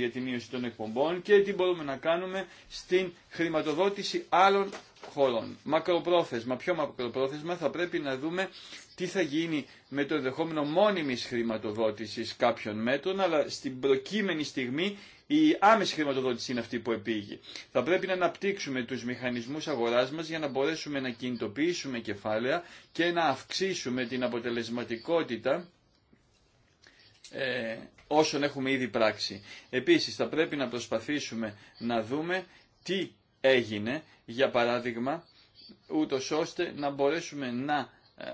για τη μείωση των εκπομπών και τι μπορούμε να κάνουμε στην χρηματοδότηση άλλων χωρών. Μακροπρόθεσμα, πιο μακροπρόθεσμα θα πρέπει να δούμε τι θα γίνει με το ενδεχόμενο μόνιμης χρηματοδότησης κάποιων μέτρων, αλλά στην προκείμενη στιγμή η άμεση χρηματοδότηση είναι αυτή που επήγει. Θα πρέπει να αναπτύξουμε τους μηχανισμούς αγοράς μας για να μπορέσουμε να κινητοποιήσουμε κεφάλαια και να αυξήσουμε την αποτελεσματικότητα ε, όσων έχουμε ήδη πράξει. Επίσης θα πρέπει να προσπαθήσουμε να δούμε τι έγινε, για παράδειγμα, ούτω ώστε να μπορέσουμε να ε,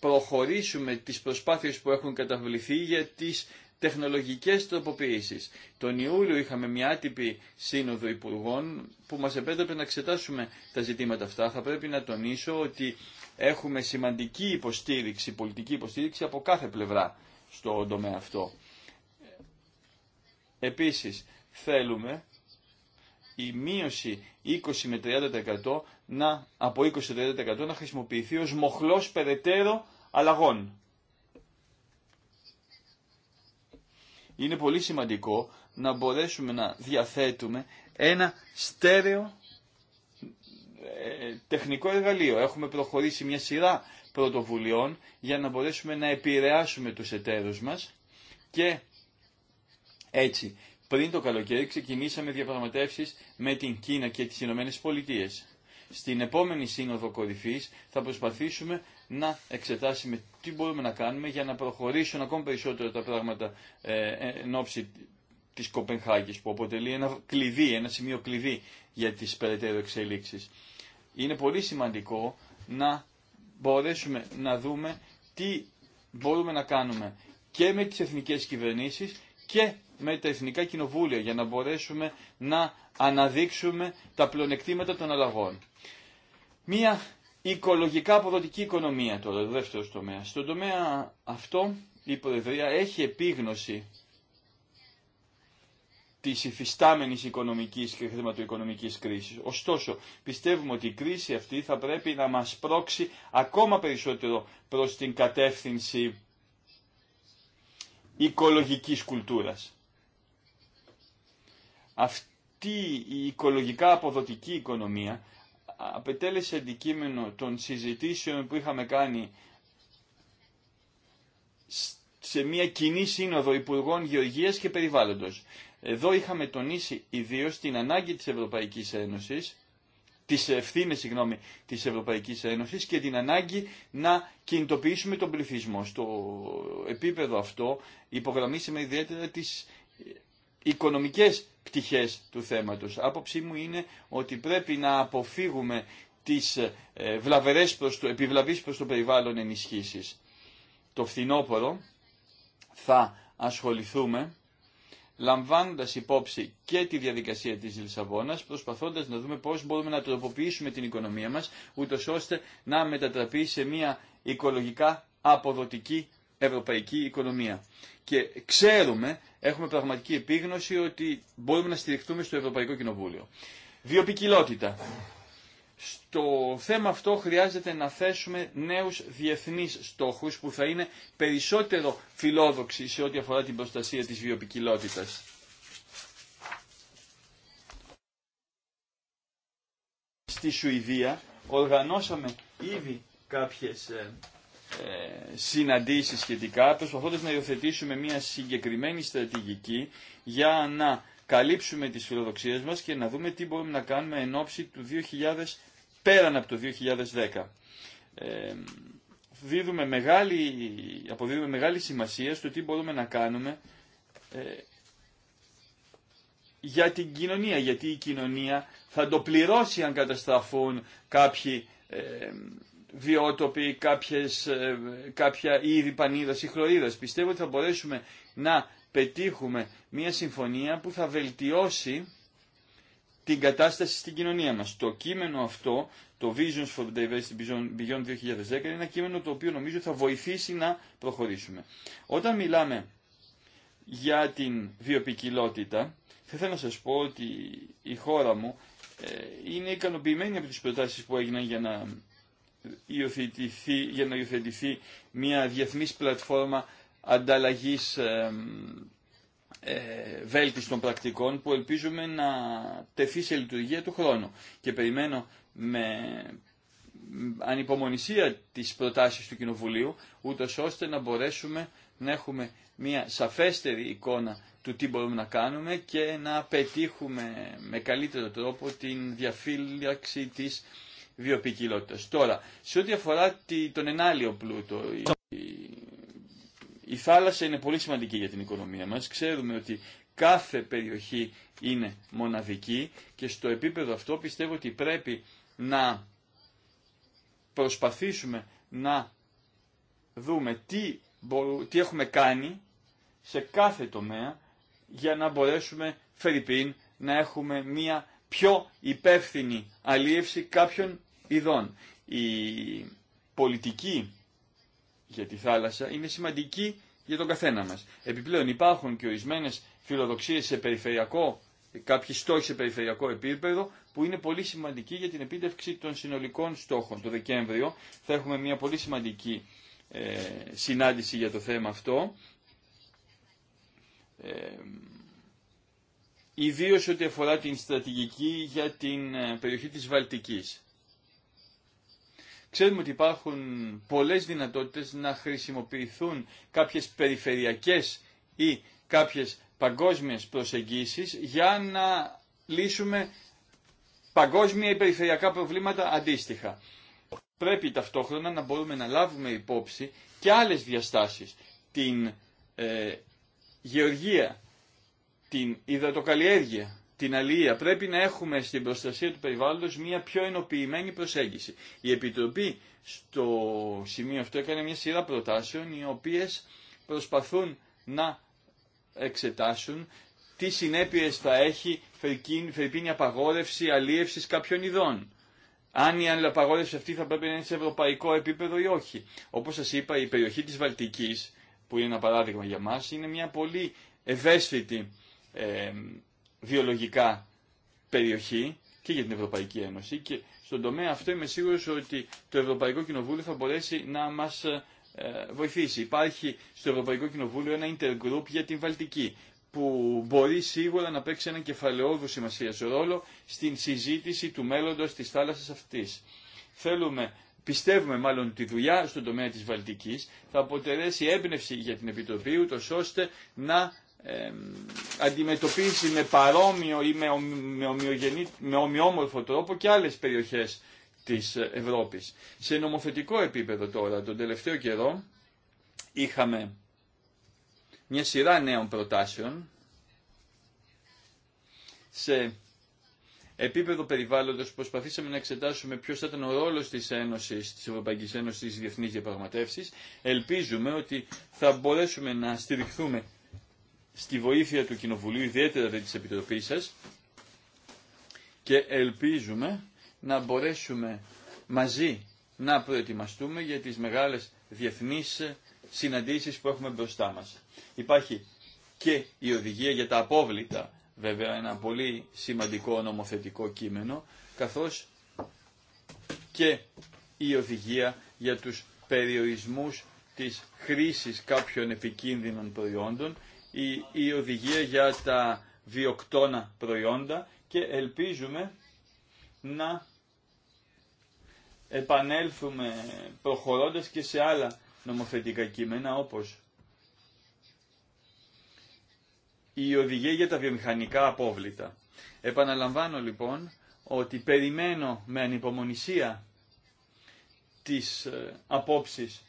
προχωρήσουμε τις προσπάθειες που έχουν καταβληθεί για τις τεχνολογικές τροποποιήσεις. Τον Ιούλιο είχαμε μια άτυπη σύνοδο υπουργών που μας επέτρεπε να εξετάσουμε τα ζητήματα αυτά. Θα πρέπει να τονίσω ότι έχουμε σημαντική υποστήριξη, πολιτική υποστήριξη από κάθε πλευρά στο τομέα αυτό. Επίσης θέλουμε η μείωση 20 με 30% να, από 20 30% να χρησιμοποιηθεί ως μοχλός περαιτέρω αλλαγών. Είναι πολύ σημαντικό να μπορέσουμε να διαθέτουμε ένα στέρεο ε, τεχνικό εργαλείο. Έχουμε προχωρήσει μια σειρά πρωτοβουλειών για να μπορέσουμε να επηρεάσουμε τους εταίρους μας και έτσι, πριν το καλοκαίρι ξεκινήσαμε διαπραγματεύσει με την Κίνα και τι Ηνωμένε Πολιτείε. Στην επόμενη σύνοδο Κορυφή θα προσπαθήσουμε να εξετάσουμε τι μπορούμε να κάνουμε για να προχωρήσουν ακόμα περισσότερο τα πράγματα ε, εν ώψη της Κοπενχάγης που αποτελεί ένα κλειδί, ένα σημείο κλειδί για τις περαιτέρω εξελίξεις. Είναι πολύ σημαντικό να μπορέσουμε να δούμε τι μπορούμε να κάνουμε και με τις εθνικές κυβερνήσεις και με τα εθνικά κοινοβούλια για να μπορέσουμε να αναδείξουμε τα πλονεκτήματα των αλλαγών. Μία οικολογικά αποδοτική οικονομία τώρα, το δεύτερο τομέα. Στον τομέα αυτό η Προεδρία έχει επίγνωση τη υφιστάμενη οικονομική και χρηματοοικονομική κρίση. Ωστόσο, πιστεύουμε ότι η κρίση αυτή θα πρέπει να μα πρόξει ακόμα περισσότερο προ την κατεύθυνση οικολογική κουλτούρα. Αυτή η οικολογικά αποδοτική οικονομία απετέλεσε αντικείμενο των συζητήσεων που είχαμε κάνει σε μια κοινή σύνοδο Υπουργών Γεωργίας και Περιβάλλοντος. Εδώ είχαμε τονίσει ιδίω την ανάγκη της Ευρωπαϊκής Ένωσης, της ευθύνες συγγνώμη, της Ευρωπαϊκής Ένωσης και την ανάγκη να κινητοποιήσουμε τον πληθυσμό. Στο επίπεδο αυτό υπογραμμίσαμε ιδιαίτερα τις οικονομικές πτυχές του θέματος. Άποψή μου είναι ότι πρέπει να αποφύγουμε τις ε, βλαβερές προς το, επιβλαβείς προς το περιβάλλον ενισχύσεις. Το φθινόπωρο θα ασχοληθούμε λαμβάνοντας υπόψη και τη διαδικασία της Λισαβόνας, προσπαθώντας να δούμε πώς μπορούμε να τροποποιήσουμε την οικονομία μας, ούτως ώστε να μετατραπεί σε μια οικολογικά αποδοτική ευρωπαϊκή οικονομία. Και ξέρουμε, έχουμε πραγματική επίγνωση ότι μπορούμε να στηριχτούμε στο Ευρωπαϊκό Κοινοβούλιο. Βιοπικιλότητα. Στο θέμα αυτό χρειάζεται να θέσουμε νέους διεθνείς στόχους που θα είναι περισσότερο φιλόδοξοι σε ό,τι αφορά την προστασία της βιοπικιλότητας. Στη Σουηδία οργανώσαμε ήδη κάποιες ε, ε, συναντήσεις σχετικά, προσπαθώντας να υιοθετήσουμε μια συγκεκριμένη στρατηγική για να καλύψουμε τις φιλοδοξίες μας και να δούμε τι μπορούμε να κάνουμε εν ώψη του 2000, πέραν από το 2010. Ε, δίδουμε μεγάλη, αποδίδουμε μεγάλη σημασία στο τι μπορούμε να κάνουμε ε, για την κοινωνία, γιατί η κοινωνία θα το πληρώσει αν καταστραφούν κάποιοι βιότοποι, κάποιες, ε, κάποια είδη πανίδας ή χλωρίδας. Πιστεύω ότι θα μπορέσουμε να πετύχουμε μια συμφωνία που θα βελτιώσει την κατάσταση στην κοινωνία μας. Το κείμενο αυτό, το Visions for Diversity Beyond 2010, είναι ένα κείμενο το οποίο νομίζω θα βοηθήσει να προχωρήσουμε. Όταν μιλάμε για την βιοπικιλότητα, θα ήθελα να σας πω ότι η χώρα μου ε, είναι ικανοποιημένη από τις προτάσεις που έγιναν για να για να υιοθετηθεί μια διεθνής πλατφόρμα ανταλλαγής ε, ε, βέλτιστων πρακτικών που ελπίζουμε να τεθεί σε λειτουργία του χρόνου. Και περιμένω με ανυπομονησία τις προτάσεις του Κοινοβουλίου, ούτω ώστε να μπορέσουμε να έχουμε μια σαφέστερη εικόνα του τι μπορούμε να κάνουμε και να πετύχουμε με καλύτερο τρόπο την διαφύλαξη της βιοποικιλότητας. Τώρα, σε ό,τι αφορά τον ενάλλειο πλούτο, η θάλασσα είναι πολύ σημαντική για την οικονομία μας. Ξέρουμε ότι κάθε περιοχή είναι μοναδική και στο επίπεδο αυτό πιστεύω ότι πρέπει να προσπαθήσουμε να δούμε τι, έχουμε κάνει σε κάθε τομέα για να μπορέσουμε φερρυπίν να έχουμε μία πιο υπεύθυνη αλίευση κάποιων ειδών. Η πολιτική για τη θάλασσα είναι σημαντική για τον καθένα μας. Επιπλέον υπάρχουν και ορισμένε φιλοδοξίες σε περιφερειακό, κάποιοι στόχοι σε περιφερειακό επίπεδο που είναι πολύ σημαντικοί για την επίτευξη των συνολικών στόχων. Το Δεκέμβριο θα έχουμε μια πολύ σημαντική ε, συνάντηση για το θέμα αυτό. Ε, Ιδίω ό,τι αφορά την στρατηγική για την ε, περιοχή της Βαλτικής. Ξέρουμε ότι υπάρχουν πολλές δυνατότητες να χρησιμοποιηθούν κάποιες περιφερειακές ή κάποιες παγκόσμιες προσεγγίσεις για να λύσουμε παγκόσμια ή περιφερειακά προβλήματα αντίστοιχα. Πρέπει ταυτόχρονα να μπορούμε να λάβουμε υπόψη και άλλες διαστάσεις. Την ε, γεωργία, την υδατοκαλλιέργεια, την αλληλεία. Πρέπει να έχουμε στην προστασία του περιβάλλοντος μια πιο ενοποιημένη προσέγγιση. Η Επιτροπή στο σημείο αυτό έκανε μια σειρά προτάσεων οι οποίες προσπαθούν να εξετάσουν τι συνέπειες θα έχει φερκίνη απαγόρευση αλίευσης κάποιων ειδών. Αν η απαγόρευση αυτή θα πρέπει να είναι σε ευρωπαϊκό επίπεδο ή όχι. Όπως σας είπα η περιοχή της Βαλτικής που είναι ένα παράδειγμα για μας είναι μια πολύ ευαίσθητη ε, βιολογικά περιοχή και για την Ευρωπαϊκή Ένωση και στον τομέα αυτό είμαι σίγουρος ότι το Ευρωπαϊκό Κοινοβούλιο θα μπορέσει να μας ε, βοηθήσει. Υπάρχει στο Ευρωπαϊκό Κοινοβούλιο ένα intergroup για την Βαλτική που μπορεί σίγουρα να παίξει έναν κεφαλαιόδου σημασία ρόλο στην συζήτηση του μέλλοντος της θάλασσας αυτής. Θέλουμε, πιστεύουμε μάλλον ότι η δουλειά στον τομέα της Βαλτικής θα αποτελέσει έμπνευση για την Επιτροπή ούτως ώστε να αντιμετωπίσει με παρόμοιο ή με, με ομοιόμορφο τρόπο και άλλες περιοχές της Ευρώπης. Σε νομοθετικό επίπεδο τώρα, τον τελευταίο καιρό, είχαμε μια σειρά νέων προτάσεων σε επίπεδο περιβάλλοντος προσπαθήσαμε να εξετάσουμε ποιος θα ήταν ο ρόλος της Ένωσης, της Ευρωπαϊκής Ένωσης τη Ελπίζουμε ότι θα μπορέσουμε να στηριχθούμε στη βοήθεια του Κοινοβουλίου, ιδιαίτερα δηλαδή της Επιτροπής σας και ελπίζουμε να μπορέσουμε μαζί να προετοιμαστούμε για τις μεγάλες διεθνείς συναντήσεις που έχουμε μπροστά μας. Υπάρχει και η οδηγία για τα απόβλητα, βέβαια ένα πολύ σημαντικό νομοθετικό κείμενο, καθώς και η οδηγία για τους περιορισμούς της χρήσης κάποιων επικίνδυνων προϊόντων η, οδηγία για τα βιοκτώνα προϊόντα και ελπίζουμε να επανέλθουμε προχωρώντας και σε άλλα νομοθετικά κείμενα όπως η οδηγία για τα βιομηχανικά απόβλητα. Επαναλαμβάνω λοιπόν ότι περιμένω με ανυπομονησία τις ε, απόψεις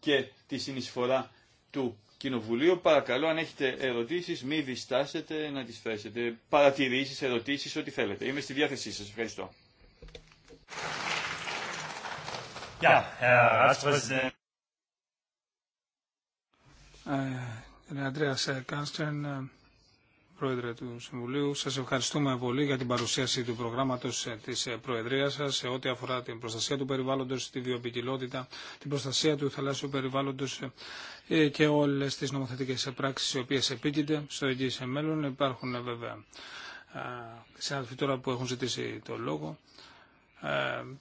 και τη συνεισφορά του Κοινοβουλίου. Παρακαλώ, αν έχετε ερωτήσεις, μη διστάσετε να τις θέσετε. Παρατηρήσεις, ερωτήσεις, ό,τι θέλετε. Είμαι στη διάθεσή σας. Ευχαριστώ. Herr uh, uh, Andreas uh, Πρόεδρε του Συμβουλίου. Σας ευχαριστούμε πολύ για την παρουσίαση του προγράμματος ε, της ε, Προεδρίας σας σε ό,τι αφορά την προστασία του περιβάλλοντος, τη βιοπικιλότητα, την προστασία του θαλάσσιου περιβάλλοντος ε, και όλες τις νομοθετικές πράξεις οι οποίες επίκυνται στο εγγύης μέλλον. Υπάρχουν βέβαια συνάδελφοι τώρα που έχουν ζητήσει το λόγο.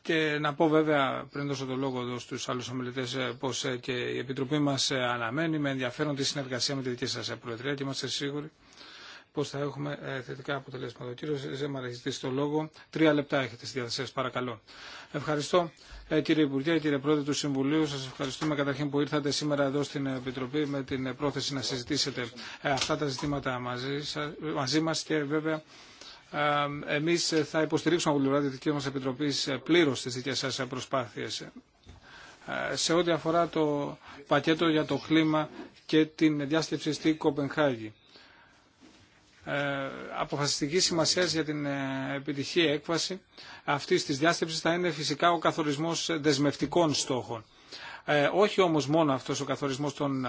Και να πω βέβαια πριν δώσω το λόγο εδώ στους άλλους ομιλητές πώ και η Επιτροπή μας αναμένει με ενδιαφέρον τη συνεργασία με τη δική σα Προεδρία και είμαστε σίγουροι πω θα έχουμε ε, θετικά αποτελέσματα. Ο κύριο Ζέμα, έχει το λόγο. Τρία λεπτά έχετε στη διάθεσή σα, παρακαλώ. Ευχαριστώ ε, κύριε Υπουργέ, κύριε Πρόεδρε του Συμβουλίου. Σα ευχαριστούμε καταρχήν που ήρθατε σήμερα εδώ στην Επιτροπή με την πρόθεση να συζητήσετε ε, αυτά τα ζητήματα μαζί, μαζί μα και βέβαια εμεί θα υποστηρίξουμε από πλευρά τη δική μα Επιτροπή πλήρω τι δικέ σα προσπάθειε σε ό,τι αφορά το πακέτο για το κλίμα και την διάσκεψη στη Κοπενχάγη. Ε, αποφασιστική σημασία για την ε, επιτυχή έκβαση αυτή τη διάσκεψη θα είναι φυσικά ο καθορισμό δεσμευτικών στόχων. Ε, όχι όμω μόνο αυτό ο καθορισμό των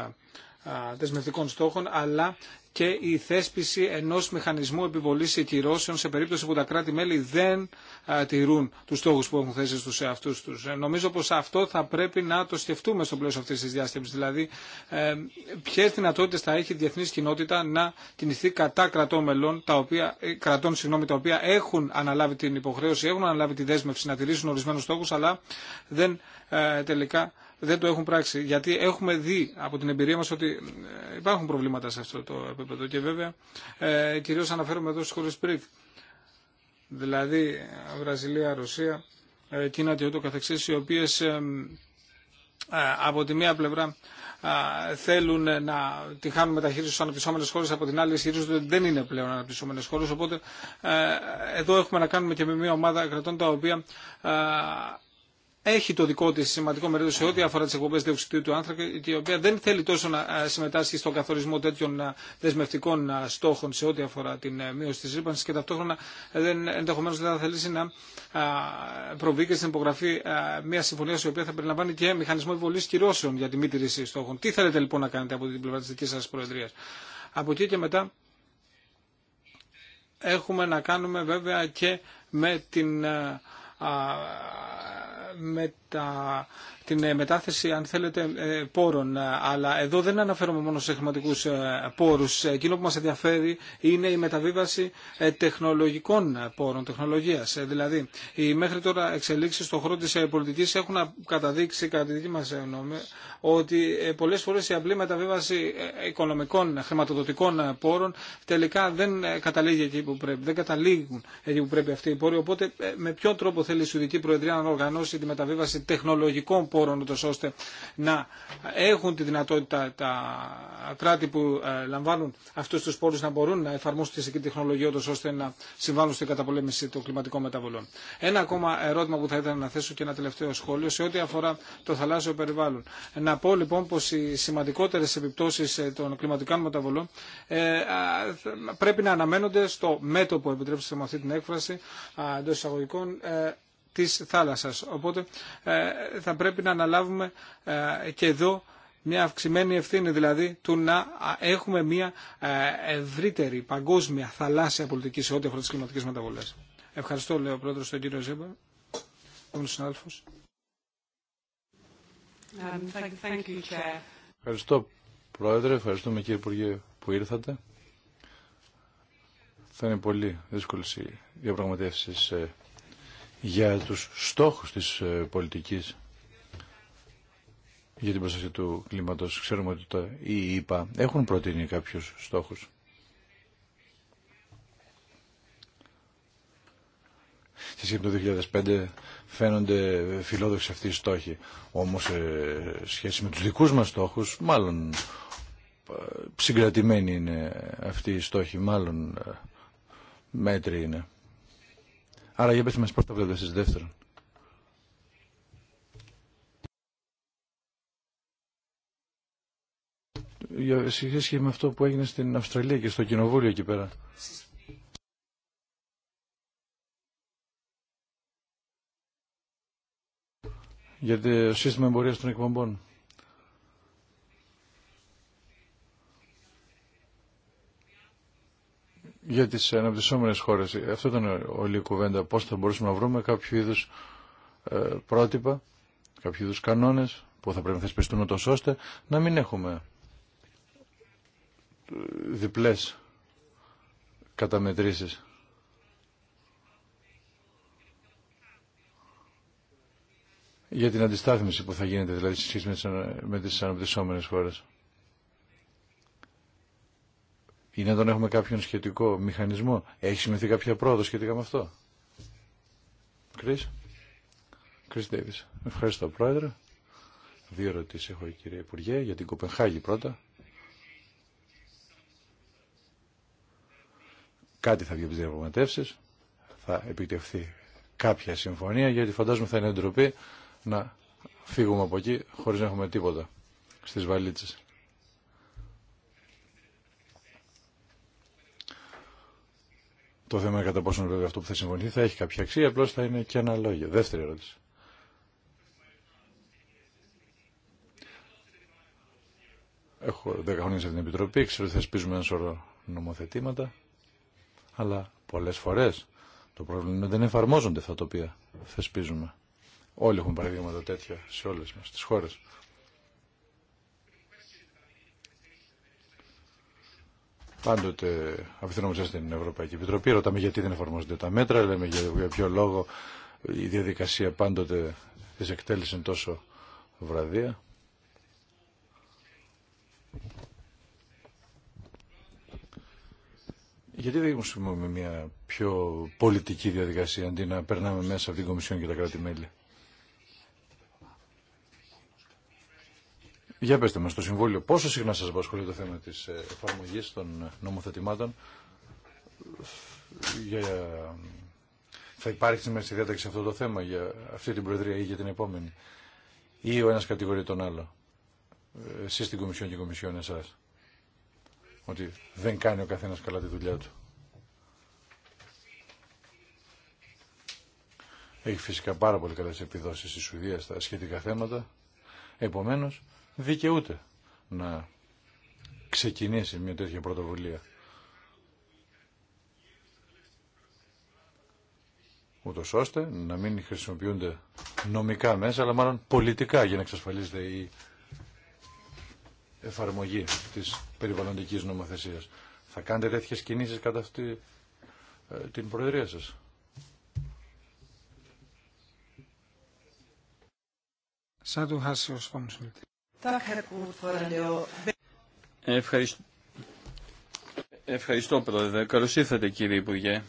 δεσμευτικών στόχων, αλλά και η θέσπιση ενός μηχανισμού επιβολής κυρώσεων σε περίπτωση που τα κράτη-μέλη δεν τηρούν τους στόχους που έχουν θέσει στους εαυτούς τους. Ε, νομίζω πως αυτό θα πρέπει να το σκεφτούμε στο πλαίσιο αυτής της διάσκεψης, δηλαδή ε, ποιες δυνατότητες θα έχει η διεθνή κοινότητα να κινηθεί κατά κρατών, μελών, τα οποία, ε, κρατών συγγνώμη, τα οποία έχουν αναλάβει την υποχρέωση, έχουν αναλάβει τη δέσμευση να τηρήσουν ορισμένους στόχους, αλλά δεν ε, τελικά δεν το έχουν πράξει. Γιατί έχουμε δει από την εμπειρία μα ότι ε, υπάρχουν προβλήματα σε αυτό το επίπεδο και βέβαια ε, κυρίως αναφέρομαι εδώ στι χώρε πριν. Δηλαδή Βραζιλία, Ρωσία, ε, Κίνα και ούτω καθεξής οι οποίε ε, ε, από τη μία πλευρά θέλουν να τη χάνουν μεταχείριση στι αναπτυσσόμενε χώρε, από την άλλη ισχυρίζονται ότι δεν είναι πλέον αναπτυσσόμενε χώρε. Οπότε ε, εδώ έχουμε να κάνουμε και με μια ομάδα κρατών τα οποία έχει το δικό τη σημαντικό μερίδιο σε ό,τι αφορά τι εκπομπέ διοξιδίου του άνθρακα και η οποία δεν θέλει τόσο να ε, συμμετάσχει στον καθορισμό τέτοιων ε, δεσμευτικών ε, στόχων σε ό,τι αφορά την μείωση τη ρήπανση και ταυτόχρονα ενδεχομένω δεν θα θελήσει να προβεί και στην υπογραφή μια συμφωνία η οποία θα περιλαμβάνει και μηχανισμό επιβολή κυρώσεων για τη μη στόχων. Τι θέλετε λοιπόν να κάνετε από την πλευρά τη δική σα Προεδρία. Από εκεί και μετά έχουμε να κάνουμε βέβαια και με την με τα την ε, μετάθεση, αν θέλετε, ε, πόρων. Αλλά εδώ δεν αναφέρομαι μόνο σε χρηματικού ε, πόρου. Εκείνο που μα ενδιαφέρει είναι η μεταβίβαση τεχνολογικών πόρων, τεχνολογία. Δηλαδή, οι μέχρι τώρα εξελίξει στον χώρο τη πολιτική έχουν καταδείξει, κατά τη δική μα γνώμη, ότι πολλέ φορέ η απλή μεταβίβαση οικονομικών, χρηματοδοτικών πόρων τελικά δεν καταλήγει εκεί που πρέπει. Δεν καταλήγουν εκεί που πρέπει αυτοί οι πόροι. Οπότε, με ποιο τρόπο θέλει η Σουδική Προεδρία να οργανώσει τη μεταβίβαση τεχνολογικών πόρων χώρων, ώστε να έχουν τη δυνατότητα τα κράτη που ε, λαμβάνουν αυτούς τους πόρους να μπορούν να εφαρμόσουν τη συγκεκριμένη τεχνολογία, ώστε να συμβάλλουν στην καταπολέμηση των κλιματικών μεταβολών. Ένα ακόμα ερώτημα που θα ήθελα να θέσω και ένα τελευταίο σχόλιο σε ό,τι αφορά το θαλάσσιο περιβάλλον. Να πω λοιπόν πως οι σημαντικότερες επιπτώσεις ε, των κλιματικών μεταβολών ε, πρέπει να αναμένονται στο μέτωπο, επιτρέψτε μου αυτή την έκφραση, εντό εισαγωγικών, της θάλασσας. Οπότε ε, θα πρέπει να αναλάβουμε ε, και εδώ μια αυξημένη ευθύνη δηλαδή του να έχουμε μια ε, ευρύτερη παγκόσμια θαλάσσια πολιτική σε ό,τι αφορά τις κλιματικές μεταβολές. Ευχαριστώ, λέει ο πρόεδρος, τον κύριο Ζέμπα. συνάδελφος. Um, Ευχαριστώ, πρόεδρε. Ευχαριστούμε, κύριε Υπουργέ, που ήρθατε. Θα είναι πολύ δύσκολες οι διαπραγματεύσει για τους στόχους της ε, πολιτικής για την προστασία του κλίματος. Ξέρουμε ότι τα ΙΠΑ έχουν προτείνει κάποιους στόχους. Στη σχέση το 2005 φαίνονται φιλόδοξοι αυτοί οι στόχοι. Όμως σε σχέση με τους δικούς μας στόχους, μάλλον ε, συγκρατημένοι είναι αυτοί οι στόχοι, μάλλον ε, μέτρη είναι. Άρα για πες μας πώς τα βλέπετε εσείς δεύτερον. Για σχέση με αυτό που έγινε στην Αυστραλία και στο κοινοβούλιο εκεί πέρα. Γιατί το σύστημα εμπορίας των εκπομπών. για τις αναπτυσσόμενες χώρες. Αυτό ήταν όλη η κουβέντα. Πώς θα μπορούσαμε να βρούμε κάποιο είδους ε, πρότυπα, κάποιο είδους κανόνες που θα πρέπει να θεσπιστούν ούτως ώστε να μην έχουμε ε, διπλές καταμετρήσεις. για την αντιστάθμιση που θα γίνεται δηλαδή σχέση με τις αναπτυσσόμενες χώρες. Είναι τον έχουμε κάποιον σχετικό μηχανισμό. Έχει σημειωθεί κάποια πρόοδο σχετικά με αυτό. Κρίς. Κρίς Ντέβις. Ευχαριστώ πρόεδρε. Δύο ερωτήσεις έχω κύριε Υπουργέ για την Κοπενχάγη πρώτα. Κάτι θα βγει από τις διαπραγματεύσεις. Θα επιτευχθεί κάποια συμφωνία γιατί φαντάζομαι θα είναι ντροπή να φύγουμε από εκεί χωρίς να έχουμε τίποτα στις βαλίτσες. Το θέμα είναι κατά πόσο βέβαια αυτό που θα συμφωνηθεί θα έχει κάποια αξία, απλώ θα είναι και ένα λόγιο. Δεύτερη ερώτηση. Έχω δέκα χρόνια σε την επιτροπή, ξέρω ότι θεσπίζουμε ένα σωρό νομοθετήματα, αλλά πολλέ φορέ το πρόβλημα είναι ότι δεν εφαρμόζονται αυτά τα οποία θεσπίζουμε. Όλοι έχουν παραδείγματα τέτοια σε όλε μα τι χώρε. Πάντοτε απευθυνόμαστε στην Ευρωπαϊκή Επιτροπή, ρωτάμε γιατί δεν εφαρμόζονται τα μέτρα, λέμε για ποιο λόγο η διαδικασία πάντοτε τη εκτέλεση τόσο βραδία. Γιατί δεν με μια πιο πολιτική διαδικασία αντί να περνάμε μέσα από την Κομισιόν και τα κράτη-μέλη. Για πέστε μας στο Συμβούλιο πόσο συχνά σας απασχολεί το θέμα της ε, εφαρμογής των νομοθετημάτων. Για... Ε, θα υπάρχει σήμερα στη διάταξη αυτό το θέμα για αυτή την Προεδρία ή για την επόμενη. Ή ο ένας κατηγορεί τον άλλο. Ε, εσείς την Κομισιόν και η Κομισιόν εσάς. Ότι δεν κάνει ο καθένας καλά τη δουλειά του. Έχει φυσικά πάρα πολύ καλές επιδόσεις στη Σουηδία στα σχετικά θέματα. Επομένως, δικαιούται να ξεκινήσει μια τέτοια πρωτοβουλία. ούτω ώστε να μην χρησιμοποιούνται νομικά μέσα, αλλά μάλλον πολιτικά για να εξασφαλίζεται η εφαρμογή της περιβαλλοντικής νομοθεσίας. Θα κάνετε τέτοιες κινήσεις κατά αυτή ε, την Προεδρία σας. Σαν του Ευχαριστώ, Πρόεδρε. Καλώς ήρθατε κύριε Υπουργέ.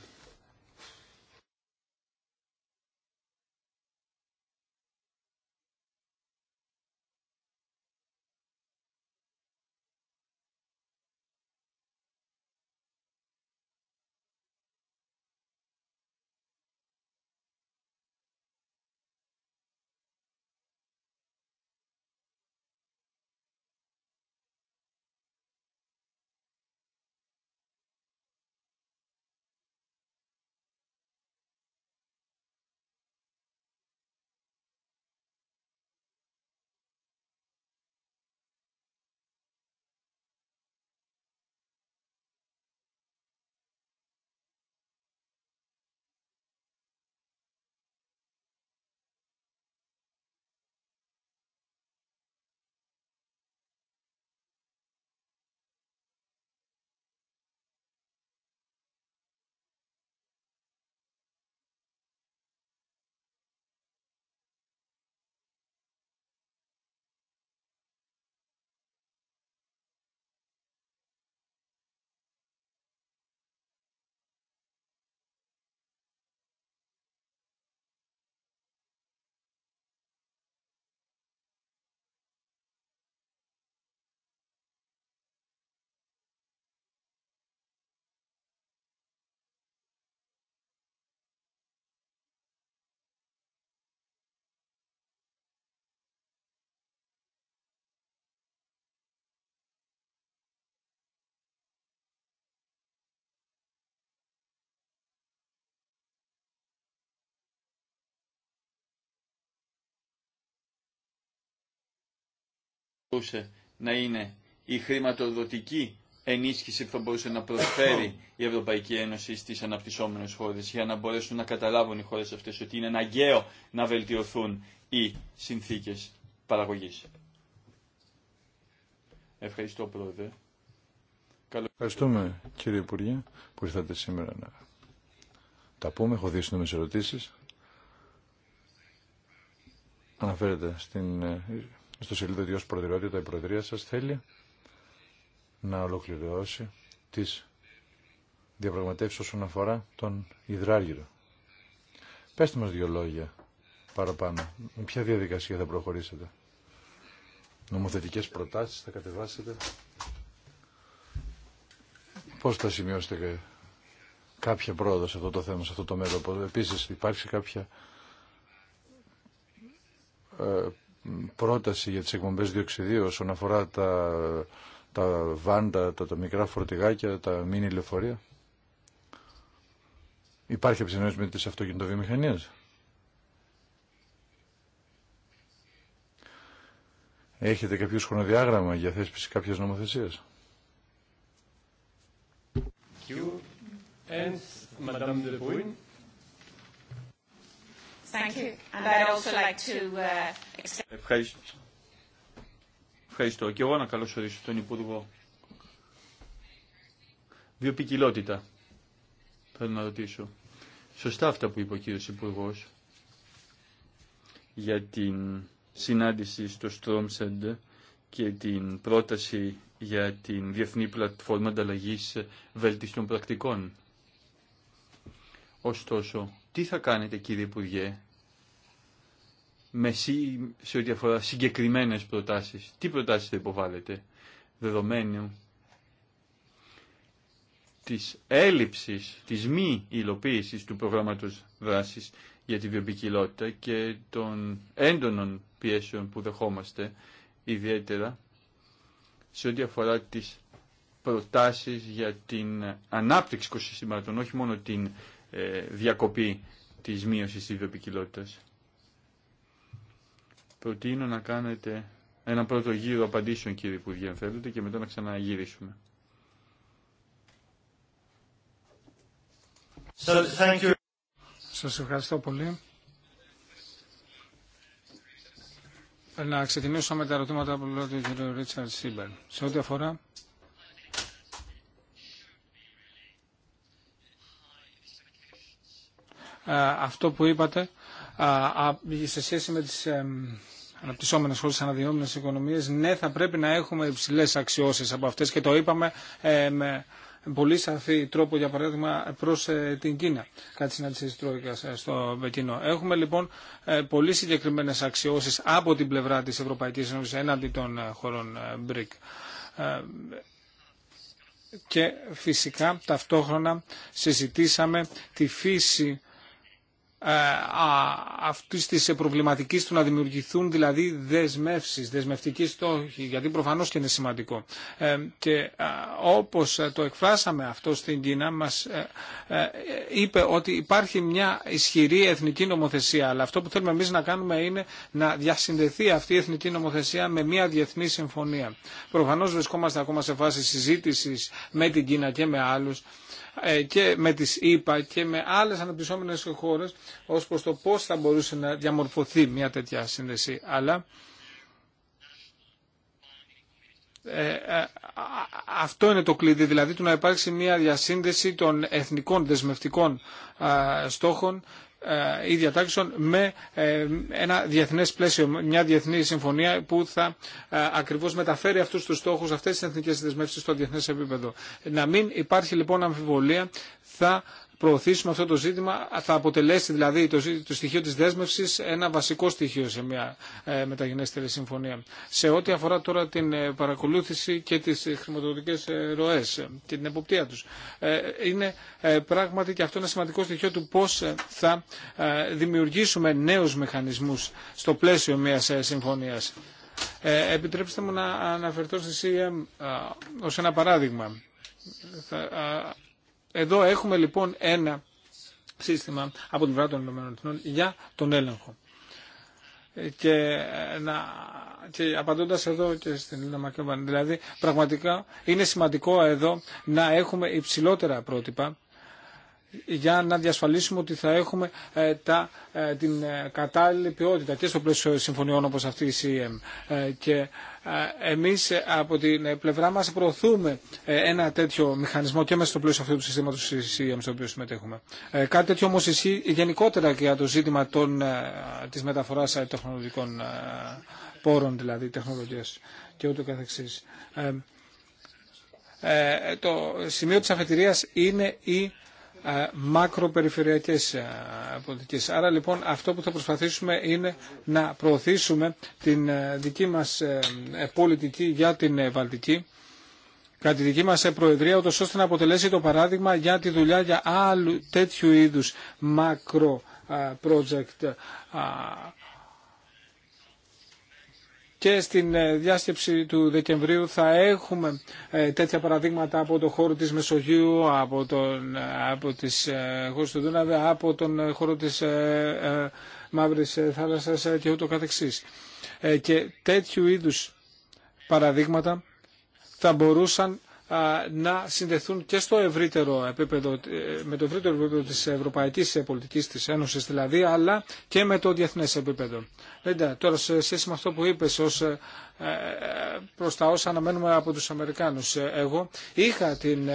μπορούσε να είναι η χρηματοδοτική ενίσχυση που θα μπορούσε να προσφέρει η Ευρωπαϊκή Ένωση στις αναπτυσσόμενες χώρες για να μπορέσουν να καταλάβουν οι χώρες αυτές ότι είναι αναγκαίο να βελτιωθούν οι συνθήκες παραγωγής. Ευχαριστώ Πρόεδρε. Ευχαριστούμε κύριε Υπουργέ που ήρθατε σήμερα να τα πούμε. Έχω δύο σύντομες ερωτήσεις. Αναφέρεται στην ε, στο σελίδο 2, ως προτεραιότητα η Προεδρία σας θέλει να ολοκληρώσει τις διαπραγματεύσεις όσον αφορά τον Ιδράργυρο. Πέστε μας δύο λόγια παραπάνω. Με ποια διαδικασία θα προχωρήσετε. Νομοθετικές προτάσεις θα κατεβάσετε. Πώς θα σημειώσετε κάποια πρόοδο σε αυτό το θέμα, σε αυτό το μέτωπο. Επίσης υπάρχει κάποια ε, πρόταση για τις εκπομπές διοξιδίου όσον αφορά τα, τα βάντα, τα, τα μικρά φορτηγάκια, τα μίνι λεωφορεία. Υπάρχει επισυνόηση με τις αυτοκινητοβιομηχανίες. Έχετε κάποιο χρονοδιάγραμμα για θέσπιση κάποιας νομοθεσίας. And de Ευχαριστώ. Ευχαριστώ. Και εγώ να καλωσορίσω τον Υπουργό. Βιοπικιλότητα. Θέλω να ρωτήσω. Σωστά αυτά που είπε ο κύριος Υπουργό για την συνάντηση στο Στρόμσεντ και την πρόταση για την Διεθνή Πλατφόρμα Ανταλλαγής Βελτιστών Πρακτικών. Ωστόσο, τι θα κάνετε κύριε Υπουργέ με σε ό,τι αφορά συγκεκριμένες προτάσεις. Τι προτάσεις θα υποβάλλετε δεδομένου της έλλειψης, της μη υλοποίησης του προγράμματος δράσης για τη βιοπικιλότητα και των έντονων πιέσεων που δεχόμαστε, ιδιαίτερα σε ό,τι αφορά τις προτάσεις για την ανάπτυξη οικοσυστημάτων, όχι μόνο την ε, διακοπή της μείωσης της βιοπικιλότητας. Προτείνω να κάνετε ένα πρώτο γύρο απαντήσεων κύριε Υπουργέ αν θέλετε και μετά να ξαναγυρίσουμε. So, thank you. Σας ευχαριστώ πολύ. Να ξεκινήσω με τα ερωτήματα που λέω του κ. Ρίτσαρτ Σίμπερ. Σε ό,τι αφορά Ε, αυτό που είπατε ε, σε σχέση με τις ε, αναπτυσσόμενες χώρες, τις αναδυόμενες οικονομίες. Ναι, θα πρέπει να έχουμε υψηλές αξιώσεις από αυτές και το είπαμε με πολύ σαφή τρόπο, για παράδειγμα, προς την Κίνα, Κάτι τη συνάντηση Τρόικα στο Πεκίνο. Έχουμε λοιπόν πολύ συγκεκριμένες αξιώσει από την πλευρά της Ευρωπαϊκής Ένωσης έναντι των χωρών BRIC. Και φυσικά ταυτόχρονα συζητήσαμε τη φύση ε, αυτή τη προβληματική του να δημιουργηθούν δηλαδή δεσμεύσει, δεσμευτικοί στόχοι, γιατί προφανώ και είναι σημαντικό. Ε, και ε, όπως το εκφράσαμε αυτό στην Κίνα, μας είπε ότι υπάρχει μια ισχυρή εθνική νομοθεσία, αλλά αυτό που θέλουμε εμεί να κάνουμε είναι να διασυνδεθεί αυτή η εθνική νομοθεσία με μια διεθνή συμφωνία. Προφανώ βρισκόμαστε ακόμα σε φάση συζήτηση με την Κίνα και με άλλου. Ε, και με τις ΗΠΑ και με άλλες αναπτυσσόμενες χώρες ως προς το πώς θα μπορούσε να διαμορφωθεί μια τέτοια σύνδεση. Αλλά ε, ε, αυτό είναι το κλειδί, δηλαδή του να υπάρξει μια διασύνδεση των εθνικών δεσμευτικών στόχων ίδια ε, διατάξεων με ε, ένα διεθνές πλαίσιο, μια διεθνή συμφωνία που θα ε, ακριβώς μεταφέρει αυτούς τους στόχους, αυτές τις εθνικές δεσμεύσεις στο διεθνές επίπεδο. Να μην υπάρχει λοιπόν αμφιβολία, θα προωθήσουμε αυτό το ζήτημα, θα αποτελέσει δηλαδή το, το στοιχείο της δέσμευσης ένα βασικό στοιχείο σε μια ε, μεταγενέστερη συμφωνία. Σε ό,τι αφορά τώρα την ε, παρακολούθηση και τις χρηματοδοτικές ε, ροές και την εποπτεία τους, είναι πράγματι και αυτό ένα σημαντικό στοιχείο του πώς θα δημιουργήσουμε νέους μηχανισμούς στο πλαίσιο μιας συμφωνίας. επιτρέψτε μου να αναφερθώ στη ΣΥΕΜ ως ένα παράδειγμα. Θα εδώ έχουμε λοιπόν ένα σύστημα από την πλευρά των ΗΠΑ για τον έλεγχο. Ε, και, ε, να, και απαντώντας εδώ και στην Λίνα Μακέμπαν, δηλαδή πραγματικά είναι σημαντικό εδώ να έχουμε υψηλότερα πρότυπα για να διασφαλίσουμε ότι θα έχουμε ε, τα, ε, την ε, κατάλληλη ποιότητα και στο πλαίσιο συμφωνιών όπως αυτή η CEM. Και εμείς από την πλευρά μας προωθούμε ένα τέτοιο μηχανισμό και μέσα στο πλαίσιο αυτού του συστήματος CEM στο οποίο συμμετέχουμε. Κάτι τέτοιο όμως ισχύει γενικότερα και για το ζήτημα των, της μεταφοράς τεχνολογικών πόρων, δηλαδή τεχνολογίας και ούτω καθεξής. το σημείο της αφετηρίας είναι η ε, μακροπεριφερειακές ε, πολιτικές. Άρα λοιπόν αυτό που θα προσπαθήσουμε είναι να προωθήσουμε την ε, δική μας πολιτική για την Βαλτική κατά τη δική μας προεδρία, ούτως ώστε να αποτελέσει το παράδειγμα για τη δουλειά για άλλου τέτοιου είδους μακρο project και στην ε, διάσκεψη του Δεκεμβρίου θα έχουμε ε, τέτοια παραδείγματα από το χώρο της Μεσογείου, από, τον, ε, από τις χώρες του Δούναβε, από τον χώρο της Μαύρης Θάλασσας και ούτω καθεξής. Και τέτοιου είδους παραδείγματα θα μπορούσαν να συνδεθούν και στο ευρύτερο επίπεδο, ε, με το ευρύτερο επίπεδο της ευρωπαϊκής ε, πολιτικής της Ένωσης δηλαδή, αλλά και με το διεθνές επίπεδο. Λέντε, τώρα σε σχέση με αυτό που είπες ως ε, προς τα όσα αναμένουμε από τους Αμερικάνους. Εγώ είχα την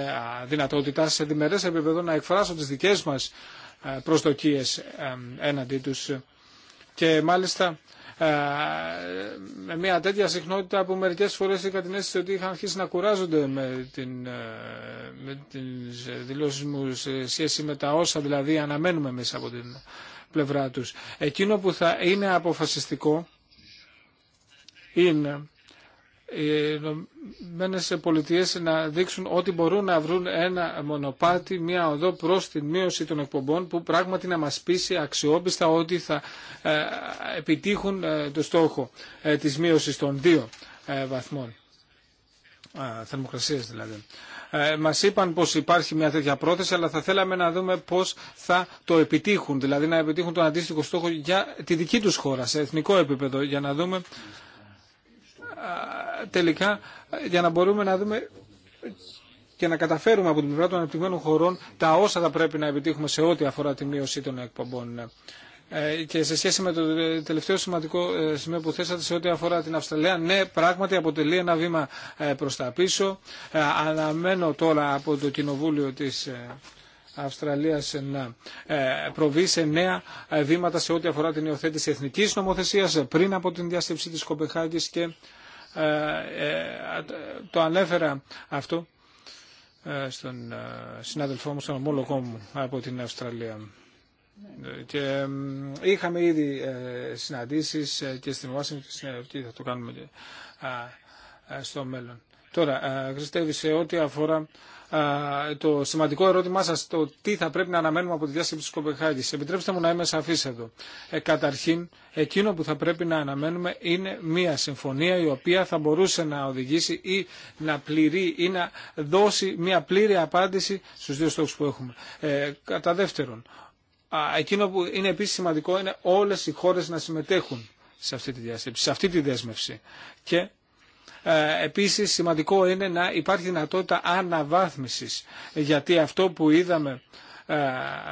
δυνατότητα σε διμερές επίπεδο να εκφράσω τις δικές μας προσδοκίες έναντι τους και μάλιστα ε, με μια τέτοια συχνότητα που μερικές φορές είχα την αίσθηση ότι είχαν αρχίσει να κουράζονται με, την, ε, με τις δηλώσεις μου σε σχέση με τα όσα δηλαδή αναμένουμε εμείς από την πλευρά τους. Εκείνο που θα είναι αποφασιστικό είναι οι Ηνωμένε Πολιτείε να δείξουν ότι μπορούν να βρουν ένα μονοπάτι, μια οδό προ τη μείωση των εκπομπών που πράγματι να μα πείσει αξιόπιστα ότι θα ε, επιτύχουν ε, το στόχο ε, τη μείωση των δύο βαθμών. Θερμοκρασία δηλαδή. Ε, Μα είπαν πω υπάρχει μια τέτοια πρόθεση, αλλά θα θέλαμε να δούμε πώ θα το επιτύχουν. Δηλαδή να επιτύχουν τον αντίστοιχο στόχο για τη δική του χώρα, σε εθνικό επίπεδο, για να δούμε τελικά για να μπορούμε να δούμε και να καταφέρουμε από την πλευρά των αναπτυγμένων χωρών τα όσα θα πρέπει να επιτύχουμε σε ό,τι αφορά τη μείωση των εκπομπών. Ε, και σε σχέση με το τελευταίο σημαντικό ε, σημείο που θέσατε σε ό,τι αφορά την Αυστραλία, ναι, πράγματι αποτελεί ένα βήμα ε, προς τα πίσω. Αναμένω τώρα από το Κοινοβούλιο της Αυστραλίας να προβεί σε νέα βήματα σε ό,τι αφορά την υιοθέτηση εθνικής νομοθεσίας πριν από την διάσκεψη της Κοπεχάγης και ε, ε, το ανέφερα αυτό ε, στον συνάδελφό μου, στον ομόλογό μου από την Αυστραλία. Και είχαμε ήδη συναντήσεις και στην Ουάσιν και θα το κάνουμε στο μέλλον. Τώρα, Χριστέβη, σε ό,τι αφορά το σημαντικό ερώτημά σας το τι θα πρέπει να αναμένουμε από τη διάσκεψη της Κοπεχάγη. Επιτρέψτε μου να είμαι σαφής εδώ. Ε, καταρχήν, εκείνο που θα πρέπει να αναμένουμε είναι μία συμφωνία η οποία θα μπορούσε να οδηγήσει ή να πληρεί ή να δώσει μία πλήρη απάντηση στους δύο στόχους που έχουμε. Ε, κατά δεύτερον, εκείνο που είναι επίσης σημαντικό είναι όλες οι χώρες να συμμετέχουν σε αυτή τη διάσκεψη, σε αυτή τη δέσμευση. Και ε, επίσης σημαντικό είναι να υπάρχει δυνατότητα αναβάθμισης γιατί αυτό που είδαμε ε,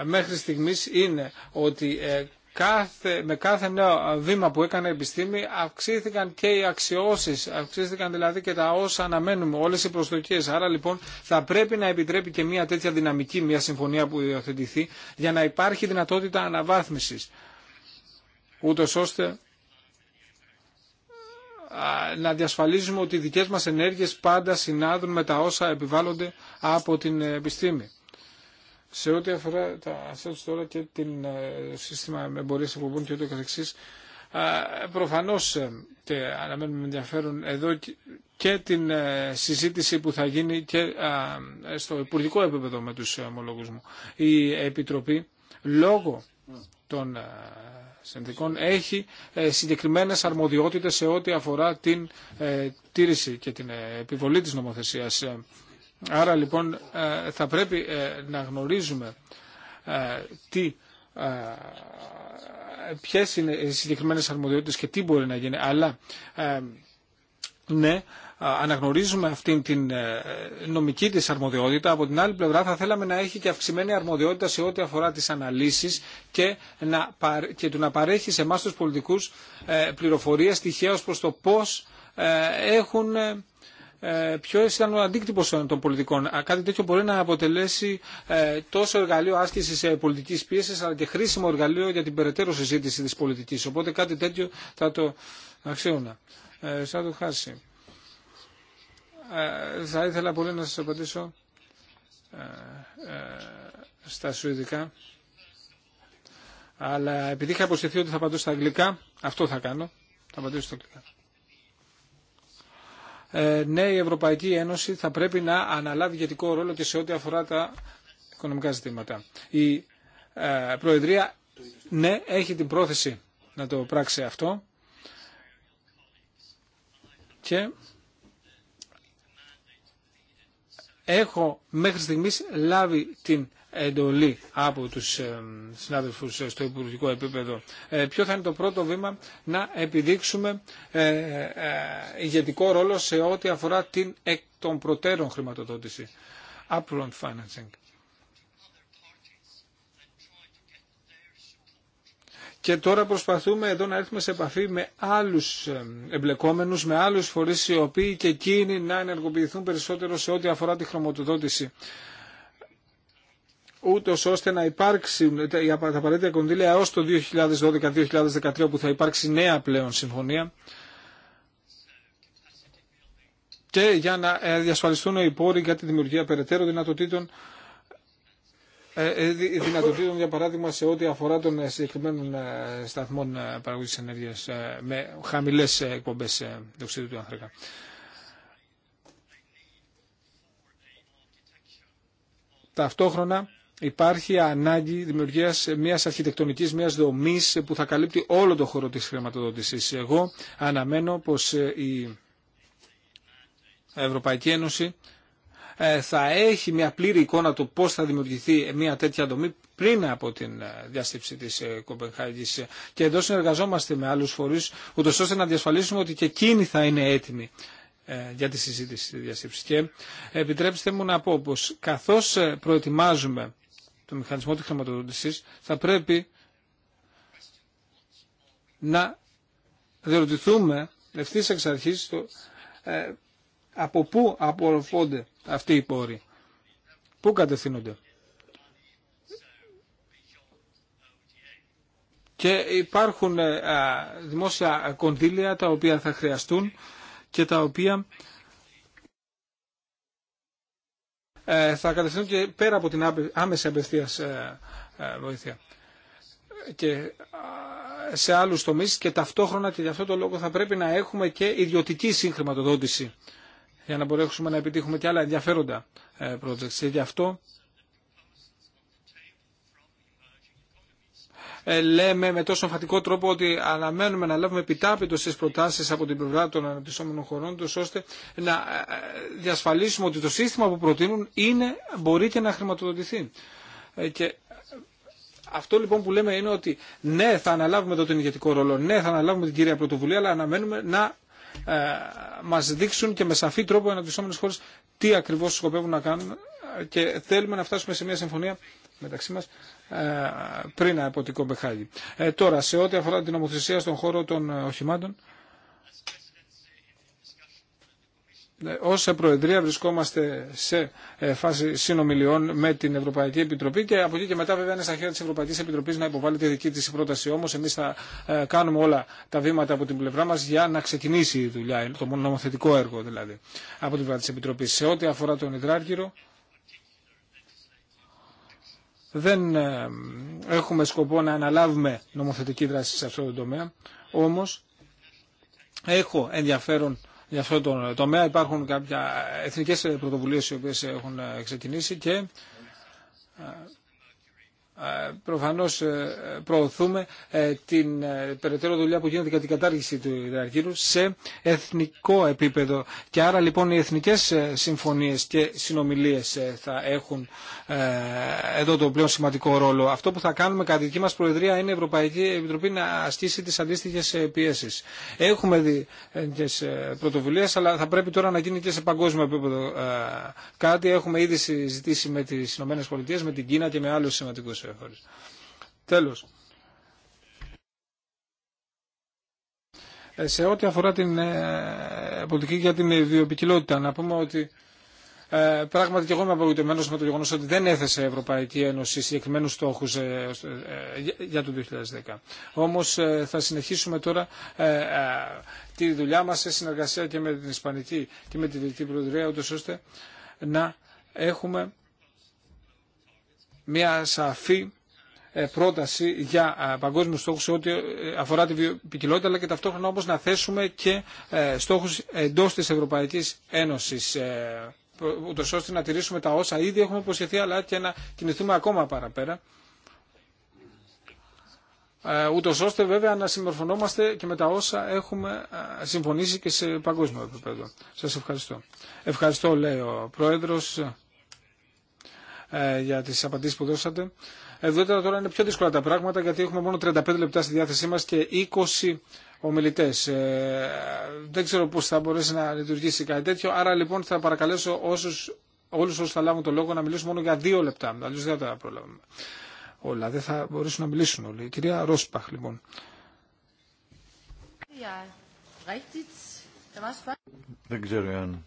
μέχρι στιγμής είναι ότι ε, κάθε, με κάθε νέο βήμα που έκανε η επιστήμη αυξήθηκαν και οι αξιώσεις, αυξήθηκαν δηλαδή και τα όσα αναμένουμε, όλες οι προσδοκίες. Άρα λοιπόν θα πρέπει να επιτρέπει και μια τέτοια δυναμική, μια συμφωνία που υιοθετηθεί για να υπάρχει δυνατότητα αναβάθμισης ούτως ώστε να διασφαλίζουμε ότι οι δικές μας ενέργειες πάντα συνάδουν με τα όσα επιβάλλονται από την επιστήμη. Σε ό,τι αφορά τα τώρα και την ε, σύστημα εμπορίας εκπομπών και ούτω καθεξής, προφανώς ε, και αναμένουμε με ενδιαφέρον εδώ και την ε, συζήτηση που θα γίνει και στο υπουργικό επίπεδο με τους ομολόγους μου. Η Επιτροπή, λόγω των συνδικών έχει ε, συγκεκριμένες αρμοδιότητες σε ό,τι αφορά την ε, τήρηση και την ε, επιβολή της νομοθεσίας. Άρα λοιπόν θα πρέπει να γνωρίζουμε τι ποιες είναι οι συγκεκριμένες αρμοδιότητες και τι μπορεί να γίνει. Αλλά ναι, αναγνωρίζουμε αυτήν την ε, νομική της αρμοδιότητα, από την άλλη πλευρά θα θέλαμε να έχει και αυξημένη αρμοδιότητα σε ό,τι αφορά τις αναλύσεις και, να, και του να παρέχει σε εμάς τους πολιτικούς ε, πληροφορίες στοιχεία προς το πώς ε, έχουν ποιο ήταν ο αντίκτυπο των πολιτικών. Κάτι τέτοιο μπορεί να αποτελέσει τόσο εργαλείο άσκηση πολιτική πίεση, αλλά και χρήσιμο εργαλείο για την περαιτέρω συζήτηση τη πολιτική. Οπότε κάτι τέτοιο θα το αξίωνα. θα το χάσει. Ε, θα ήθελα πολύ να σας απαντήσω ε, ε, στα σουηδικά. Αλλά επειδή είχα αποσχεθεί ότι θα απαντώ στα αγγλικά, αυτό θα κάνω. Θα απαντήσω στα αγγλικά. ναι, η Ευρωπαϊκή Ένωση θα πρέπει να αναλάβει ηγετικό ρόλο και σε ό,τι αφορά τα οικονομικά ζητήματα. Η Προεδρία, ναι, έχει την πρόθεση να το πράξει αυτό. Και Έχω μέχρι στιγμής λάβει την εντολή από τους ε, συνάδελφους ε, στο υπουργικό επίπεδο. Ε, ποιο θα είναι το πρώτο βήμα να επιδείξουμε ηγετικό ρόλο σε ό,τι αφορά την εκ των προτέρων χρηματοδότηση. Upfront financing. Και τώρα προσπαθούμε εδώ να έρθουμε σε επαφή με άλλους εμπλεκόμενους, με άλλους φορείς οι οποίοι και εκείνοι να ενεργοποιηθούν περισσότερο σε ό,τι αφορά τη χρωματοδότηση ούτως ώστε να υπάρξουν τα απαραίτητα κονδύλια έως το 2012-2013 που θα υπάρξει νέα πλέον συμφωνία και για να ε, διασφαλιστούν οι πόροι για τη δημιουργία περαιτέρω δυνατοτήτων ε, ε, δυνατοτήτων, για παράδειγμα, σε ό,τι αφορά των ε, συγκεκριμένων σταθμών παραγωγής ενέργειας με χαμηλές εκπομπές διοξιδίου του άνθρακα. Ταυτόχρονα υπάρχει ανάγκη δημιουργίας μιας αρχιτεκτονικής, μιας δομής που θα καλύπτει όλο το χώρο της χρηματοδότησης. Εγώ αναμένω πως η Ευρωπαϊκή Ένωση ε, θα έχει μια πλήρη εικόνα του πώς θα δημιουργηθεί μια τέτοια δομή πριν από την ε, διάσκεψη της ε, Κοπενχάγης. Και εδώ συνεργαζόμαστε με άλλους φορείς, ούτως ώστε να διασφαλίσουμε ότι και εκείνοι θα είναι έτοιμοι για τη συζήτηση της διάσκεψης. Και επιτρέψτε μου να πω πως καθώς προετοιμάζουμε το μηχανισμό της χρηματοδότησης θα πρέπει να διερωτηθούμε ευθύ εξ αρχής από πού απορροφώνται αυτοί οι πόροι. Πού κατευθύνονται. Και υπάρχουν ε, δημόσια κονδύλια τα οποία θα χρειαστούν και τα οποία ε, θα κατευθυνούν και πέρα από την άμεση απευθεία ε, βοήθεια και σε άλλους τομείς και ταυτόχρονα και γι' αυτό το λόγο θα πρέπει να έχουμε και ιδιωτική συγχρηματοδότηση για να μπορέσουμε να επιτύχουμε και άλλα ενδιαφέροντα ε, projects. Και γι' αυτό ε, λέμε με τόσο εμφαντικό τρόπο ότι αναμένουμε να λάβουμε επιτάπητο στις προτάσεις από την πλευρά των αναπτυσσόμενων χωρών τους ώστε να ε, διασφαλίσουμε ότι το σύστημα που προτείνουν είναι, μπορεί και να χρηματοδοτηθεί. Και αυτό λοιπόν που λέμε είναι ότι ναι θα αναλάβουμε εδώ τον ηγετικό ρόλο, ναι θα αναλάβουμε την κυρία πρωτοβουλία αλλά αναμένουμε να ε, μας δείξουν και με σαφή τρόπο οι χώρε χώρες τι ακριβώς σκοπεύουν να κάνουν ε, και θέλουμε να φτάσουμε σε μια συμφωνία μεταξύ μας ε, πριν από την Κομπεχάγη. τώρα, σε ό,τι αφορά την νομοθεσία στον χώρο των οχημάτων, Ναι, ως Προεδρία βρισκόμαστε σε ε, φάση συνομιλιών με την Ευρωπαϊκή Επιτροπή και από εκεί και μετά βέβαια είναι στα χέρια της Ευρωπαϊκής Επιτροπής να υποβάλει τη δική της πρόταση. Όμως εμείς θα ε, κάνουμε όλα τα βήματα από την πλευρά μας για να ξεκινήσει η δουλειά, ε, το νομοθετικό έργο δηλαδή, από την πλευρά της Επιτροπής. Σε ό,τι αφορά τον Ιδράργυρο, δεν έχουμε σκοπό να αναλάβουμε νομοθετική δράση σε αυτό το τομέα, όμως έχω ενδιαφέρον για αυτό το τομέα. Υπάρχουν κάποια εθνικές πρωτοβουλίες οι οποίες έχουν ε, ξεκινήσει και ε, προφανώς ε, προωθούμε ε, την ε, περαιτέρω δουλειά που γίνεται για την κατάργηση του Ιδραρχείου σε εθνικό επίπεδο. Και άρα λοιπόν οι εθνικές συμφωνίες και συνομιλίες θα έχουν εδώ το πλέον σημαντικό ρόλο. Αυτό που θα κάνουμε κατά τη δική μας Προεδρία είναι η Ευρωπαϊκή Επιτροπή να ασκήσει τις αντίστοιχες πιέσεις. Έχουμε δει τις πρωτοβουλίες αλλά θα πρέπει τώρα να γίνει και σε παγκόσμιο επίπεδο κάτι. Έχουμε ήδη συζητήσει με τις ΗΠΑ, με την Κίνα και με άλλους σημαντικούς Τέλος. Ε, σε ό,τι αφορά την ε, πολιτική για την βιοπικιλότητα, να πούμε ότι ε, πράγματι και εγώ είμαι απογοητευμένο με το γεγονό ότι δεν έθεσε η Ευρωπαϊκή Ένωση συγκεκριμένου στόχου για το 2010. Όμω θα συνεχίσουμε τώρα τη δουλειά μα σε συνεργασία και με την Ισπανική και με τη Δυτική Προεδρία, ώστε να έχουμε μια σαφή ε, πρόταση για ε, παγκόσμιους στόχους σε ό,τι ε, αφορά τη βιοποικιλότητα αλλά και ταυτόχρονα όπως να θέσουμε και στόχους εντός της Ευρωπαϊκής Ένωσης ούτως ώστε να τηρήσουμε τα όσα ήδη έχουμε υποσχεθεί αλλά και να κινηθούμε ακόμα παραπέρα ούτω ώστε βέβαια να συμμορφωνόμαστε και με τα όσα έχουμε συμφωνήσει και σε παγκόσμιο επίπεδο. Σας ευχαριστώ. Ευχαριστώ λέει ο Πρόεδρος. Ε, για τις απαντήσεις που δώσατε. Εδώ τώρα είναι πιο δύσκολα τα πράγματα γιατί έχουμε μόνο 35 λεπτά στη διάθεσή μας και 20 ομιλητές. Ε, δεν ξέρω πώς θα μπορέσει να λειτουργήσει κάτι τέτοιο. Άρα λοιπόν θα παρακαλέσω όσους, όλους όσους θα λάβουν το λόγο να μιλήσουν μόνο για δύο λεπτά. Αλλιώς δεν θα προλάβουμε όλα. Δεν θα μπορέσουν να μιλήσουν όλοι. κυρία Ρόσπαχ λοιπόν. Δεν ξέρω αν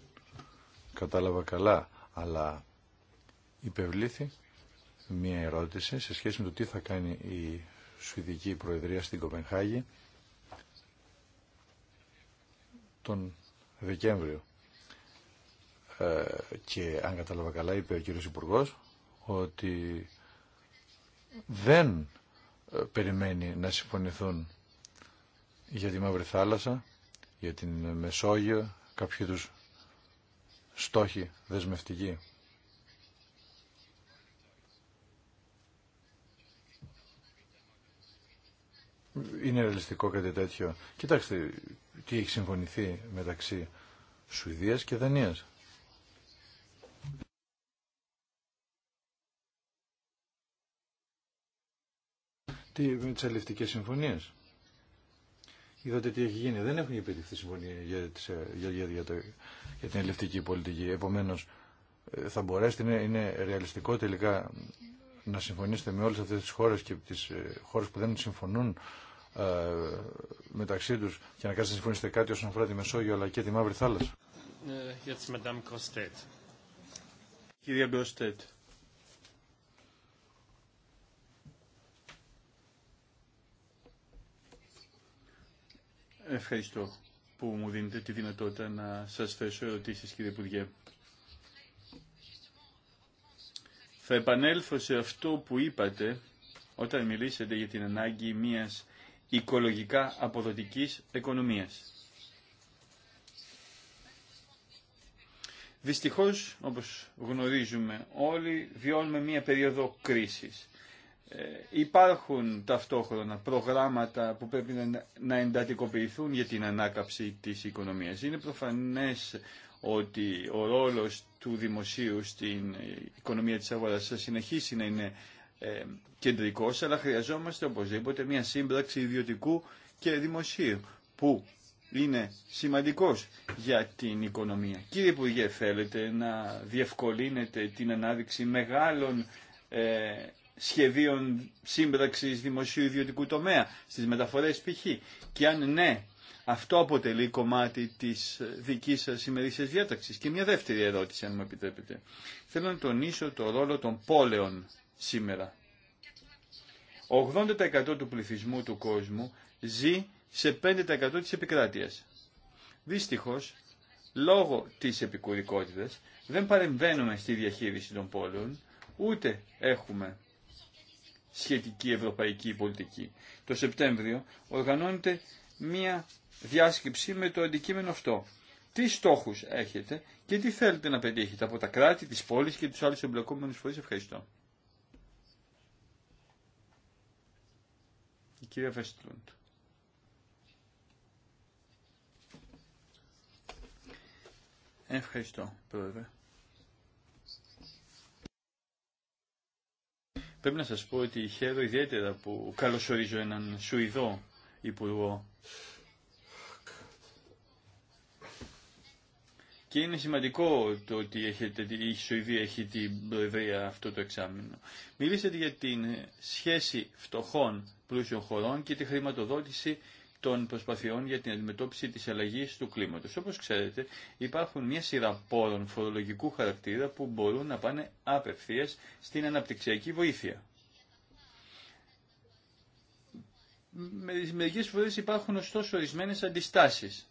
κατάλαβα καλά, αλλά υπευλήθη μία ερώτηση σε σχέση με το τι θα κάνει η Σουηδική Προεδρία στην Κοπενχάγη τον Δεκέμβριο. Ε, και αν κατάλαβα καλά είπε ο κύριος Υπουργό ότι δεν ε, περιμένει να συμφωνηθούν για τη Μαύρη Θάλασσα, για την Μεσόγειο, κάποιοι τους στόχοι δεσμευτικοί. είναι ρεαλιστικό κάτι τέτοιο. Κοιτάξτε τι έχει συμφωνηθεί μεταξύ Σουηδίας και Δανίας. Τι, με τις αλληλευτικές συμφωνίες. Είδατε τι έχει γίνει. Δεν έχουν επιτυχθεί συμφωνία για, ε, για, για, την αλληλευτική πολιτική. Επομένως, ε, θα μπορέσετε, είναι, είναι ρεαλιστικό τελικά να συμφωνήσετε με όλες αυτές τις χώρες και τις ε, χώρες που δεν συμφωνούν ε, μεταξύ τους και να κάνετε να συμφωνήσετε κάτι όσον αφορά τη Μεσόγειο αλλά και τη Μαύρη Θάλασσα. Ε, Κυρία Ευχαριστώ που μου δίνετε τη δυνατότητα να σας θέσω ερωτήσεις κύριε Υπουργέ. Θα επανέλθω σε αυτό που είπατε όταν μιλήσατε για την ανάγκη μιας οικολογικά αποδοτικής οικονομίας. Δυστυχώς, όπως γνωρίζουμε όλοι, βιώνουμε μία περίοδο κρίσης. Ε, υπάρχουν ταυτόχρονα προγράμματα που πρέπει να, να εντατικοποιηθούν για την ανάκαψη της οικονομίας. Είναι προφανές ότι ο ρόλος του δημοσίου στην οικονομία της αγοράς θα συνεχίσει να είναι ε, κεντρικός, αλλά χρειαζόμαστε οπωσδήποτε μια σύμπραξη ιδιωτικού και δημοσίου, που είναι σημαντικός για την οικονομία. Κύριε Υπουργέ, θέλετε να διευκολύνετε την ανάδειξη μεγάλων ε, σχεδίων σύμπραξης δημοσίου ιδιωτικού τομέα στις μεταφορές π.χ. Και αν ναι, αυτό αποτελεί κομμάτι της δικής σας ημερήσιας διάταξης. Και μια δεύτερη ερώτηση, αν μου επιτρέπετε. Θέλω να τονίσω το ρόλο των πόλεων σήμερα. 80% του πληθυσμού του κόσμου ζει σε 5% της επικράτειας. Δυστυχώς, λόγω της επικουρικότητας, δεν παρεμβαίνουμε στη διαχείριση των πόλεων, ούτε έχουμε σχετική ευρωπαϊκή πολιτική. Το Σεπτέμβριο οργανώνεται μία διάσκεψη με το αντικείμενο αυτό. Τι στόχους έχετε και τι θέλετε να πετύχετε από τα κράτη, τις πόλεις και τους άλλους εμπλεκόμενους φορείς. Ευχαριστώ. Κύριε κυρία Ευχαριστώ, πρόεδρε. Πρέπει να σας πω ότι χαίρομαι ιδιαίτερα που καλωσορίζω έναν Σουηδό Υπουργό Και είναι σημαντικό το ότι έχετε, η Σουηδία έχει την προεδρία αυτό το εξάμεινο. Μιλήσατε για την σχέση φτωχών πλούσιων χωρών και τη χρηματοδότηση των προσπαθειών για την αντιμετώπιση της αλλαγής του κλίματος. Όπως ξέρετε, υπάρχουν μια σειρά πόρων φορολογικού χαρακτήρα που μπορούν να πάνε απευθείας στην αναπτυξιακή βοήθεια. Μερικές φορές υπάρχουν ωστόσο ορισμένες αντιστάσεις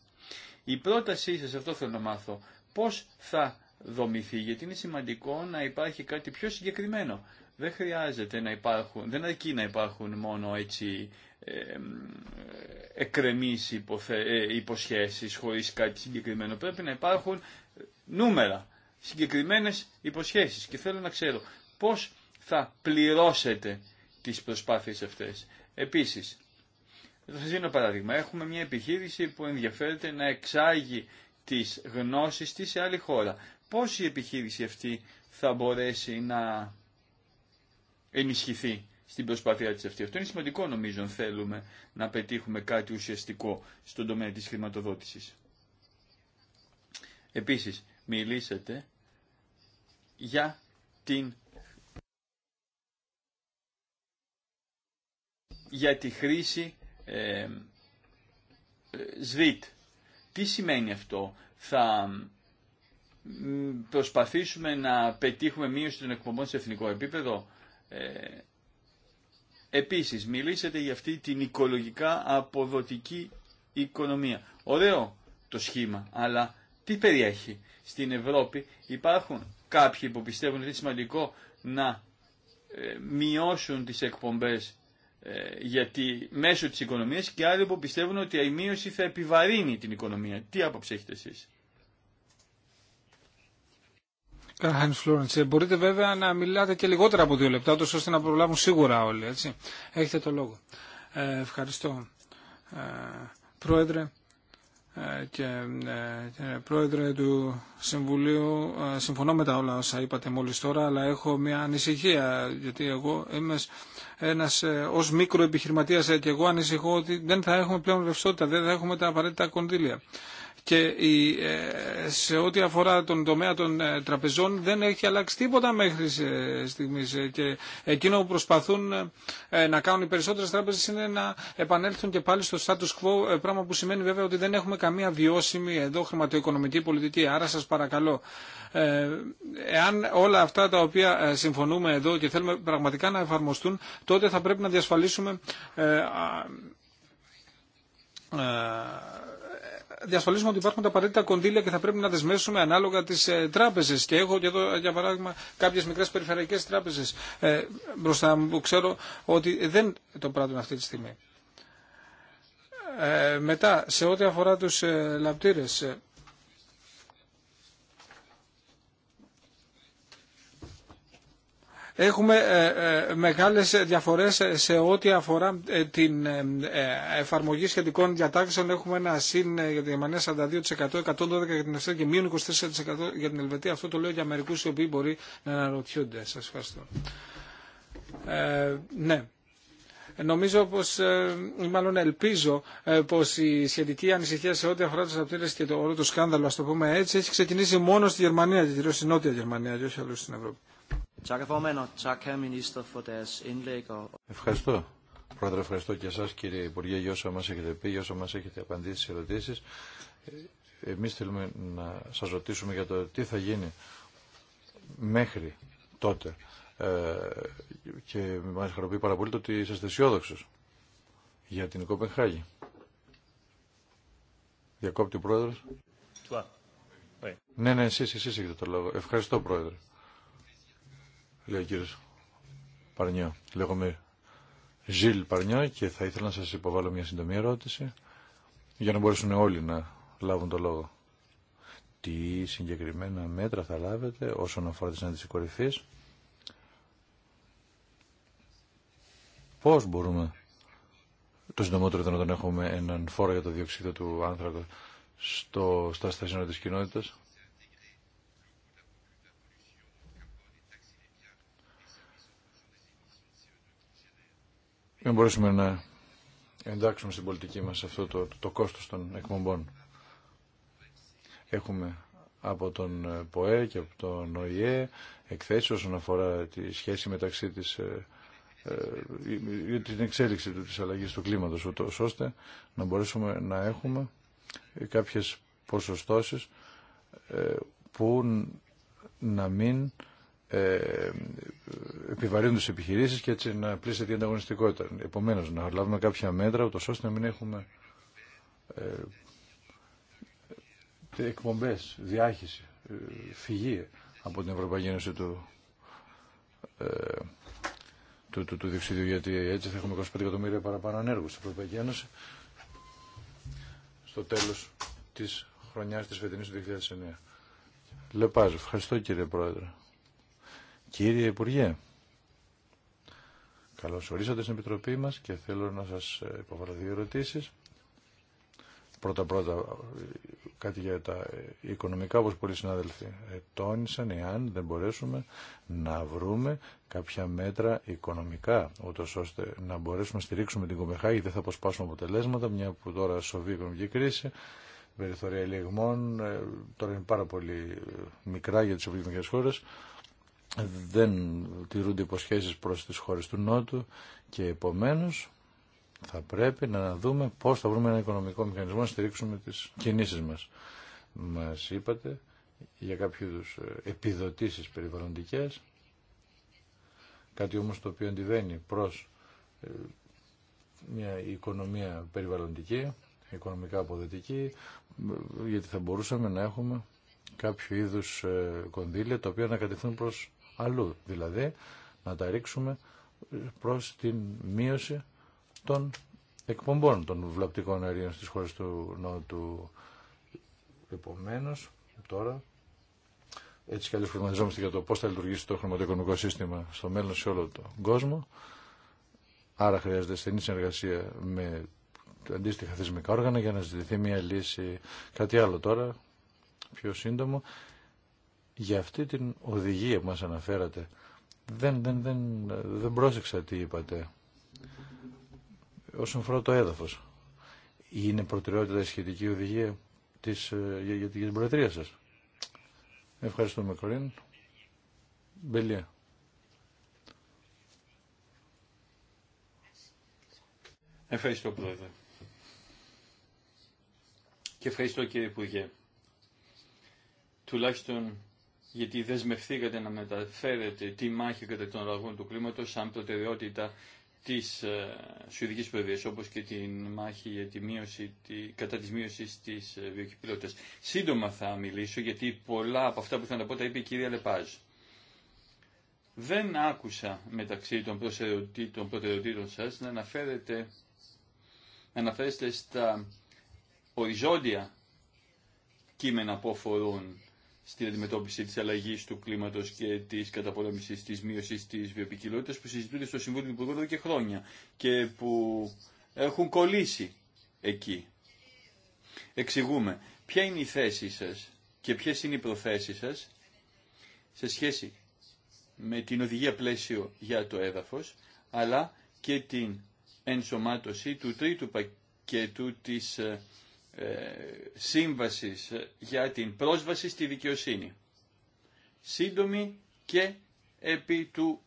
η πρότασή σας, αυτό θέλω να μάθω, πώς θα δομηθεί, γιατί είναι σημαντικό να υπάρχει κάτι πιο συγκεκριμένο. Δεν χρειάζεται να υπάρχουν, δεν αρκεί να υπάρχουν μόνο έτσι ε, εκκρεμείς υποθε, υποσχέσεις χωρίς κάτι συγκεκριμένο. Πρέπει να υπάρχουν νούμερα, συγκεκριμένες υποσχέσεις και θέλω να ξέρω πώς θα πληρώσετε τις προσπάθειες αυτές. Επίσης, θα σας δίνω παράδειγμα. Έχουμε μια επιχείρηση που ενδιαφέρεται να εξάγει τις γνώσεις της σε άλλη χώρα. Πώς η επιχείρηση αυτή θα μπορέσει να ενισχυθεί στην προσπάθειά της αυτή. Αυτό είναι σημαντικό νομίζω αν θέλουμε να πετύχουμε κάτι ουσιαστικό στον τομέα της χρηματοδότησης. Επίσης, μιλήσατε για την για τη χρήση ε, Τι σημαίνει αυτό. Θα προσπαθήσουμε να πετύχουμε μείωση των εκπομπών σε εθνικό επίπεδο. Ε, επίσης, μιλήσατε για αυτή την οικολογικά αποδοτική οικονομία. Ωραίο το σχήμα, αλλά τι περιέχει. Στην Ευρώπη υπάρχουν κάποιοι που πιστεύουν ότι είναι σημαντικό να ε, μειώσουν τις εκπομπές ε, γιατί μέσω της οικονομίας και άλλοι που πιστεύουν ότι η μείωση θα επιβαρύνει την οικονομία. Τι άποψη έχετε εσείς. Florence, ε, μπορείτε βέβαια να μιλάτε και λιγότερα από δύο λεπτά, τόσο ώστε να προλάβουν σίγουρα όλοι. Έτσι. Έχετε το λόγο. Ε, ευχαριστώ. Ε, πρόεδρε ε, και πρόεδρε του Συμβουλίου, συμφωνώ με τα όλα όσα είπατε μόλις τώρα, αλλά έχω μια ανησυχία, γιατί εγώ είμαι ένας ε, ως μικροεπιχειρηματίας ε, και εγώ ανησυχώ ότι δεν θα έχουμε πλέον ρευστότητα, δεν θα έχουμε τα απαραίτητα κονδύλια. Και ε, σε ό,τι αφορά τον τομέα των τραπεζών δεν έχει αλλάξει τίποτα μέχρι στιγμής και εκείνο που προσπαθούν να κάνουν οι περισσότερες τράπεζες είναι να επανέλθουν και πάλι στο status quo, πράγμα που σημαίνει βέβαια ότι δεν έχουμε καμία βιώσιμη εδώ χρηματοοικονομική πολιτική. Άρα σας παρακαλώ, εάν όλα αυτά τα οποία συμφωνούμε εδώ και θέλουμε πραγματικά να εφαρμοστούν, τότε θα πρέπει να διασφαλίσουμε ε, ε, διασφαλίσουμε ότι υπάρχουν τα απαραίτητα κονδύλια και θα πρέπει να δεσμεύσουμε ανάλογα τι ε, τράπεζε. Και έχω και εδώ, για παράδειγμα, κάποιες μικρές περιφερειακές τράπεζες ε, μπροστά μου που ξέρω ότι δεν το πράττουν αυτή τη στιγμή. Ε, μετά, σε ό,τι αφορά τους ε, ε έχουμε ε, ε, μεγάλες διαφορές σε ό,τι αφορά ε, την εφαρμογή σχετικών διατάξεων. Έχουμε ένα συν για τη Γερμανία 42%, 112% για την Ευστρία και μείον 24% για την Ελβετία. Αυτό το λέω για μερικούς οι οποίοι μπορεί να αναρωτιούνται. Σας ευχαριστώ. Ε, ναι. Νομίζω πως, μάλλον ελπίζω, πως η σχετική ανησυχία σε ό,τι αφορά τι απτήρες και το όλο το σκάνδαλο, ας το πούμε έτσι, έχει ξεκινήσει μόνο στη Γερμανία, κυρίως στη Νότια Γερμανία και όχι αλλού στην Ευρώπη. Ευχαριστώ. Πρόεδρε, ευχαριστώ και εσά κύριε Υπουργέ για όσα μα έχετε πει, για όσα μα έχετε απαντήσει στι ερωτήσει. Ε, Εμεί θέλουμε να σα ρωτήσουμε για το τι θα γίνει μέχρι τότε. Ε, και μα χαροποιεί πάρα πολύ το ότι είστε αισιόδοξο για την Κοπενχάγη. Διακόπτη ο πρόεδρος. Ναι, ναι, εσεί, εσεί έχετε το λόγο. Ευχαριστώ, πρόεδρε λέει ο κύριος Παρνιά. Λέγομαι Ζιλ παρνιά και θα ήθελα να σας υποβάλω μια συντομή ερώτηση για να μπορέσουν όλοι να λάβουν το λόγο. Τι συγκεκριμένα μέτρα θα λάβετε όσον αφορά τις αντισυκορυφίες. Πώς μπορούμε το συντομότερο τον έχουμε έναν φόρο για το διοξείδιο του άνθρακα στο, στα στάσινα της κοινότητας. δεν μπορέσουμε να εντάξουμε στην πολιτική μας αυτό το, το κόστος των εκπομπών. Έχουμε από τον ΠΟΕ και από τον ΟΗΕ εκθέσεις όσον αφορά τη σχέση μεταξύ της ε, ε, την εξέλιξη του της αλλαγής του κλίματος ούτως ώστε να μπορέσουμε να έχουμε κάποιες ποσοστώσεις ε, που να μην ε, επιβαρύνουν τις επιχειρήσεις και έτσι να πλήσεται η ανταγωνιστικότητα. Επομένως, να λάβουμε κάποια μέτρα, ούτως ώστε να μην έχουμε ε, εκπομπές, διάχυση, ε, φυγή από την Ευρωπαϊκή Ένωση του, ε, του, του, του γιατί έτσι θα έχουμε 25 εκατομμύρια παραπάνω ανέργους στην Ευρωπαϊκή Ένωση στο τέλος της χρονιάς της φετινής του 2009. Λεπάζω. ευχαριστώ κύριε Πρόεδρε. Κύριε Υπουργέ, καλώς ορίσατε στην Επιτροπή μας και θέλω να σας υποβάλω δύο ερωτήσεις. Πρώτα-πρώτα κάτι για τα οικονομικά, όπως πολλοί συνάδελφοι τόνισαν, εάν δεν μπορέσουμε να βρούμε κάποια μέτρα οικονομικά, ούτως ώστε να μπορέσουμε να στηρίξουμε την Κοπεχάγη, δεν θα αποσπάσουμε αποτελέσματα, μια που τώρα σοβεί η οικονομική κρίση, περιθωρία ελιγμών, ε, τώρα είναι πάρα πολύ μικρά για τις οικονομικές χώρες, δεν τηρούνται υποσχέσει προ τι χώρε του Νότου και επομένω θα πρέπει να δούμε πώ θα βρούμε ένα οικονομικό μηχανισμό να στηρίξουμε τι κινήσει μα. Μα είπατε για κάποιου είδου ε, επιδοτήσεις περιβαλλοντικές, κάτι όμω το οποίο αντιβαίνει προ ε, μια οικονομία περιβαλλοντική, οικονομικά αποδοτική, ε, γιατί θα μπορούσαμε να έχουμε κάποιο είδους κονδύλια τα οποία να κατευθύνουν προς αλλού. Δηλαδή να τα ρίξουμε προς την μείωση των εκπομπών των βλαπτικών αερίων στις χώρες του Νότου. Επομένως, τώρα, έτσι και για το πώς θα λειτουργήσει το χρηματοοικονομικό σύστημα στο μέλλον σε όλο τον κόσμο. Άρα χρειάζεται στενή συνεργασία με αντίστοιχα θεσμικά όργανα για να ζητηθεί μια λύση. Κάτι άλλο τώρα, πιο σύντομο, για αυτή την οδηγία που μας αναφέρατε. Δεν, δεν, δεν, δεν πρόσεξα τι είπατε. Όσον φορά το έδαφος, είναι προτεραιότητα η σχετική οδηγία της, ε, για, για την προεδρία σας. Ευχαριστούμε, Κορίν. Μπελία. Ευχαριστώ, Πρόεδρε. Και ευχαριστώ, κύριε Υπουργέ. Τουλάχιστον γιατί δεσμευθήκατε να μεταφέρετε τη μάχη κατά των αλλαγών του κλίματος σαν προτεραιότητα της ε, Σουηδικής Προεδρίας, όπως και τη μάχη για τη μείωση, τη, κατά της μείωσης ε, Σύντομα θα μιλήσω, γιατί πολλά από αυτά που θα τα πω τα είπε η κυρία Λεπάζ. Δεν άκουσα μεταξύ των προτεραιοτήτων σας να αναφέρετε να αναφέρεστε στα οριζόντια κείμενα που αφορούν στην αντιμετώπιση της αλλαγή του κλίματος και της καταπολέμησης της μείωση της βιοπικιλότητα που συζητούνται στο Συμβούλιο Υπουργού εδώ και χρόνια και που έχουν κολλήσει εκεί. Εξηγούμε ποια είναι η θέση σας και ποιες είναι οι προθέσεις σας σε σχέση με την οδηγία πλαίσιο για το έδαφος, αλλά και την ενσωμάτωση του τρίτου πακέτου της ε, ε, σύμβασης για την πρόσβαση στη δικαιοσύνη. Σύντομη και επί του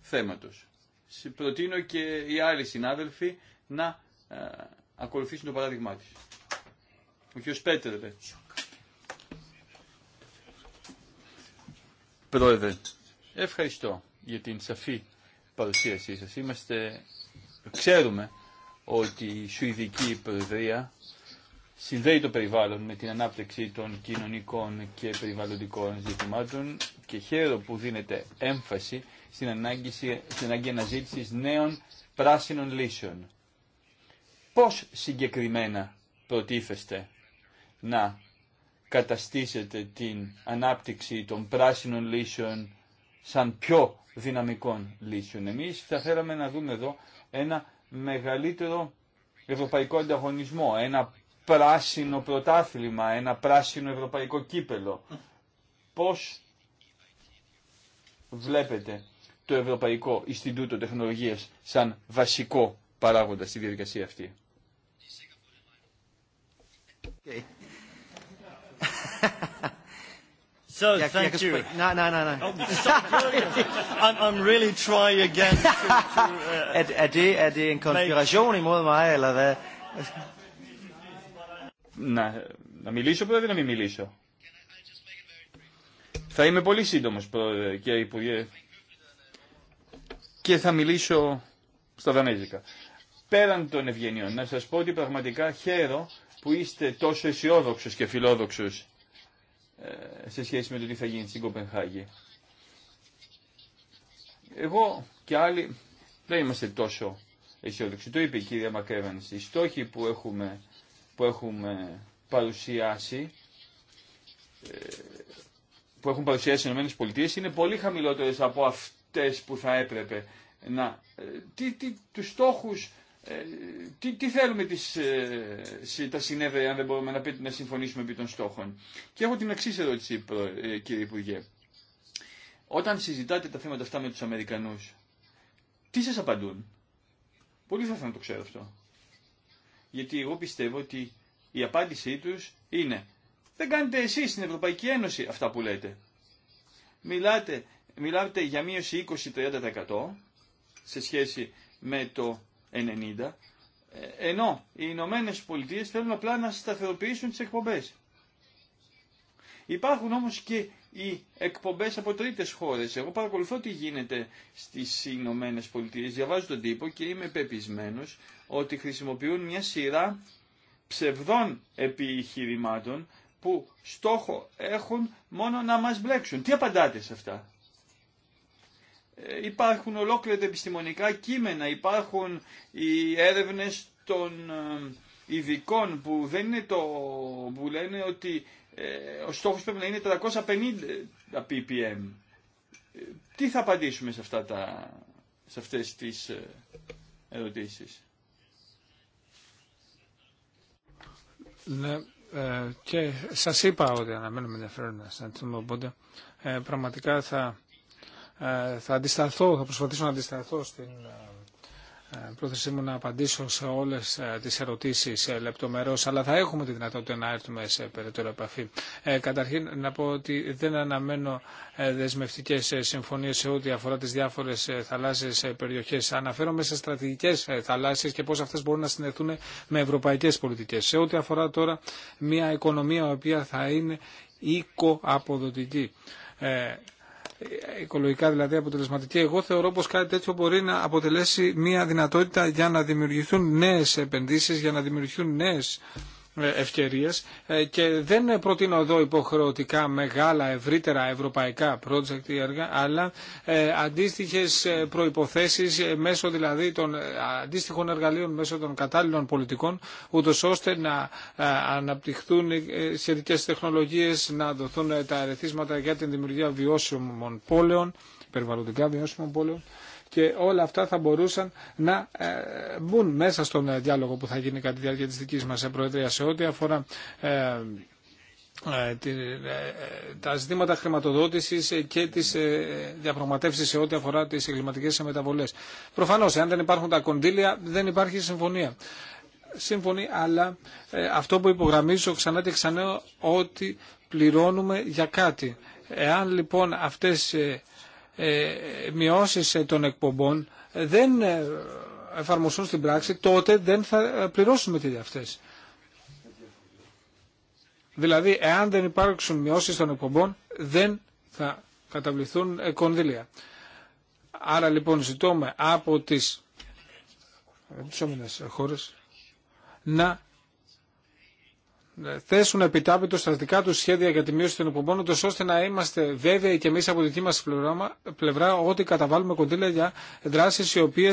θέματος. Προτείνω και οι άλλοι συνάδελφοι να ε, ακολουθήσουν το παράδειγμά της. Ο κ. Πρόεδρε, ευχαριστώ για την σαφή παρουσίασή σας. Είμαστε, ξέρουμε ότι η Σουηδική Προεδρία συνδέει το περιβάλλον με την ανάπτυξη των κοινωνικών και περιβαλλοντικών ζητημάτων και χαίρο που δίνεται έμφαση στην ανάγκη, στην ανάγκη αναζήτησης νέων πράσινων λύσεων. Πώς συγκεκριμένα προτίθεστε να καταστήσετε την ανάπτυξη των πράσινων λύσεων σαν πιο δυναμικών λύσεων. Εμείς θα θέλαμε να δούμε εδώ ένα μεγαλύτερο ευρωπαϊκό ανταγωνισμό, ένα πράσινο πρωτάθλημα, ένα πράσινο ευρωπαϊκό κύπελο. Πώς βλέπετε το Ευρωπαϊκό Ινστιτούτο Τεχνολογίας σαν βασικό παράγοντα στη διαδικασία αυτή. Okay. So, να, να μιλήσω πρόεδρε να μην μιλήσω. Θα είμαι πολύ σύντομος πρόεδρε και Υπουργέ και θα μιλήσω στα Δανέζικα. Πέραν των ευγενειών, να σας πω ότι πραγματικά χαίρο που είστε τόσο αισιόδοξο και φιλόδοξους ε, σε σχέση με το τι θα γίνει στην Κοπενχάγη. Εγώ και άλλοι δεν είμαστε τόσο αισιόδοξοι. Το είπε η κυρία Μακέβανση. Οι στόχοι που έχουμε που έχουμε παρουσιάσει ε, που έχουν παρουσιάσει οι ΗΠΑ είναι πολύ χαμηλότερες από αυτές που θα έπρεπε να... Ε, τι, τι, τους στόχους, ε, τι, τι θέλουμε τις, τα συνέδρια αν δεν μπορούμε να, να συμφωνήσουμε επί των στόχων. Και έχω την εξή ερώτηση κύριε Υπουργέ. Όταν συζητάτε τα θέματα αυτά με τους Αμερικανούς, τι σας απαντούν. Πολύ θα ήθελα να το ξέρω αυτό γιατί εγώ πιστεύω ότι η απάντησή τους είναι δεν κάνετε εσείς στην Ευρωπαϊκή Ένωση αυτά που λέτε. Μιλάτε, μιλάτε για μείωση 20-30% σε σχέση με το 90% ε, ενώ οι Ηνωμένε Πολιτείε θέλουν απλά να σταθεροποιήσουν τις εκπομπές. Υπάρχουν όμως και ή εκπομπές από τρίτες χώρες. Εγώ παρακολουθώ τι γίνεται στις Ηνωμένε Πολιτείε, διαβάζω τον τύπο και είμαι πεπισμένος ότι χρησιμοποιούν μια σειρά ψευδών επιχειρημάτων που στόχο έχουν μόνο να μας μπλέξουν. Τι απαντάτε σε αυτά. Ε, υπάρχουν ολόκληρα επιστημονικά κείμενα, υπάρχουν οι έρευνες των ε, ειδικών που δεν είναι το που λένε ότι ε, ο στόχος πρέπει να είναι 450 ppm. Ε, τι θα απαντήσουμε σε, αυτά τα, σε αυτές τις ε, ερωτήσεις. Ναι, και σας είπα ότι αναμένουμε ενδιαφέρον να συναντηθούμε, οπότε ε, πραγματικά θα, θα αντισταθώ, θα προσπαθήσω να αντισταθώ στην ε, πρόθεσή μου να απαντήσω σε όλες ε, τις ερωτήσεις ε, λεπτομερώς, αλλά θα έχουμε τη δυνατότητα να έρθουμε σε περαιτέρω επαφή. καταρχήν να πω ότι δεν αναμένω δεσμευτικές συμφωνίες σε ό,τι αφορά τις διάφορες θαλάσσιες περιοχές. Αναφέρομαι σε στρατηγικές θαλάσσιες και πώς αυτές μπορούν να συνδεθούν με ευρωπαϊκές πολιτικές. Σε ό,τι αφορά τώρα μια οικονομία η οποία θα είναι οικοαποδοτική οικολογικά δηλαδή αποτελεσματική. Εγώ θεωρώ πως κάτι τέτοιο μπορεί να αποτελέσει μια δυνατότητα για να δημιουργηθούν νέες επενδύσεις, για να δημιουργηθούν νέες ε, ευκαιρίε. Ε, και δεν προτείνω εδώ υποχρεωτικά μεγάλα ευρύτερα ευρωπαϊκά project ή έργα αλλά ε, αντίστοιχε προϋποθέσεις μέσω δηλαδή των αντίστοιχων εργαλείων μέσω των κατάλληλων πολιτικών ούτω ώστε να αναπτυχθούν σχετικέ τεχνολογίε, να δοθούν τα ερεθίσματα για την δημιουργία βιώσιμων πόλεων περιβαλλοντικά βιώσιμων πόλεων και όλα αυτά θα μπορούσαν να ε, μπουν μέσα στον ε, διάλογο που θα γίνει κατά τη διάρκεια της δικής μας ε, Προεδρία σε ό,τι αφορά τα ζητήματα χρηματοδότησης και τις διαπραγματεύσεις σε ό,τι αφορά τις εγκληματικές μεταβολές. Προφανώς, εάν δεν υπάρχουν τα κονδύλια, δεν υπάρχει συμφωνία. Σύμφωνοι, αλλά αυτό που υπογραμμίζω ξανά και ξανά ότι πληρώνουμε για κάτι. Εάν λοιπόν αυτές ε, μειώσεις ε, των εκπομπών ε, δεν εφαρμοστούν στην πράξη, τότε δεν θα πληρώσουμε τι αυτές. Δηλαδή, εάν δεν υπάρξουν μειώσεις των εκπομπών, δεν θα καταβληθούν κονδύλια. Άρα λοιπόν ζητούμε από τις χώρες να ε, θέσουν επιτάπητο στα δικά του σχέδια για τη μείωση των εκπομπών, ώστε να είμαστε βέβαιοι και εμεί από τη δική μα πλευρά ότι καταβάλουμε κονδύλια για δράσει οι οποίε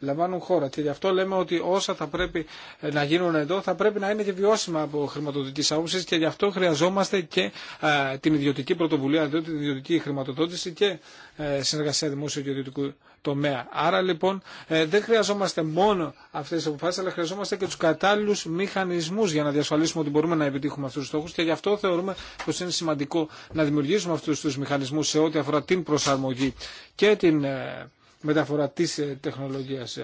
λαμβάνουν χώρα. Και γι' αυτό λέμε ότι όσα θα πρέπει ε, να γίνουν εδώ θα πρέπει να είναι και βιώσιμα από χρηματοδοτική άποψη και γι' αυτό χρειαζόμαστε και ε, την ιδιωτική πρωτοβουλία, την ιδιωτική χρηματοδότηση και ε, συνεργασία δημόσιο και ιδιωτικού τομέα. Άρα λοιπόν δεν χρειαζόμαστε μόνο αυτέ τι αποφάσει, αλλά χρειαζόμαστε και του κατάλληλου μηχανισμού για να διασφαλίσουμε ότι μπορούμε να επιτύχουμε αυτού του στόχου και γι' αυτό θεωρούμε πω είναι σημαντικό να δημιουργήσουμε αυτού του μηχανισμού σε ό,τι αφορά την προσαρμογή και την μεταφορά της ε, τεχνολογίας,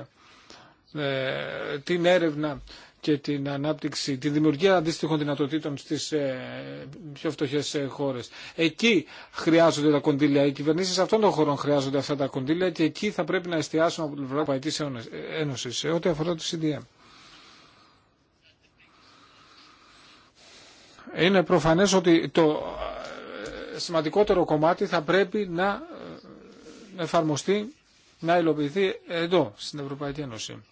ε, την έρευνα και την ανάπτυξη, τη δημιουργία αντίστοιχων δυνατοτήτων στις ε, πιο φτωχές χώρες. Εκεί χρειάζονται τα κονδύλια. Οι κυβερνήσεις αυτών των χωρών χρειάζονται αυτά τα κονδύλια και εκεί θα πρέπει να εστιάσουμε από την Ευρωπαϊκή Ένωση σε ό,τι αφορά το CDM. Είναι προφανές ότι το σημαντικότερο κομμάτι θα πρέπει να εφαρμοστεί να υλοποιηθεί εδώ, στην Ευρωπαϊκή Ένωση.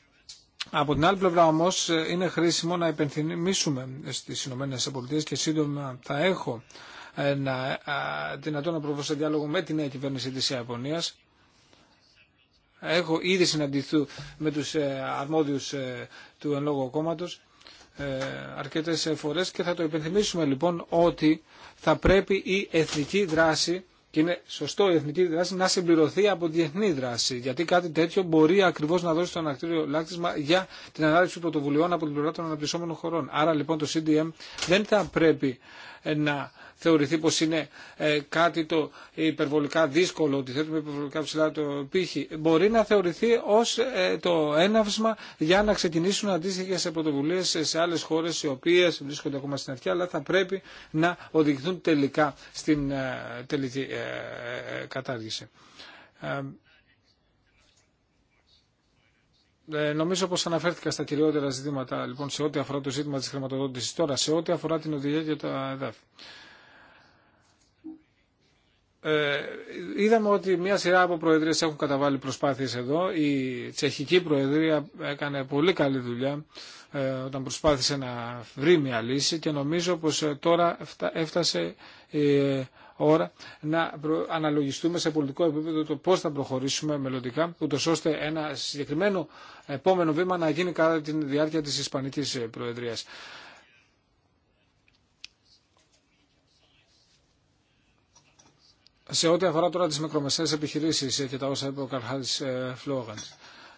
Από την άλλη πλευρά όμω είναι χρήσιμο να υπενθυμίσουμε στις ΗΠΑ και σύντομα θα έχω να, δυνατόν να προβώ σε διάλογο με την νέα κυβέρνηση της Ιαπωνίας. Έχω ήδη συναντηθεί με τους ε, αρμόδιους ε, του εν λόγω κόμματος ε, αρκετές φορές και θα το υπενθυμίσουμε λοιπόν ότι θα πρέπει η εθνική δράση και είναι σωστό η εθνική δράση να συμπληρωθεί από διεθνή δράση. Γιατί κάτι τέτοιο μπορεί ακριβώ να δώσει το ανακτήριο λάκτισμα για την ανάληψη πρωτοβουλειών από την πλευρά των αναπτυσσόμενων χωρών. Άρα λοιπόν το CDM δεν θα πρέπει να θεωρηθεί πως είναι ε, κάτι το υπερβολικά δύσκολο, ότι θέτουμε υπερβολικά ψηλά το πύχη, μπορεί να θεωρηθεί ως ε, το έναυσμα για να ξεκινήσουν αντίστοιχε πρωτοβουλίε σε άλλες χώρες οι οποίες βρίσκονται ακόμα στην αρχή, αλλά θα πρέπει να οδηγηθούν τελικά στην ε, τελική κατάργηση. Ε, νομίζω πως αναφέρθηκα στα κυριότερα ζητήματα λοιπόν, σε ό,τι αφορά το ζήτημα της χρηματοδότησης τώρα, σε ό,τι αφορά την οδηγία για τα εδάφη. Ε, είδαμε ότι μια σειρά από προεδρίες έχουν καταβάλει προσπάθειες εδώ. Η τσεχική προεδρία έκανε πολύ καλή δουλειά ε, όταν προσπάθησε να βρει μια λύση και νομίζω πως ε, τώρα έφτασε η ώρα να αναλογιστούμε σε πολιτικό επίπεδο το πώς θα προχωρήσουμε μελλοντικά, ούτως ώστε ένα συγκεκριμένο επόμενο βήμα να γίνει κατά τη διάρκεια της Ισπανικής Προεδρίας. Σε ό,τι αφορά τώρα τις μικρομεσαίες επιχειρήσεις και τα όσα είπε ο Καρχάλης ε, Φλόγανς,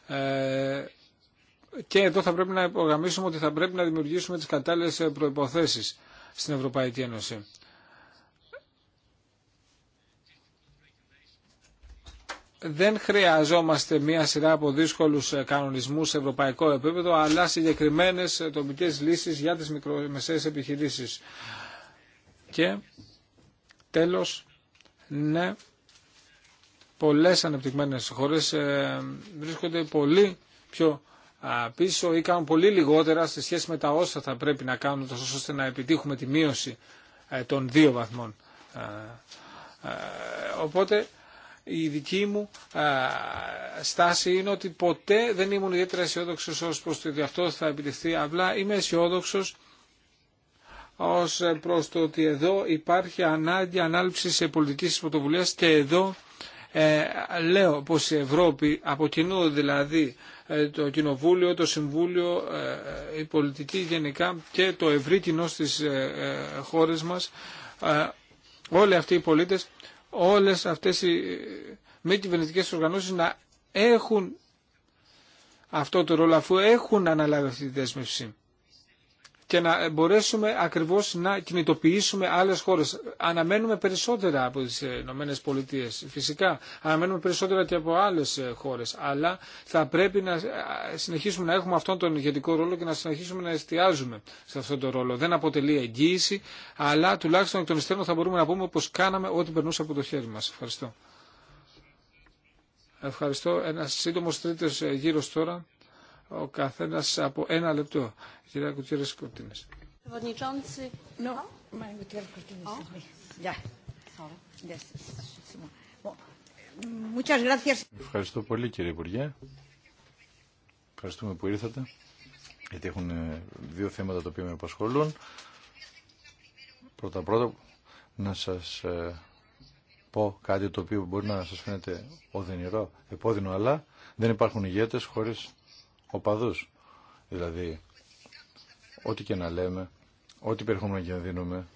ε, και εδώ θα πρέπει να υπογραμμίσουμε ότι θα πρέπει να δημιουργήσουμε τις κατάλληλες ε, προϋποθέσεις στην Ευρωπαϊκή Ένωση. δεν χρειαζόμαστε μία σειρά από δύσκολου κανονισμού σε ευρωπαϊκό επίπεδο, αλλά συγκεκριμένε τοπικέ λύσει για τι μικρομεσαίες επιχειρήσει. Και τέλος, ναι, πολλές ανεπτυγμένες χώρες ε, βρίσκονται πολύ πιο πίσω ή κάνουν πολύ λιγότερα σε σχέση με τα όσα θα πρέπει να κάνουν ώστε να επιτύχουμε τη μείωση ε, των δύο βαθμών. Οπότε η δική μου στάση είναι ότι ποτέ δεν ήμουν ιδιαίτερα αισιόδοξο ω προ το ότι αυτό θα επιτευχθεί. Απλά είμαι αισιόδοξο ως προς το ότι εδώ υπάρχει ανάγκη ανάληψης πολιτικής πρωτοβουλία και εδώ ε, λέω πως η Ευρώπη από κοινού δηλαδή ε, το Κοινοβούλιο, το Συμβούλιο, ε, η πολιτική γενικά και το ευρύ κοινό στις χώρες μας, όλοι αυτοί οι πολίτες, όλες αυτές οι μη κυβερνητικέ οργανώσεις να έχουν αυτό το ρόλο αφού έχουν αναλάβει αυτή τη δέσμευση και να μπορέσουμε ακριβώς να κινητοποιήσουμε άλλες χώρες. Αναμένουμε περισσότερα από τις ε, Ηνωμένε Πολιτείε. Φυσικά, αναμένουμε περισσότερα και από άλλες ε, χώρες. Αλλά θα πρέπει να ε, συνεχίσουμε να έχουμε αυτόν τον ηγετικό ρόλο και να συνεχίσουμε να εστιάζουμε σε αυτόν τον ρόλο. Δεν αποτελεί εγγύηση, αλλά τουλάχιστον εκ των υστέρων θα μπορούμε να πούμε πως κάναμε ό,τι περνούσε από το χέρι μας. Ευχαριστώ. Ευχαριστώ. Ένας σύντομος τρίτος γύρος τώρα ο καθένα από ένα λεπτό. Κυρία Κουτήρες Κορτίνε. Oh. Ευχαριστώ πολύ κύριε Υπουργέ. Ευχαριστούμε που ήρθατε. Γιατί έχουν ε, δύο θέματα τα οποία με απασχολούν. Πρώτα πρώτα να σας ε, πω κάτι το οποίο μπορεί να σας φαίνεται οδυνηρό, επώδυνο, αλλά δεν υπάρχουν ηγέτες χωρίς οπαδούς. Δηλαδή, ό,τι και να λέμε, ό,τι περιεχόμενο και να δίνουμε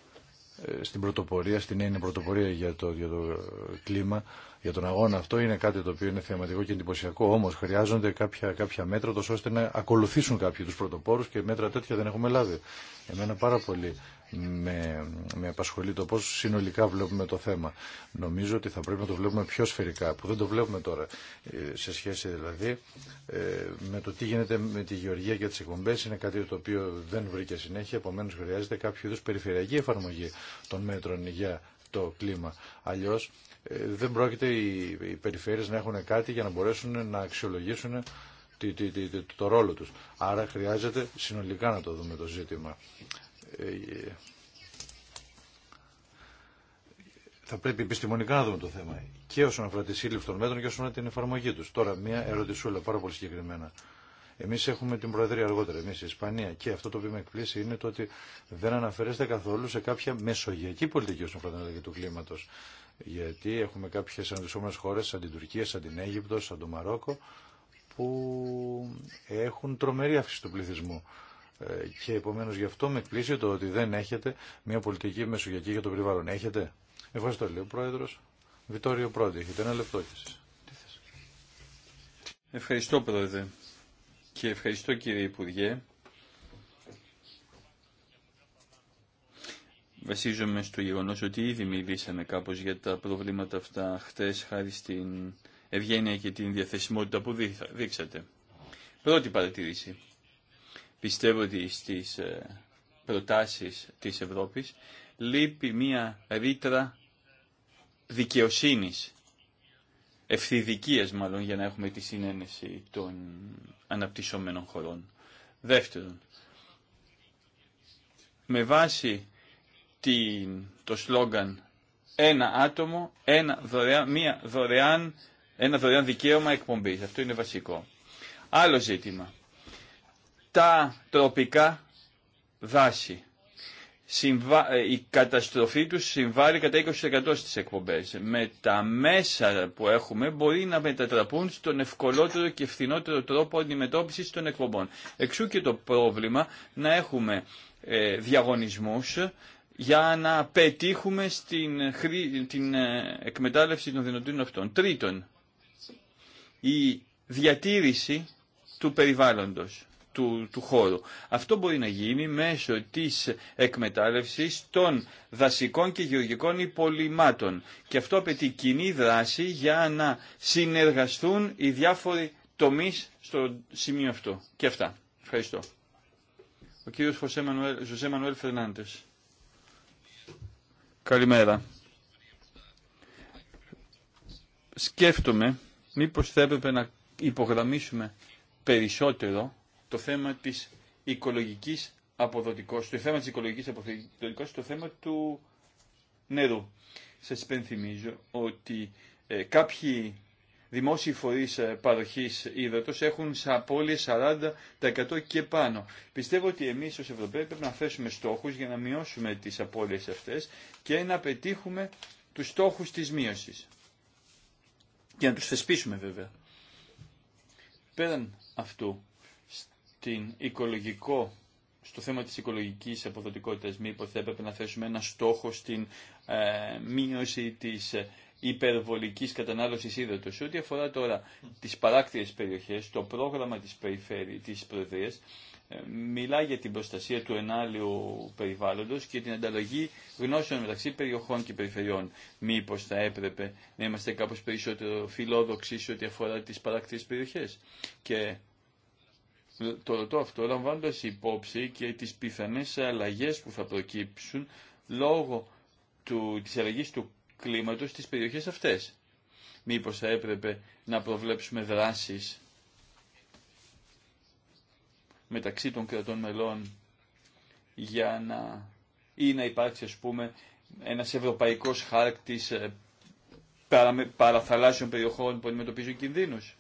ε, στην πρωτοπορία, στην έννοια πρωτοπορία για το, για το ε, κλίμα, για τον αγώνα αυτό, είναι κάτι το οποίο είναι θεματικό και εντυπωσιακό. Όμω χρειάζονται κάποια, κάποια μέτρα, τόσο ώστε να ακολουθήσουν κάποιοι του πρωτοπόρου και μέτρα τέτοια δεν έχουμε λάβει. Εμένα πάρα πολύ με, με απασχολεί το πώς συνολικά βλέπουμε το θέμα. Νομίζω ότι θα πρέπει να το βλέπουμε πιο σφαιρικά, που δεν το βλέπουμε τώρα, ε, σε σχέση δηλαδή ε, με το τι γίνεται με τη γεωργία και τις εκπομπές. Είναι κάτι το οποίο δεν βρήκε συνέχεια, επομένως χρειάζεται κάποιο είδους περιφερειακή εφαρμογή των μέτρων για το κλίμα. Αλλιώς ε, δεν πρόκειται οι, οι περιφέρειες να έχουν κάτι για να μπορέσουν να αξιολογήσουν το ρόλο τους. Άρα χρειάζεται συνολικά να το δούμε το ζήτημα. Ε, θα πρέπει επιστημονικά να δούμε το θέμα και όσον αφορά τη σύλληψη των μέτρων και όσον αφορά την εφαρμογή του. Τώρα μια ερωτησούλα πάρα πολύ συγκεκριμένα. Εμεί έχουμε την Προεδρία αργότερα, Εμεί η Ισπανία και αυτό το οποίο με εκπλήσει είναι το ότι δεν αναφέρεστε καθόλου σε κάποια μεσογειακή πολιτική όσον αφορά την αλλαγή του κλίματο. Γιατί έχουμε κάποιε αναδυσσόμενε χώρε σαν την Τουρκία, σαν την Αίγυπτο, σαν το Μαρόκο που έχουν τρομερή αύξηση του πληθυσμού. Ε, και επομένως γι' αυτό με εκπλήσει το ότι δεν έχετε μια πολιτική μεσογειακή για το περιβάλλον. Έχετε. Ευχαριστώ λέει ο Πρόεδρος. Βιτόριο Πρώτη, έχετε ένα λεπτό και Ευχαριστώ Πρόεδρε και ευχαριστώ κύριε Υπουργέ. Βασίζομαι στο γεγονός ότι ήδη μιλήσαμε κάπω για τα προβλήματα αυτά Χθε χάρη στην ευγένεια και την διαθεσιμότητα που δείξατε. Πρώτη παρατήρηση πιστεύω ότι στις ε, προτάσεις της Ευρώπης λείπει μία ρήτρα δικαιοσύνης, ευθυδικίας μάλλον για να έχουμε τη συνένεση των αναπτυσσόμενων χωρών. Δεύτερον, με βάση το σλόγγαν ένα άτομο, ένα δωρεάν, μία δωρεάν, ένα δωρεάν δικαίωμα εκπομπής. Αυτό είναι βασικό. Άλλο ζήτημα τα τροπικά δάση. Ε, η καταστροφή τους συμβάλλει κατά 20% στις εκπομπές. Με τα μέσα που έχουμε μπορεί να μετατραπούν στον ευκολότερο και φθηνότερο τρόπο αντιμετώπισης των εκπομπών. Εξού και το πρόβλημα να έχουμε ε, διαγωνισμούς για να πετύχουμε στην, την ε, εκμετάλλευση των δυνατών αυτών. Τρίτον, η διατήρηση του περιβάλλοντος του, χώρου. Αυτό μπορεί να γίνει μέσω της εκμετάλλευσης των δασικών και γεωργικών υπολοιμάτων. Και αυτό απαιτεί κοινή δράση για να συνεργαστούν οι διάφοροι τομείς στο σημείο αυτό. Και αυτά. Ευχαριστώ. Ο κύριος Ζωσέ Μανουέλ, Ζωζέ Μανουέλ Φερνάντες. Καλημέρα. Σκέφτομαι μήπως θα έπρεπε να υπογραμμίσουμε περισσότερο το θέμα της οικολογικής αποδοτικότητας, το θέμα της οικολογικής αποδοτικότητας, το θέμα του νερού. Σας υπενθυμίζω ότι ε, κάποιοι δημόσιοι φορείς ε, παροχής ύδατος έχουν σε απώλειες 40% και πάνω. Πιστεύω ότι εμείς ως Ευρωπαίοι πρέπει να θέσουμε στόχους για να μειώσουμε τις απώλειες αυτές και να πετύχουμε τους στόχους της μείωσης. Και να τους θεσπίσουμε βέβαια. Πέραν αυτού, την οικολογικό, στο θέμα της οικολογικής αποδοτικότητας μήπως θα έπρεπε να θέσουμε ένα στόχο στην ε, μείωση της ε, υπερβολικής κατανάλωσης ύδατος. ό,τι αφορά τώρα τις παράκτιες περιοχές, το πρόγραμμα της, της Προεδρίας ε, μιλά για την προστασία του ενάλλειου περιβάλλοντος και την ανταλλαγή γνώσεων μεταξύ περιοχών και περιφερειών. Μήπως θα έπρεπε να είμαστε κάπως περισσότερο φιλόδοξοι σε ό,τι αφορά τις παράκτιες περιοχές. Και το ρωτώ αυτό λαμβάνοντας υπόψη και τις πιθανές αλλαγές που θα προκύψουν λόγω του, της αλλαγής του κλίματος στις περιοχές αυτές. Μήπως θα έπρεπε να προβλέψουμε δράσεις μεταξύ των κρατών μελών για να ή να υπάρξει ας πούμε ένας ευρωπαϊκός χάρτης ε, παραθαλάσσιων περιοχών που αντιμετωπίζουν κινδύνους.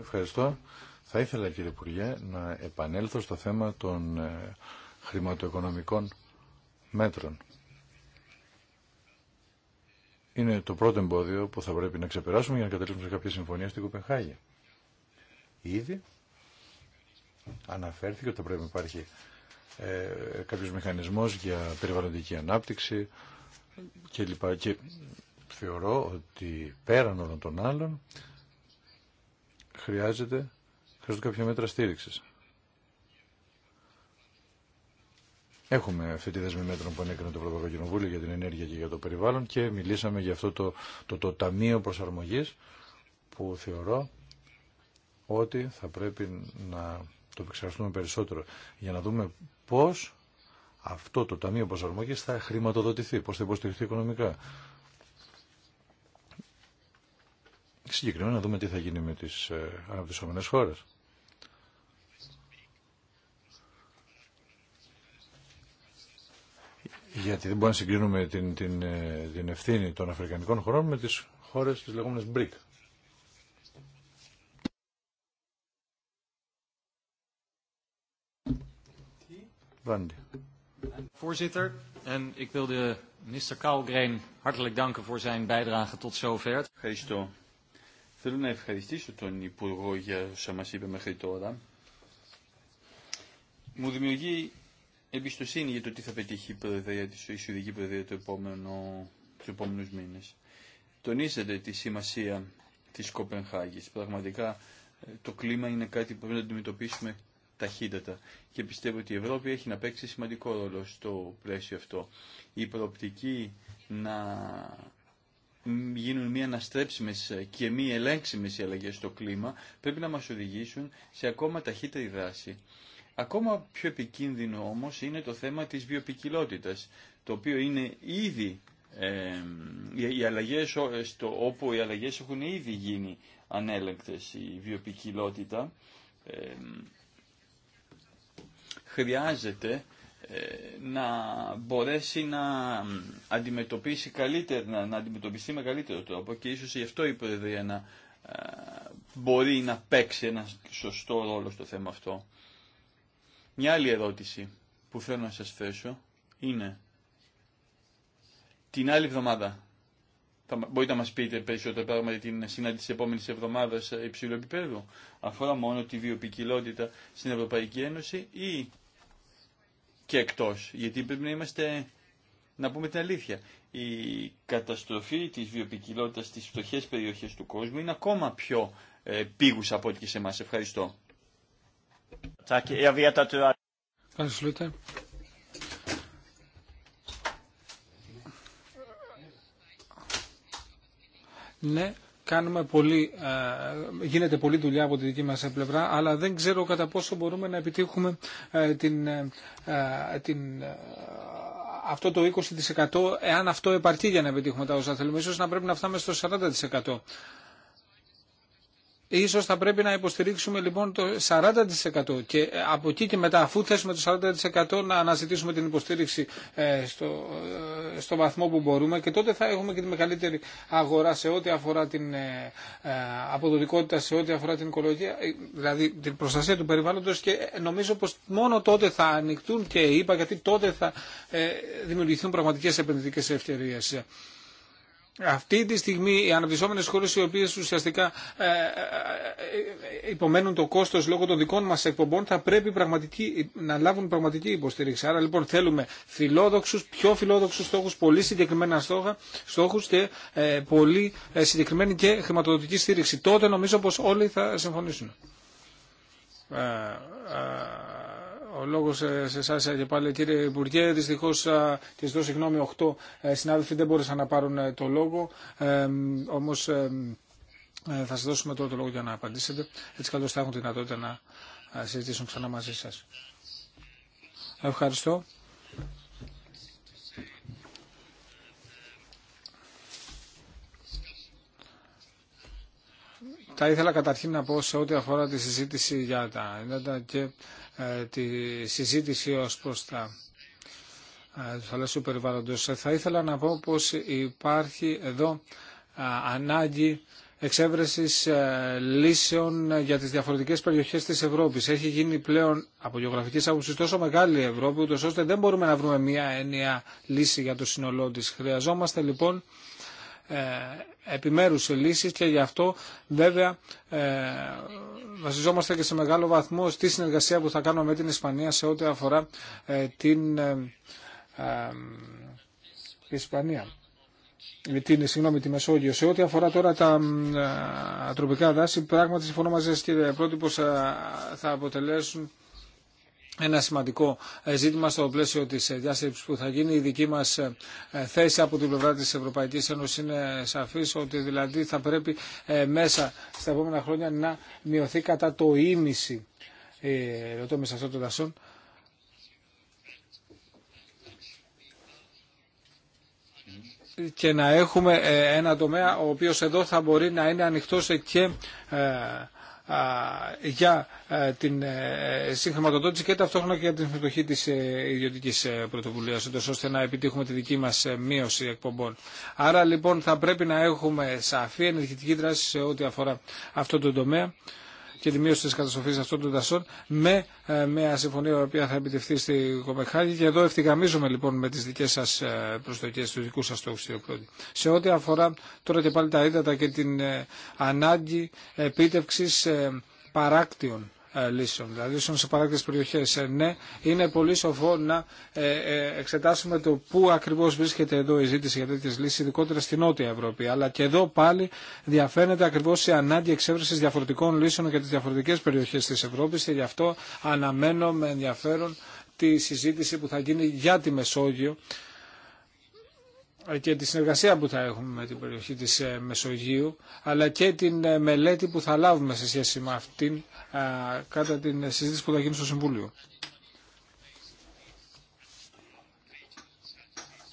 Ευχαριστώ. Θα ήθελα κύριε Υπουργέ να επανέλθω στο θέμα των ε, χρηματοοικονομικών μέτρων. Είναι το πρώτο εμπόδιο που θα πρέπει να ξεπεράσουμε για να καταλήξουμε σε κάποια συμφωνία στην Κοπενχάγη. Ήδη αναφέρθηκε ότι θα πρέπει να υπάρχει ε, κάποιος μηχανισμός για περιβαλλοντική ανάπτυξη και λοιπά. Και θεωρώ ότι πέραν όλων των άλλων χρειάζεται, χρειάζονται κάποια μέτρα στήριξη. Έχουμε αυτή τη δέσμη μέτρων που ανέκρινε το Ευρωπαϊκό Κοινοβούλιο για την ενέργεια και για το περιβάλλον και μιλήσαμε για αυτό το, το, το Ταμείο Προσαρμογής που θεωρώ ότι θα πρέπει να το επεξεργαστούμε περισσότερο για να δούμε πώς αυτό το Ταμείο Προσαρμογής θα χρηματοδοτηθεί, πώς θα υποστηριχθεί οικονομικά. συγκεκριμένα να δούμε τι θα γίνει με τις ε, αναπτυσσόμενες χώρες. Γιατί δεν μπορούμε να συγκρίνουμε την, την, ε, την ευθύνη των Αφρικανικών χωρών με τις χώρες της λεγόμενης BRIC. Voorzitter, en ik wil de minister Kalgreen hartelijk danken voor zijn bijdrage tot zover. Ευχαριστώ. Θέλω να ευχαριστήσω τον Υπουργό για όσα μας είπε μέχρι τώρα. Μου δημιουργεί εμπιστοσύνη για το τι θα πετύχει η, προεδρία, η Σουηδική Προεδρία το επόμενο, τους επόμενους μήνες. Τονίζεται τη σημασία της Κοπενχάγης. Πραγματικά ε, το κλίμα είναι κάτι που πρέπει να αντιμετωπίσουμε ταχύτατα και πιστεύω ότι η Ευρώπη έχει να παίξει σημαντικό ρόλο στο πλαίσιο αυτό. Η προοπτική να γίνουν μη αναστρέψιμες και μη ελέγξιμες οι αλλαγές στο κλίμα, πρέπει να μας οδηγήσουν σε ακόμα ταχύτερη δράση. Ακόμα πιο επικίνδυνο όμως είναι το θέμα της βιοπικιλότητας, το οποίο είναι ήδη, οι αλλαγές, στο, όπου οι αλλαγές έχουν ήδη γίνει ανέλεγκτες. Η βιοπικιλότητα χρειάζεται ε, να μπορέσει να αντιμετωπίσει καλύτερα, να αντιμετωπιστεί με καλύτερο τρόπο και ίσως γι' αυτό η Προεδρία να ε, μπορεί να παίξει ένα σωστό ρόλο στο θέμα αυτό. Μια άλλη ερώτηση που θέλω να σας θέσω είναι την άλλη εβδομάδα θα, μπορείτε να μας πείτε περισσότερα πράγματα για την συνάντηση της επόμενης εβδομάδας υψηλού επίπεδου αφορά μόνο τη βιοπικιλότητα στην Ευρωπαϊκή Ένωση ή και εκτός, γιατί πρέπει να είμαστε, να πούμε την αλήθεια. Η καταστροφή της βιοπικιλότητας στις φτωχές περιοχές του κόσμου είναι ακόμα πιο ε, πήγουσα από ό,τι και σε εμάς. Ευχαριστώ. Ευχαριστώ. Ναι, κάνουμε πολύ, ε, γίνεται πολλή δουλειά από τη δική μας πλευρά, αλλά δεν ξέρω κατά πόσο μπορούμε να επιτύχουμε ε, την, ε, την αυτό το 20% εάν αυτό επαρκεί για να επιτύχουμε τα όσα θέλουμε. Ίσως να πρέπει να φτάμε στο 40% Ίσως θα πρέπει να υποστηρίξουμε λοιπόν το 40% και ε, από εκεί και μετά αφού θέσουμε το 40% να αναζητήσουμε την υποστήριξη ε, στο, ε, στο βαθμό που μπορούμε και τότε θα έχουμε και τη μεγαλύτερη αγορά σε ό,τι αφορά την αποδοτικότητα, σε ό,τι αφορά την οικολογία, δηλαδή την προστασία του περιβάλλοντος και νομίζω πως μόνο τότε θα ανοιχτούν και είπα γιατί τότε θα δημιουργηθούν πραγματικές επενδυτικές ευκαιρίες αυτή τη στιγμή οι αναπτυσσόμενε χώρε οι οποίε ουσιαστικά ε, ε, ε, υπομένουν το κόστος λόγω των δικών μας εκπομπών θα πρέπει πραγματική, να λάβουν πραγματική υποστήριξη. Άρα λοιπόν θέλουμε φιλόδοξου, πιο φιλόδοξου στόχους, πολύ συγκεκριμένα στόχου στόχους και πολύ συγκεκριμένη και χρηματοδοτική στήριξη. Τότε νομίζω πω όλοι θα συμφωνήσουν ο λόγο ε, σε εσά ε, και πάλι κύριε Υπουργέ. Δυστυχώ και ε, ζητώ συγγνώμη, 8 συνάδελφοι δεν μπόρεσαν να πάρουν το λόγο. Ε, Όμω θα σα δώσουμε τώρα το λόγο για να απαντήσετε. Έτσι καλώ θα έχουν τη δυνατότητα να συζητήσουν ξανά μαζί σα. Ευχαριστώ. Θα ήθελα καταρχήν να πω σε ό,τι αφορά τη συζήτηση για τα έντατα και ε, τη συζήτηση ως προς τα ε, του θαλάσσιου περιβάλλοντος. Θα ήθελα να πω πως υπάρχει εδώ ε, ανάγκη εξέβρεσης λύσεων για τις διαφορετικές περιοχές της Ευρώπης. Έχει γίνει πλέον από γεωγραφική άποψη τόσο μεγάλη η Ευρώπη, ούτως ώστε δεν μπορούμε να βρούμε μια έννοια λύση για το σύνολό της. Χρειαζόμαστε λοιπόν ε, επιμέρους λύσεις και γι' αυτό βέβαια ε, βασιζόμαστε και σε μεγάλο βαθμό στη συνεργασία που θα κάνουμε με την Ισπανία σε ό,τι αφορά ε, την Ισπανία την, συγγνώμη, τη Μεσόγειο. Σε ό,τι αφορά τώρα τα τροπικά δάση, πράγματι συμφωνώ μαζί σα, κύριε Πρότυπο, θα αποτελέσουν ένα σημαντικό ε, ζήτημα στο πλαίσιο τη ε, διάσκεψη που θα γίνει. Η δική μα ε, θέση από την πλευρά τη Ευρωπαϊκή Ένωση είναι σαφή ότι δηλαδή θα πρέπει μέσα στα επόμενα χρόνια να μειωθεί κατά το ίμιση ρωτώ με αυτό των δασών. και να έχουμε ένα τομέα ο οποίος εδώ θα μπορεί να είναι ανοιχτός και για την ε, συγχρηματοδότηση και ταυτόχρονα και για την συμμετοχή της ε, ιδιωτικής ε, πρωτοβουλίας, ώστε να επιτύχουμε τη δική μας μείωση εκπομπών. Άρα λοιπόν θα πρέπει να έχουμε σαφή ενεργητική δράση σε ό,τι αφορά αυτό το τομέα και τη μείωση τη καταστροφή αυτών των δασών με ε, μια συμφωνία η οποία θα επιτευχθεί στη Κοπεχάγη. Και εδώ ευθυγραμμίζομαι λοιπόν με τις δικέ σας ε, προσδοκίε, του δικού σας στόχου, κύριε Πρόεδρε. Σε ό,τι αφορά τώρα και πάλι τα ύδατα και την ε, ανάγκη επίτευξη παράκτιων ε, λύσεων. Δηλαδή, σε παράκτητες περιοχές, ε, ναι, είναι πολύ σοφό να ε, εξετάσουμε το πού ακριβώς βρίσκεται εδώ η ζήτηση για τέτοιες λύσεις, ειδικότερα στην Νότια Ευρώπη. Αλλά και εδώ πάλι διαφαίνεται ακριβώς η ανάγκη εξέβρεσης διαφορετικών λύσεων για τις διαφορετικές περιοχές της Ευρώπης και γι' αυτό αναμένω με ενδιαφέρον τη συζήτηση που θα γίνει για τη Μεσόγειο και τη συνεργασία που θα έχουμε με την περιοχή της ε, Μεσογείου αλλά και την ε, μελέτη που θα λάβουμε σε σχέση με αυτήν κατά την συζήτηση που θα γίνει στο Συμβούλιο.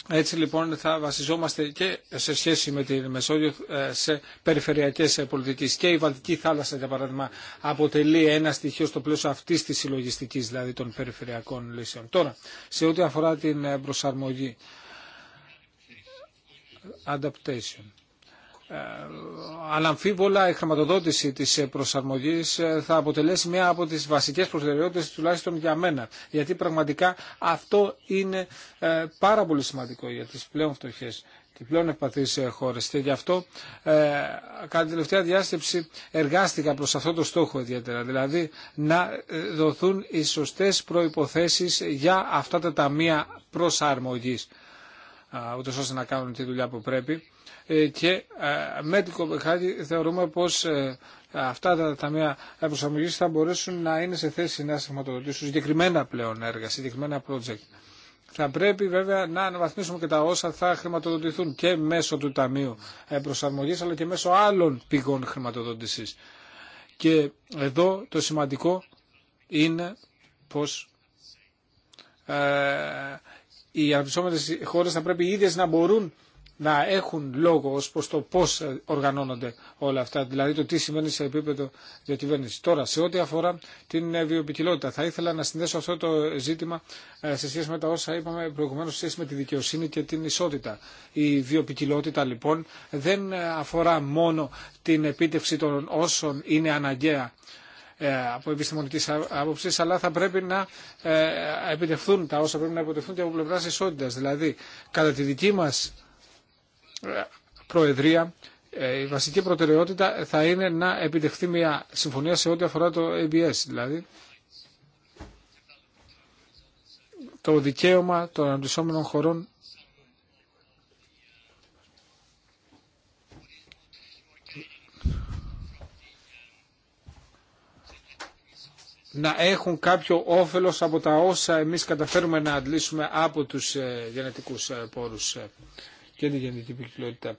Έτσι λοιπόν θα βασιζόμαστε και σε σχέση με τη Μεσόγειο ε, σε περιφερειακές πολιτικές και η Βαλτική θάλασσα για παράδειγμα αποτελεί ένα στοιχείο στο πλαίσιο αυτής της συλλογιστικής δηλαδή των περιφερειακών λύσεων. Τώρα σε ό,τι αφορά την προσαρμογή adaptation. Ε, η χρηματοδότηση της προσαρμογής ε, θα αποτελέσει μία από τις βασικές προτεραιότητες τουλάχιστον για μένα. Γιατί πραγματικά αυτό είναι ε, πάρα πολύ σημαντικό για τις πλέον φτωχές και πλέον ευπαθείς χώρες. Και γι' αυτό κατά κατά τελευταία διάσκεψη εργάστηκα προς αυτό το στόχο ιδιαίτερα. Δηλαδή να δοθούν οι σωστές προϋποθέσεις για αυτά τα ταμεία προσαρμογής ούτω ώστε να κάνουν τη δουλειά που πρέπει. Ε, και με την Κοπεχάγη θεωρούμε πως ε, αυτά τα ταμεία προσαρμογή θα μπορέσουν να είναι σε θέση να σηματοδοτήσουν συγκεκριμένα πλέον έργα, συγκεκριμένα project. Θα πρέπει βέβαια να αναβαθμίσουμε και τα όσα θα χρηματοδοτηθούν και μέσω του Ταμείου ε, Προσαρμογής αλλά και μέσω άλλων πηγών χρηματοδότησης. Και εδώ το σημαντικό είναι πως οι αναπτυσσόμενε χώρε θα πρέπει οι ίδιες να μπορούν να έχουν λόγο ω προ το πώ οργανώνονται όλα αυτά, δηλαδή το τι σημαίνει σε επίπεδο διακυβέρνηση. Τώρα, σε ό,τι αφορά την ε, βιοπικιλότητα, θα ήθελα να συνδέσω αυτό το ζήτημα ε, σε σχέση με τα όσα είπαμε προηγουμένω σε σχέση με τη δικαιοσύνη και την ισότητα. Η βιοπικιλότητα λοιπόν δεν ε, αφορά μόνο την επίτευξη των όσων είναι αναγκαία ε, από επιστημονική άποψη, αλλά θα πρέπει να ε, επιτευχθούν τα όσα πρέπει να επιτευχθούν και από πλευρά ισότητα. Δηλαδή, κατά τη δική μα ε, Προεδρία, η βασική προτεραιότητα θα είναι να επιτευχθεί μια συμφωνία σε ό,τι αφορά το ABS, δηλαδή το δικαίωμα των αντισώμενων χωρών να έχουν κάποιο όφελος από τα όσα εμείς καταφέρουμε να αντλήσουμε από τους ε, γενετικούς ε, πόρους ε, και τη γενετική ποικιλότητα.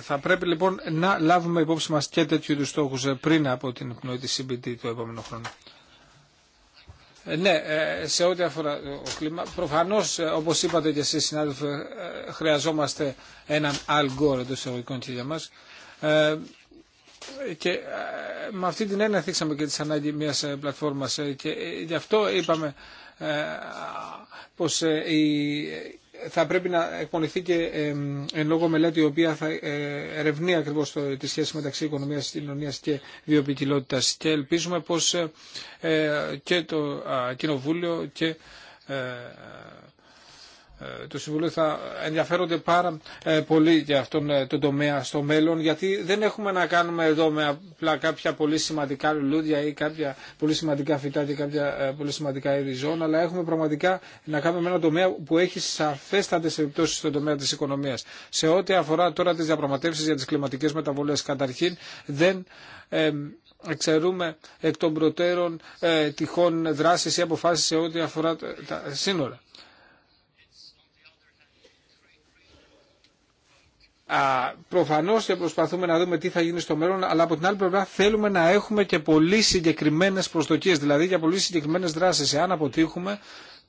Θα πρέπει λοιπόν να λάβουμε υπόψη μας και τέτοιου είδους στόχους πριν από την πνοή της CBD το επόμενο χρόνο. Ναι, σε ό,τι αφορά το κλίμα, προφανώς όπως είπατε και εσείς συνάδελφοι χρειαζόμαστε έναν Al εγωγικών και για μας και ε, με αυτή την έννοια θίξαμε και τις ανάγκες μιας ε, πλατφόρμας ε, και γι' αυτό είπαμε πως θα πρέπει να εκπονηθεί και εν λόγω μελέτη η οποία θα ερευνεί ακριβώς τη σχέση μεταξύ οικονομίας, κοινωνίας και βιοποικιλότητας και ελπίζουμε πως και το Κοινοβούλιο και ε, του Συμβουλίου θα ενδιαφέρονται πάρα ε, πολύ για αυτόν ε, τον τομέα στο μέλλον γιατί δεν έχουμε να κάνουμε εδώ με απλά κάποια πολύ σημαντικά λουλούδια ή κάποια πολύ σημαντικά φυτά και κάποια πολύ σημαντικά εριζόν αλλά έχουμε πραγματικά να κάνουμε με ένα τομέα που έχει σαφέστατες επιπτώσει στον τομέα της οικονομίας. Σε ό,τι αφορά τώρα τις διαπραγματεύσεις για τις κλιματικές μεταβολές καταρχήν δεν ε, εξαιρούμε εκ των προτέρων ε, τυχόν δράσεις ή αποφάσεις σε ό,τι αφορά τα σύνορα. προφανώς και προσπαθούμε να δούμε τι θα γίνει στο μέλλον, αλλά από την άλλη πλευρά θέλουμε να έχουμε και πολύ συγκεκριμένες προσδοκίες, δηλαδή για πολύ συγκεκριμένες δράσεις. Εάν αποτύχουμε,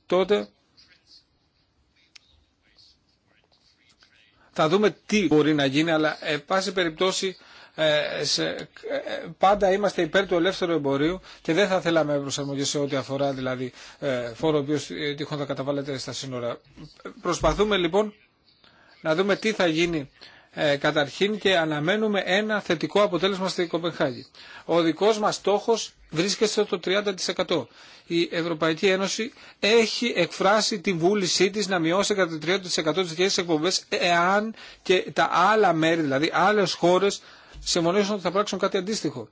τότε θα δούμε τι μπορεί να γίνει, αλλά ε, πάση περιπτώσει ε, σε, ε, πάντα είμαστε υπέρ του ελεύθερου εμπορίου και δεν θα θέλαμε προσαρμογή σε ό,τι αφορά δηλαδή ε, φόρο ο οποίος τυχόν θα καταβάλλεται στα σύνορα. Προσπαθούμε λοιπόν να δούμε τι θα γίνει ε, καταρχήν και αναμένουμε ένα θετικό αποτέλεσμα στη Κοπενχάγη. Ο δικός μας στόχος βρίσκεται στο 30%. Η Ευρωπαϊκή Ένωση έχει εκφράσει τη βούλησή της να μειώσει κατά 30% τις δικές εκπομπές εάν και τα άλλα μέρη, δηλαδή άλλες χώρες, συμφωνήσουν ότι θα πράξουν κάτι αντίστοιχο.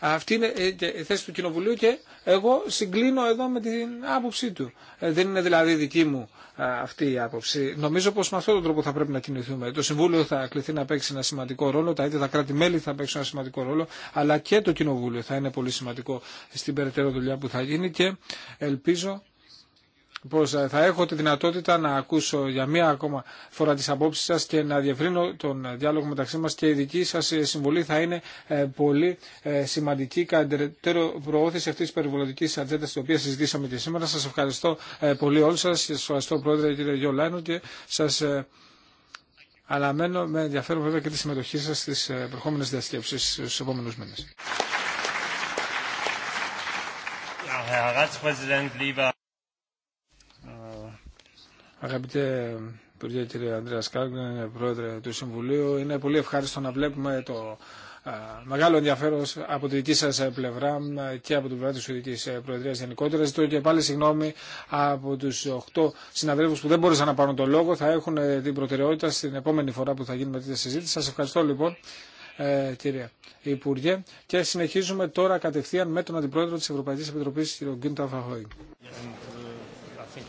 Αυτή είναι ε, η θέση του Κοινοβουλίου και εγώ συγκλίνω εδώ με την άποψή του. Ε, δεν είναι δηλαδή δική μου αυτή η άποψη. Νομίζω πως με αυτόν τον τρόπο θα πρέπει να κινηθούμε. Το Συμβούλιο θα κληθεί να παίξει ένα σημαντικό ρόλο, τα ίδια τα κράτη-μέλη θα παίξουν ένα σημαντικό ρόλο, αλλά και το Κοινοβούλιο θα είναι πολύ σημαντικό στην περαιτέρω δουλειά που θα γίνει και ελπίζω πως ε, θα έχω τη δυνατότητα να ακούσω για μία ακόμα φορά τις απόψεις σας και να διευρύνω τον διάλογο μεταξύ μας και η δική σας ε, συμβολή θα είναι ε, πολύ σημαντική την προώθηση αυτής της περιβολωτικής ατζέντας την οποία συζητήσαμε και σήμερα. Σας ευχαριστώ πολύ όλους σας, σας ευχαριστώ πρόεδρε κύριε Λάινο και σας αναμένω με ενδιαφέρον βέβαια και τη συμμετοχή σας στις προχώμενες διασκέψεις στους επόμενους μήνες. Αγαπητέ Υπουργέ, κύριε Αντρέα Κάγκρεν, πρόεδρε του Συμβουλίου, είναι πολύ ευχάριστο να βλέπουμε το μεγάλο ενδιαφέρον από τη δική σα ε, πλευρά και από την πλευρά τη Σουηδική ε, Προεδρία γενικότερα. Ζητώ και πάλι συγγνώμη από του 8 συναδέλφου που δεν μπόρεσαν να πάρουν το λόγο. Θα έχουν ε, την προτεραιότητα στην επόμενη φορά που θα γίνει με τη συζήτηση. Σα ευχαριστώ λοιπόν, κύριε Υπουργέ. Και συνεχίζουμε τώρα κατευθείαν με τον Αντιπρόεδρο τη Ευρωπαϊκή Επιτροπή, κύριο Γκίντα Φαχόη.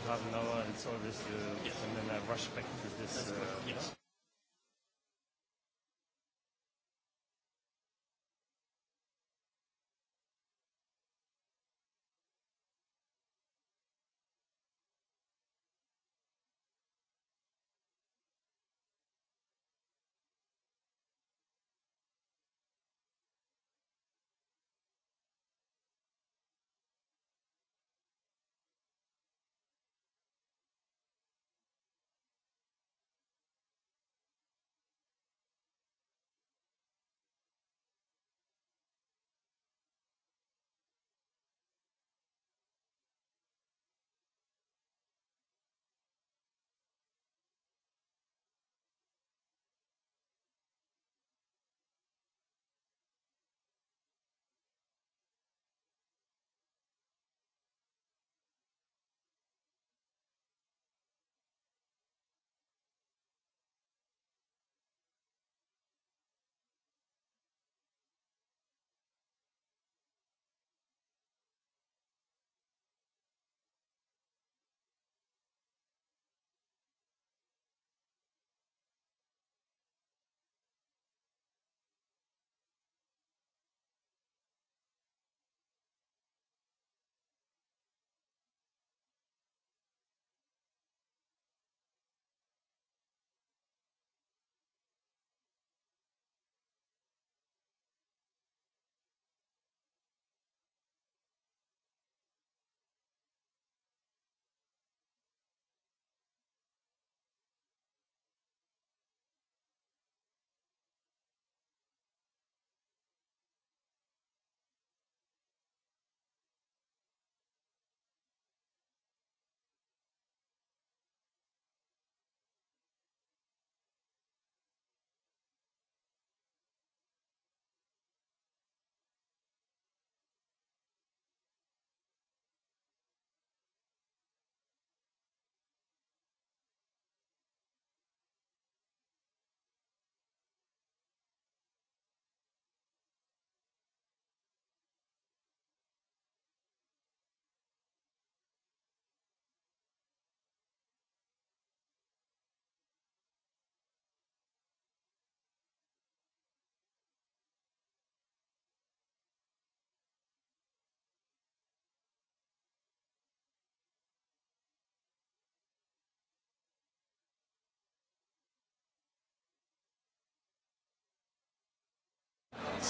Uh, uh, this, and then I rush back to this. Yes.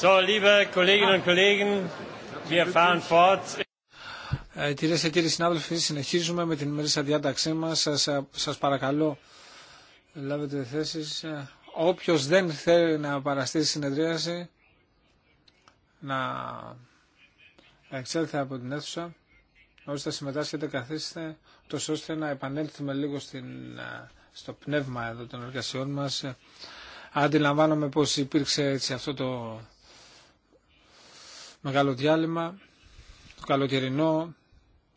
So, liebe Kolleginnen und Kollegen, wir fahren fort. Ε, Κυρίε και κύριοι συνάδελφοι, συνεχίζουμε με την ημερήσια διάταξή μα. Σα ε, παρακαλώ, λάβετε θέσει. Ε, Όποιο δεν θέλει να παραστεί στη συνεδρίαση, να εξέλθει από την αίθουσα. Όσοι θα συμμετάσχετε, καθίστε, τόσο ώστε να επανέλθουμε λίγο στην, στο πνεύμα εδώ των εργασιών μας. Αντιλαμβάνομαι πως υπήρξε έτσι αυτό το μεγάλο διάλειμμα, το καλοκαιρινό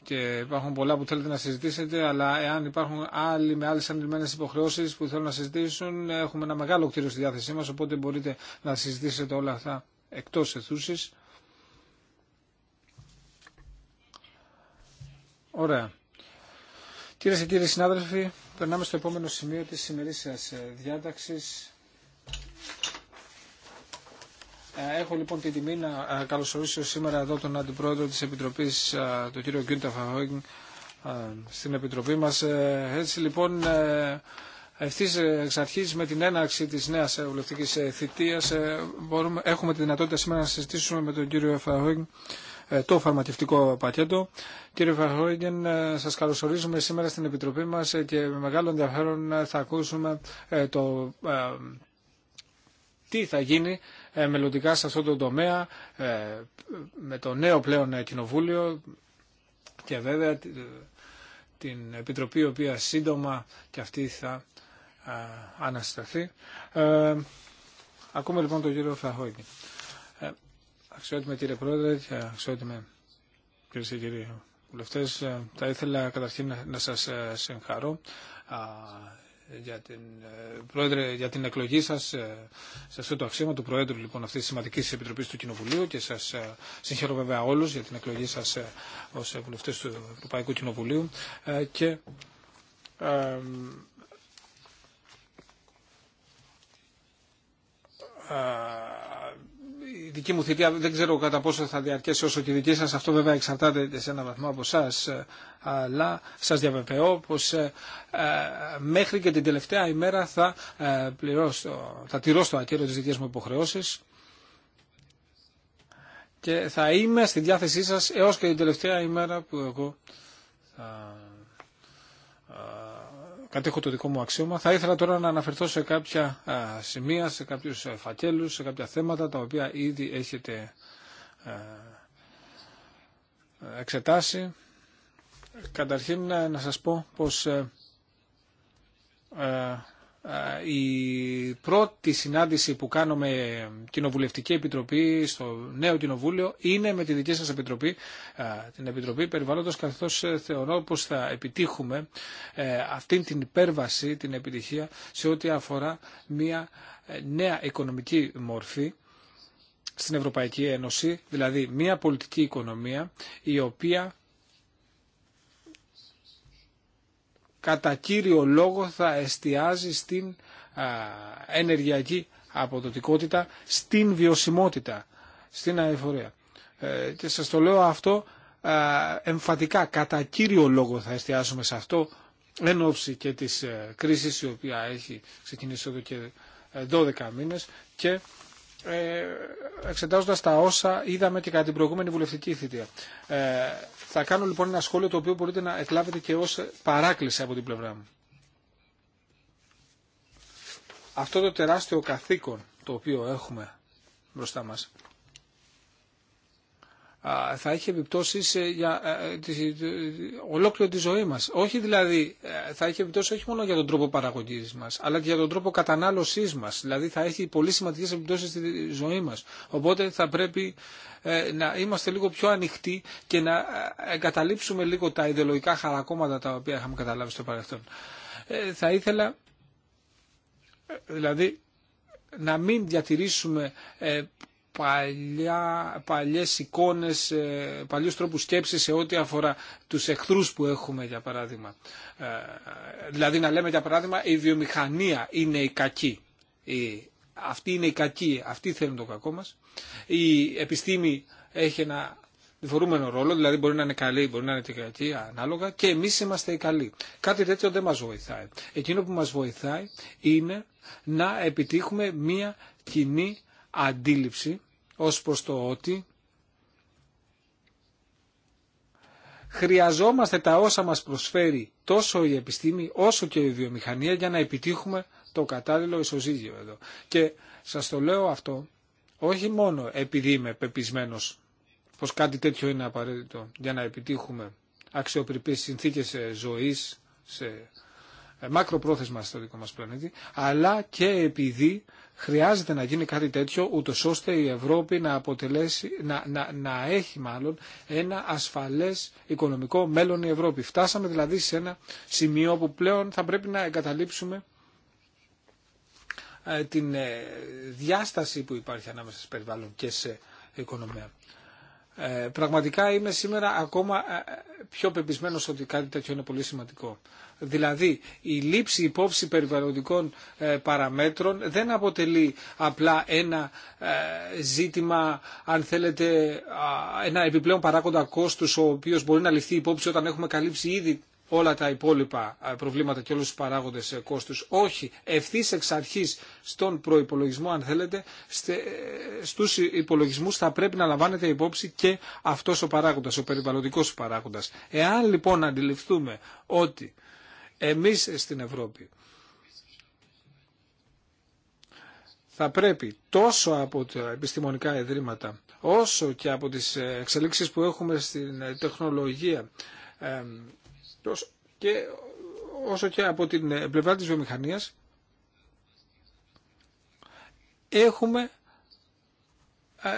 και υπάρχουν πολλά που θέλετε να συζητήσετε, αλλά εάν υπάρχουν άλλοι με άλλες ανηλυμένε υποχρεώσεις που θέλουν να συζητήσουν, έχουμε ένα μεγάλο κτίριο στη διάθεσή μας, οπότε μπορείτε να συζητήσετε όλα αυτά εκτός εθούσης. Ωραία. Κυρίε και κύριοι συνάδελφοι, περνάμε στο επόμενο σημείο της σημερινής ε, διάταξης ε, έχω λοιπόν την τιμή να ε, καλωσορίσω σήμερα εδώ τον Αντιπρόεδρο της Επιτροπής, ε, τον κύριο Γκίντα Φαχόγγιν, στην Επιτροπή μας. Έτσι λοιπόν, ευθύ εξ αρχής με την έναρξη της νέας βουλευτικής θητείας, μπορούμε, έχουμε τη δυνατότητα σήμερα να συζητήσουμε με τον κύριο Φαχόγγιν το φαρμακευτικό πακέτο. Κύριε Φαχόγγεν, σας καλωσορίζουμε σήμερα στην Επιτροπή μας και με μεγάλο ενδιαφέρον θα ακούσουμε το τι θα γίνει ε, μελλοντικά σε αυτό το τομέα ε, με το νέο πλέον ε, κοινοβούλιο και βέβαια την Επιτροπή η οποία σύντομα και αυτή θα ανασταθεί. Ακούμε λοιπόν τον κύριο Ε, Αξιότιμε κύριε Πρόεδρε και αξιότιμε κύριε και κύριοι βουλευτές, θα ήθελα καταρχήν να σας συγχαρώ για την, ε, πρόεδρε, για την εκλογή σας ε, σε αυτό το αξίωμα του Προέδρου λοιπόν, αυτής της σημαντικής επιτροπής του Κοινοβουλίου και σας ε, συγχαίρω βέβαια όλους για την εκλογή σας ως βουλευτές του Ευρωπαϊκού Κοινοβουλίου και δική μου θητεία δεν ξέρω κατά πόσο θα διαρκέσει όσο και η δική σας. Αυτό βέβαια εξαρτάται σε ένα βαθμό από εσά. Αλλά σας διαβεβαιώ πως ε, ε, μέχρι και την τελευταία ημέρα θα, ε, πληρώσω, θα τηρώ στο ακέραιο τις δικές μου υποχρεώσεις και θα είμαι στη διάθεσή σας έως και την τελευταία ημέρα που εγώ θα κατέχω το δικό μου αξίωμα. Θα ήθελα τώρα να αναφερθώ σε κάποια σημεία, σε κάποιους ε, φακέλους, σε κάποια θέματα τα οποία ήδη έχετε ε, εξετάσει. Καταρχήν ε, να σας πω πως η πρώτη συνάντηση που κάνουμε κοινοβουλευτική επιτροπή στο νέο κοινοβούλιο είναι με τη δική σας επιτροπή, την Επιτροπή Περιβάλλοντος, καθώς ε, θεωρώ πως θα επιτύχουμε ε, αυτή την υπέρβαση, την επιτυχία σε ό,τι αφορά μια ε, νέα οικονομική μορφή στην Ευρωπαϊκή Ένωση, δηλαδή μια πολιτική οικονομία η οποία κατά κύριο λόγο θα εστιάζει στην ενεργειακή αποδοτικότητα, στην βιωσιμότητα, στην αεφορία. Ε, και σας το λέω αυτό εμφατικά, κατά κύριο λόγο θα εστιάσουμε σε αυτό, εν ώψη και της ε, κρίσης η οποία έχει ξεκινήσει εδώ και 12 ε, μήνες και ε, εξετάζοντας τα όσα είδαμε και κατά την προηγούμενη βουλευτική θητεία. Ε, θα κάνω λοιπόν ένα σχόλιο το οποίο μπορείτε να εκλάβετε και ως παράκληση από την πλευρά μου. Αυτό το τεράστιο καθήκον το οποίο έχουμε μπροστά μας θα έχει επιπτώσεις ε, για ε, ε, ολόκληρη τη ζωή μας. Όχι δηλαδή, θα έχει επιπτώσεις όχι μόνο για τον τρόπο παραγωγής μας, αλλά και για τον τρόπο κατανάλωσής μας. Δηλαδή θα έχει πολύ σημαντικές επιπτώσεις στη ζωή μας. Οπότε θα πρέπει να είμαστε λίγο πιο ανοιχτοί και να εγκαταλείψουμε λίγο τα ιδεολογικά χαρακόμματα τα οποία είχαμε καταλάβει στο παρελθόν. Θα ήθελα, δηλαδή, να μην διατηρήσουμε παλιά, παλιές εικόνες, ε, παλιούς τρόπους σκέψης σε ό,τι αφορά τους εχθρούς που έχουμε για παράδειγμα. Ε, δηλαδή να λέμε για παράδειγμα η βιομηχανία είναι η κακή. Η, αυτή είναι η κακή, αυτοί θέλουν το κακό μας. Η επιστήμη έχει ένα διφορούμενο ρόλο, δηλαδή μπορεί να είναι καλή, μπορεί να είναι και κακή, ανάλογα, και εμείς είμαστε οι καλοί. Κάτι τέτοιο δεν μας βοηθάει. Εκείνο που μας βοηθάει είναι να επιτύχουμε μία κοινή αντίληψη ως προς το ότι χρειαζόμαστε τα όσα μας προσφέρει τόσο η επιστήμη όσο και η βιομηχανία για να επιτύχουμε το κατάλληλο ισοζύγιο εδώ. Και σας το λέω αυτό όχι μόνο επειδή είμαι πεπισμένος πως κάτι τέτοιο είναι απαραίτητο για να επιτύχουμε αξιοπρεπείς συνθήκες ζωής σε μακροπρόθεσμα στο δικό μας πλανήτη, αλλά και επειδή χρειάζεται να γίνει κάτι τέτοιο ούτως ώστε η Ευρώπη να, αποτελέσει, να, να, να έχει μάλλον ένα ασφαλές οικονομικό μέλλον η Ευρώπη. Φτάσαμε δηλαδή σε ένα σημείο που πλέον θα πρέπει να εγκαταλείψουμε ε, την ε, διάσταση που υπάρχει ανάμεσα στις σε οικονομία. Ε, πραγματικά είμαι σήμερα ακόμα ε, πιο πεπισμένο ότι κάτι τέτοιο είναι πολύ σημαντικό. Δηλαδή, η λήψη υπόψη περιβαλλοντικών ε, παραμέτρων δεν αποτελεί απλά ένα ζήτημα, αν θέλετε, ένα επιπλέον παράγοντα κόστους, ο οποίος μπορεί να ληφθεί υπόψη όταν έχουμε καλύψει ήδη όλα τα υπόλοιπα ε, προβλήματα και όλους τους παράγοντες ε, κόστους. Όχι, ευθύς εξ αρχής στον προϋπολογισμό, αν θέλετε, ε, στους υπολογισμούς θα πρέπει να λαμβάνεται υπόψη και αυτός ο παράγοντας, ο περιβαλλοντικός παράγοντας. Εάν λοιπόν αντιληφθούμε ότι εμείς στην Ευρώπη θα πρέπει τόσο από τα επιστημονικά ιδρύματα όσο και από τις εξελίξεις που έχουμε στην τεχνολογία και όσο και από την πλευρά της βιομηχανίας έχουμε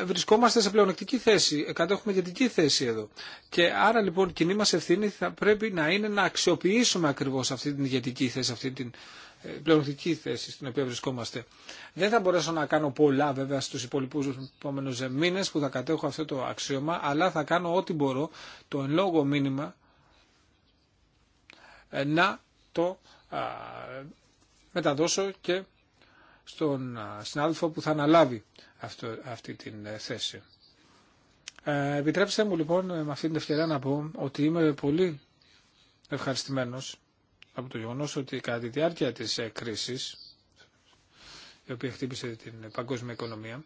βρισκόμαστε σε πλεονεκτική θέση, κατέχουμε ηγετική θέση εδώ. Και άρα λοιπόν η κοινή μας ευθύνη θα πρέπει να είναι να αξιοποιήσουμε ακριβώς αυτή την ηγετική θέση, αυτή την ε, πλεονεκτική θέση στην οποία βρισκόμαστε. Δεν θα μπορέσω να κάνω πολλά βέβαια στους υπολοιπούς επόμενους μήνες που θα κατέχω αυτό το αξίωμα, αλλά θα κάνω ό,τι μπορώ το εν λόγω μήνυμα ε, να το μεταδώσω και στον συνάδελφο που θα αναλάβει αυτή την ε, θέση. Ε, επιτρέψτε μου λοιπόν με αυτή την ευκαιρία να πω ότι είμαι πολύ ευχαριστημένος από το γεγονός ότι κατά τη διάρκεια της κρίσης η οποία χτύπησε την παγκόσμια οικονομία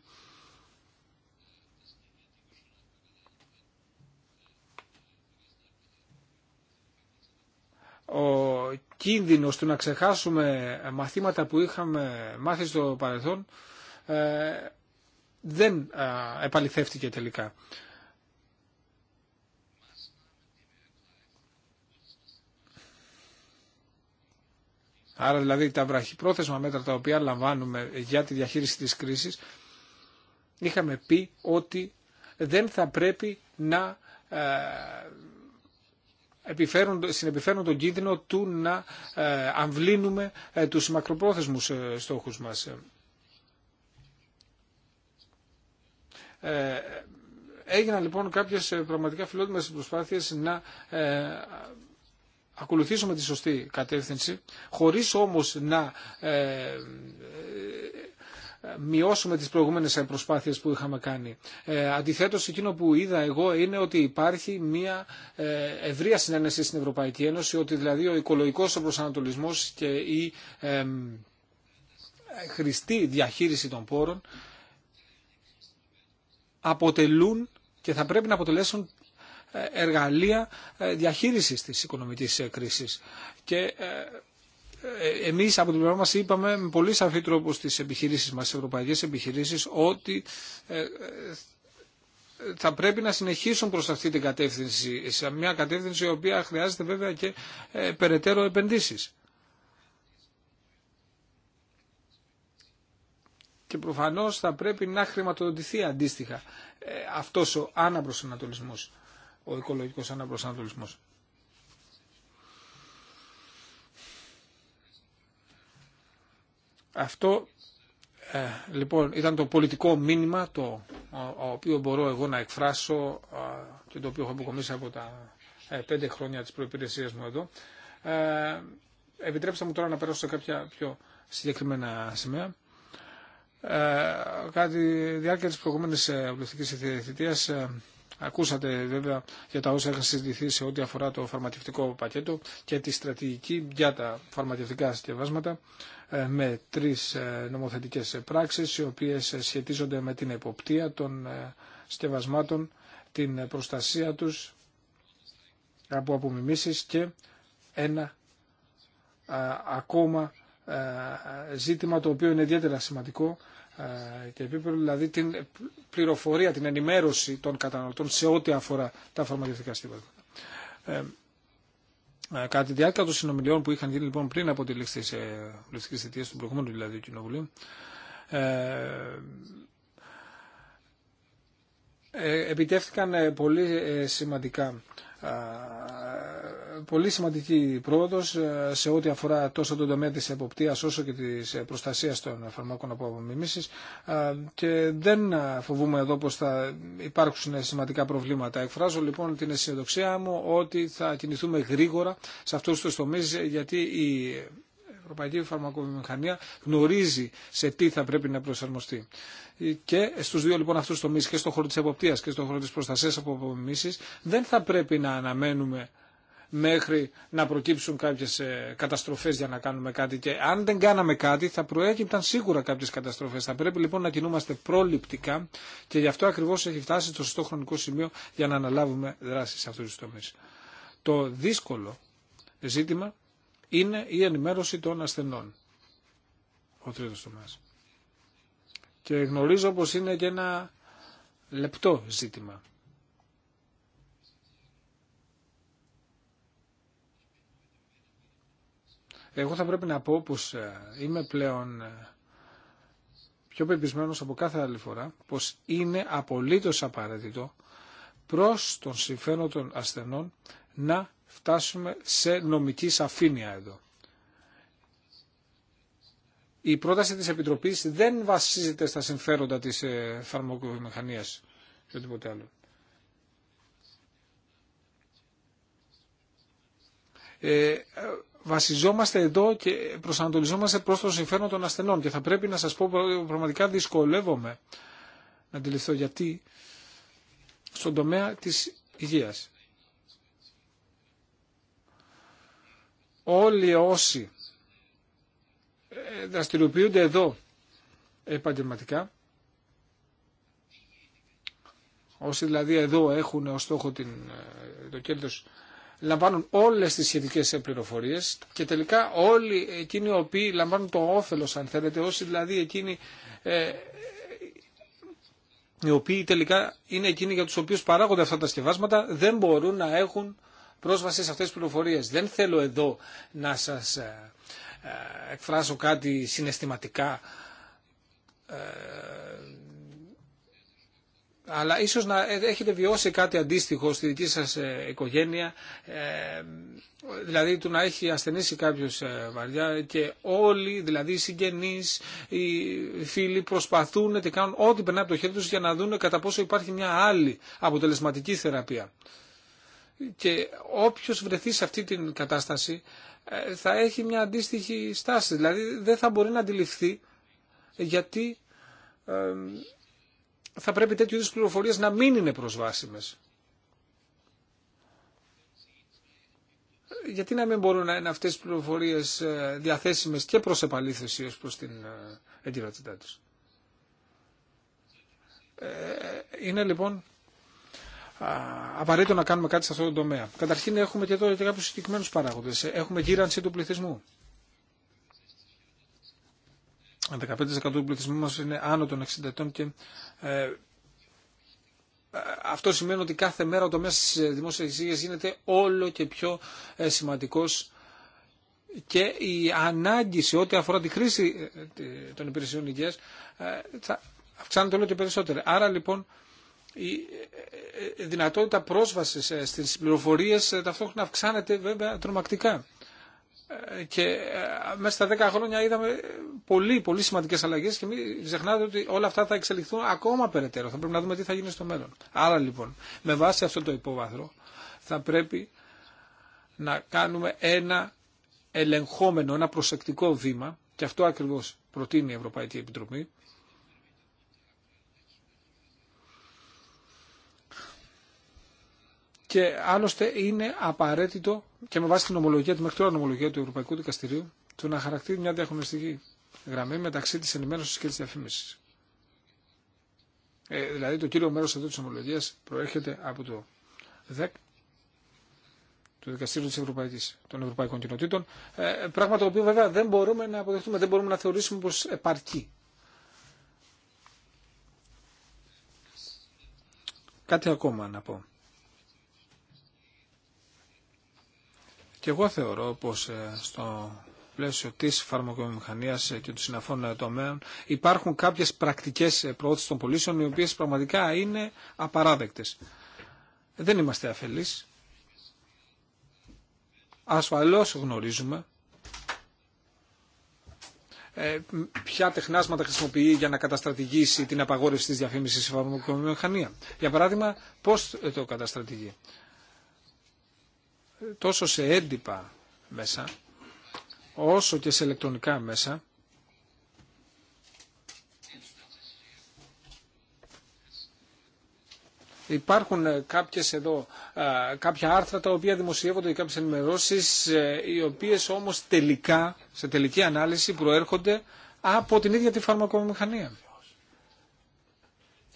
κίνδυνος του να ξεχάσουμε μαθήματα που είχαμε μάθει στο παρελθόν ε, δεν επαληθεύτηκε τελικά. Άρα δηλαδή τα βραχυπρόθεσμα μέτρα τα οποία λαμβάνουμε για τη διαχείριση της κρίσης είχαμε πει ότι δεν θα πρέπει να ε, συνεπιφέρουν τον κίνδυνο του να ε, αμβλύνουμε ε, τους μακροπρόθεσμους ε, στόχους μας. Έγιναν λοιπόν κάποιες πραγματικά φιλότιμες προσπάθειες να ακολουθήσουμε τη σωστή κατεύθυνση, χωρίς όμως να μειώσουμε τις προηγούμενες προσπάθειες που είχαμε κάνει. Ε, αντιθέτως, εκείνο που είδα εγώ είναι ότι υπάρχει μια ε, ευρεία συνένεση στην Ευρωπαϊκή Ένωση, ότι δηλαδή ο οικολογικός προσανατολισμός και η ε, χρηστή διαχείριση των πόρων αποτελούν και θα πρέπει να αποτελέσουν ε, εργαλεία ε, διαχείρισης της οικονομικής κρίσης. Και εμείς από την πλευρά μας είπαμε με πολύ σαφή τρόπο στις επιχειρήσεις μας, στις ευρωπαϊκές επιχειρήσεις, ότι ε, ε, θα πρέπει να συνεχίσουν προς αυτή την κατεύθυνση, σε μια κατεύθυνση η οποία χρειάζεται βέβαια και ε, περαιτέρω επενδύσεις. Και προφανώς θα πρέπει να χρηματοδοτηθεί αντίστοιχα αυτός ο αναπροσανατολισμός, ο οικολογικός αναπροσανατολισμός. Αυτό ε, λοιπόν ήταν το πολιτικό μήνυμα το οποίο μπορώ εγώ να εκφράσω ε, και το οποίο έχω αποκομίσει από τα ε, πέντε χρόνια της προϋπηρεσίας μου εδώ. Ε, επιτρέψτε μου τώρα να περάσω σε κάποια πιο συγκεκριμένα σημεία. Ε, κατά τη διάρκεια της προηγούμενης βουλευτικής θητείας Ακούσατε βέβαια για τα όσα είχαν συζητηθεί σε ό,τι αφορά το φαρμακευτικό πακέτο και τη στρατηγική για τα φαρμακευτικά συσκευάσματα ε, με τρεις ε, νομοθετικές πράξεις οι οποίες σχετίζονται με την εποπτεία των ε, συσκευασμάτων, την προστασία τους από απομιμήσεις και ένα ακόμα ζήτημα το οποίο είναι ιδιαίτερα σημαντικό ε, και επίπεδο, δηλαδή την πληροφορία, την ενημέρωση των καταναλωτών σε ό,τι αφορά τα φαρμακευτικά στήματα. Ε, ε, κατά τη διάρκεια των συνομιλιών που είχαν γίνει λοιπόν πριν από τη λήξη τη βουλευτική ε, θητεία του προηγούμενου δηλαδή κοινοβουλίου, ε, επιτεύχθηκαν πολύ σημαντικά πολύ σημαντική πρόοδο ε, σε ό,τι αφορά τόσο τον τομέα τη εποπτεία όσο και τη ε, προστασία των φαρμάκων από απομιμήσει. και δεν ε, φοβούμε εδώ πώ θα υπάρξουν σημαντικά προβλήματα. Εκφράζω λοιπόν την αισιοδοξία μου ότι θα κινηθούμε γρήγορα σε αυτού του τομεί, γιατί η Ευρωπαϊκή Φαρμακοβιομηχανία γνωρίζει σε τι θα πρέπει να προσαρμοστεί. Και στου δύο λοιπόν αυτού τομεί, και στον χώρο τη εποπτεία και στον χώρο τη προστασία από απομιμήσει, δεν θα πρέπει να αναμένουμε μέχρι να προκύψουν κάποιες ε, καταστροφές για να κάνουμε κάτι και αν δεν κάναμε κάτι θα προέκυπταν σίγουρα κάποιες καταστροφές. Θα πρέπει λοιπόν να κινούμαστε προληπτικά και γι' αυτό ακριβώς έχει φτάσει το σωστό χρονικό σημείο για να αναλάβουμε δράση σε αυτούς τους τομείς. Το δύσκολο ζήτημα είναι η ενημέρωση των ασθενών. Ο τρίτος τομέας. Και γνωρίζω πως είναι και ένα λεπτό ζήτημα. Εγώ θα πρέπει να πω πως ε, είμαι πλέον ε, πιο πεπισμένος από κάθε άλλη φορά πως είναι απολύτως απαραίτητο προς τον συμφέρον των ασθενών να φτάσουμε σε νομική σαφήνεια εδώ. Η πρόταση της Επιτροπής δεν βασίζεται στα συμφέροντα της ε, φαρμακοβιομηχανίας και οτιδήποτε άλλο. Ε, βασιζόμαστε εδώ και προσανατολιζόμαστε προς το συμφέρον των ασθενών και θα πρέπει να σας πω πραγματικά δυσκολεύομαι να αντιληφθώ γιατί στον τομέα της υγείας. Όλοι όσοι ε, δραστηριοποιούνται εδώ επαγγελματικά, όσοι δηλαδή εδώ έχουν ως στόχο την, ε, το κέρδος λαμβάνουν όλες τις σχετικές πληροφορίες και τελικά όλοι εκείνοι οι οποίοι λαμβάνουν το όφελος αν θέλετε, όσοι δηλαδή εκείνοι ε, οι οποίοι τελικά είναι εκείνοι για τους οποίους παράγονται αυτά τα σκευάσματα δεν μπορούν να έχουν πρόσβαση σε αυτές τις πληροφορίες. Δεν θέλω εδώ να σας ε, ε εκφράσω κάτι συναισθηματικά ε, αλλά ίσως να ε, έχετε βιώσει κάτι αντίστοιχο στη δική σας ε, οικογένεια, ε, δηλαδή του να έχει ασθενήσει κάποιος βαριά και όλοι, δηλαδή οι συγγενείς, οι φίλοι προσπαθούν και κάνουν ό,τι περνάει από το χέρι τους για να δουν κατά πόσο υπάρχει μια άλλη αποτελεσματική θεραπεία. Και όποιος βρεθεί σε αυτή την κατάσταση θα έχει μια αντίστοιχη στάση, δηλαδή δεν θα μπορεί να αντιληφθεί γιατί θα πρέπει τέτοιου είδους πληροφορίες να μην είναι προσβάσιμες. Γιατί να μην μπορούν να είναι αυτές οι πληροφορίες ε, διαθέσιμες και προς επαλήθευση ω προς την ε, εγκυρατητά τους. Ε, είναι λοιπόν απαραίτητο να κάνουμε κάτι σε αυτό το τομέα. Καταρχήν έχουμε και εδώ και κάποιους συγκεκριμένους παράγοντες. Έχουμε γύρανση του πληθυσμού. 15% του πληθυσμού μας είναι άνω των 60 ετών και ε, αυτό σημαίνει ότι κάθε μέρα ο τομέας της ε, δημόσιας υγείας γίνεται όλο και πιο ε, σημαντικός και η ανάγκη σε ό,τι αφορά τη χρήση των υπηρεσιών υγείας θα αυξάνεται όλο και περισσότερο. Άρα λοιπόν η δυνατότητα πρόσβασης στις πληροφορίες ταυτόχρονα αυξάνεται βέβαια τρομακτικά. Ε, και ε, μέσα στα 10 χρόνια είδαμε πολύ, πολύ σημαντικές αλλαγές και μην ξεχνάτε ότι όλα αυτά θα εξελιχθούν ακόμα περαιτέρω. Θα πρέπει να δούμε τι θα γίνει στο μέλλον. Άρα λοιπόν, με βάση αυτό το υπόβαθρο θα πρέπει να κάνουμε ένα ελεγχόμενο, ένα προσεκτικό βήμα και αυτό ακριβώς προτείνει η Ευρωπαϊκή Επιτροπή και άλλωστε είναι απαραίτητο και με βάση την ομολογία, τη μέχρι τώρα ομολογία του Ευρωπαϊκού Δικαστηρίου, το να χαρακτηρίζει μια διαχωριστική γραμμή μεταξύ τη ενημέρωση και τη διαφήμιση. Ε, δηλαδή το κύριο μέρο εδώ τη ομολογία προέρχεται από το ΔΕΚ, το Δικαστήριο της Ευρωπαϊκής, των Ευρωπαϊκών Κοινοτήτων, ε, πράγμα το οποίο βέβαια δεν μπορούμε να αποδεχτούμε, δεν μπορούμε να θεωρήσουμε πως επαρκεί. Κάτι ακόμα να πω. Και εγώ θεωρώ πως ε, στο πλαίσιο της φαρμακοβιομηχανίας και των συναφών ε, τομέων υπάρχουν κάποιες πρακτικές ε, προώθησης των πολίσεων οι οποίες πραγματικά είναι απαράδεκτες. Δεν είμαστε αφελείς. Ασφαλώς γνωρίζουμε ποια τεχνάσματα χρησιμοποιεί για να καταστρατηγήσει την απαγόρευση της διαφήμισης της φαρμακοβιομηχανία. Για παράδειγμα, πώς το καταστρατηγεί τόσο σε έντυπα μέσα, όσο και σε ηλεκτρονικά μέσα, Υπάρχουν κάποιες εδώ, κάποια άρθρα τα οποία δημοσιεύονται και κάποιες ενημερώσεις, ε, οι οποίες όμως τελικά, σε τελική ανάλυση, προέρχονται από την ίδια τη φαρμακομηχανία.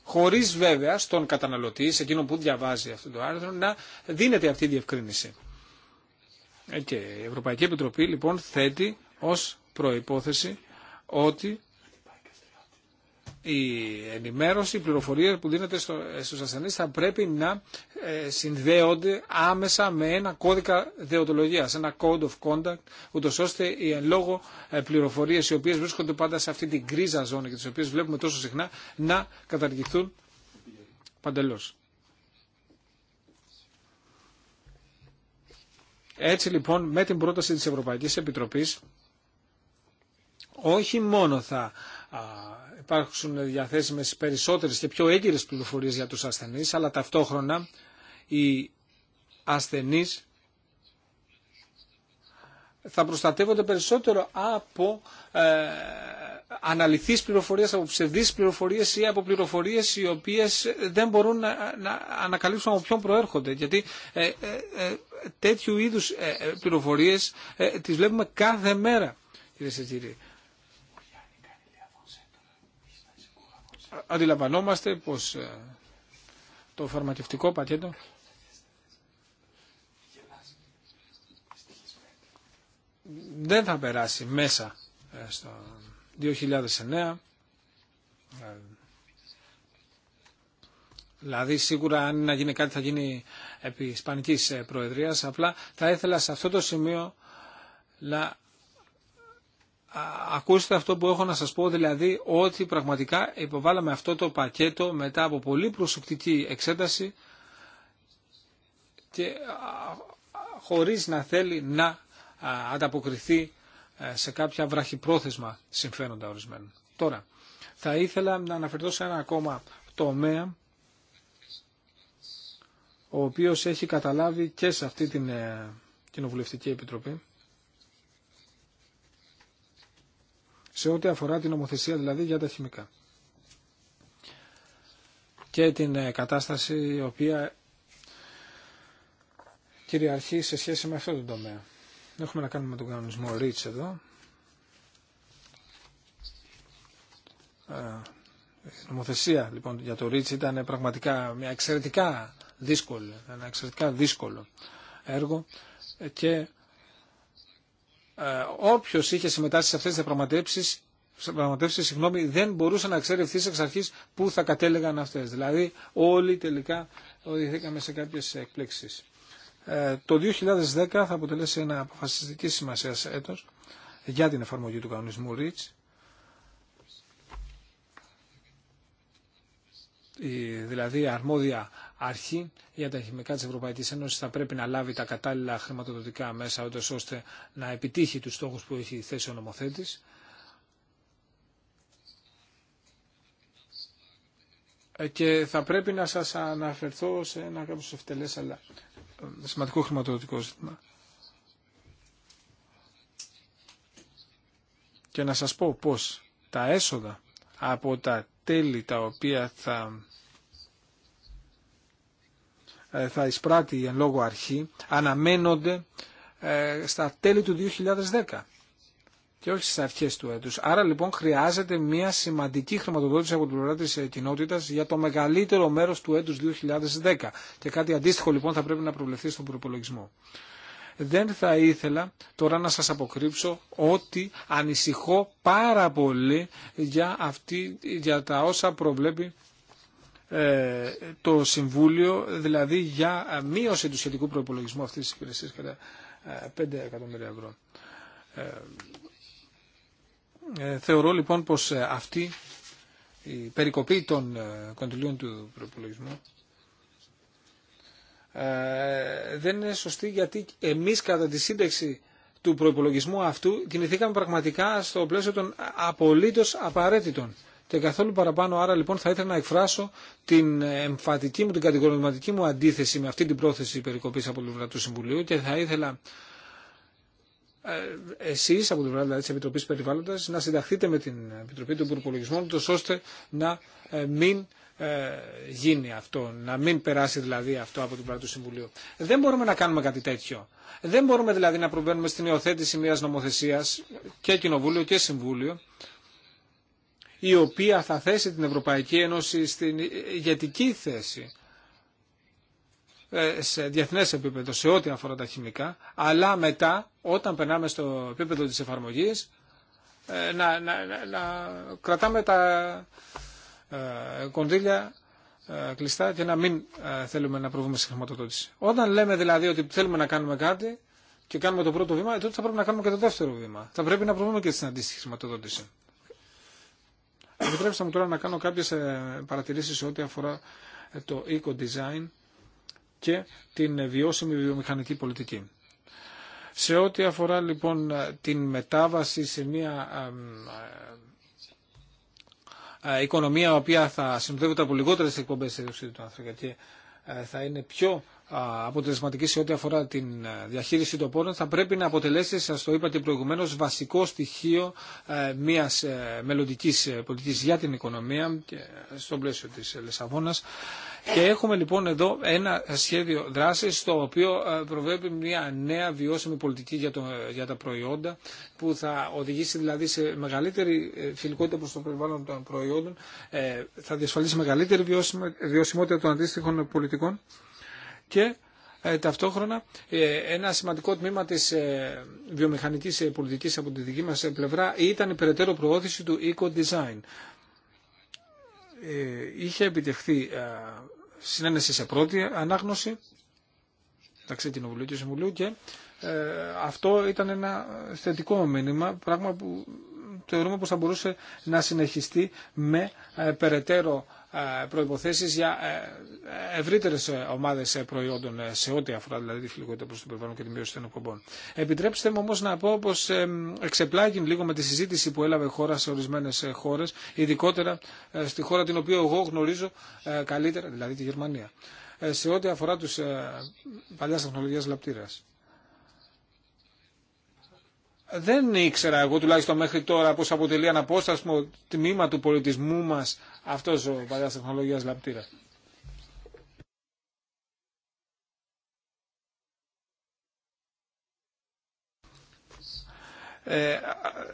Χωρίς βέβαια στον καταναλωτή, σε εκείνον που διαβάζει αυτό το άρθρο, να δίνεται αυτή η διευκρίνηση. Και η Ευρωπαϊκή Επιτροπή λοιπόν θέτει ως προϋπόθεση ότι η ενημέρωση, η πληροφορία που δίνεται στο, στους ασθενείς θα πρέπει να ε, συνδέονται άμεσα με ένα κώδικα δεοντολογίας, ένα code of conduct, ούτως ώστε οι εν λόγω ε, πληροφορίες οι οποίες βρίσκονται πάντα σε αυτή την γκρίζα ζώνη και τις οποίες βλέπουμε τόσο συχνά να καταργηθούν παντελώς. Έτσι λοιπόν με την πρόταση της Ευρωπαϊκής Επιτροπής όχι μόνο θα υπάρξουν διαθέσιμες περισσότερες και πιο έγκυρες πληροφορίες για τους ασθενείς, αλλά ταυτόχρονα οι ασθενείς θα προστατεύονται περισσότερο από ε, αναλυθείς πληροφορίες, από ψευδείς πληροφορίες ή από πληροφορίες οι οποίες δεν μπορούν να, ανακαλύψουν από ποιον προέρχονται. Γιατί ε, ε, ε, τέτοιου είδους πληροφορίες τις βλέπουμε κάθε μέρα, κύριε Σετζήρη. Αντιλαμβανόμαστε πως το φαρμακευτικό πακέτο δεν θα περάσει μέσα στον 2009. Δηλαδή σίγουρα αν να γίνει κάτι θα γίνει επί Ισπανικής ε, Προεδρίας. Απλά θα ήθελα σε αυτό το σημείο να ακούσετε αυτό που έχω να σας πω, δηλαδή ότι πραγματικά υποβάλαμε αυτό το πακέτο μετά από πολύ προσεκτική εξέταση και χωρίς να θέλει να ανταποκριθεί ε, σε κάποια βραχυπρόθεσμα συμφέροντα ορισμένων. Τώρα, θα ήθελα να αναφερθώ σε ένα ακόμα τομέα ο οποίος έχει καταλάβει και σε αυτή την ε, Κοινοβουλευτική Επιτροπή σε ό,τι αφορά την νομοθεσία δηλαδή για τα χημικά και την ε, κατάσταση η οποία κυριαρχεί σε σχέση με αυτό το τομέα. Έχουμε να κάνουμε με τον κανονισμό REACH εδώ. Ε, η νομοθεσία λοιπόν για το REACH ήταν πραγματικά μια εξαιρετικά δύσκολη, ένα εξαιρετικά δύσκολο έργο ε, και ε, όποιος είχε συμμετάσχει σε αυτές τις διαπραγματεύσεις πραγματεύσει, συγγνώμη, δεν μπορούσε να ξέρει ευθύ εξ αρχή πού θα κατέλεγαν αυτέ. Δηλαδή, όλοι τελικά οδηγηθήκαμε σε κάποιε εκπλήξει. Ε, το 2010 θα αποτελέσει ένα αποφασιστική σημασία έτος για την εφαρμογή του κανονισμού REACH. δηλαδή η αρμόδια αρχή για τα χημικά της Ευρωπαϊκής Ένωσης θα πρέπει να λάβει τα κατάλληλα χρηματοδοτικά μέσα ώστε να επιτύχει τους στόχους που έχει θέσει ο νομοθέτης. Ε, και θα πρέπει να σας αναφερθώ σε ένα κάποιο ευτελές αλλά σημαντικό χρηματοδοτικό ζήτημα. Και να σας πω πώς τα έσοδα από τα τέλη τα οποία θα ε, θα εισπράττει εν λόγω αρχή αναμένονται ε, στα τέλη του 2010 και όχι στι αρχέ του έτου. Άρα λοιπόν χρειάζεται μια σημαντική χρηματοδότηση από την πλευρά τη ε, κοινότητα για το μεγαλύτερο μέρο του έτου 2010. Και κάτι αντίστοιχο λοιπόν θα πρέπει να προβλεφθεί στον προπολογισμό. Δεν θα ήθελα τώρα να σας αποκρύψω ότι ανησυχώ πάρα πολύ για, αυτή, για τα όσα προβλέπει ε, το Συμβούλιο, δηλαδή για μείωση του σχετικού προϋπολογισμού αυτής της υπηρεσίας κατά 5 ε, εκατομμύρια ευρώ. Ε, θεωρώ λοιπόν πως ε, αυτή η περικοπή των ε, κοντιλίων του προπολογισμού δεν είναι σωστή γιατί εμείς κατά τη σύνταξη του προπολογισμού αυτού κινηθήκαμε πραγματικά στο πλαίσιο των απολύτως απαραίτητων και καθόλου παραπάνω. Άρα λοιπόν θα ήθελα να εκφράσω την εμφατική μου, την κατηγορηματική μου αντίθεση με αυτή την πρόθεση περικοπής από το του Συμβουλίου και θα ήθελα ε, Εσεί, από την πλευρά δηλαδή, τη Επιτροπή περιβάλλοντα, να συνταχθείτε με την Επιτροπή των Προπολογισμών ώστε να ε, μην ε, γίνει αυτό, να μην περάσει δηλαδή αυτό από την πλευρά του Συμβουλίου. Δεν μπορούμε να κάνουμε κάτι τέτοιο. Δεν μπορούμε δηλαδή να προβαίνουμε στην υιοθέτηση μια νομοθεσία και Κοινοβούλιο και Συμβούλιο η οποία θα θέσει την Ευρωπαϊκή Ένωση στην ηγετική θέση ε, σε διεθνές επίπεδο σε ό,τι αφορά τα χημικά, αλλά μετά όταν περνάμε στο επίπεδο της εφαρμογής ε, να, να, να, κρατάμε τα ε, κονδύλια κλειστά και να μην θέλουμε να προβούμε σε χρηματοδότηση. Όταν λέμε δηλαδή ότι θέλουμε να κάνουμε κάτι και κάνουμε το πρώτο βήμα, τότε θα πρέπει να κάνουμε και το δεύτερο βήμα. Θα πρέπει να προβούμε και στην αντίστοιχη χρηματοδότηση. Επιτρέψτε μου τώρα να κάνω κάποιες παρατηρήσεις σε ό,τι αφορά το eco-design και την βιώσιμη βιομηχανική πολιτική. Σε ό,τι αφορά λοιπόν την μετάβαση σε μια ε, ε, οικονομία η οποία θα συνοδεύεται από λιγότερες εκπομπές τη του άνθρακα και ε, θα είναι πιο αποτελεσματική σε ό,τι αφορά την διαχείριση των πόρων θα πρέπει να αποτελέσει, σα το είπα και προηγουμένως, βασικό στοιχείο μιας μελλοντικής πολιτική για την οικονομία και στο πλαίσιο της Λισαβόνα. Και έχουμε λοιπόν εδώ ένα σχέδιο δράσης το οποίο ε, προβλέπει μια νέα βιώσιμη πολιτική για, το, για τα προϊόντα που θα οδηγήσει δηλαδή σε μεγαλύτερη ε, φιλικότητα προς το περιβάλλον των προϊόντων, ε, θα διασφαλίσει μεγαλύτερη βιωσιμότητα των αντίστοιχων πολιτικών και ταυτόχρονα ένα σημαντικό τμήμα της βιομηχανικής πολιτικής από τη δική μας πλευρά ήταν η περαιτέρω προώθηση του eco-design. Ε, είχε επιτευχθεί ε, συνένεση σε πρώτη ανάγνωση μεταξύ Κοινοβουλίου και Συμβουλίου και ε, αυτό ήταν ένα θετικό μήνυμα, πράγμα που θεωρούμε πως θα μπορούσε να συνεχιστεί με περαιτέρω ε, προϋποθέσεις για ε, ε, ευρύτερες ομάδες προϊόντων σε ό,τι αφορά δηλαδή τη φιλικότητα προς το περιβάλλον και τη μείωση των εκπομπών. Επιτρέψτε μου όμως να πω πως εξεπλάγει λίγο με τη συζήτηση που έλαβε χώρα σε ορισμένες χώρες, ειδικότερα στη χώρα την οποία εγώ γνωρίζω καλύτερα, δηλαδή τη Γερμανία, σε ό,τι αφορά τους παλιάς τεχνολογίας λαπτήρα δεν ήξερα εγώ τουλάχιστον μέχρι τώρα πως αποτελεί αναπόστασμο τμήμα του πολιτισμού μας αυτός ο παλιάς τεχνολογίας λαπτήρα. Ε,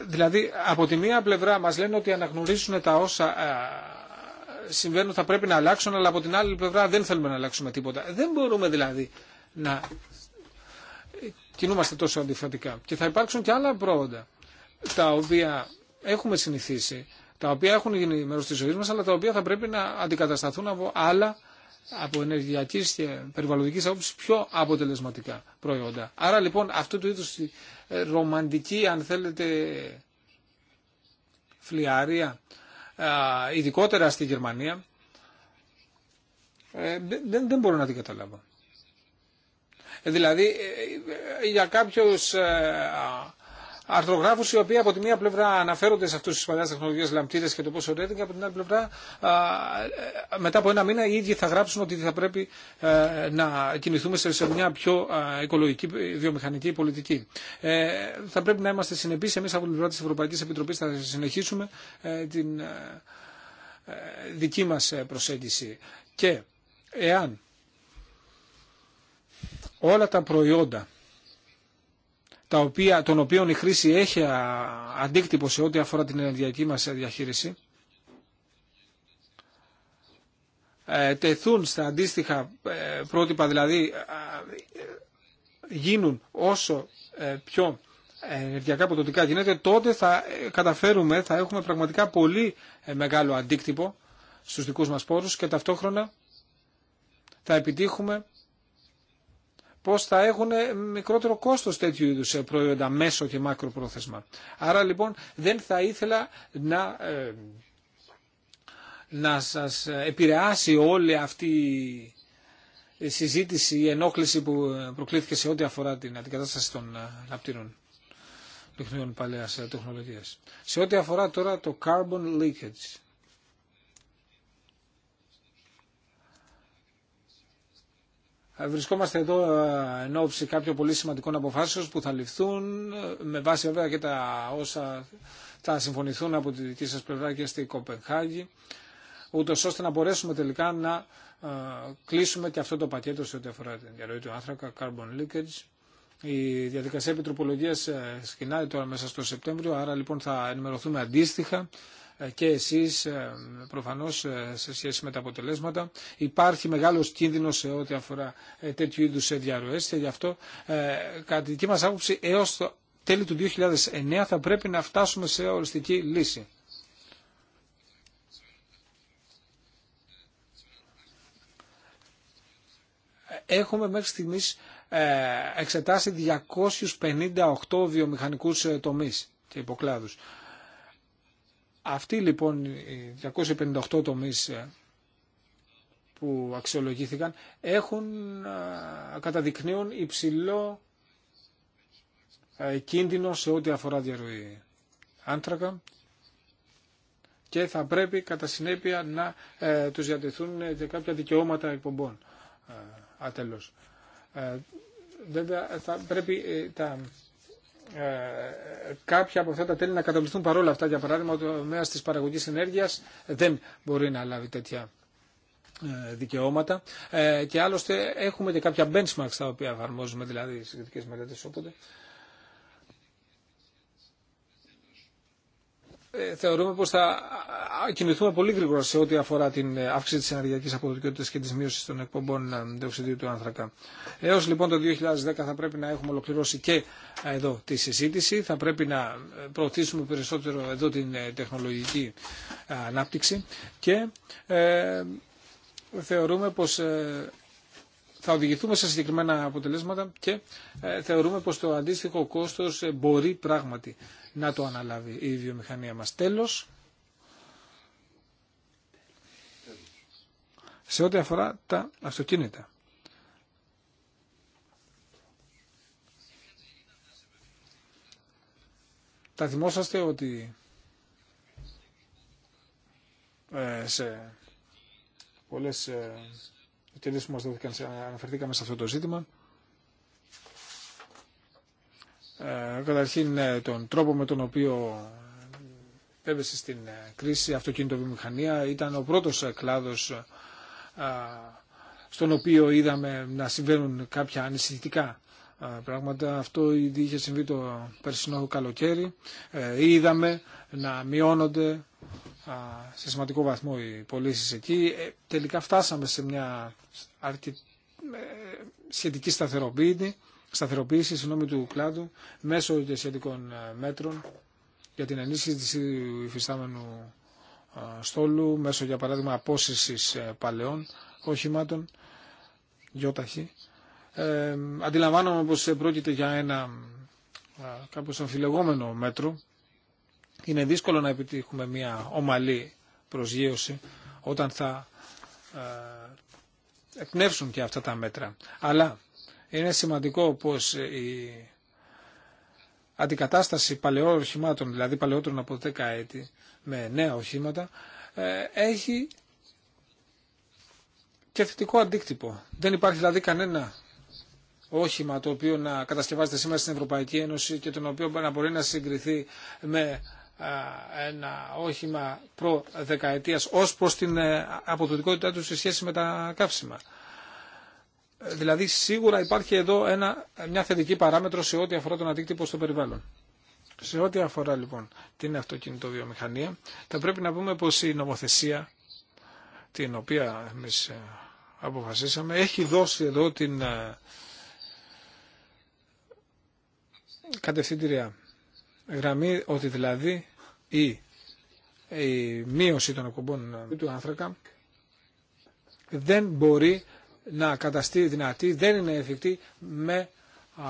δηλαδή από τη μία πλευρά μας λένε ότι αναγνωρίζουν τα όσα ε, συμβαίνουν θα πρέπει να αλλάξουν αλλά από την άλλη πλευρά δεν θέλουμε να αλλάξουμε τίποτα. Δεν μπορούμε δηλαδή να κινούμαστε τόσο αντιφατικά. Και θα υπάρξουν και άλλα πρόοδα τα οποία έχουμε συνηθίσει, τα οποία έχουν γίνει μέρος τη ζωή μα, αλλά τα οποία θα πρέπει να αντικατασταθούν από άλλα από ενεργειακή και περιβαλλοντική άποψη πιο αποτελεσματικά προϊόντα. Άρα λοιπόν αυτού του είδου ε, ρομαντική, αν θέλετε, φλιάρια, ειδικότερα στη Γερμανία, ε, δεν, δεν μπορώ να την καταλάβω. Δηλαδή ε, ε, για κάποιου ε, αρθρογράφου, οι οποίοι από τη μία πλευρά αναφέρονται σε αυτούς τους παλιά τεχνολογίες λαμπτήρες και το πόσο ωραία και από την άλλη πλευρά μετά από ένα μήνα οι ίδιοι θα γράψουν ότι θα πρέπει να κινηθούμε σε μια πιο οικολογική βιομηχανική πολιτική. Θα πρέπει να είμαστε συνεπεί. εμεί από την πλευρά της Ευρωπαϊκής Επιτροπής θα συνεχίσουμε την δική μας προσέγγιση. Και εάν όλα τα προϊόντα τα οποία, των οποίων η χρήση έχει αντίκτυπο σε ό,τι αφορά την ενεργειακή μας διαχείριση ε, τεθούν στα αντίστοιχα ε, πρότυπα, δηλαδή ε, γίνουν όσο πιο ενεργειακά αποδοτικά γίνεται, τότε θα καταφέρουμε, θα έχουμε πραγματικά πολύ μεγάλο αντίκτυπο στους δικούς μας πόρους και ταυτόχρονα θα επιτύχουμε πως θα έχουν μικρότερο κόστος τέτοιου είδους ε, προϊόντα μέσω και μάκρο πρόθεσμα. Άρα λοιπόν δεν θα ήθελα να ε, να σας επηρεάσει όλη αυτή η συζήτηση, η ενόχληση που προκλήθηκε σε ό,τι αφορά την αντικατάσταση των ε, λαπτήρων τεχνιών παλαιάς τεχνολογίας. Σε ό,τι αφορά τώρα το carbon leakage. Βρισκόμαστε εδώ ε, εν ώψη κάποιων πολύ σημαντικών αποφάσεων που θα ληφθούν ε, με βάση βέβαια και τα όσα θα συμφωνηθούν από τη δική σας πλευρά και στη Κοπενχάγη ούτω ώστε να μπορέσουμε τελικά να ε, κλείσουμε και αυτό το πακέτο σε ό,τι αφορά την διαρροή του άνθρακα, carbon leakage. Η διαδικασία επιτροπολογίας σκηνάει τώρα μέσα στο Σεπτέμβριο, άρα λοιπόν θα ενημερωθούμε αντίστοιχα και εσείς ε, προφανώς ε, σε σχέση με τα αποτελέσματα. Υπάρχει μεγάλος κίνδυνος σε ό,τι αφορά ε, τέτοιου είδους διαρροές και γι' αυτό κατά τη δική μας άποψη έως το τέλη του 2009 θα πρέπει να φτάσουμε σε οριστική λύση. Έχουμε μέχρι στιγμής εξετάσει 258 βιομηχανικούς τομείς και υποκλάδους. Αυτοί λοιπόν οι 258 τομείς ε, που αξιολογήθηκαν έχουν ε, καταδεικνύουν υψηλό ε, κίνδυνο σε ό,τι αφορά διαρροή άνθρακα και θα πρέπει κατά συνέπεια να τους διατεθούν και κάποια δικαιώματα εκπομπών ε, ατέλος. θα πρέπει τα ε, κάποια από αυτά τα τέλη να καταβληθούν παρόλα αυτά. Για παράδειγμα, ο τομέα τη παραγωγή ενέργεια δεν μπορεί να λάβει τέτοια ε, δικαιώματα ε, και άλλωστε έχουμε και κάποια benchmarks τα οποία εφαρμόζουμε, δηλαδή σχετικές μελέτε. Οπότε Ε, θεωρούμε πως θα κινηθούμε πολύ γρήγορα σε ό,τι αφορά την αύξηση της ενεργειακής αποδοτικότητας και της μείωσης των εκπομπών ε, διοξιδίου του άνθρακα. Έως λοιπόν το 2010 θα πρέπει να έχουμε ολοκληρώσει και ε, εδώ τη συζήτηση, θα πρέπει να προωθήσουμε περισσότερο εδώ την τεχνολογική ανάπτυξη και θεωρούμε πως θα οδηγηθούμε σε συγκεκριμένα αποτελέσματα και ε, θεωρούμε πως το αντίστοιχο κόστος ε, μπορεί πράγματι να το αναλάβει η βιομηχανία μας. Τέλος, σε ό,τι αφορά τα αυτοκίνητα. Τα θυμόσαστε ότι ε, σε πολλές και λύσεις που αναφερθήκαμε σε αυτό το ζήτημα. Ε, καταρχήν ε, τον τρόπο με τον οποίο ε, έπεσε στην κρίση αυτοκίνητο αυτοκινητοβιομηχανία ήταν ο πρώτος κλάδος στον οποίο είδαμε να συμβαίνουν κάποια ανησυχητικά πράγματα. Αυτό ήδη είχε συμβεί το περσινό καλοκαίρι. Είδαμε να μειώνονται σε σημαντικό βαθμό οι πωλήσει εκεί. Ε, τελικά φτάσαμε σε μια αρκε... Ε, σχετική σταθεροποίηση, σταθεροποίηση συνόμιου του κλάδου μέσω και σχετικών ε, μέτρων για την ενίσχυση της υφιστάμενου στόλου μέσω για παράδειγμα απόσυσης παλαιών οχημάτων γιώταχη. Ε, αντιλαμβάνομαι πως πρόκειται για ένα κάπως αμφιλεγόμενο μέτρο είναι δύσκολο να επιτύχουμε μια ομαλή προσγείωση όταν θα ε, εκπνεύσουν και αυτά τα μέτρα. Αλλά είναι σημαντικό πως η αντικατάσταση παλαιών οχημάτων, δηλαδή παλαιότερων από 10 έτη με νέα οχήματα, ε, έχει και θετικό αντίκτυπο. Δεν υπάρχει δηλαδή κανένα όχημα το οποίο να κατασκευάζεται σήμερα στην Ευρωπαϊκή Ένωση και τον οποίο να μπορεί να συγκριθεί με ένα όχημα προ δεκαετίας ως προς την ε, αποδοτικότητά του σε σχέση με τα καύσιμα. Ε, δηλαδή σίγουρα υπάρχει εδώ ένα, μια θετική παράμετρο σε ό,τι αφορά τον αντίκτυπο στο περιβάλλον. Σε ό,τι αφορά λοιπόν την αυτοκινητοβιομηχανία, θα πρέπει να πούμε πως η νομοθεσία την οποία εμείς ε, αποφασίσαμε έχει δώσει εδώ την κατευθυντήρια γραμμή ότι δηλαδή η, η μείωση των εκπομπών του άνθρακα δεν μπορεί να καταστεί δυνατή, δεν είναι εφικτή με α,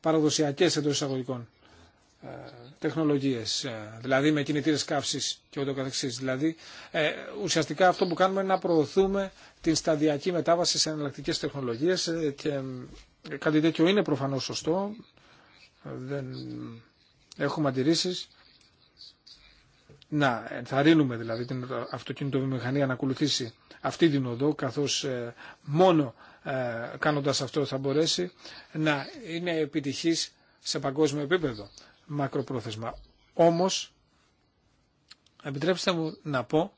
παραδοσιακές εντό εισαγωγικών τεχνολογίε, τεχνολογίες, ε, δηλαδή με κινητήρες καύσης και ούτω καθεξής. Δηλαδή, ε, ουσιαστικά αυτό που κάνουμε είναι να προωθούμε την σταδιακή μετάβαση σε εναλλακτικέ τεχνολογίες ε, και κάτι τέτοιο είναι προφανώς σωστό, δεν έχουμε αντιρρήσεις να ενθαρρύνουμε δηλαδή την αυτοκινητοβιομηχανία να ακολουθήσει αυτή την οδό καθώς ε, μόνο ε, κάνοντας αυτό θα μπορέσει να είναι επιτυχής σε παγκόσμιο επίπεδο μακροπρόθεσμα. Όμως επιτρέψτε μου να πω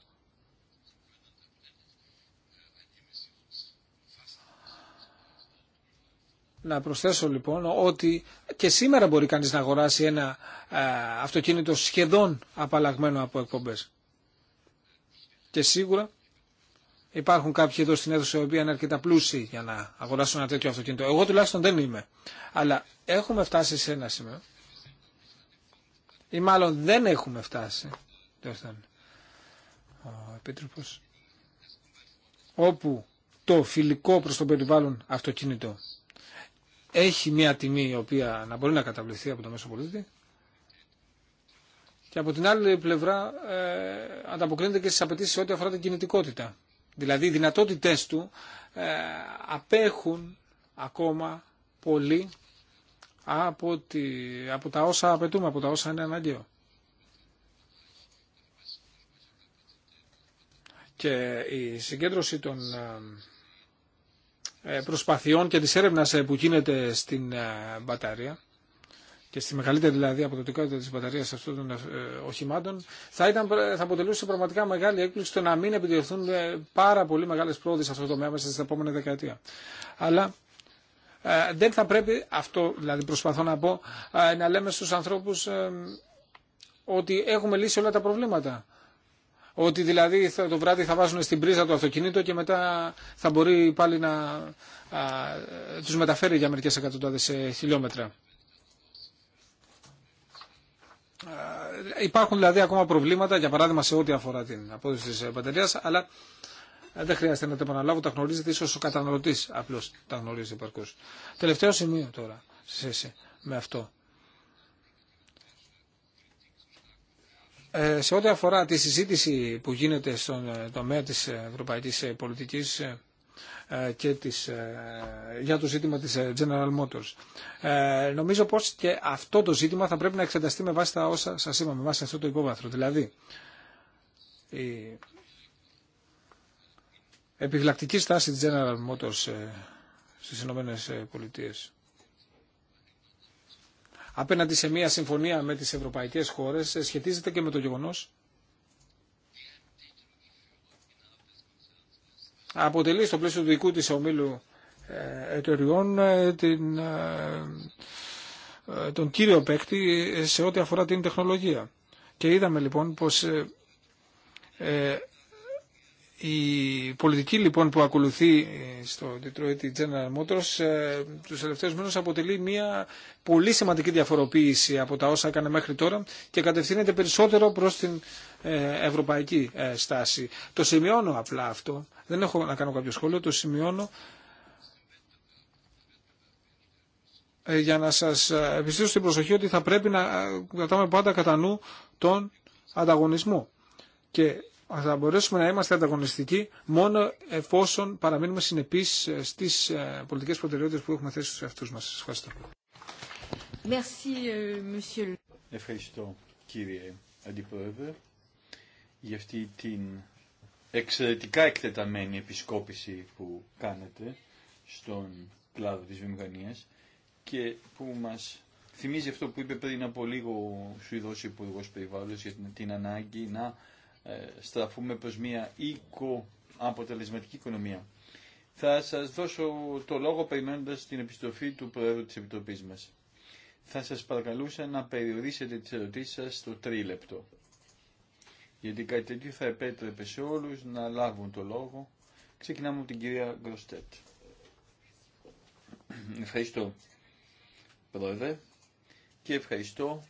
να προσθέσω λοιπόν ότι και σήμερα μπορεί κανείς να αγοράσει ένα ε, αυτοκίνητο σχεδόν απαλλαγμένο από εκπομπές. Και σίγουρα υπάρχουν κάποιοι εδώ στην αίθουσα οι οποίοι είναι αρκετά πλούσιοι για να αγοράσουν ένα τέτοιο αυτοκίνητο. Εγώ τουλάχιστον δεν είμαι. Αλλά έχουμε φτάσει σε ένα σημείο ή μάλλον δεν έχουμε φτάσει. ο Όπου το φιλικό προς το περιβάλλον αυτοκίνητο έχει μια τιμή η οποία να μπορεί να καταβληθεί από το μέσο πολίτη και από την άλλη πλευρά ε, ανταποκρίνεται και στις απαιτήσει ό,τι αφορά την κινητικότητα. Δηλαδή οι δυνατότητές του ε, απέχουν ακόμα πολύ από, τη, από τα όσα απαιτούμε, από τα όσα είναι αναγκαίο. Και η συγκέντρωση των ε, ε, προσπαθειών και της έρευνας ε, που γίνεται στην ε, μπαταρία και στη μεγαλύτερη δηλαδή αποδοτικότητα της μπαταρίας αυτών των οχημάτων θα, θα αποτελούσε πραγματικά μεγάλη έκπληξη το να μην επιτευχθούν πάρα πολύ μεγάλες πρόοδες σε αυτό το τομέα μέσα στην επόμενη δεκαετία. Αλλά δεν θα πρέπει, αυτό δηλαδή προσπαθώ να πω, να λέμε στους ανθρώπους ότι έχουμε λύσει όλα τα προβλήματα. Ότι δηλαδή το βράδυ θα βάζουν στην πρίζα το αυτοκινήτο και μετά θα μπορεί πάλι να α, τους μεταφέρει για μερικές εκατοντάδες ε, χιλιόμετρα. Υπάρχουν δηλαδή ακόμα προβλήματα, για παράδειγμα σε ό,τι αφορά την απόδοση της ε, μπαταρίας, αλλά ε, δεν χρειάζεται να το επαναλάβω, τα γνωρίζετε ίσως ο καταναλωτής απλώς τα γνωρίζει επαρκώς. Τελευταίο σημείο τώρα σε σχέση με αυτό. Ε, σε ό,τι αφορά τη συζήτηση που γίνεται στον ε, τομέα της ε, ευρωπαϊκής πολιτικής και της, για το ζήτημα της General Motors. νομίζω πως και αυτό το ζήτημα θα πρέπει να εξεταστεί με βάση τα όσα σας είπαμε με βάση αυτό το υπόβαθρο. Δηλαδή, η επιβλακτική στάση της General Motors στις Ηνωμένες Πολιτείες απέναντι σε μια συμφωνία με τις ευρωπαϊκές χώρες ε, σχετίζεται και με το γεγονός αποτελεί στο πλαίσιο του δικού της ομίλου ε, εταιριών ε, την, τον κύριο παίκτη σε ό,τι αφορά την τεχνολογία. Και είδαμε λοιπόν πως η πολιτική λοιπόν που ακολουθεί ε, στο Detroit General Motors ε, τους τελευταίους μήνους αποτελεί μια πολύ σημαντική διαφοροποίηση από τα όσα έκανε μέχρι τώρα και κατευθύνεται περισσότερο προς την ε, ευρωπαϊκή στάση. Το σημειώνω απλά αυτό. Δεν έχω να κάνω κάποιο σχόλιο. Το σημειώνω για να σας επιστήσω στην προσοχή ότι θα πρέπει να κρατάμε πάντα κατά νου τον ανταγωνισμό. Και θα μπορέσουμε να είμαστε ανταγωνιστικοί μόνο εφόσον παραμείνουμε συνεπείς ε, στις ε, πολιτικές προτεραιότητες που έχουμε θέσει στους εαυτούς μας. ευχαριστώ. Ε, ευχαριστώ κύριε Αντιπρόεδρε για αυτή την εξαιρετικά εκτεταμένη επισκόπηση που κάνετε στον κλάδο της βιομηχανίας και που μας θυμίζει αυτό που είπε πριν από λίγο ο Σουηδός Υπουργός για την ανάγκη να στραφούμε ε, προς μια οικο αποτελεσματική οικονομία. Θα σας δώσω το λόγο περιμένοντας την επιστροφή του Προέδρου της Επιτροπής μας. Θα σας παρακαλούσα να περιορίσετε τις ερωτήσεις σας στο τρίλεπτο. Γιατί κάτι τέτοιο θα επέτρεπε σε όλους να λάβουν το λόγο. Ξεκινάμε από την κυρία Γκροστέτ. Ευχαριστώ, Πρόεδρε, και ευχαριστώ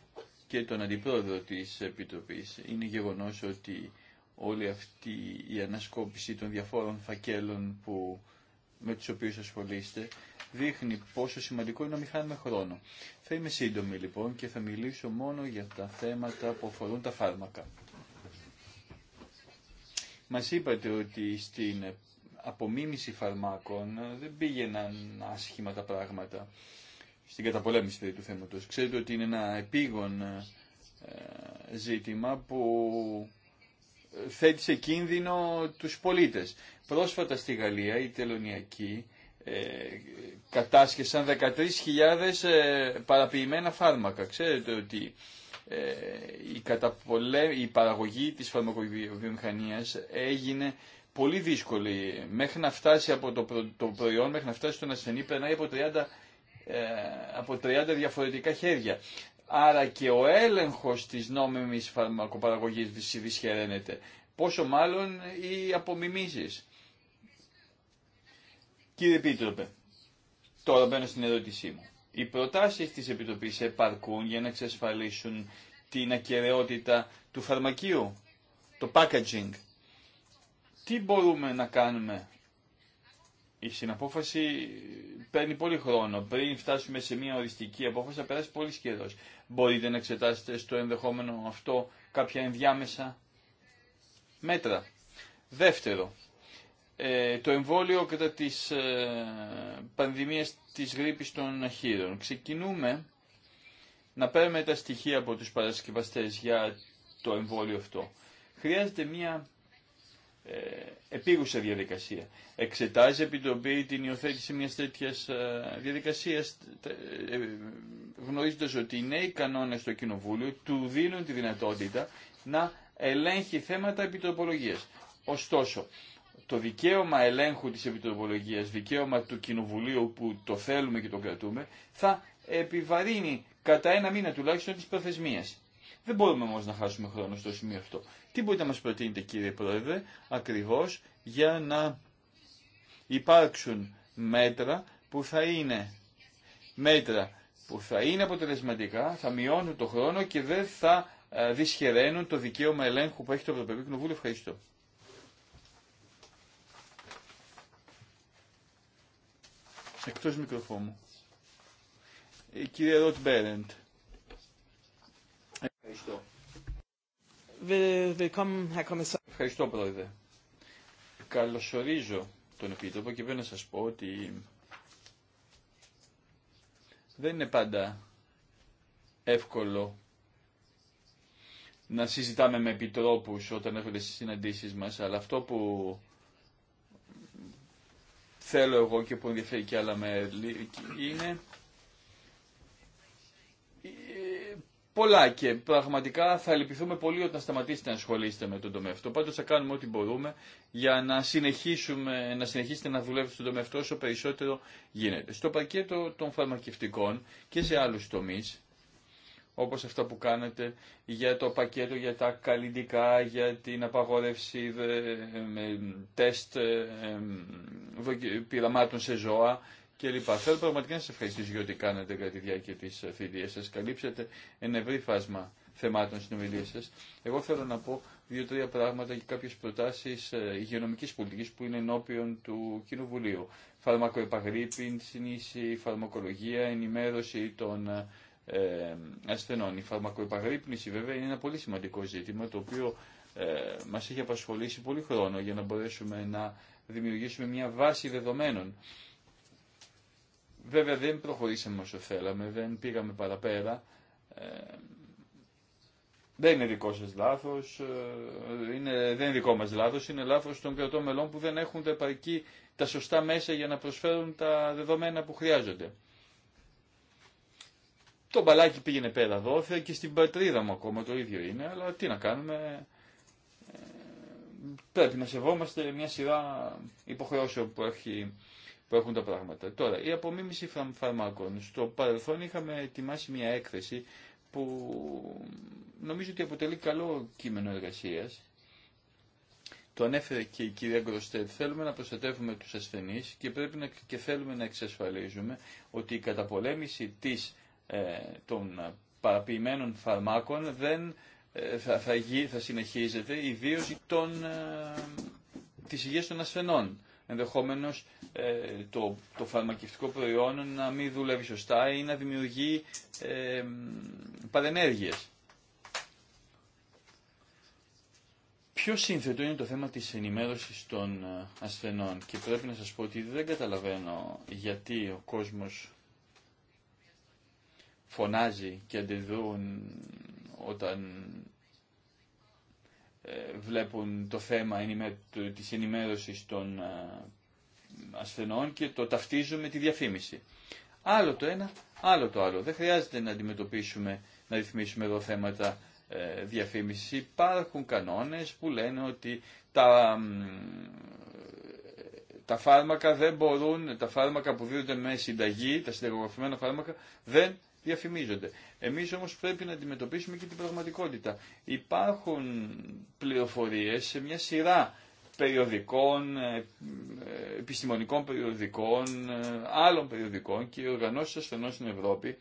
και τον αντιπρόεδρο της Επιτροπής. Είναι γεγονός ότι όλη αυτή η ανασκόπηση των διαφόρων φακέλων που, με τους οποίους ασχολείστε δείχνει πόσο σημαντικό είναι να μην χάνουμε χρόνο. Θα είμαι σύντομη λοιπόν και θα μιλήσω μόνο για τα θέματα που αφορούν τα φάρμακα. Μας είπατε ότι στην απομίμηση φαρμάκων δεν πήγαιναν άσχημα τα πράγματα στην καταπολέμηση του θέματος. Ξέρετε ότι είναι ένα επίγον ε, ζήτημα που ε, θέτει σε κίνδυνο τους πολίτες. Πρόσφατα στη Γαλλία οι τελωνιακοί ε, κατάσχεσαν 13.000 ε, παραποιημένα φάρμακα. Ξέρετε ότι ε, η, καταπολέ... η παραγωγή της φαρμακοβιομηχανίας έγινε πολύ δύσκολη. Μέχρι να φτάσει από το, προϊόν, μέχρι να φτάσει στον ασθενή, περνάει από 30 ε, από 30 διαφορετικά χέρια. Άρα και ο έλεγχος της νόμιμης φαρμακοπαραγωγής δυσχεραίνεται. Πόσο μάλλον οι απομιμήσεις. Κύριε Επίτροπε, τώρα μπαίνω στην ερώτησή μου. Οι προτάσεις της Επιτροπής επαρκούν για να εξασφαλίσουν την ακαιρεότητα του φαρμακείου, το packaging. Τι μπορούμε να κάνουμε η συναπόφαση παίρνει πολύ χρόνο. Πριν φτάσουμε σε μια οριστική απόφαση θα περάσει πολύ καιρό. Μπορείτε να εξετάσετε στο ενδεχόμενο αυτό κάποια ενδιάμεσα μέτρα. Δεύτερο, ε, το εμβόλιο κατά της ε, πανδημίας της γρήπης των χείρων. Ξεκινούμε να παίρνουμε τα στοιχεία από τους παρασκευαστές για το εμβόλιο αυτό. Χρειάζεται μια ε, επίγουσα διαδικασία. Εξετάζει η Επιτροπή την υιοθέτηση μια τέτοια ε, διαδικασία. Ε, Γνωρίζοντα ότι οι νέοι κανόνες στο Κοινοβούλιο του δίνουν τη δυνατότητα να ελέγχει θέματα επιτροπολογία. Ωστόσο, το δικαίωμα ελέγχου της επιτροπολογίας, δικαίωμα του Κοινοβουλίου που το θέλουμε και το κρατούμε, θα επιβαρύνει κατά ένα μήνα τουλάχιστον της προθεσμίας. Δεν μπορούμε όμω να χάσουμε χρόνο στο σημείο αυτό. Τι μπορείτε να μα προτείνετε, κύριε Πρόεδρε, ακριβώ για να υπάρξουν μέτρα που θα είναι μέτρα που θα είναι αποτελεσματικά, θα μειώνουν το χρόνο και δεν θα ε, δυσχεραίνουν το δικαίωμα ελέγχου που έχει το Ευρωπαϊκό Κοινοβούλιο. Ευχαριστώ. Εκτός μικροφόμου. Ε, κύριε Ροτ Μπέρεντ. Ευχαριστώ. Πρόεδρε. Καλωσορίζω τον Επίτροπο και πρέπει να σας πω ότι δεν είναι πάντα εύκολο να συζητάμε με επιτρόπους όταν έρχονται στις συναντήσεις μας, αλλά αυτό που θέλω εγώ και που ενδιαφέρει και άλλα μέλη είναι πολλά και πραγματικά θα λυπηθούμε πολύ όταν σταματήσετε να ασχολείστε με τον τομέα αυτό. Πάντως θα κάνουμε ό,τι μπορούμε για να, συνεχίσουμε, να συνεχίσετε να δουλεύετε στον τομέα αυτό όσο περισσότερο γίνεται. Στο πακέτο των φαρμακευτικών και σε άλλους τομείς, όπως αυτά που κάνετε για το πακέτο, για τα καλλιντικά, για την απαγόρευση ε, ε, τεστ ε, πειραμάτων σε ζώα λοιπά, Θέλω πραγματικά να σα ευχαριστήσω για ό,τι κάνετε κατά τη διάρκεια τη ε, θητεία σα. Καλύψατε ένα ευρύ φάσμα θεμάτων στην ομιλία σα. Εγώ θέλω να πω δύο-τρία πράγματα και κάποιε προτάσει ε, υγειονομική πολιτική που είναι ενώπιον του Κοινοβουλίου. Φαρμακοεπαγρύπνηση, φαρμακολογία, ενημέρωση των ε, ε, ασθενών. Η φαρμακοεπαγρύπνηση βέβαια είναι ένα πολύ σημαντικό ζήτημα το οποίο ε, μας έχει απασχολήσει πολύ χρόνο για να μπορέσουμε να δημιουργήσουμε μια βάση δεδομένων Βέβαια δεν προχωρήσαμε όσο θέλαμε, δεν πήγαμε παραπέρα. Ε, δεν είναι δικό σας λάθος, ε, είναι, δεν είναι δικό μας λάθος, είναι λάθος των κρατών μελών που δεν έχουν τα, σωστά μέσα για να προσφέρουν τα δεδομένα που χρειάζονται. Το μπαλάκι πήγαινε πέρα εδώ και στην πατρίδα μου ακόμα το ίδιο είναι, αλλά τι να κάνουμε, ε, πρέπει να σεβόμαστε μια σειρά υποχρεώσεων που έχει που έχουν τα πράγματα. Τώρα, η απομίμηση φαρμάκων. Στο παρελθόν είχαμε ετοιμάσει μια έκθεση που νομίζω ότι αποτελεί καλό κείμενο εργασίας. Το ανέφερε και η κυρία Γκροστέτ. Θέλουμε να προστατεύουμε τους ασθενείς και πρέπει να, και θέλουμε να εξασφαλίζουμε ότι η καταπολέμηση της, ε, των παραποιημένων φαρμάκων δεν ε, θα, θα συνεχίζεται, ιδίως ε, της των ασθενών ενδεχόμενος ε, το, το φαρμακευτικό προϊόν να μην δουλεύει σωστά ή να δημιουργεί ε, παρενέργειες. Πιο σύνθετο είναι το θέμα της ενημέρωσης των ε, ασθενών και πρέπει να σας πω ότι δεν καταλαβαίνω γιατί ο κόσμος φωνάζει και αντιδρούν όταν ε, βλέπουν το θέμα της ενημέρωσης των ε, ασθενών και το ταυτίζουν με τη διαφήμιση. Άλλο το ένα, άλλο το άλλο. Δεν χρειάζεται να αντιμετωπίσουμε, να ρυθμίσουμε εδώ θέματα ε, διαφήμισης. Υπάρχουν κανόνες που λένε ότι τα, τα φάρμακα δεν μπορούν, τα φάρμακα που δίνονται με συνταγή, τα συνταγογραφημένα φάρμακα δεν διαφημίζονται. Εμείς όμως πρέπει να αντιμετωπίσουμε και την πραγματικότητα. Υπάρχουν πληροφορίες σε μια σειρά περιοδικών, ε, ε, επιστημονικών περιοδικών, ε, άλλων περιοδικών και οι οργανώσεις ασθενών στην Ευρώπη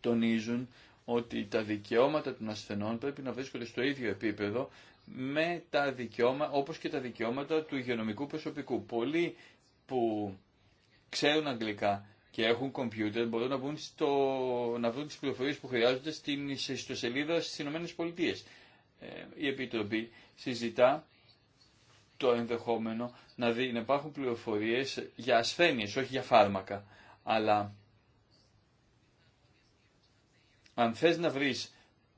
τονίζουν ότι τα δικαιώματα των ασθενών πρέπει να βρίσκονται στο ίδιο επίπεδο με τα δικαιώματα, όπως και τα δικαιώματα του υγειονομικού προσωπικού. Πολλοί που ξέρουν αγγλικά και έχουν κομπιούτερ μπορούν να, στο, να βρουν τι πληροφορίε που χρειάζονται στην ιστοσελίδα στι ΗΠΑ. Πολιτείες. Ε, η Επιτροπή συζητά το ενδεχόμενο να, δει, να υπάρχουν πληροφορίε για ασθένειε, όχι για φάρμακα. Αλλά αν θε να βρει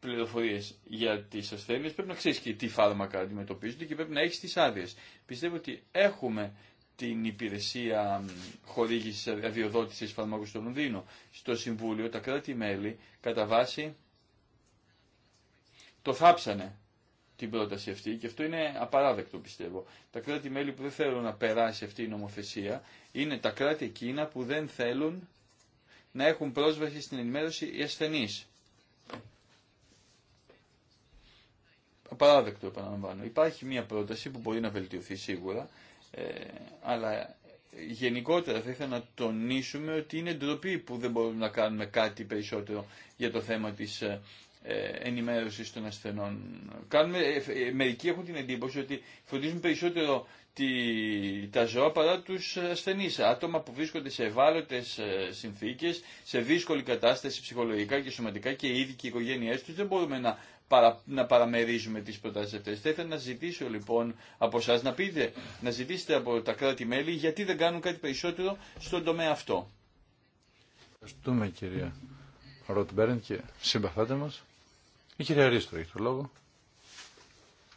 πληροφορίε για τι ασθένειε, πρέπει να ξέρει και τι φάρμακα αντιμετωπίζονται και πρέπει να έχει τι άδειε. Πιστεύω ότι έχουμε την υπηρεσία χορήγηση ε, αδειοδότηση φαρμάκου στο Λονδίνο. Στο Συμβούλιο τα κράτη-μέλη κατά βάση το θάψανε την πρόταση αυτή και αυτό είναι απαράδεκτο πιστεύω. Τα κράτη-μέλη που δεν θέλουν να περάσει αυτή η νομοθεσία είναι τα κράτη εκείνα που δεν θέλουν να έχουν πρόσβαση στην ενημέρωση οι ασθενείς. Απαράδεκτο επαναλαμβάνω. Υπάρχει μια πρόταση που μπορεί να βελτιωθεί σίγουρα ε, αλλά γενικότερα θα ήθελα να τονίσουμε ότι είναι ντροπή που δεν μπορούμε να κάνουμε κάτι περισσότερο για το θέμα της ε, ε, ενημέρωσης των ασθενών. Κάνουμε, μερικοί έχουν την εντύπωση ότι φροντίζουν περισσότερο τη, τα ζώα παρά τους ασθενείς. Άτομα που βρίσκονται σε ευάλωτες συνθήκες, σε δύσκολη κατάσταση ψυχολογικά και σωματικά και οι ίδιοι και οι οικογένειές τους δεν μπορούμε να παρα, να παραμερίζουμε τις προτάσεις αυτές. Θα ήθελα να ζητήσω λοιπόν από εσά να πείτε, να ζητήσετε από τα κράτη-μέλη γιατί δεν κάνουν κάτι περισσότερο στον τομέα αυτό. Ευχαριστούμε κυρία Ροτ και συμπαθάτε μας. Η κυρία Ρίστρο έχει το λόγο.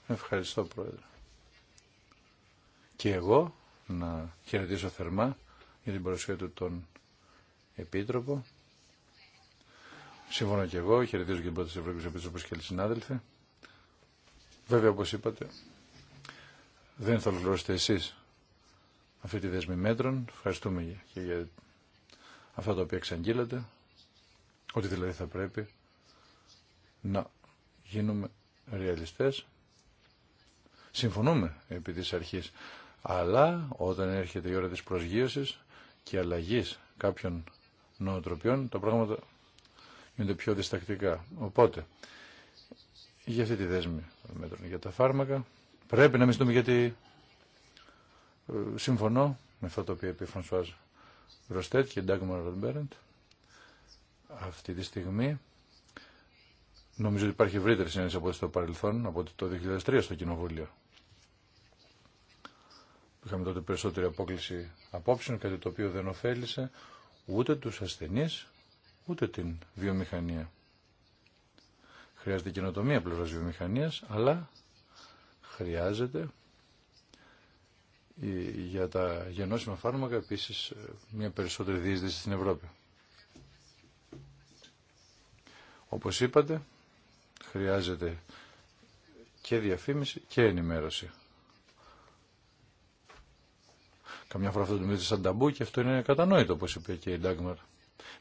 Ευχαριστώ πρόεδρε. Και εγώ να χαιρετήσω θερμά για την παρουσία του τον Επίτροπο Συμφωνώ και εγώ, χαιρετίζω και την πρόταση Ευρωπαϊκή Επιτροπή και άλλοι συνάδελφοι. Βέβαια, όπω είπατε, δεν θα ολοκληρώσετε εσεί αυτή τη δέσμη μέτρων. Ευχαριστούμε και για αυτά τα οποία εξαγγείλατε. Ότι δηλαδή θα πρέπει να γίνουμε ρεαλιστέ. Συμφωνούμε επί τη αρχή. Αλλά όταν έρχεται η ώρα τη προσγείωση και αλλαγή κάποιων νοοτροπιών, τα πράγματα είναι το πιο διστακτικά. Οπότε, για αυτή τη δέσμη τον για τα φάρμακα, πρέπει να μιστούμε γιατί ε, συμφωνώ με αυτό το οποίο είπε η Φρανσουάζ Ροστέτ και η Ντάγμα Αυτή τη στιγμή νομίζω ότι υπάρχει ευρύτερη συνέντευξη από το παρελθόν, από το 2003 στο Κοινοβούλιο. Είχαμε τότε περισσότερη απόκληση απόψεων, κάτι το οποίο δεν ωφέλησε ούτε τους ασθενείς, ούτε την βιομηχανία. Χρειάζεται καινοτομία πλευράς βιομηχανίας, αλλά χρειάζεται για τα γεννόσιμα φάρμακα επίσης ε, μια περισσότερη διείσδυση στην Ευρώπη. Όπως είπατε, χρειάζεται και διαφήμιση και ενημέρωση. Καμιά φορά αυτό το μιλήσετε σαν ταμπού και αυτό είναι κατανόητο, όπως είπε και η Ντάγμαρ.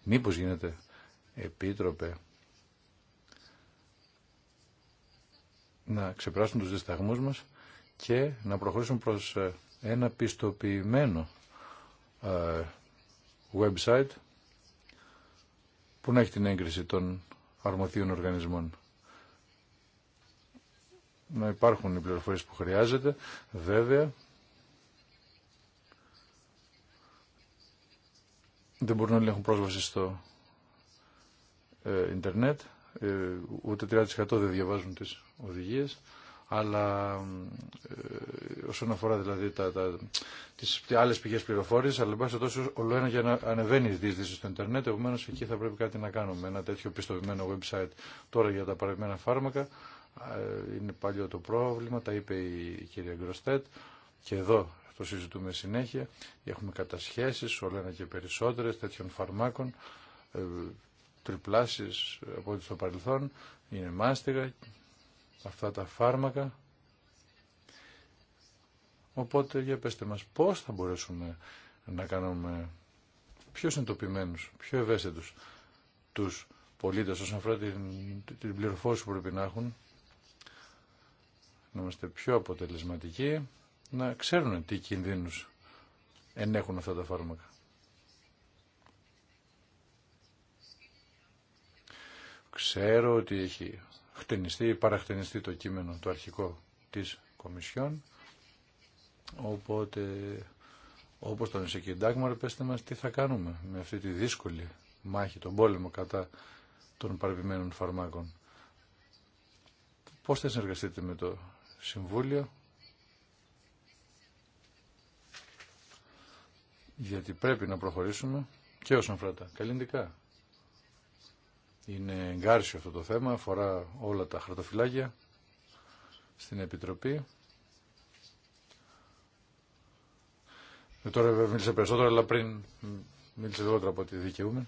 Μήπως γίνεται επίτροπε να ξεπεράσουμε τους δισταγμούς μας και να προχωρήσουν προς ε, ένα πιστοποιημένο ε, website που να έχει την έγκριση των αρμοδίων οργανισμών. Να υπάρχουν οι πληροφορίες που χρειάζεται. Βέβαια, δεν μπορούν όλοι να έχουν πρόσβαση στο ε, ίντερνετ, ε, ούτε 30% δεν διαβάζουν τις οδηγίες, αλλά ε, όσον αφορά δηλαδή τα, τα, τις άλλες πηγές πληροφόρησης, αλλά πάση τόσο όλο ένα για να ανεβαίνει η διείσδυση στο ίντερνετ, επομένω εκεί θα πρέπει κάτι να κάνουμε, ένα τέτοιο πιστοποιημένο website. Τώρα για τα παραγωγμένα φάρμακα, ε, είναι παλιό το πρόβλημα, τα είπε η κυρία Γκροστέτ, και εδώ το συζητούμε συνέχεια. Έχουμε κατασχέσεις, όλα ένα και περισσότερες τέτοιων φαρμάκων, ε, τριπλάσεις από ό,τι στο παρελθόν. Είναι μάστιγα αυτά τα φάρμακα. Οπότε για πέστε μας πώς θα μπορέσουμε να κάνουμε πιο συντοπιμένους πιο ευαίσθητους τους πολίτες όσον αφορά την, την πληροφόρηση που πρέπει να έχουν, να είμαστε πιο αποτελεσματικοί να ξέρουν τι κινδύνους ενέχουν αυτά τα φάρμακα. Ξέρω ότι έχει χτενιστεί ή παραχτενιστεί το κείμενο το αρχικό της Κομισιόν, οπότε όπως τον η Ντάγμαρ πέστε μας τι θα κάνουμε με αυτή τη δύσκολη μάχη, τον πόλεμο κατά των παραπημένων φαρμάκων. Πώς θα συνεργαστείτε με το Συμβούλιο, γιατί πρέπει να προχωρήσουμε και όσον αφορά τα καλλιντικά. Είναι εγκάρσιο αυτό το θέμα, αφορά όλα τα χαρτοφυλάκια στην Επιτροπή. Ε, τώρα μίλησε περισσότερο, αλλά πριν μίλησε λιγότερο από ό,τι δικαιούμε.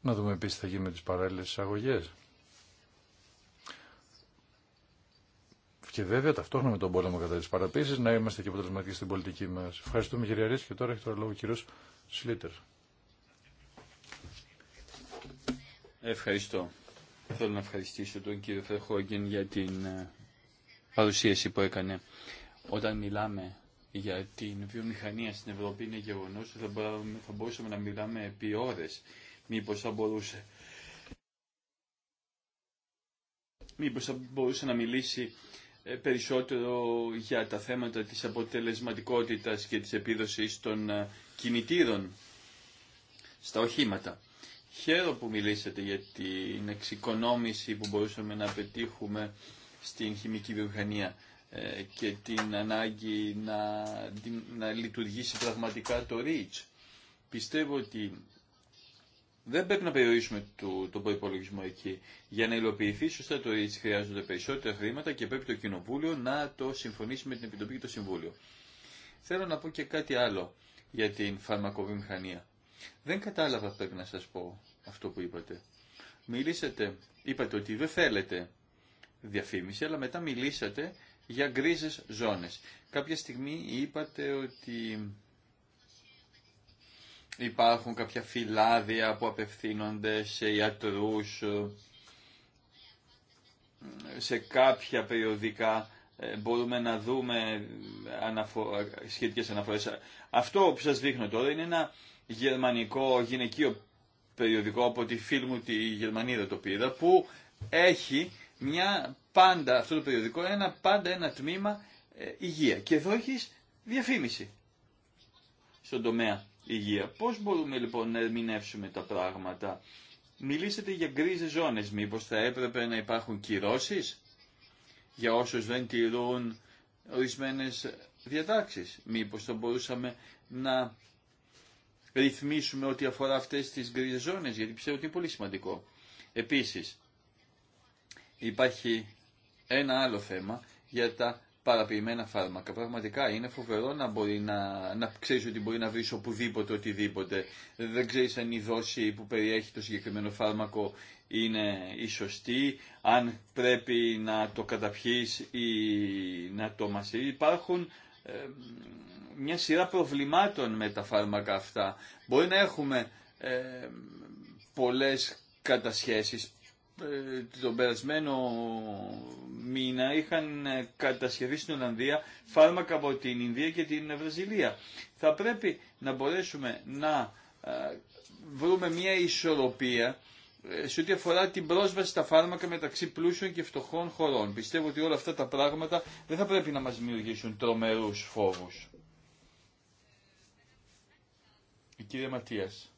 Να δούμε επίσης τι θα γίνει με τις παράλληλες εισαγωγές. και βέβαια ταυτόχρονα με τον πόλεμο κατά τι παραπείσει να είμαστε και αποτελεσματικοί στην πολιτική μα. Ευχαριστούμε κύριε Ρίση και τώρα έχει το λόγο ο κύριο Σλίτερ. Ευχαριστώ. Θέλω να ευχαριστήσω τον κύριο Φερχόγγεν για την ε, παρουσίαση που έκανε. Όταν μιλάμε για την βιομηχανία στην Ευρώπη είναι γεγονός ότι θα μπορούσαμε να μιλάμε επί ώρες. Μήπως θα μπορούσε. Μήπως θα μπορούσε να μιλήσει ε, περισσότερο για τα θέματα της αποτελεσματικότητας και της επίδοσης των ε, κινητήρων στα οχήματα. Χαίρο που μιλήσατε για την εξοικονόμηση που μπορούσαμε να πετύχουμε στην χημική βιομηχανία ε, και την ανάγκη να, να λειτουργήσει πραγματικά το REACH. Πιστεύω ότι δεν πρέπει να περιορίσουμε το, τον προπολογισμό εκεί. Για να υλοποιηθεί σωστά το ΡΙΤΣ χρειάζονται περισσότερα χρήματα και πρέπει το Κοινοβούλιο να το συμφωνήσει με την Επιτροπή και το Συμβούλιο. Θέλω να πω και κάτι άλλο για την φαρμακοβιομηχανία. Δεν κατάλαβα πρέπει να σας πω αυτό που είπατε. Μιλήσατε, είπατε ότι δεν θέλετε διαφήμιση, αλλά μετά μιλήσατε για γκρίζες ζώνες. Κάποια στιγμή είπατε ότι υπάρχουν κάποια φυλάδια που απευθύνονται σε ιατρούς, σε κάποια περιοδικά ε, μπορούμε να δούμε αναφο... σχετικές αναφορές. Αυτό που σας δείχνω τώρα είναι ένα γερμανικό γυναικείο περιοδικό από τη φίλη μου τη Γερμανίδα το πήρα που έχει μια πάντα, αυτό το περιοδικό, ένα πάντα ένα τμήμα ε, υγεία. Και εδώ έχει διαφήμιση στον τομέα υγεία. Πώς μπορούμε λοιπόν να ερμηνεύσουμε τα πράγματα. Μιλήσατε για γκρίζε ζώνες. Μήπως θα έπρεπε να υπάρχουν κυρώσεις για όσους δεν τηρούν ορισμένες διατάξεις. Μήπως θα μπορούσαμε να ρυθμίσουμε ό,τι αφορά αυτές τις γκρίζε ζώνες, γιατί πιστεύω ότι είναι πολύ σημαντικό. Επίσης, υπάρχει ένα άλλο θέμα για τα παραποιημένα φάρμακα. Πραγματικά είναι φοβερό να, μπορεί να, να ξέρει ότι μπορεί να βρει οπουδήποτε οτιδήποτε. Δεν ξέρει αν η δόση που περιέχει το συγκεκριμένο φάρμακο είναι η σωστή, αν πρέπει να το καταπιείς ή να το μασεί Υπάρχουν ε, μια σειρά προβλημάτων με τα φάρμακα αυτά. Μπορεί να έχουμε ε, πολλές κατασχέσεις, ε, τον περασμένο μήνα είχαν κατασκευή στην Ολλανδία φάρμακα από την Ινδία και την Βραζιλία. Θα πρέπει να μπορέσουμε να ε, βρούμε μια ισορροπία ε, σε ό,τι αφορά την πρόσβαση στα φάρμακα μεταξύ πλούσιων και φτωχών χωρών. Πιστεύω ότι όλα αυτά τα πράγματα δεν θα πρέπει να μας δημιουργήσουν τρομερούς φόβους. Η κυρία Ματίας.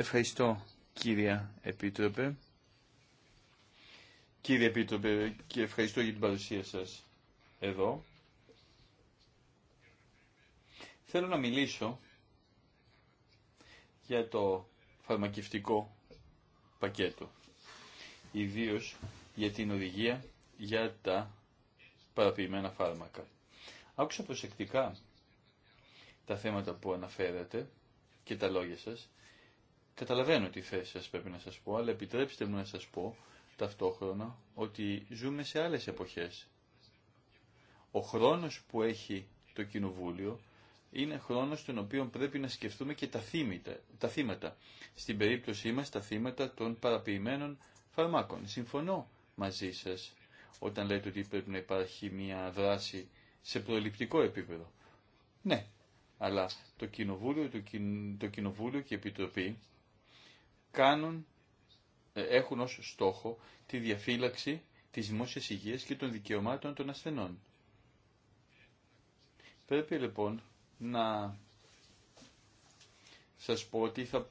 Ευχαριστώ κύρια Επίτροπε. Κύριε Επίτροπε και ευχαριστώ για την παρουσία σας εδώ. Θέλω να μιλήσω για το φαρμακευτικό πακέτο. Ιδίω για την οδηγία για τα παραποιημένα φάρμακα. Άκουσα προσεκτικά τα θέματα που αναφέρατε και τα λόγια σας Καταλαβαίνω τη θέση σας πρέπει να σας πω, αλλά επιτρέψτε μου να σας πω ταυτόχρονα ότι ζούμε σε άλλες εποχές. Ο χρόνος που έχει το Κοινοβούλιο είναι χρόνος τον οποίο πρέπει να σκεφτούμε και τα, θύμητα, τα θύματα. Στην περίπτωσή μας τα θύματα των παραποιημένων φαρμάκων. Συμφωνώ μαζί σας όταν λέτε ότι πρέπει να υπάρχει μια δράση σε προληπτικό επίπεδο. Ναι, αλλά το Κοινοβούλιο, το, το Κοινοβούλιο και η Επιτροπή κάνουν, ε, έχουν ως στόχο τη διαφύλαξη της δημόσιας υγείας και των δικαιωμάτων των ασθενών. Πρέπει λοιπόν να σας πω ότι θα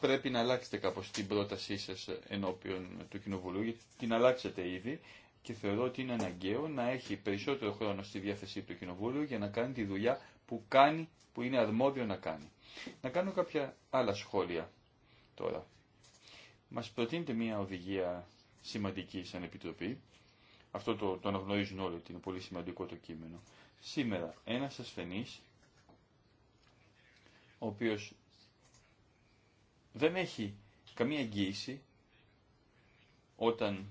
πρέπει να αλλάξετε κάπως την πρότασή σας ενώπιον του Κοινοβουλίου, γιατί την αλλάξατε ήδη και θεωρώ ότι είναι αναγκαίο να έχει περισσότερο χρόνο στη διάθεσή του Κοινοβούλου για να κάνει τη δουλειά που κάνει, που είναι αρμόδιο να κάνει. Να κάνω κάποια άλλα σχόλια τώρα. Μας προτείνεται μια οδηγία σημαντική σαν Επιτροπή. Αυτό το, το αναγνωρίζουν όλοι ότι είναι πολύ σημαντικό το κείμενο. Σήμερα ένας ασθενής, ο οποίος δεν έχει καμία εγγύηση όταν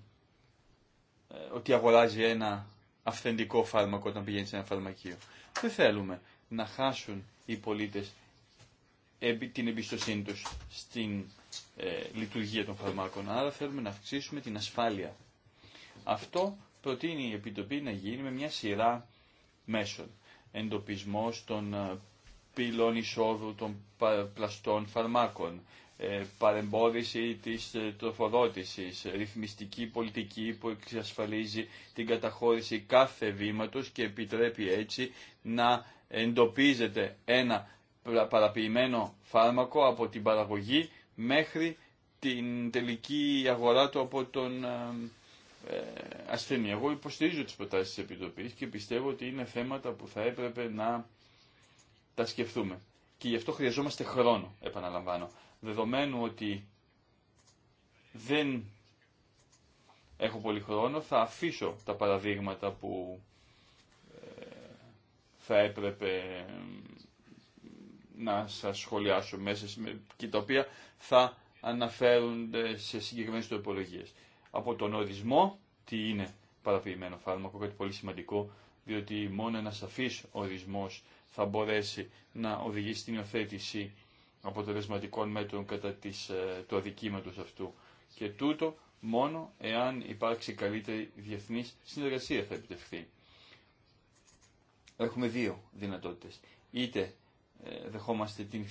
ε, ότι αγοράζει ένα αυθεντικό φάρμακο όταν πηγαίνει σε ένα φαρμακείο. Δεν θέλουμε να χάσουν οι πολίτες την εμπιστοσύνη τους στην ε, λειτουργία των φαρμάκων. Άρα θέλουμε να αυξήσουμε την ασφάλεια. Αυτό προτείνει η Επιτροπή να γίνει με μια σειρά μέσων. Εντοπισμός των ε, πυλών εισόδου των πλαστών φαρμάκων, ε, παρεμπόδιση της τροφοδότησης, ρυθμιστική πολιτική που εξασφαλίζει την καταχώρηση κάθε βήματος και επιτρέπει έτσι να εντοπίζεται ένα παραποιημένο φάρμακο από την παραγωγή μέχρι την τελική αγορά του από τον ε, ε, ασθενή. Εγώ υποστηρίζω τις προτάσεις της Επιτροπής και πιστεύω ότι είναι θέματα που θα έπρεπε να τα σκεφτούμε. Και γι' αυτό χρειαζόμαστε χρόνο, επαναλαμβάνω. Δεδομένου ότι δεν έχω πολύ χρόνο, θα αφήσω τα παραδείγματα που ε, θα έπρεπε να σας σχολιάσω μέσα και τα οποία θα αναφέρονται σε συγκεκριμένες τοπολογίες. Από τον ορισμό, τι είναι παραποιημένο φάρμακο, κάτι πολύ σημαντικό, διότι μόνο ένα σαφής ορισμός θα μπορέσει να οδηγήσει στην υιοθέτηση αποτελεσματικών μέτρων κατά της, ε, του αδικήματος αυτού. Και τούτο μόνο εάν υπάρξει καλύτερη διεθνής συνεργασία θα επιτευχθεί. Έχουμε δύο δυνατότητες. Είτε ε, δεχόμαστε την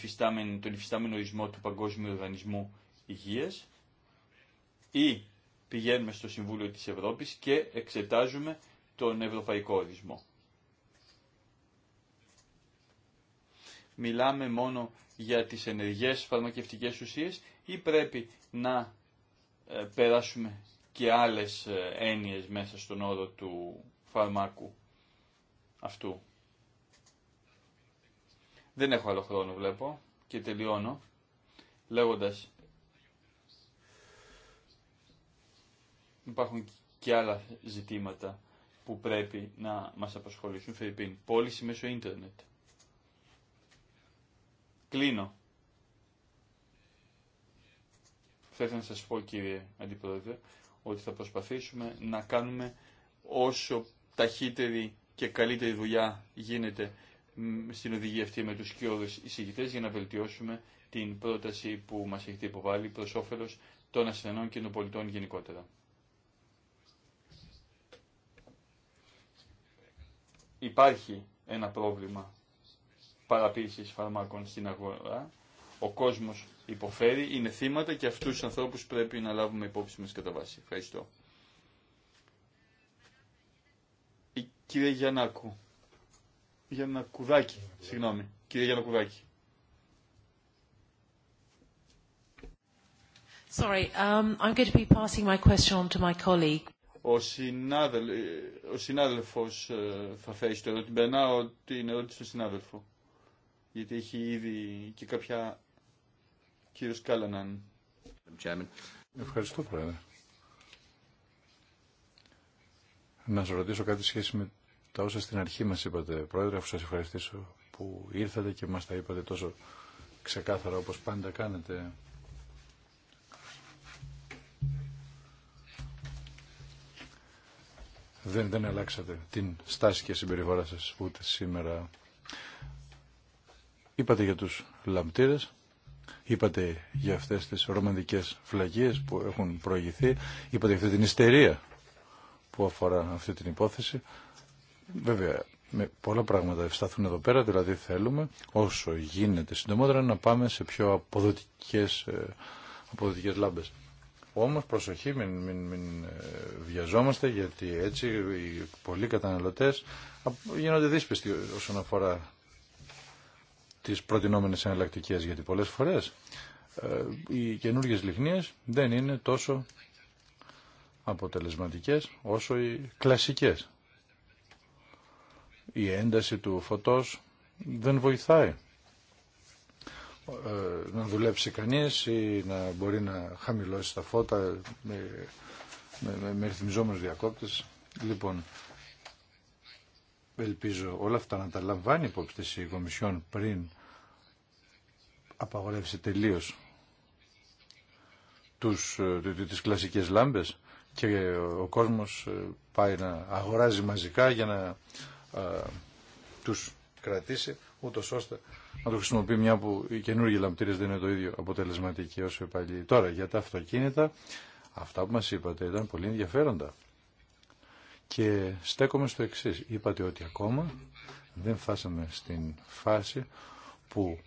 τον υφιστάμενο ορισμό του Παγκόσμιου Οργανισμού Υγείας ή πηγαίνουμε στο Συμβούλιο της Ευρώπης και εξετάζουμε τον ευρωπαϊκό ορισμό. Μιλάμε μόνο για τις ενεργές φαρμακευτικές ουσίες ή πρέπει να ε, περάσουμε και άλλες ε, έννοιες μέσα στον όρο του φαρμάκου αυτού. Δεν έχω άλλο χρόνο βλέπω και τελειώνω λέγοντας υπάρχουν και άλλα ζητήματα που πρέπει να μας απασχολήσουν. Φερρυπίν, πώληση μέσω ίντερνετ. Κλείνω. Θα ήθελα να σας πω κύριε Αντιπρόεδρε ότι θα προσπαθήσουμε να κάνουμε όσο ταχύτερη και καλύτερη δουλειά γίνεται στην οδηγία αυτή με τους κοιόδους εισηγητές για να βελτιώσουμε την πρόταση που μας έχετε υποβάλει προς όφελος των ασθενών και των πολιτών γενικότερα. Υπάρχει ένα πρόβλημα παραποίησης φαρμάκων στην αγορά. Ο κόσμος υποφέρει, είναι θύματα και αυτούς τους ανθρώπους πρέπει να λάβουμε υπόψη μας κατά βάση. Ευχαριστώ. Η κυρία Γιαννάκου. Για κουδάκι, Συγγνώμη, κυρία Γιανακουδάκη. Sorry, um, I'm going to be passing my question on to my colleague. Ο, συνάδελ, ε, ο συνάδελφος ε, θα θέσει το ερώτημα. Περνάω την ερώτηση στον συνάδελφο. Γιατί έχει ήδη και κάποια κύριος Κάλαναν. Ευχαριστώ, Πρόεδρε. Να σα ρωτήσω κάτι σχέση με τα όσα στην αρχή μας είπατε, Πρόεδρε, αφού σας ευχαριστήσω που ήρθατε και μας τα είπατε τόσο ξεκάθαρα όπως πάντα κάνετε. Δεν, δεν αλλάξατε την στάση και συμπεριφορά σας ούτε σήμερα. Είπατε για τους λαμπτήρες, είπατε για αυτές τις ρομαντικές φλαγίες που έχουν προηγηθεί, είπατε για αυτή την ιστερία που αφορά αυτή την υπόθεση. Βέβαια, με πολλά πράγματα ευσταθούν εδώ πέρα, δηλαδή θέλουμε όσο γίνεται συντομότερα να πάμε σε πιο αποδοτικές, ε, αποδοτικές λάμπες. Όμως προσοχή, μην, μην, μην ε, βιαζόμαστε γιατί έτσι οι πολλοί καταναλωτές γίνονται δύσπιστοι όσον αφορά τις προτινόμενες εναλλακτικές γιατί πολλές φορές ε, οι καινούργιες λιχνίες δεν είναι τόσο αποτελεσματικές όσο οι κλασικές η ένταση του φωτός δεν βοηθάει ε, να δουλέψει κανείς ή να μπορεί να χαμηλώσει τα φώτα με, με, με διακόπτες. Λοιπόν, ελπίζω όλα αυτά να τα λαμβάνει υπόψη της η Κομισιόν πριν απαγορεύσει τελείως τους, ε, τις κλασικές λάμπες και ο κόσμος ε, πάει να αγοράζει μαζικά για να ε, τους κρατήσει, ούτω ώστε να το χρησιμοποιεί μια που οι καινούργιοι λαμπτήρε δεν είναι το ίδιο αποτελεσματικοί όσο οι παλιοί. Τώρα για τα αυτοκίνητα, αυτά που μα είπατε ήταν πολύ ενδιαφέροντα. Και στέκομαι στο εξή. Είπατε ότι ακόμα δεν φάσαμε στην φάση που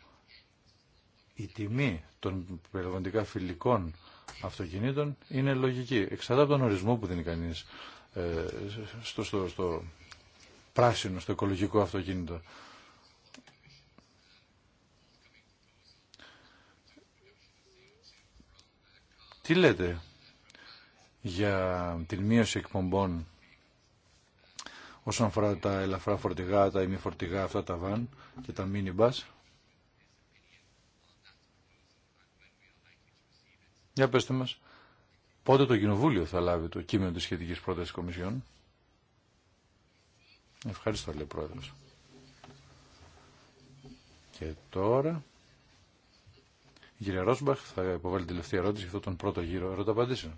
η τιμή των περιβαλλοντικά φιλικών αυτοκινήτων είναι λογική. Εξαρτάται από τον ορισμό που δίνει κανεί ε, στο, στο, στο πράσινο, στο οικολογικό αυτοκίνητο. Τι λέτε για την μείωση εκπομπών όσον αφορά τα ελαφρά φορτηγά, τα ημιφορτηγά, αυτά τα βαν και τα μίνι μπας. Για πέστε μας, πότε το Κοινοβούλιο θα λάβει το κείμενο της σχετικής πρότασης Κομισιόν. Ευχαριστώ, λέει πρόεδρος. Και τώρα, η κυρία Ρόσμπαχ θα υποβάλει την τελευταία ερώτηση για αυτόν τον πρώτο γύρο ερωταπαντήσεων.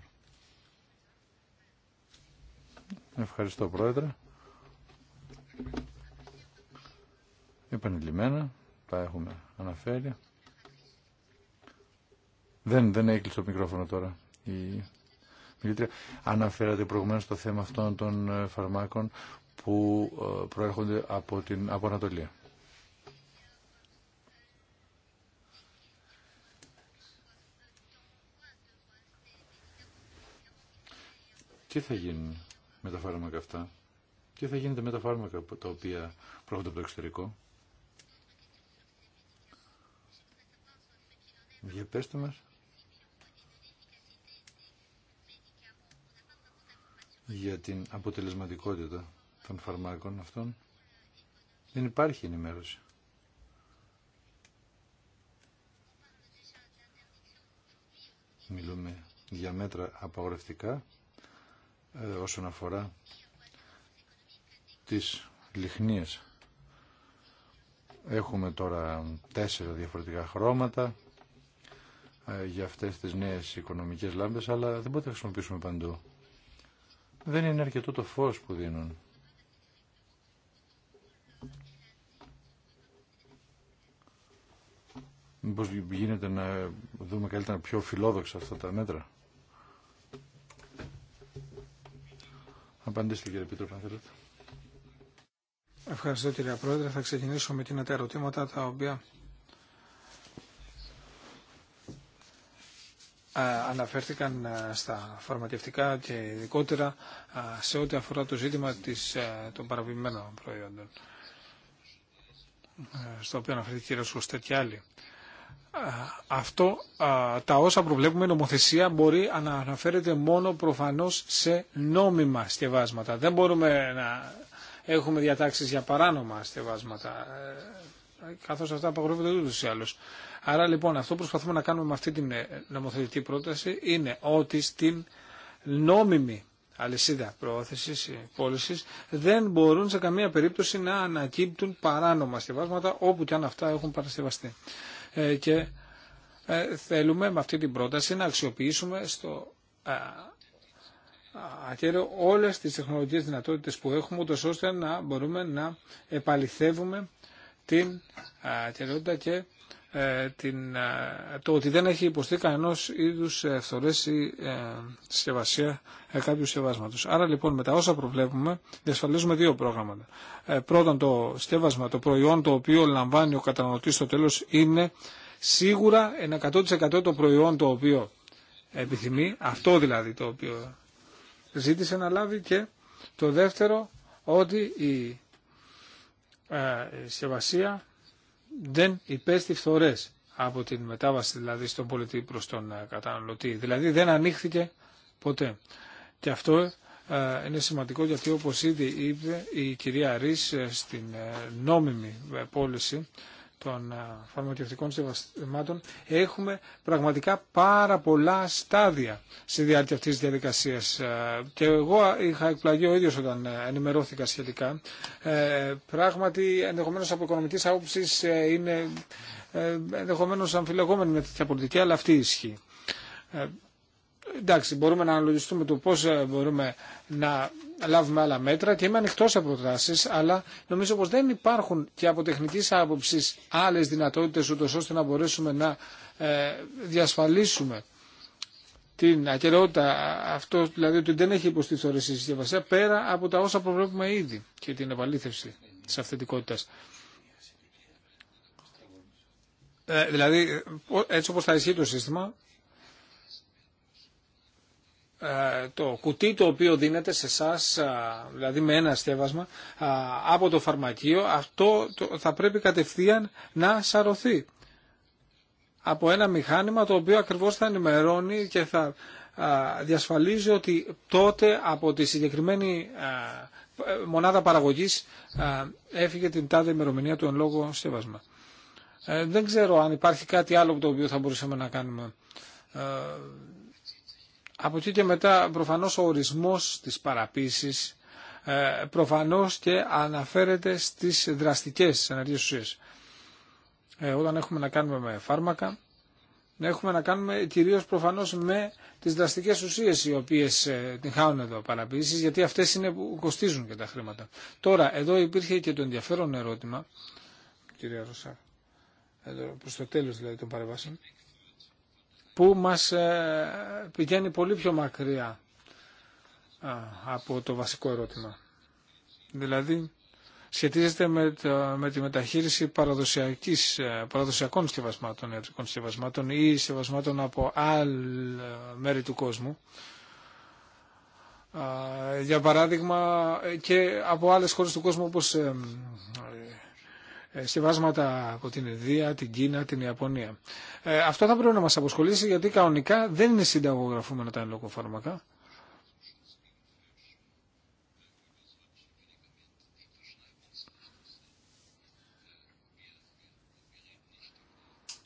Ευχαριστώ, πρόεδρε. Επανειλημμένα, τα έχουμε αναφέρει. Δεν, δεν έκλεισε το μικρόφωνο τώρα η Μιλήτρια. Αναφέρατε προηγουμένως το θέμα αυτών των φαρμάκων που ε, προέρχονται από την από Ανατολία. Τι θα γίνει με τα φάρμακα αυτά, τι θα γίνεται με τα φάρμακα τα οποία προέρχονται από το εξωτερικό. Για πέστε Για την αποτελεσματικότητα των φαρμάκων αυτών. Δεν υπάρχει ενημέρωση. Μιλούμε για μέτρα απαγορευτικά ε, όσον αφορά τις λιχνίες. Έχουμε τώρα τέσσερα διαφορετικά χρώματα ε, για αυτές τις νέες οικονομικές λάμπες, αλλά δεν μπορούμε να χρησιμοποιήσουμε παντού. Δεν είναι αρκετό το φως που δίνουν. Μήπως γίνεται να δούμε καλύτερα πιο φιλόδοξα αυτά τα μέτρα. Απαντήστε κύριε Πίτρο, αν θέλετε. Ευχαριστώ κύριε Πρόεδρε. Θα ξεκινήσω με την τα ερωτήματα τα οποία ε, αναφέρθηκαν ε, στα φαρμακευτικά και ειδικότερα ε, σε ό,τι αφορά το ζήτημα της, των παραβημένων προϊόντων στο οποίο αναφέρθηκε ο κύριος Χωστέ και άλλοι αυτό, τα όσα προβλέπουμε νομοθεσία μπορεί να αναφέρεται μόνο προφανώς σε νόμιμα στεβάσματα. Δεν μπορούμε να έχουμε διατάξεις για παράνομα στεβάσματα, ε, καθώς αυτά απαγορεύονται ούτως ή άλλως. Άρα λοιπόν αυτό που προσπαθούμε να κάνουμε με αυτή την ε, νομοθετική πρόταση είναι ότι στην νόμιμη αλυσίδα προώθηση ε, πώληση δεν μπορούν σε καμία περίπτωση να ανακύπτουν παράνομα στεβάσματα όπου και αν αυτά έχουν παρασκευαστεί. Ε, και ε, θέλουμε με αυτή την πρόταση να αξιοποιήσουμε στο ακέραιο όλες τις τεχνολογικές δυνατότητες που έχουμε, ώστε να μπορούμε να επαληθεύουμε την ακαιρεότητα και ε, την, ε, το ότι δεν έχει υποστεί κανένα είδου φθορέ ή ε, συσκευασία κάποιου συσκευάσματο. Άρα λοιπόν με τα όσα προβλέπουμε διασφαλίζουμε δύο πρόγραμματα. Πρώτον το σκευάσμα, το προϊόν το οποίο λαμβάνει ο καταναλωτή στο τέλο είναι σίγουρα 100% το προϊόν το οποίο επιθυμεί, αυτό δηλαδή το οποίο ζήτησε να λάβει και το δεύτερο ότι η συσκευασία δεν υπέστη φθορέ από την μετάβαση δηλαδή στον πολιτή προ τον ε, καταναλωτή. Δηλαδή δεν ανοίχθηκε ποτέ. Και αυτό ε, είναι σημαντικό γιατί όπω ήδη είπε η κυρία Ρή ε, στην νόμιμη πώληση των ε, φαρμακευτικών συμβαστημάτων έχουμε πραγματικά πάρα πολλά στάδια στη διάρκεια αυτής της διαδικασίας. Ε, και εγώ είχα εκπλαγεί ο ίδιος όταν ε, ενημερώθηκα σχετικά. Πράγματι, ενδεχομένως από οικονομική άποψη είναι ενδεχομένως αμφιλεγόμενη με τέτοια πολιτική, αλλά αυτή ισχύει εντάξει, μπορούμε να αναλογιστούμε το πώς ε, μπορούμε να λάβουμε άλλα μέτρα και είμαι ανοιχτό σε προτάσει, αλλά νομίζω πως δεν υπάρχουν και από τεχνική άποψη άλλες δυνατότητες ούτως ώστε να μπορέσουμε να ε, διασφαλίσουμε την ακαιρεότητα αυτό, δηλαδή ότι δεν έχει υποστεί η συσκευασία, πέρα από τα όσα προβλέπουμε ήδη και την επαλήθευση της αυθεντικότητας. Ε, δηλαδή, έτσι όπως θα ισχύει το σύστημα, ε, το κουτί το οποίο δίνεται σε εσά, ε, δηλαδή με ένα στέβασμα ε, από το φαρμακείο, αυτό θα πρέπει κατευθείαν να σαρωθεί από ένα μηχάνημα το οποίο ακριβώς θα ενημερώνει και θα διασφαλίζει ότι τότε από τη συγκεκριμένη μονάδα παραγωγής έφυγε την τάδε ημερομηνία του εν λόγω στέβασμα. Δεν ξέρω αν υπάρχει κάτι άλλο το οποίο θα μπορούσαμε να κάνουμε από εκεί και μετά προφανώς ο ορισμός της παραποίησης ε, προφανώς και αναφέρεται στις δραστικές ενεργές ουσίες. Ε, όταν έχουμε να κάνουμε με φάρμακα, έχουμε να κάνουμε κυρίως προφανώς με τις δραστικές ουσίες οι οποίες ε, την χάνουν εδώ παραποίησης, γιατί αυτές είναι που κοστίζουν και τα χρήματα. Τώρα, εδώ υπήρχε και το ενδιαφέρον ερώτημα, κυρία Ρωσά, προς το τέλος δηλαδή των παρεμβάσεων, που μας ε, πηγαίνει πολύ πιο μακριά από το βασικό ερώτημα. Δηλαδή, σχετίζεται με, τη μεταχείριση παραδοσιακής, ε, παραδοσιακών συσκευασμάτων, ιατρικών σκευασμάτων ή σκευασμάτων από άλλη ε, μέρη του κόσμου. Για παράδειγμα, και από άλλες χώρες του κόσμου όπως ε, συμβάσματα από την Ινδία, την Κίνα, την Ιαπωνία. Ε, αυτό θα πρέπει να μας αποσχολήσει γιατί κανονικά δεν είναι συνταγογραφούμενα τα εν φάρμακα.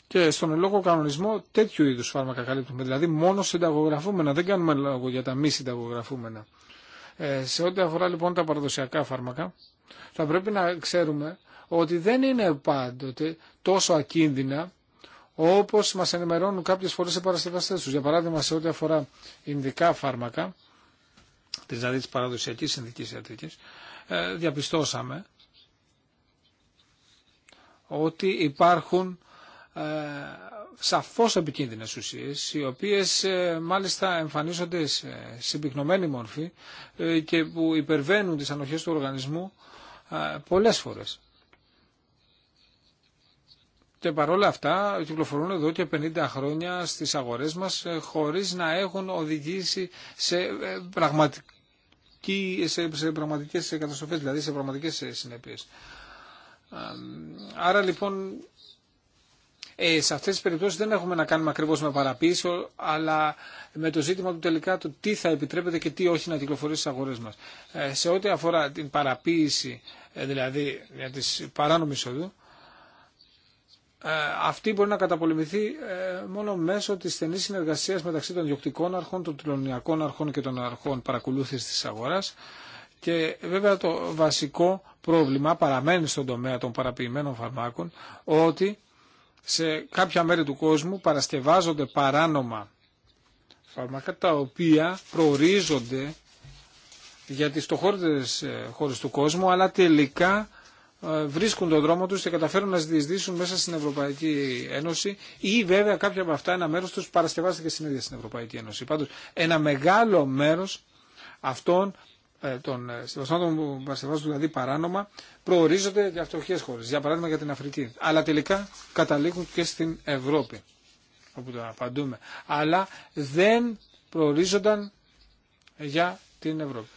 Και στον ελόγο κανονισμό τέτοιου είδου φάρμακα καλύπτουμε. Δηλαδή μόνο συνταγογραφούμενα. Δεν κάνουμε λόγο για τα μη συνταγογραφούμενα. Ε, σε ό,τι αφορά λοιπόν τα παραδοσιακά φάρμακα, θα πρέπει να ξέρουμε ότι δεν είναι πάντοτε τόσο ακίνδυνα όπως μας ενημερώνουν κάποιες φορές οι παρασκευαστές τους. Για παράδειγμα σε ό,τι αφορά ινδικά φάρμακα, της δηλαδή τη παραδοσιακής ειδική ιατρικής, ε, διαπιστώσαμε ότι υπάρχουν ε, σαφώς επικίνδυνες ουσίες, οι οποίες ε, μάλιστα εμφανίζονται σε συμπυκνωμένη μόρφη ε, και που υπερβαίνουν τις ανοχές του οργανισμού ε, πολλές φορές. Και παρόλα αυτά κυκλοφορούν εδώ και 50 χρόνια στις αγορές μας χωρίς να έχουν οδηγήσει σε πραγματική, σε, πραγματικές καταστροφές, δηλαδή σε πραγματικές συνέπειες. Άρα λοιπόν ε, σε αυτές τις περιπτώσεις δεν έχουμε να κάνουμε ακριβώς με παραποίηση, αλλά με το ζήτημα του τελικά του τι θα επιτρέπεται και τι όχι να κυκλοφορεί στις αγορές μας. Ε, σε ό,τι αφορά την παραποίηση, ε, δηλαδή για τις εισόδου, οδού, αυτή μπορεί να καταπολεμηθεί μόνο μέσω της στενής συνεργασίας μεταξύ των διοκτικών αρχών, των τηλεωνιακών αρχών και των αρχών παρακολούθησης της αγοράς και βέβαια το βασικό πρόβλημα παραμένει στον τομέα των παραποιημένων φαρμάκων ότι σε κάποια μέρη του κόσμου παρασκευάζονται παράνομα φάρμακα τα οποία προορίζονται για τις στοχόρτες χώρες ε, του κόσμου αλλά τελικά ε, βρίσκουν τον δρόμο τους και καταφέρουν να διεισδύσουν μέσα στην Ευρωπαϊκή Ένωση ή βέβαια κάποια από αυτά ένα μέρος τους παρασκευάζεται και στην ίδια στην Ευρωπαϊκή Ένωση. Πάντως ένα μεγάλο μέρος αυτών ε, των ε, συμβασμάτων που παρασκευάζουν δηλαδή παράνομα προορίζονται για φτωχέ χώρε, για παράδειγμα για την Αφρική. Αλλά τελικά καταλήγουν και στην Ευρώπη, όπου το απαντούμε. Αλλά δεν προορίζονταν για την Ευρώπη.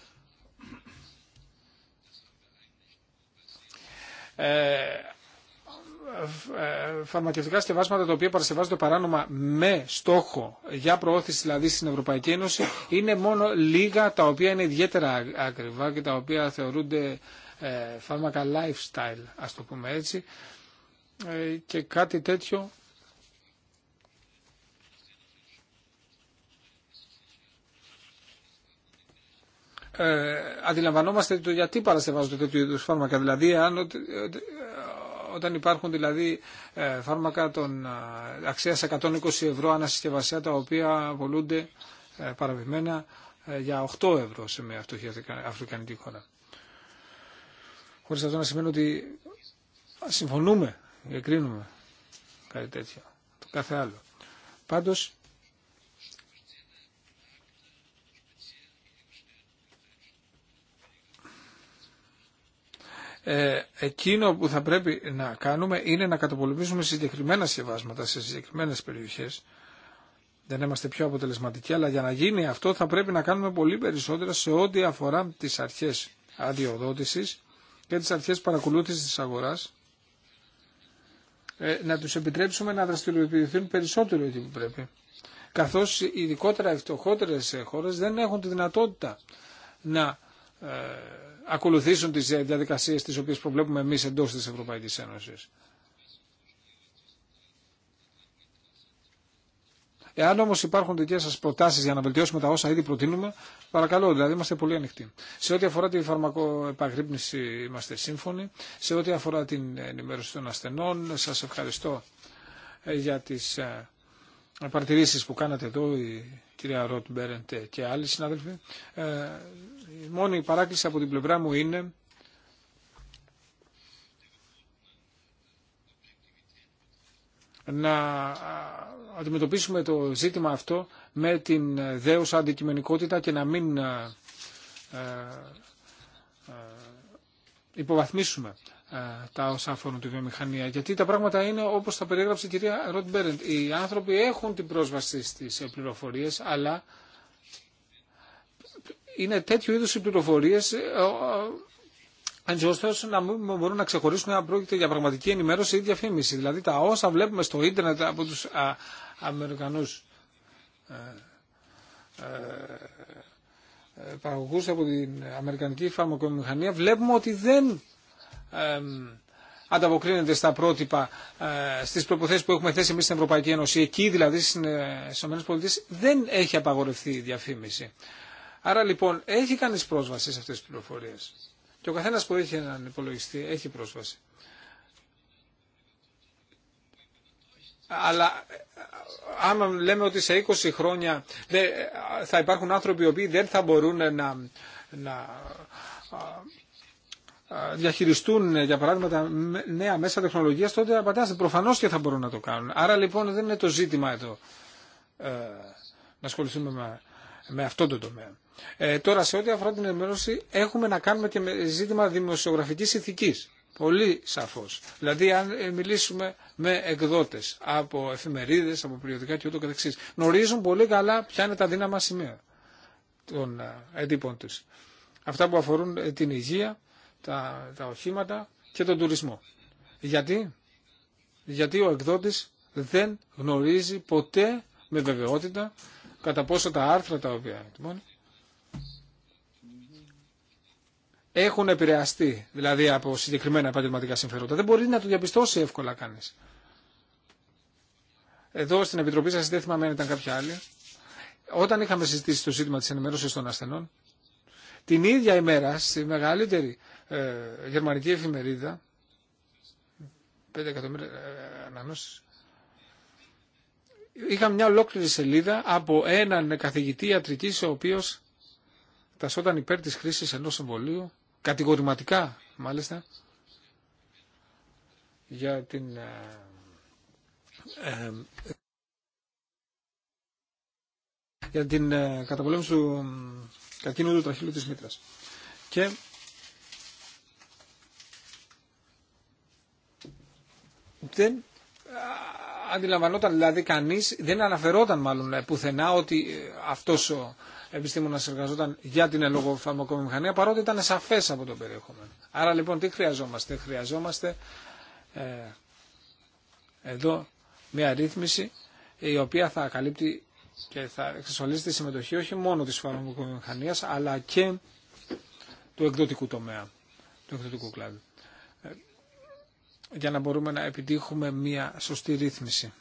Ε, ε, φαρμακευτικά σκευάσματα τα οποία παρασκευάζονται παράνομα με στόχο για προώθηση δηλαδή στην Ευρωπαϊκή Ένωση είναι μόνο λίγα τα οποία είναι ιδιαίτερα ακριβά και τα οποία θεωρούνται ε, φάρμακα lifestyle ας το πούμε έτσι ε, και κάτι τέτοιο αντιλαμβανόμαστε το γιατί παρασκευάζονται τέτοιου είδου φάρμακα. Δηλαδή, αν, όταν υπάρχουν δηλαδή ε, φάρμακα των ε, αξίας 120 ευρώ ανασυσκευασία τα οποία απολούνται ε, παραβημένα για 8 ευρώ σε μια φτωχή αφρικανική χώρα. Χωρίς αυτό να σημαίνει ότι συμφωνούμε, εγκρίνουμε κάτι τέτοιο, το κάθε άλλο. Πάντως, Ε, εκείνο που θα πρέπει να κάνουμε είναι να καταπολεμήσουμε συγκεκριμένα συμβάσματα σε συγκεκριμένε περιοχέ. Δεν είμαστε πιο αποτελεσματικοί, αλλά για να γίνει αυτό θα πρέπει να κάνουμε πολύ περισσότερα σε ό,τι αφορά τι αρχέ αδειοδότηση και τι αρχέ παρακολούθηση τη αγορά. Ε, να του επιτρέψουμε να δραστηριοποιηθούν περισσότερο εκεί που πρέπει. Καθώ ειδικότερα οι φτωχότερε χώρε δεν έχουν τη δυνατότητα να ε, ακολουθήσουν τις διαδικασίες τις οποίες προβλέπουμε εμείς εντός της Ευρωπαϊκής Ένωσης. Εάν όμω υπάρχουν δικέ σα προτάσει για να βελτιώσουμε τα όσα ήδη προτείνουμε, παρακαλώ, δηλαδή είμαστε πολύ ανοιχτοί. Σε ό,τι αφορά τη φαρμακοεπαγρύπνηση είμαστε σύμφωνοι. Σε ό,τι αφορά την ενημέρωση των ασθενών, σα ευχαριστώ ε, για τις ε, παρατηρήσεις που κάνατε εδώ, η κυρία Ροτ Μπέρεντ και άλλοι συνάδελφοι, ε, η μόνη παράκληση από την πλευρά μου είναι να αντιμετωπίσουμε το ζήτημα αυτό με την δέουσα αντικειμενικότητα και να μην υποβαθμίσουμε ε, τα όσα αφορούν τη βιομηχανία. Γιατί τα πράγματα είναι όπως τα περιέγραψε η κυρία Ρόντ Μπέρεντ. Οι άνθρωποι έχουν την πρόσβαση στις ε, πληροφορίες, αλλά είναι τέτοιου είδους οι πληροφορίες ε, έτσι ώστε να μπορούν να ξεχωρίσουν αν πρόκειται για πραγματική ενημέρωση ή διαφήμιση. Δηλαδή τα όσα βλέπουμε στο ίντερνετ από τους α, Αμερικανούς ε, ε, παραγωγούς από την Αμερικανική φαρμακομηχανία βλέπουμε ότι δεν ανταποκρίνεται στα πρότυπα, ε, στις προποθέσεις που έχουμε θέσει εμείς στην Ευρωπαϊκή Ένωση. Εκεί δηλαδή στις ε, ΗΠΑ δεν έχει απαγορευτεί η διαφήμιση. Άρα λοιπόν έχει κανείς πρόσβαση σε αυτές τις πληροφορίες. Και ο καθένας που έχει έναν υπολογιστή έχει πρόσβαση. Αλλά άμα ε, λέμε ότι σε 20 χρόνια θα υπάρχουν άνθρωποι οι οποίοι δεν θα μπορούν να, να διαχειριστούν, ε, για παράδειγμα, τα νέα μέσα τεχνολογίας, τότε απαντάστε, προφανώς και θα μπορούν να το κάνουν. Άρα λοιπόν δεν είναι το ζήτημα εδώ ε, να ασχοληθούμε με, με αυτό το τομέα. Ε, τώρα, σε ό,τι αφορά την ενημέρωση, έχουμε να κάνουμε και με ζήτημα δημοσιογραφικής ηθικής. Πολύ σαφώς. Δηλαδή, αν ε, μιλήσουμε με εκδότες από εφημερίδες, από περιοδικά και ούτω καθεξής, γνωρίζουν πολύ καλά ποια είναι τα δύναμα σημεία των εντύπων τους. Αυτά που αφορούν την υγεία, τα, τα οχήματα και τον τουρισμό. Γιατί, Γιατί ο εκδότης δεν γνωρίζει ποτέ με βεβαιότητα κατά πόσο τα άρθρα τα οποία έχουν επηρεαστεί, δηλαδή από συγκεκριμένα επαγγελματικά συμφέροντα. Δεν μπορεί να το διαπιστώσει εύκολα κανείς. Εδώ στην Επιτροπή σας, δεν θυμάμαι αν ήταν κάποια άλλη, όταν είχαμε συζητήσει το ζήτημα της ενημέρωσης των ασθενών, την ίδια ημέρα στη μεγαλύτερη ε, γερμανική εφημερίδα 5 εκατομμύρια ε, είχα μια ολόκληρη σελίδα από έναν καθηγητή ιατρικής ο οποίος τασόταν υπέρ της χρήσης ενός συμβολίου κατηγορηματικά μάλιστα για την ε, ε, για την καταπολέμηση του Καρκίνο του τραχύλου της μήτρας. Και δεν αντιλαμβανόταν δηλαδή κανείς, δεν αναφερόταν μάλλον ε, πουθενά ότι ε, αυτός ο επιστήμονας εργαζόταν για την ελογοφαρμακομηχανία παρότι ήταν σαφές από το περιεχόμενο. Άρα λοιπόν τι χρειαζόμαστε. Χρειαζόμαστε ε, εδώ μια ρύθμιση η οποία θα καλύπτει και θα εξασφαλίσει τη συμμετοχή όχι μόνο της φαρμακοβιομηχανίας αλλά και του εκδοτικού τομέα, του εκδοτικού κλάδου ε, για να μπορούμε να επιτύχουμε μια σωστή ρύθμιση.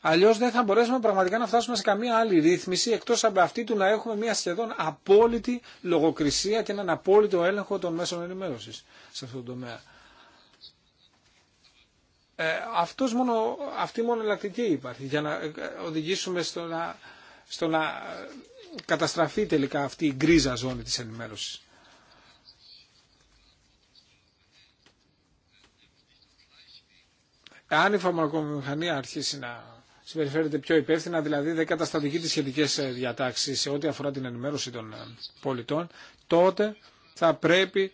Αλλιώς δεν θα μπορέσουμε πραγματικά να φτάσουμε σε καμία άλλη ρύθμιση εκτός από αυτή του να έχουμε μια σχεδόν απόλυτη λογοκρισία και έναν απόλυτο έλεγχο των μέσων ενημέρωσης σε αυτό το τομέα. Ε, αυτός μόνο, αυτή μόνο εναλλακτική υπάρχει για να ε, οδηγήσουμε στο να, στο να ε, καταστραφεί τελικά αυτή η γκρίζα ζώνη της ενημέρωσης. Αν η φαρμακομηχανία αρχίσει να συμπεριφέρεται πιο υπεύθυνα, δηλαδή δεν καταστατική τις σχετικές διατάξεις σε ό,τι αφορά την ενημέρωση των πολιτών, τότε θα πρέπει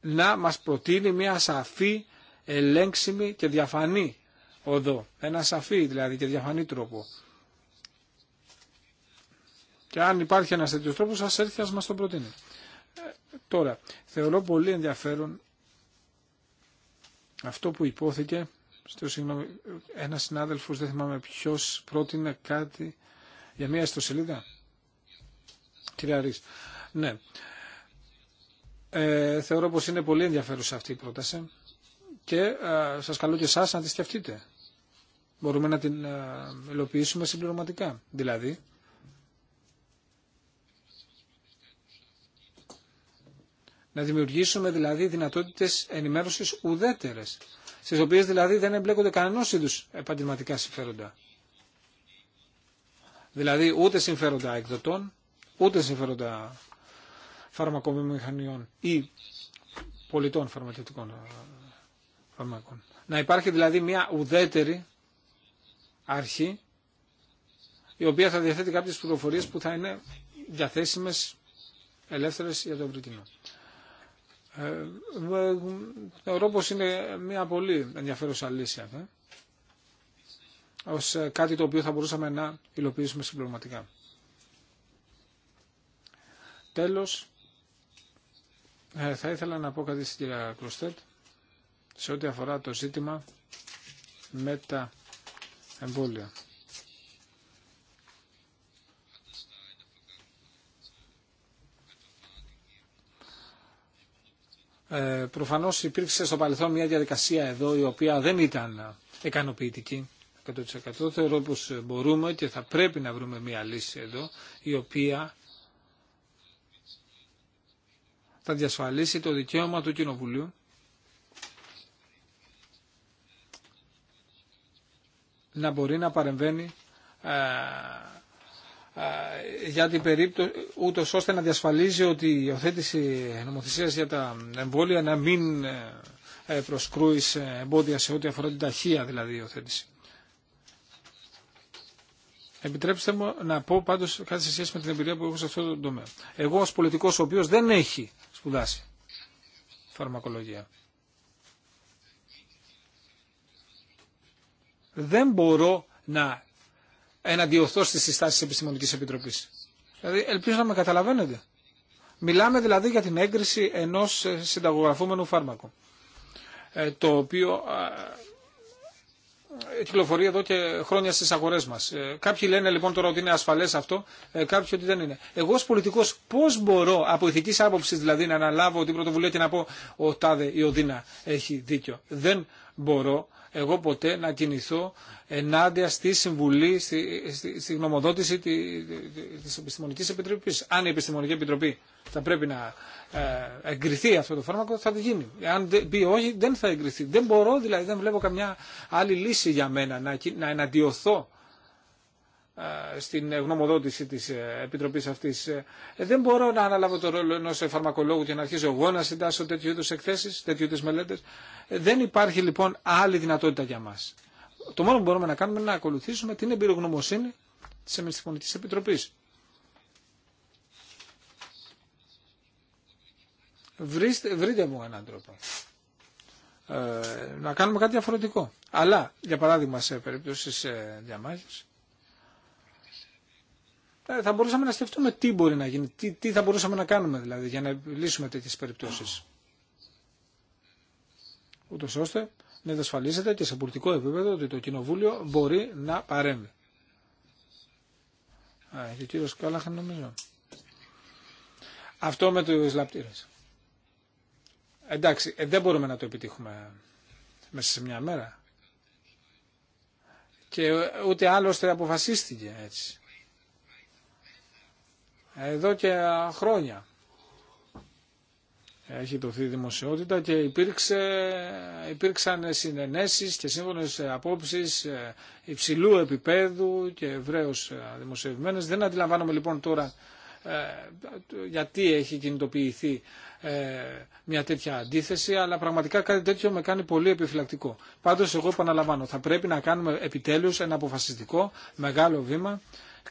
να μας προτείνει μια σαφή ελέγξιμη και διαφανή οδό. Ένα σαφή δηλαδή και διαφανή τρόπο. Και αν υπάρχει ένα τέτοιο τρόπο, σα έρθει να μας τον προτείνει. Ε, τώρα, θεωρώ πολύ ενδιαφέρον αυτό που υπόθηκε στο συγγνώμη, ένα συνάδελφο δεν θυμάμαι ποιο πρότεινε κάτι για μία ιστοσελίδα. Κυρία Ρή. Ναι. Ε, θεωρώ πως είναι πολύ ενδιαφέρουσα αυτή η πρόταση και ε, σας καλώ και εσάς να τη σκεφτείτε. Μπορούμε να την ε, υλοποιήσουμε συμπληρωματικά. Δηλαδή, να δημιουργήσουμε δηλαδή δυνατότητες ενημέρωσης ουδέτερες, στις οποίες δηλαδή δεν εμπλέκονται κανένας είδους επαγγελματικά συμφέροντα. Δηλαδή ούτε συμφέροντα εκδοτών, ούτε συμφέροντα φαρμακοβιομηχανιών ή πολιτών φαρμακευτικών ε, να υπάρχει δηλαδή μια ουδέτερη αρχή η οποία θα διαθέτει κάποιες πληροφορίες που θα είναι διαθέσιμες ελεύθερες για το ευρύ Ε, θεωρώ πως είναι μια πολύ ενδιαφέρουσα λύση αυτή ως ε, κάτι το οποίο θα μπορούσαμε να υλοποιήσουμε συμπληρωματικά. Τέλος, ε, θα ήθελα να πω κάτι στην κυρία Κλωστέτ σε ό,τι αφορά το ζήτημα με τα εμβόλια. Ε, προφανώς υπήρξε στο παρελθόν μια διαδικασία εδώ η οποία δεν ήταν ικανοποιητική 100%. Θεωρώ πως μπορούμε και θα πρέπει να βρούμε μια λύση εδώ η οποία θα διασφαλίσει το δικαίωμα του Κοινοβουλίου να μπορεί να παρεμβαίνει ε, ε, για την περίπτωση, ούτως ώστε να διασφαλίζει ότι η υιοθέτηση νομοθεσίας για τα εμβόλια να μην ε, προσκρούει σε εμπόδια σε ό,τι αφορά την ταχεία δηλαδή οθέτηση. Επιτρέψτε μου να πω πάντως κάτι σε σχέση με την εμπειρία που έχω σε αυτό το τομέα. Εγώ ως πολιτικός ο οποίος δεν έχει σπουδάσει φαρμακολογία δεν μπορώ να εναντιωθώ στις συστάσεις της Επιστημονικής Επιτροπής. Δηλαδή, ελπίζω να με καταλαβαίνετε. Μιλάμε δηλαδή για την έγκριση ενός ε, συνταγογραφούμενου φάρμακου, ε, το οποίο ε, κυκλοφορεί εδώ και χρόνια στις αγορές μας. Κάποιοι λένε λοιπόν τώρα ότι είναι ασφαλές αυτό, κάποιοι ότι δεν είναι. Εγώ ως πολιτικός πώς μπορώ από ηθικής άποψης δηλαδή να αναλάβω την πρωτοβουλία και να πω ο Τάδε ή ο Δίνα έχει δίκιο. Δεν μπορώ εγώ ποτέ να κινηθώ ενάντια στη συμβουλή, στη, γνωμοδότηση τη, της Επιστημονικής Επιτροπής. Αν η Επιστημονική Επιτροπή θα πρέπει να ε, εγκριθεί αυτό το φάρμακο, θα το γίνει. Αν πει όχι, δεν θα εγκριθεί. Δεν μπορώ δηλαδή, δεν βλέπω καμιά άλλη λύση για μένα να, να εναντιωθώ ε, στην γνωμοδότηση της ε, Επιτροπής αυτής. Ε, δεν μπορώ να αναλάβω το ρόλο ενός φαρμακολόγου και να αρχίζω εγώ να συντάσσω τέτοιου είδους εκθέσεις, τέτοιου είδους μελέτες. Δεν υπάρχει λοιπόν άλλη δυνατότητα για μας. Το μόνο που μπορούμε να κάνουμε είναι να ακολουθήσουμε την εμπειρογνωμοσύνη της Εμιστημονικής Επιτροπής. βρείτε μου έναν τρόπο ε, να κάνουμε κάτι διαφορετικό. Αλλά, για παράδειγμα, σε περίπτωση σε ε, θα μπορούσαμε να σκεφτούμε τι μπορεί να γίνει, τι, τι θα μπορούσαμε να κάνουμε δηλαδή για να λύσουμε τέτοιες περιπτώσεις. Ούτως ώστε να δεσφαλίζεται και σε πολιτικό επίπεδο ότι το Κοινοβούλιο μπορεί να παρέμβει. Α, και ο κύριος νομίζω. Αυτό με το λαπτήρες. Εντάξει, ε, δεν μπορούμε να το επιτύχουμε μέσα σε μια μέρα. Και ε, ούτε άλλωστε αποφασίστηκε έτσι εδώ και χρόνια έχει δοθεί δημοσιότητα και υπήρξε, υπήρξαν συνενέσεις και σύμφωνες απόψεις υψηλού επίπεδου και ευρέως δημοσιευμένες. Δεν αντιλαμβάνομαι λοιπόν τώρα ε, γιατί έχει κινητοποιηθεί ε, μια τέτοια αντίθεση, αλλά πραγματικά κάτι τέτοιο με κάνει πολύ επιφυλακτικό. Πάντως εγώ επαναλαμβάνω, θα πρέπει να κάνουμε επιτέλους ένα αποφασιστικό μεγάλο βήμα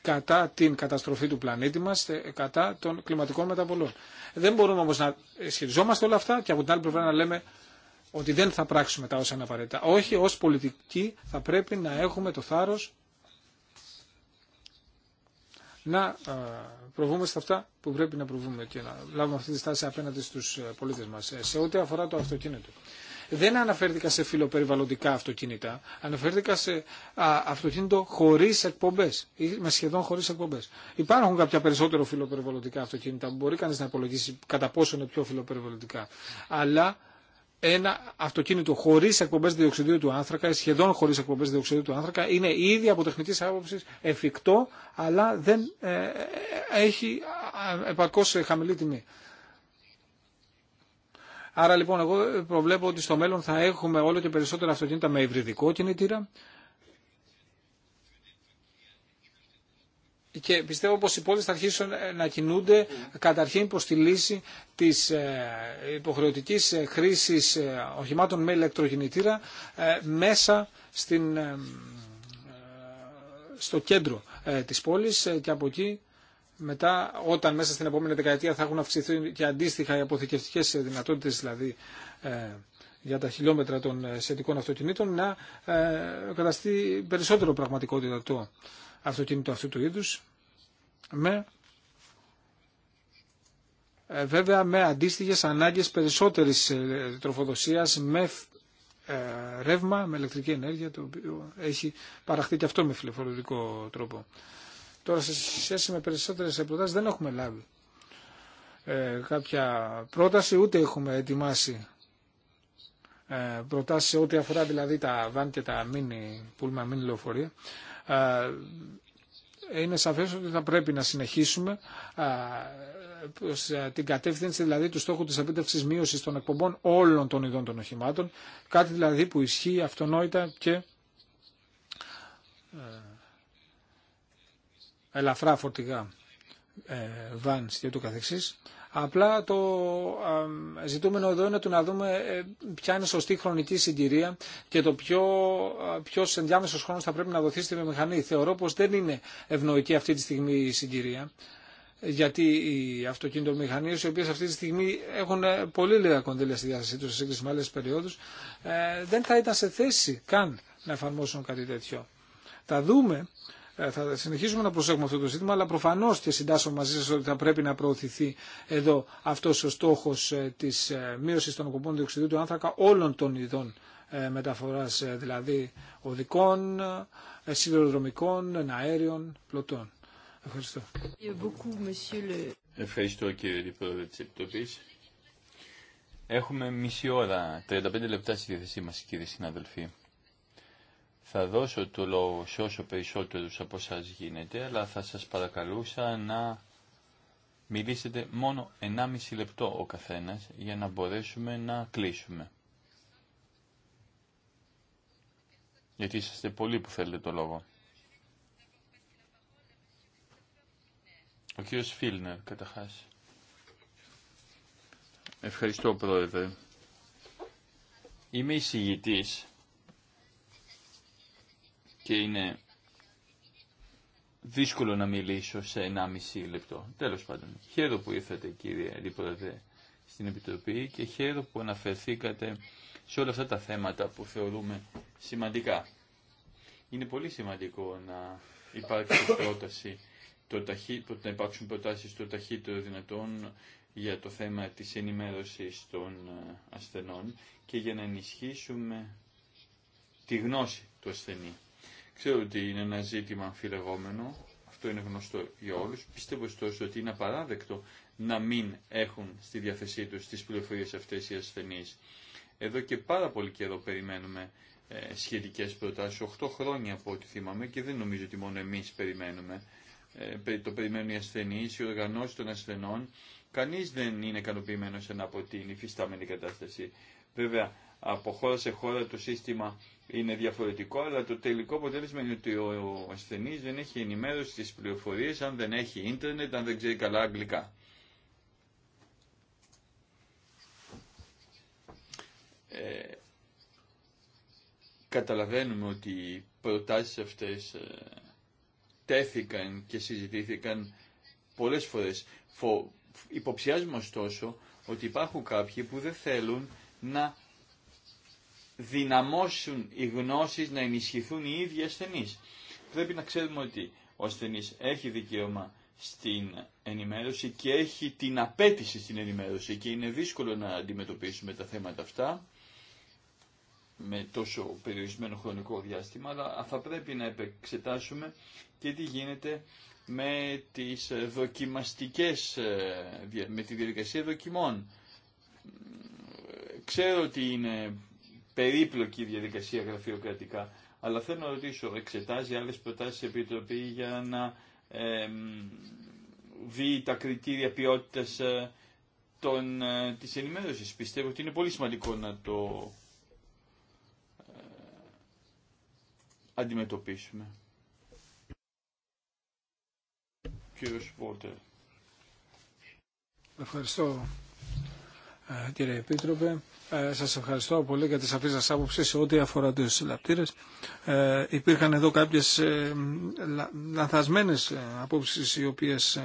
κατά την καταστροφή του πλανήτη μας, ε, κατά των κλιματικών μεταβολών. Δεν μπορούμε όμως να ισχυριζόμαστε όλα αυτά και από την άλλη πλευρά να λέμε ότι δεν θα πράξουμε τα όσα είναι απαραίτητα. Όχι, ως πολιτικοί θα πρέπει να έχουμε το θάρρος να ε, προβούμε σε αυτά που πρέπει να προβούμε και να λάβουμε αυτή τη στάση απέναντι στους ε, πολίτες μας. Σε ό,τι αφορά το αυτοκίνητο δεν αναφέρθηκα σε φιλοπεριβαλλοντικά αυτοκίνητα, αναφέρθηκα σε αυτοκίνητο χωρί εκπομπέ με σχεδόν χωρί εκπομπέ. Υπάρχουν κάποια περισσότερο φιλοπεριβαλλοντικά αυτοκίνητα που μπορεί κανεί να υπολογίσει κατά πόσο είναι πιο φιλοπεριβαλλοντικά. Αλλά ένα αυτοκίνητο χωρί εκπομπέ διοξιδίου του άνθρακα, σχεδόν χωρί εκπομπέ διοξιδίου του άνθρακα, είναι ήδη από τεχνητή άποψη εφικτό, αλλά δεν ε, ε, ε, έχει επαρκώ χαμηλή τιμή. Άρα λοιπόν εγώ προβλέπω ότι στο μέλλον θα έχουμε όλο και περισσότερα αυτοκίνητα με υβριδικό κινητήρα και πιστεύω πως οι πόλεις θα αρχίσουν να κινούνται καταρχήν προς τη λύση της ε, υποχρεωτικής ε, χρήσης ε, οχημάτων με ηλεκτροκινητήρα μέσα στην, στο κέντρο της πόλης και από εκεί μετά όταν μέσα στην επόμενη δεκαετία θα έχουν αυξηθεί και αντίστοιχα οι αποθηκευτικές δυνατότητες δηλαδή ε, για τα χιλιόμετρα των ε, σχετικών αυτοκινήτων να ε, καταστεί περισσότερο πραγματικότητα το αυτοκίνητο αυτού του είδους με βέβαια με αντίστοιχες ανάγκες περισσότερης τροφοδοσίας με ρεύμα, με ηλεκτρική ενέργεια το οποίο έχει παραχθεί και αυτό με φιλεφορικό τρόπο. Τώρα σε σχέση με περισσότερες προτάσεις δεν έχουμε λάβει ε, κάποια πρόταση ούτε έχουμε ετοιμάσει ε, προτάσεις σε ό,τι αφορά δηλαδή τα βαν και τα μίνι, πούλμα μίνι λεωφορεία. Ε, είναι σαφές ότι θα πρέπει να συνεχίσουμε ε, ε, την κατεύθυνση δηλαδή του στόχου της επίτευξης μείωσης των εκπομπών όλων των ειδών των οχημάτων, κάτι δηλαδή που ισχύει αυτονόητα και ε, ελαφρά φορτηγά, βάνς ε, και ούτω καθεξής. Απλά το ζητούμενο εδώ είναι το να δούμε ε, ποια είναι σωστή χρονική συντηρία και το ποιο ποιος ενδιάμεσος χρόνος θα πρέπει να δοθεί στη μηχανή. Θεωρώ πως δεν είναι ευνοϊκή αυτή τη στιγμή η συντηρία γιατί οι αυτοκινητομηχανίε, οι οποίε αυτή τη στιγμή έχουν ε, πολύ λίγα κονδύλια στη διάθεσή του σε σύγκριση με άλλε περιόδου, δεν θα ήταν σε θέση καν να εφαρμόσουν κάτι τέτοιο. Θα δούμε ε, θα συνεχίσουμε να προσέχουμε αυτό το ζήτημα, αλλά προφανώ και συντάσσω μαζί σα ότι θα πρέπει να προωθηθεί εδώ αυτό ο στόχο ε, τη ε, μείωση των κομπών διοξιδίου του άνθρακα όλων των ειδών μεταφορά, δηλαδή οδικών, σιδηροδρομικών, αέριων, πλωτών. Ευχαριστώ. Ευχαριστώ κύριε Πρόεδρε τη Επιτροπή. Έχουμε μισή ώρα, 35 λεπτά στη διάθεσή μα, κύριε συναδελφοί. Θα δώσω το λόγο σε όσο περισσότερους από εσά γίνεται, αλλά θα σας παρακαλούσα να μιλήσετε μόνο 1,5 λεπτό ο καθένας για να μπορέσουμε να κλείσουμε. Γιατί είσαστε πολλοί που θέλετε το λόγο. Ο κύριος Φίλνερ, καταρχάς. Ευχαριστώ, Πρόεδρε. Είμαι εισηγητής και είναι δύσκολο να μιλήσω σε 1,5 λεπτό. Τέλος πάντων, χαίρο που ήρθατε κύριε Αντιπρόεδρε στην Επιτροπή και χαίρο που αναφερθήκατε σε όλα αυτά τα θέματα που θεωρούμε σημαντικά. Είναι πολύ σημαντικό να υπάρξει πρόταση, το ταχύ, να υπάρξουν προτάσεις το ταχύτερο δυνατόν για το θέμα της ενημέρωσης των ε, ασθενών και για να ενισχύσουμε τη γνώση του ασθενή. Ξέρω ότι είναι ένα ζήτημα αμφιλεγόμενο, αυτό είναι γνωστό για όλου. Πιστεύω ωστόσο ότι είναι απαράδεκτο να μην έχουν στη διάθεσή του τι πληροφορίε αυτέ οι ασθενεί. Εδώ και πάρα πολύ καιρό περιμένουμε ε, σχετικές προτάσεις, 8 χρόνια από ό,τι θυμάμαι και δεν νομίζω ότι μόνο εμεί περιμένουμε. Ε, το περιμένουν οι ασθενεί, οι οργανώσει των ασθενών, Κανείς δεν είναι ικανοποιημένο από την υφιστάμενη κατάσταση. Βέβαια, από χώρα σε χώρα το σύστημα είναι διαφορετικό, αλλά το τελικό αποτέλεσμα είναι ότι ο ασθενή δεν έχει ενημέρωση στις πληροφορίες, αν δεν έχει ίντερνετ, αν δεν ξέρει καλά αγγλικά. Ε, καταλαβαίνουμε ότι οι προτάσεις αυτές ε, τέθηκαν και συζητήθηκαν πολλές φορές. Φο, Υποψιάζουμε ωστόσο ότι υπάρχουν κάποιοι που δεν θέλουν να δυναμώσουν οι γνώσεις, να ενισχυθούν οι ίδιοι ασθενείς. Πρέπει να ξέρουμε ότι ο ασθενής έχει δικαίωμα στην ενημέρωση και έχει την απέτηση στην ενημέρωση και είναι δύσκολο να αντιμετωπίσουμε τα θέματα αυτά με τόσο περιορισμένο χρονικό διάστημα, αλλά θα πρέπει να επεξετάσουμε και τι γίνεται με τις ε, δοκιμαστικές, ε, με τη διαδικασία δοκιμών. Ξέρω ότι είναι περίπλοκη η διαδικασία γραφειοκρατικά, αλλά θέλω να ρωτήσω, εξετάζει άλλες προτάσεις Επιτροπή για να ε, δει τα κριτήρια ποιότητας ε, των, της ενημέρωσης. Πιστεύω ότι είναι πολύ σημαντικό να το αντιμετωπίσουμε. Ευχαριστώ ε, κύριε Επίτροπε. Ε, σας ευχαριστώ πολύ για τη σαφή σας άποψη σε ό,τι αφορά τους συλλαπτήρες. Ε, υπήρχαν εδώ κάποιες ε, λα, λανθασμένες ε, απόψεις οι οποίες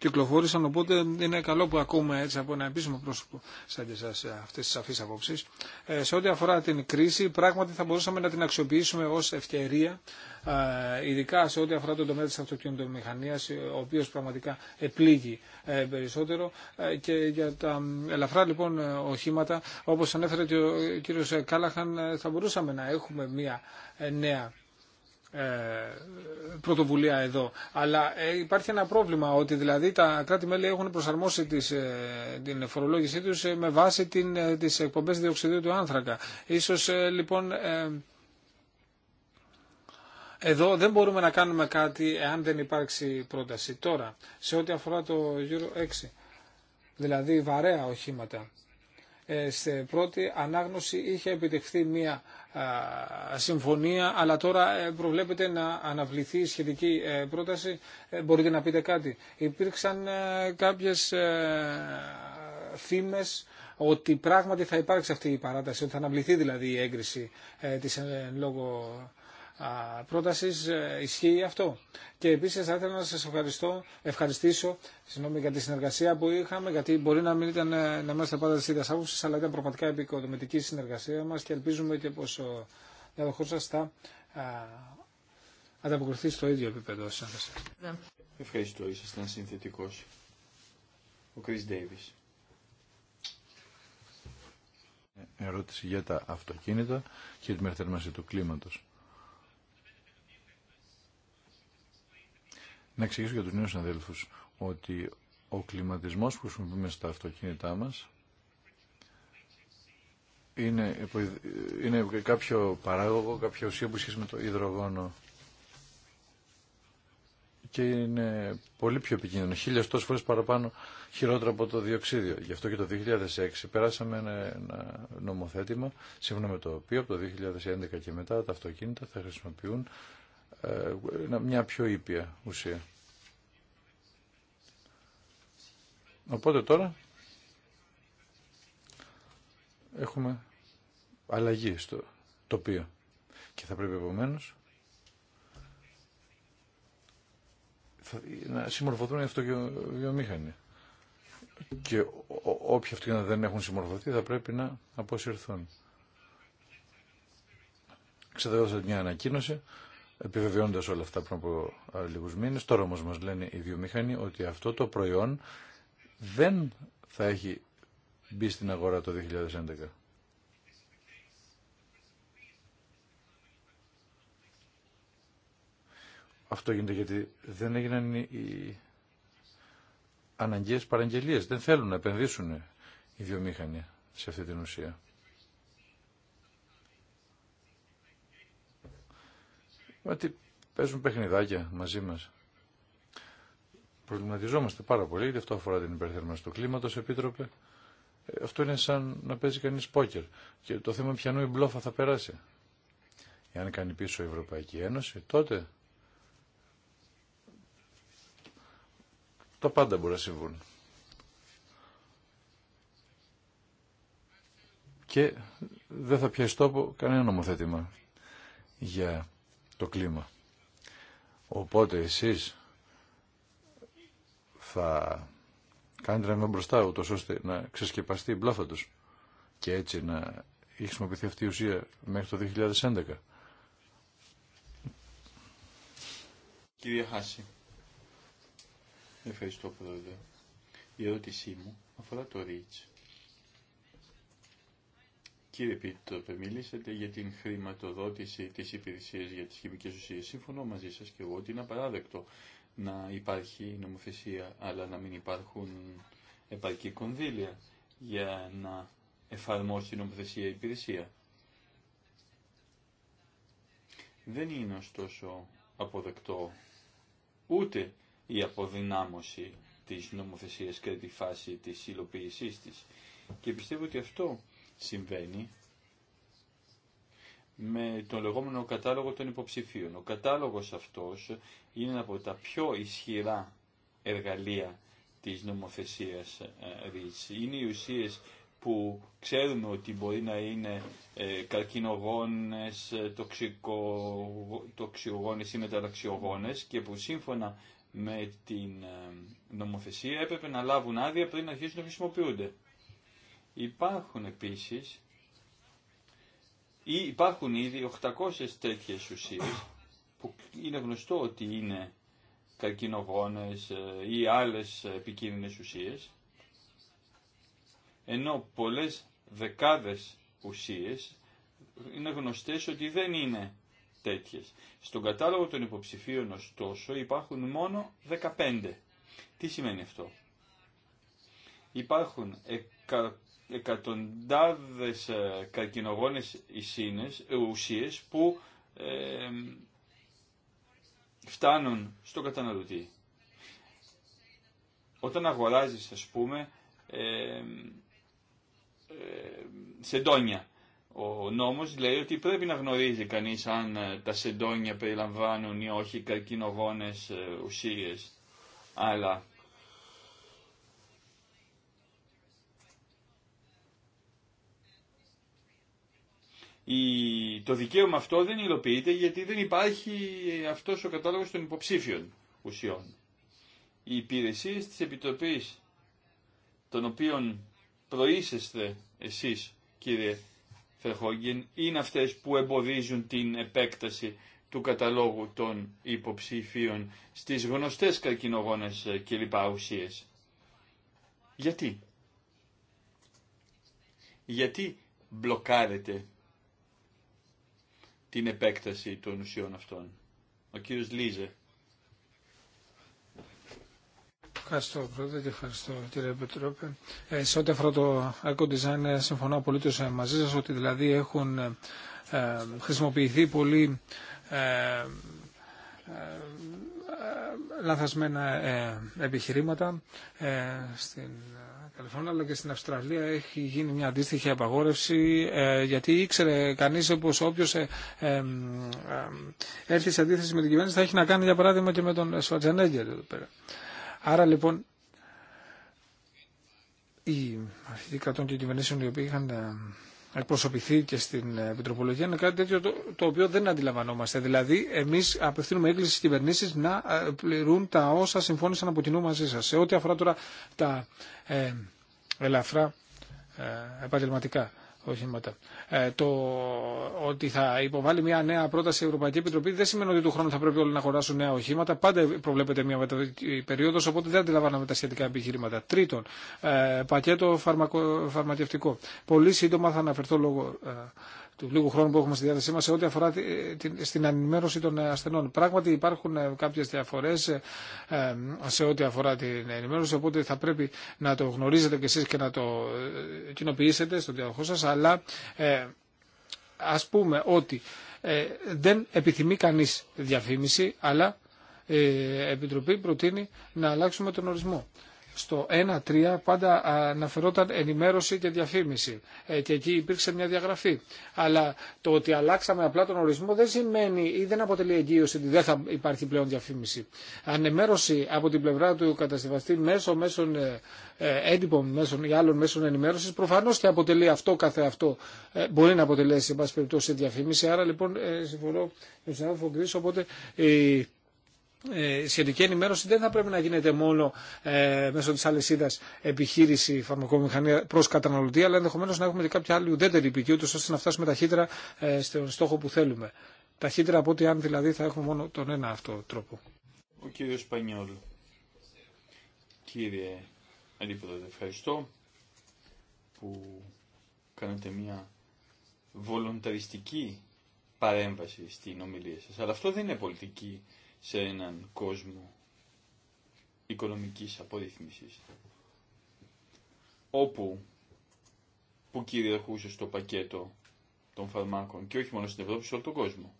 κυκλοφόρησαν, οπότε είναι καλό που ακούμε έτσι από ένα επίσημο πρόσωπο σαν και σας ε, αυτές τις σαφείς απόψεις. Ε, σε ό,τι αφορά την κρίση, πράγματι θα μπορούσαμε να την αξιοποιήσουμε ως ευκαιρία, ε, ειδικά σε ό,τι αφορά τον τομέα της αυτοκινητομηχανίας, ο οποίος πραγματικά επλήγει περισσότερο και για τα ελαφρά λοιπόν οχήματα, όπως ανέφερε και ο κύριος Κάλαχαν, θα μπορούσαμε να έχουμε μια νέα ε, πρωτοβουλία εδώ. Αλλά ε, υπάρχει ένα πρόβλημα ότι δηλαδή τα κράτη-μέλη έχουν προσαρμόσει τις, ε, την φορολόγησή τους με βάση την, τις εκπομπές διοξιδίου του άνθρακα. Ίσως λοιπόν εδώ δεν μπορούμε να κάνουμε κάτι εάν δεν υπάρξει πρόταση. Τώρα, σε ό,τι αφορά το Euro 6, δηλαδή βαρέα οχήματα, σε πρώτη ανάγνωση είχε επιτευχθεί μια συμφωνία, αλλά τώρα ε, προβλέπετε να αναβληθεί η σχετική ε, πρόταση. Ε, μπορείτε να πείτε κάτι. Υπήρξαν κάποιες φήμες ότι πράγματι θα υπάρξει αυτή η παράταση, ότι θα αναβληθεί δηλαδή η έγκριση της λόγω πρόταση ε, ισχύει αυτό. Και επίσης θα ήθελα να σας ευχαριστώ, ευχαριστήσω συγγνώμη, για τη συνεργασία που είχαμε, γιατί μπορεί να μην ήταν ε, να είμαστε πάντα τη ίδια άποψη, αλλά ήταν πραγματικά επικοδομητική συνεργασία μας και ελπίζουμε και πω ο διαδοχό σα θα ανταποκριθεί στο ίδιο επίπεδο. Ευχαριστώ, ήσασταν συνθετικός. Ο Κρι Ντέιβι. Ε, ερώτηση για τα αυτοκίνητα και τη μεθερμασία του κλίματος. Να εξηγήσω για τους νέους αδέλφους ότι ο κλιματισμός που χρησιμοποιούμε στα αυτοκίνητά μας είναι, είναι κάποιο παράγωγο, κάποια ουσία που σχέση με το υδρογόνο και είναι πολύ πιο επικίνδυνο, χίλιες τόσες φορές παραπάνω χειρότερο από το διοξίδιο. Γι' αυτό και το 2006 περάσαμε ένα, νομοθέτημα, σύμφωνα με το οποίο από το 2011 και μετά τα αυτοκίνητα θα χρησιμοποιούν ε, ε, μια πιο ήπια ουσία. Οπότε τώρα έχουμε αλλαγή στο τοπίο και θα πρέπει επομένω να συμμορφωθούν οι αυτοβιομήχανοι. Και όποιοι αυτοί δεν έχουν συμμορφωθεί θα πρέπει να αποσυρθούν. Ξεδεώσα μια ανακοίνωση επιβεβαιώντας όλα αυτά πριν από λίγους μήνες. Τώρα όμως μας λένε οι βιομηχανοί ότι αυτό το προϊόν δεν θα έχει μπει στην αγορά το 2011. Αυτό γίνεται γιατί δεν έγιναν οι αναγκαίες παραγγελίες. Δεν θέλουν να επενδύσουν οι βιομήχανοι σε αυτή την ουσία. τι, παίζουν παιχνιδάκια μαζί μας. Προβληματιζόμαστε πάρα πολύ, γιατί αυτό αφορά την υπερθέρμανση του κλίματος, επίτροπε. Ε, αυτό είναι σαν να παίζει κανείς πόκερ. Και το θέμα πιανού η μπλόφα θα περάσει. Εάν κάνει πίσω η Ευρωπαϊκή Ένωση, τότε τα πάντα μπορεί να συμβούν. Και δεν θα πιαστώ τόπο κανένα νομοθέτημα για το κλίμα. Οπότε εσείς θα κάνετε ένα μπροστά ούτως ώστε να ξεσκεπαστεί η πλάθα τους και έτσι να χρησιμοποιηθεί αυτή η ουσία μέχρι το 2011. Κύριε Χάση, ευχαριστώ πρόεδρε. Η ερώτησή μου αφορά το ΡΙΤΣ. Κύριε Πίτροπε, μιλήσατε για την χρηματοδότηση τη υπηρεσία για τις χημικές ουσίες. Σύμφωνο μαζί σα και εγώ ότι είναι απαράδεκτο να υπάρχει νομοθεσία αλλά να μην υπάρχουν επαρκή κονδύλια για να εφαρμόσει η νομοθεσία η υπηρεσία. Δεν είναι ωστόσο αποδεκτό ούτε η αποδυνάμωση της νομοθεσίας κατά τη φάση της υλοποίησής της. Και πιστεύω ότι αυτό συμβαίνει με τον λεγόμενο κατάλογο των υποψηφίων. Ο κατάλογος αυτός είναι από τα πιο ισχυρά εργαλεία της νομοθεσίας ε, ρίς. Είναι οι ουσίες που ξέρουμε ότι μπορεί να είναι ε, καρκινογόνες, ε, τοξιογόνες ή μεταλλαξιογόνες και που σύμφωνα με την ε, νομοθεσία έπρεπε να λάβουν άδεια πριν αρχίσουν να χρησιμοποιούνται. Υπάρχουν επίσης ή υπάρχουν ήδη 800 τέτοιες ουσίες που είναι γνωστό ότι είναι καρκινογόνες ε, ή άλλες επικίνδυνες ουσίες, ενώ πολλές δεκάδες ουσίες είναι γνωστές ότι δεν είναι τέτοιες. Στον κατάλογο των υποψηφίων ωστόσο υπάρχουν μόνο 15. Τι σημαίνει αυτό. Υπάρχουν εκατοντάδες ε, καρκινογόνες ισίνες, ε, ουσίες που ε, φτάνουν στο καταναλωτή. Όταν αγοράζεις, ας πούμε, ε, σεντόνια. Ο νόμος λέει ότι πρέπει να γνωρίζει κανείς αν τα σεντόνια περιλαμβάνουν ή όχι καρκινογόνες ουσίες. Αλλά το δικαίωμα αυτό δεν υλοποιείται γιατί δεν υπάρχει αυτός ο κατάλογος των υποψήφιων ουσιών. Οι υπηρεσίες της Επιτροπής των οποίων προείσεστε εσείς κύριε Φερχόγγιν, είναι αυτές που εμποδίζουν την επέκταση του καταλόγου των υποψηφίων στις γνωστές καρκινογόνες ε, και λοιπά Γιατί. Γιατί μπλοκάρετε την επέκταση των ουσιών αυτών. Ο κύριος Λίζε. Ευχαριστώ πρώτα και ευχαριστώ κύριε Πετρόπε. Ε, σε ό,τι αφορά το Eco Design ε, συμφωνώ απολύτως ε, μαζί σας ότι δηλαδή έχουν ε, ε χρησιμοποιηθεί πολύ ε, επιχειρήματα στην αλλά και στην Αυστραλία έχει γίνει μια αντίστοιχη απαγόρευση ε, γιατί ήξερε κανείς πως όποιος ε, ε, έρθει σε αντίθεση με την κυβέρνηση θα έχει να κάνει για παράδειγμα και με τον Σουατζενέγκερ εδώ πέρα. Άρα λοιπόν οι αρχηγοί κρατών και κυβερνήσεων οι οποίοι είχαν εκπροσωπηθεί και στην Επιτροπολογία είναι κάτι τέτοιο το, το οποίο δεν αντιλαμβανόμαστε. Δηλαδή, εμεί απευθύνουμε έκκληση στι κυβερνήσει να ε, πληρούν τα όσα συμφώνησαν από κοινού μαζί σα. Σε ό,τι αφορά τώρα τα ε, ελαφρά ε, επαγγελματικά ε, το ότι θα υποβάλει μια νέα πρόταση η Ευρωπαϊκή Επιτροπή δεν σημαίνει ότι του χρόνου θα πρέπει όλοι να αγοράσουν νέα οχήματα. Πάντα προβλέπεται μια μεταβατική περίοδο, οπότε δεν αντιλαμβάνομαι τα σχετικά επιχειρήματα. Τρίτον, ε, πακέτο φαρμακο, φαρμακευτικό. Πολύ σύντομα θα αναφερθώ λόγω ε, του λίγου χρόνου που έχουμε στη διάθεσή μα σε ό,τι αφορά στην ενημέρωση των ασθενών. Πράγματι υπάρχουν ε, κάποιε διαφορέ ε, ε, σε ό,τι αφορά την ενημέρωση, οπότε θα πρέπει να το γνωρίζετε κι εσεί και να το κοινοποιήσετε στον διαδοχό σα, αλλά ας α πούμε ότι δεν επιθυμεί κανεί διαφήμιση, αλλά η Επιτροπή προτείνει να αλλάξουμε τον ορισμό στο 1-3 πάντα αναφερόταν ενημέρωση και διαφήμιση ε, και εκεί υπήρξε μια διαγραφή. Αλλά το ότι αλλάξαμε απλά τον ορισμό δεν σημαίνει ή δεν αποτελεί εγγύωση ότι δεν θα υπάρχει πλέον διαφήμιση. Ανεμέρωση από την πλευρά του κατασκευαστή μέσω μέσων ε, ε, έντυπων μέσων ή άλλων μέσων ενημέρωση προφανώ και αποτελεί αυτό καθε αυτό. Μπορεί να αποτελέσει, σε πάση περιπτώσει, διαφήμιση. Άρα λοιπόν συμφωνώ με τον συνάδελφο Γκρίσο, οπότε ε, σχετική ενημέρωση δεν θα πρέπει να γίνεται μόνο ε, μέσω τη αλυσίδα επιχείρηση φαρμακομηχανία προ καταναλωτή, αλλά ενδεχομένω να έχουμε και κάποια άλλη ουδέτερη υπηκή, ούτω ώστε να φτάσουμε ταχύτερα ε, στον στόχο που θέλουμε. Ταχύτερα από ό,τι αν δηλαδή θα έχουμε μόνο τον ένα αυτό τρόπο. Ο κύριο Πανιόλ Κύριε Αντίποδο, ευχαριστώ που κάνετε μια βολονταριστική παρέμβαση στην ομιλία σας. Αλλά αυτό δεν είναι πολιτική σε έναν κόσμο οικονομικής απορρίθμισης, όπου που κυριαρχούσε στο πακέτο των φαρμάκων και όχι μόνο στην Ευρώπη, σε όλο τον κόσμο.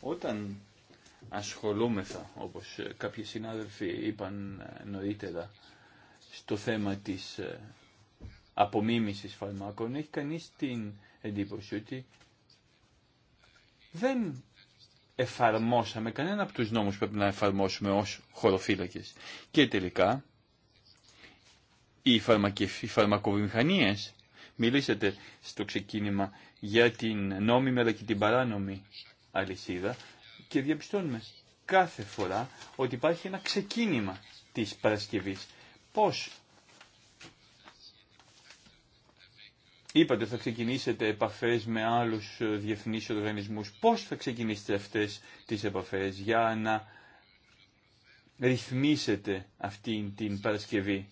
Όταν ασχολούμεθα, όπως κάποιοι συνάδελφοι είπαν νωρίτερα, στο θέμα της ε, απομίμησης φαρμάκων, έχει κανείς την εντύπωση ότι δεν εφαρμόσαμε κανένα από τους νόμους που πρέπει να εφαρμόσουμε ως χωροφύλακες. Και τελικά, οι, φαρμακε... οι φαρμακοβιομηχανίες, μιλήσατε στο ξεκίνημα για την νόμιμη αλλά και την παράνομη αλυσίδα και διαπιστώνουμε κάθε φορά ότι υπάρχει ένα ξεκίνημα της Παρασκευής. Πώς Είπατε θα ξεκινήσετε επαφές με άλλους ε, διεθνείς οργανισμούς. Πώς θα ξεκινήσετε αυτές τις επαφές για να ρυθμίσετε αυτή την Παρασκευή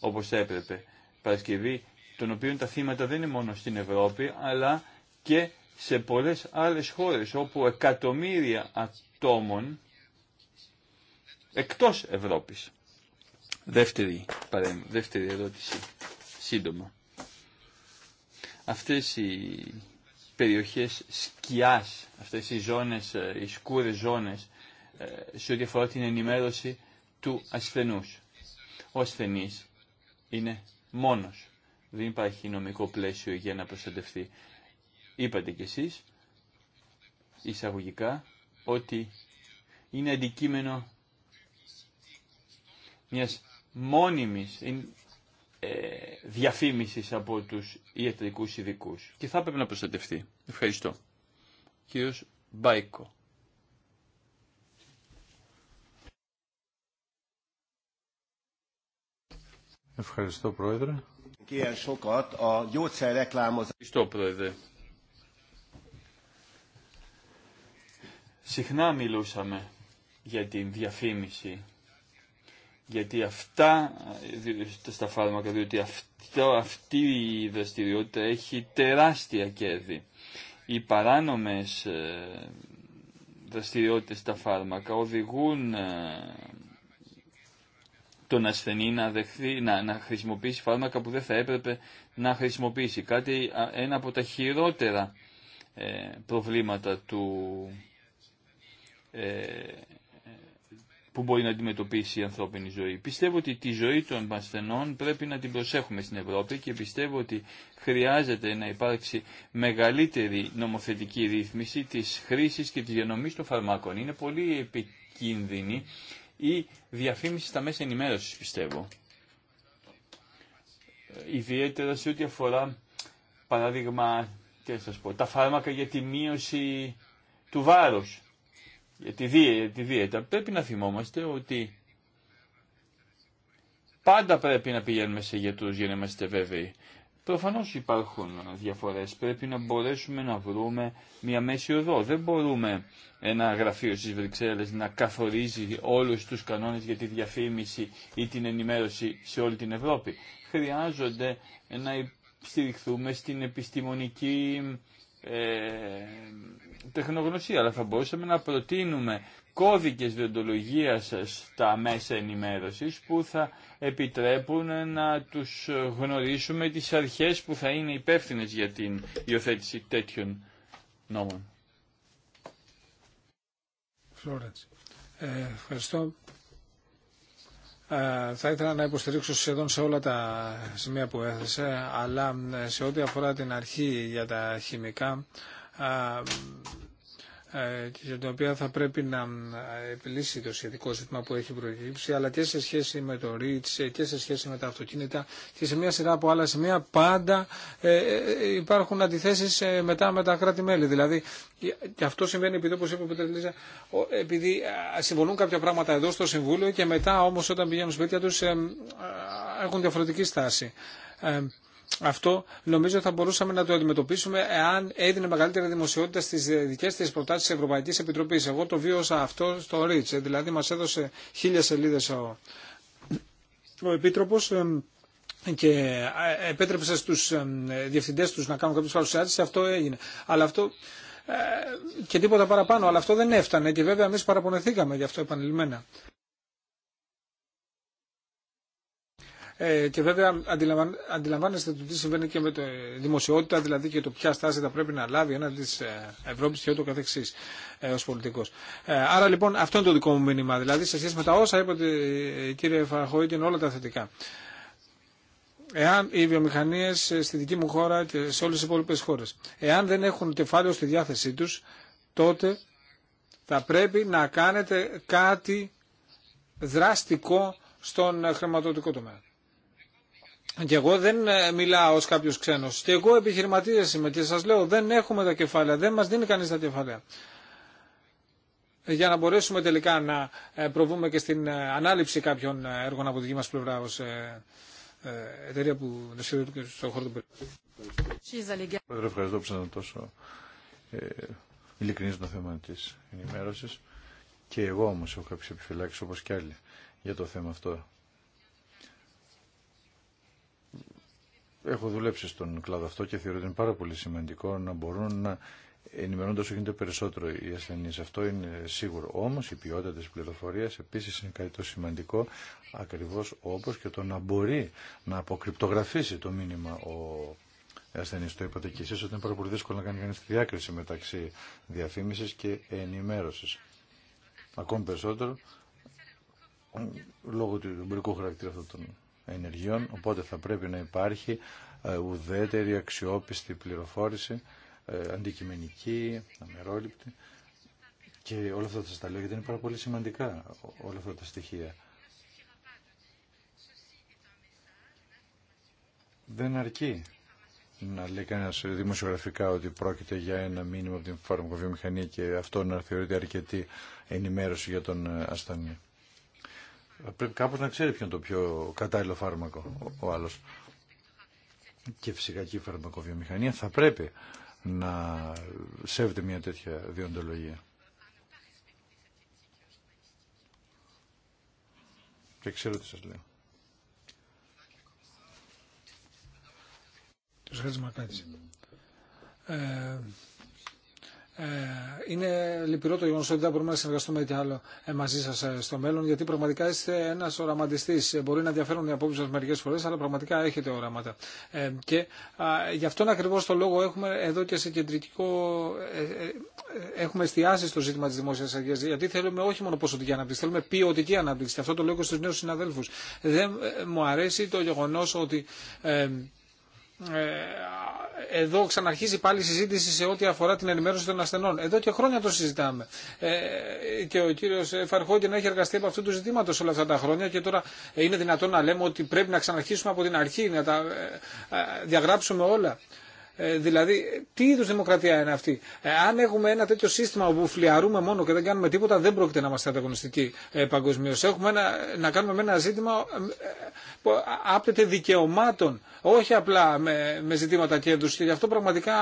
όπως έπρεπε. Παρασκευή των οποίων τα θύματα δεν είναι μόνο στην Ευρώπη αλλά και σε πολλές άλλες χώρες όπου εκατομμύρια ατόμων εκτός Ευρώπης. Δεύτερη, δεύτερη ερώτηση, σύντομα. Αυτές οι περιοχές σκιάς, αυτές οι ζώνες, ε, οι σκούρες ζώνες, ε, σε ό,τι αφορά την ενημέρωση του ασθενούς. Ο ασθενής είναι μόνος. Δεν υπάρχει νομικό πλαίσιο για να προστατευτεί. Είπατε κι εσείς, εισαγωγικά, ότι είναι αντικείμενο μιας μόνιμης, ε, διαφήμιση από τους ιατρικού ειδικού. Και θα έπρεπε να προστατευτεί. Ευχαριστώ. Κύριο Μπάικο. Ευχαριστώ, Πρόεδρε. Ευχαριστώ, Πρόεδρε. Συχνά μιλούσαμε για την διαφήμιση γιατί αυτά ε, στα φάρμακα, διότι αυτό, αυτή η δραστηριότητα έχει τεράστια κέρδη. Οι παράνομες ε, δραστηριότητες στα φάρμακα οδηγούν ε, τον ασθενή να, να, να χρησιμοποιήσει φάρμακα που δεν θα έπρεπε να χρησιμοποιήσει. Κάτι, ένα από τα χειρότερα προβλήματα του, που μπορεί να αντιμετωπίσει η ανθρώπινη ζωή. Πιστεύω ότι τη ζωή των ασθενών πρέπει να την προσέχουμε στην Ευρώπη και πιστεύω ότι χρειάζεται να υπάρξει μεγαλύτερη νομοθετική ρύθμιση της χρήσης και της διανομής των φαρμάκων. Είναι πολύ επικίνδυνη η διαφήμιση στα μέσα ενημέρωσης πιστεύω. Ιδιαίτερα σε ό,τι αφορά παράδειγμα τι πω, τα φάρμακα για τη μείωση του βάρους για τη, δίαιτα, πρέπει να θυμόμαστε ότι πάντα πρέπει να πηγαίνουμε σε γιατρούς για να είμαστε βέβαιοι. Προφανώς υπάρχουν διαφορές, πρέπει να μπορέσουμε να βρούμε μια μέση οδό. Δεν μπορούμε ένα γραφείο στις Βρυξέλλες να καθορίζει όλους τους κανόνες για τη διαφήμιση ή την ενημέρωση σε όλη την Ευρώπη. Χρειάζονται να στηριχθούμε στην επιστημονική ε, τεχνογνωσία, αλλά θα μπορούσαμε να προτείνουμε κώδικες διοντολογίας στα μέσα ενημέρωσης που θα επιτρέπουν να τους γνωρίσουμε τις αρχές που θα είναι υπεύθυνε για την υιοθέτηση τέτοιων νόμων. Ε, ευχαριστώ. Ε, θα ήθελα να υποστηρίξω σχεδόν σε όλα τα σημεία που έθεσε, αλλά ε, σε ό,τι αφορά την αρχή για τα χημικά, ε, ε, και για την οποία θα πρέπει να επιλύσει το σχετικό ζήτημα που έχει προκύψει, αλλά και σε σχέση με το ΡΙΤ ε, και σε σχέση με τα αυτοκίνητα και σε μια σειρά από άλλα σημεία πάντα ε, υπάρχουν αντιθέσει μετά με τα κράτη-μέλη. Δηλαδή, και αυτό συμβαίνει επειδή, όπω είπε ο Πέτρε επειδή συμβολούν κάποια πράγματα εδώ στο Συμβούλιο και μετά όμω όταν πηγαίνουν σπίτια τους έχουν διαφορετική στάση αυτό νομίζω θα μπορούσαμε να το αντιμετωπίσουμε εάν έδινε μεγαλύτερη δημοσιότητα στις δικέ της προτάσεις της Ευρωπαϊκής Επιτροπής. Εγώ το βίωσα αυτό στο Ρίτς, ε, δηλαδή μας έδωσε χίλια σελίδε ο, ο Επίτροπος και ε, επέτρεψε στου διευθυντές τους να κάνουν κάποιες παρουσιάσει, αυτό έγινε. Αλλά αυτό ε, και τίποτα παραπάνω, αλλά αυτό δεν έφτανε και βέβαια εμεί παραπονεθήκαμε γι' αυτό επανειλημμένα. Ε, και βέβαια αντιλαμβάνεστε το τι συμβαίνει και με τη δημοσιότητα, δηλαδή και το ποια στάση θα πρέπει να λάβει ένα της ε, Ευρώπης και ούτω καθεξής ε, ως πολιτικός. Άρα λοιπόν αυτό είναι το δικό μου μήνυμα, δηλαδή σε σχέση με τα όσα είπατε κύριε Φαχοήτη είναι όλα τα θετικά. Εάν οι βιομηχανίε στη δική μου χώρα και σε όλε τι υπόλοιπε χώρε, εάν δεν έχουν κεφάλαιο στη διάθεσή του, τότε θα πρέπει να κάνετε κάτι δραστικό στον χρηματοδοτικό τομέα. Και εγώ δεν ε, μιλάω ως κάποιος ξένος. Και εγώ επιχειρηματίας είμαι και σας λέω δεν έχουμε τα κεφάλαια, δεν μας δίνει κανείς τα κεφάλαια. Για να μπορέσουμε τελικά να ε, προβούμε και στην ε, ανάληψη κάποιων έργων από τη δική μας πλευρά ως εταιρεία που και στον χώρο του περιοχή. Πρόεδρε, ευχαριστώ που ήταν τόσο ε, ειλικρινή στο θέμα της ενημέρωσης. Και εγώ όμως έχω κάποιες επιφυλάξει όπως και άλλοι για το θέμα αυτό. έχω δουλέψει στον κλάδο αυτό και θεωρώ ότι είναι πάρα πολύ σημαντικό να μπορούν να ενημερώνονται όσο γίνεται περισσότερο οι ασθενεί. Αυτό είναι σίγουρο. Όμω η ποιότητα τη πληροφορία επίση είναι κάτι το σημαντικό, ακριβώ όπω και το να μπορεί να αποκρυπτογραφήσει το μήνυμα ο ασθενή. Το είπατε και εσεί ότι είναι πάρα πολύ δύσκολο να κάνει κανεί τη διάκριση μεταξύ διαφήμιση και ενημέρωση. Ακόμη περισσότερο λόγω του εμπορικού χαρακτήρα αυτών των ενεργειών, οπότε θα πρέπει να υπάρχει ε, ουδέτερη, αξιόπιστη πληροφόρηση, ε, αντικειμενική, αμερόληπτη. Και όλα αυτά τα λέω γιατί είναι πάρα πολύ σημαντικά όλα αυτά τα στοιχεία. Δεν αρκεί να λέει κανένα δημοσιογραφικά ότι πρόκειται για ένα μήνυμα από την φαρμακοβιομηχανία και αυτό να θεωρείται αρκετή ενημέρωση για τον ε, ασθενή. Ε, πρέπει κάπως να ξέρει ποιο είναι το πιο κατάλληλο φάρμακο ο άλλος. Και φυσικά και η φαρμακοβιομηχανία θα πρέπει να σέβεται μια τέτοια διοντολογία. Και ξέρω τι σας λέω. Τους ε, ε, είναι λυπηρό το γεγονό ότι δεν μπορούμε να συνεργαστούμε και άλλο ε, μαζί σα ε, στο μέλλον, γιατί πραγματικά είστε ένα οραματιστή. Μπορεί να διαφέρουν οι απόψει σα μερικέ φορέ, αλλά πραγματικά έχετε οράματα. και γι' αυτόν ακριβώ το λόγο έχουμε εδώ και σε κεντρικό. έχουμε εστιάσει στο ζήτημα τη δημόσια αγία. γιατί θέλουμε όχι μόνο ποσοτική ανάπτυξη, θέλουμε ποιοτική ανάπτυξη. Και αυτό το λέω και στου νέου συναδέλφου. Δεν μου αρέσει το γεγονό ότι. Ε, εδώ ξαναρχίζει πάλι η συζήτηση σε ό,τι αφορά την ενημέρωση των ασθενών. Εδώ και χρόνια το συζητάμε. Ε, και ο κύριο να έχει εργαστεί από αυτού του ζητήματο όλα αυτά τα χρόνια και τώρα είναι δυνατόν να λέμε ότι πρέπει να ξαναρχίσουμε από την αρχή, να τα ε, ε, διαγράψουμε όλα. Ε, δηλαδή, τι είδου δημοκρατία είναι αυτή. Ε, αν έχουμε ένα τέτοιο σύστημα όπου φλιαρούμε μόνο και δεν κάνουμε τίποτα, δεν πρόκειται να είμαστε ανταγωνιστικοί ε, παγκοσμίω. Έχουμε να κάνουμε με ένα ζήτημα ε, που άπτεται δικαιωμάτων, όχι απλά με, με ζητήματα κέρδου. Και γι' αυτό πραγματικά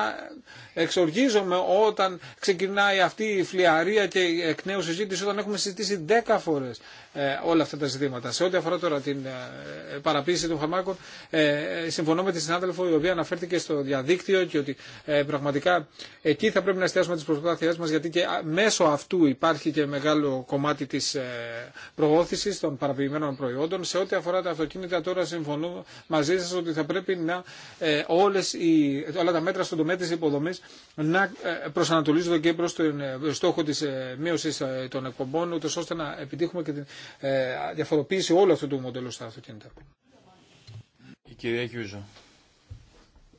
εξοργίζομαι όταν ξεκινάει αυτή η φλιαρία και εκ νέου συζήτηση, όταν έχουμε συζητήσει 10 φορέ όλα αυτά τα ζητήματα. Σε ό,τι αφορά τώρα την παραποίηση των φαρμάκων, συμφωνώ με τη συνάδελφο η οποία αναφέρθηκε στο διαδίκτυο δίκτυο και ότι ε, πραγματικά εκεί θα πρέπει να εστιάσουμε τι προσπάθειέ μα, γιατί και μέσω αυτού υπάρχει και μεγάλο κομμάτι της ε, προώθηση των παραποιημένων προϊόντων. Σε ό,τι αφορά τα αυτοκίνητα τώρα συμφωνώ μαζί σα ότι θα πρέπει να ε, όλες οι, όλα τα μέτρα στον τομέα τη υποδομή να προσανατολίζονται και προ τον στόχο της μείωσης των εκπομπών ούτως ώστε να επιτύχουμε και την διαφοροποίηση όλου αυτού του μοντέλου στα αυτοκίνητα. Η κυρία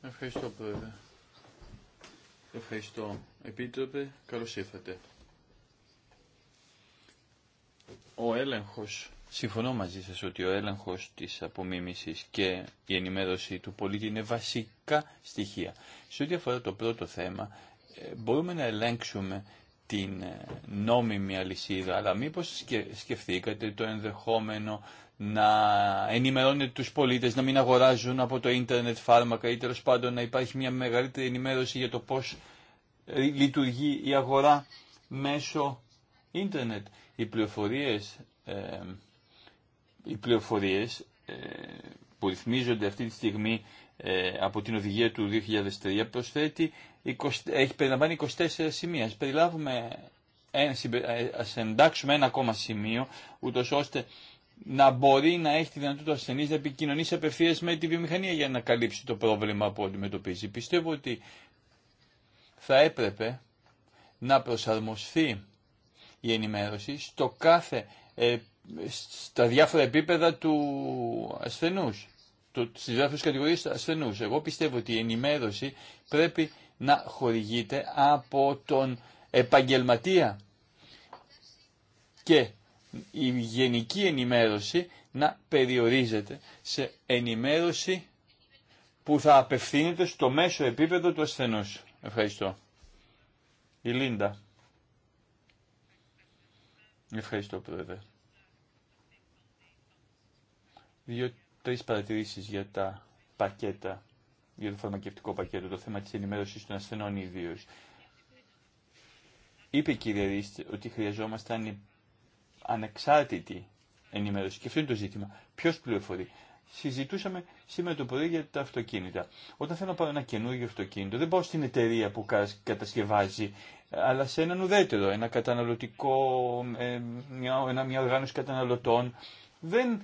Ευχαριστώ πρόεδρε. Ευχαριστώ. Επίτροπε, καλώς ήρθατε. Ο έλεγχος, συμφωνώ μαζί σας ότι ο έλεγχος της απομίμησης και η ενημέρωση του πολίτη είναι βασικά στοιχεία. Σε ό,τι αφορά το πρώτο θέμα, ε, μπορούμε να ελέγξουμε την ε, νόμιμη αλυσίδα, αλλά μήπως σκεφτήκατε το ενδεχόμενο να ενημερώνεται τους πολίτες, να μην αγοράζουν από το ίντερνετ φάρμακα ή τέλο πάντων να υπάρχει μια μεγαλύτερη ενημέρωση για το πώς λειτουργεί η αγορά μέσω ίντερνετ. Οι πληροφορίες, ε, οι πληροφορίες ε, που ρυθμίζονται αυτή τη στιγμή ε, από την οδηγία του 2003 προσθέτει, έχει περιλαμβάνει 24 σημεία. Ας ας εντάξουμε ένα ακόμα σημείο, ούτως ώστε να μπορεί να έχει τη δυνατότητα ο ασθενή να επικοινωνήσει απευθεία με τη βιομηχανία για να καλύψει το πρόβλημα που αντιμετωπίζει. Πιστεύω ότι θα έπρεπε να προσαρμοστεί η ενημέρωση στο κάθε, ε, στα διάφορα επίπεδα του ασθενούς, στι διάφορε κατηγορίε του ασθενούς. Εγώ πιστεύω ότι η ενημέρωση πρέπει να χορηγείται από τον επαγγελματία και η γενική ενημέρωση να περιορίζεται σε ενημέρωση που θα απευθύνεται στο μέσο επίπεδο του ασθενούς. Ευχαριστώ. Η Λίντα. Ευχαριστώ, Πρόεδρε. Δύο-τρεις παρατηρήσεις για τα πακέτα, για το φαρμακευτικό πακέτο, το θέμα της ενημέρωσης των ασθενών ιδίω. Είπε η κυρία Ρίστε ότι χρειαζόμασταν ανεξάρτητη ενημέρωση. Και αυτό είναι το ζήτημα. Ποιο πληροφορεί. Συζητούσαμε σήμερα το πρωί για τα αυτοκίνητα. Όταν θέλω να πάρω ένα καινούργιο αυτοκίνητο, δεν πάω στην εταιρεία που κατασκευάζει, αλλά σε έναν ουδέτερο, ένα καταναλωτικό, ε, μια, μια οργάνωση καταναλωτών. Δεν,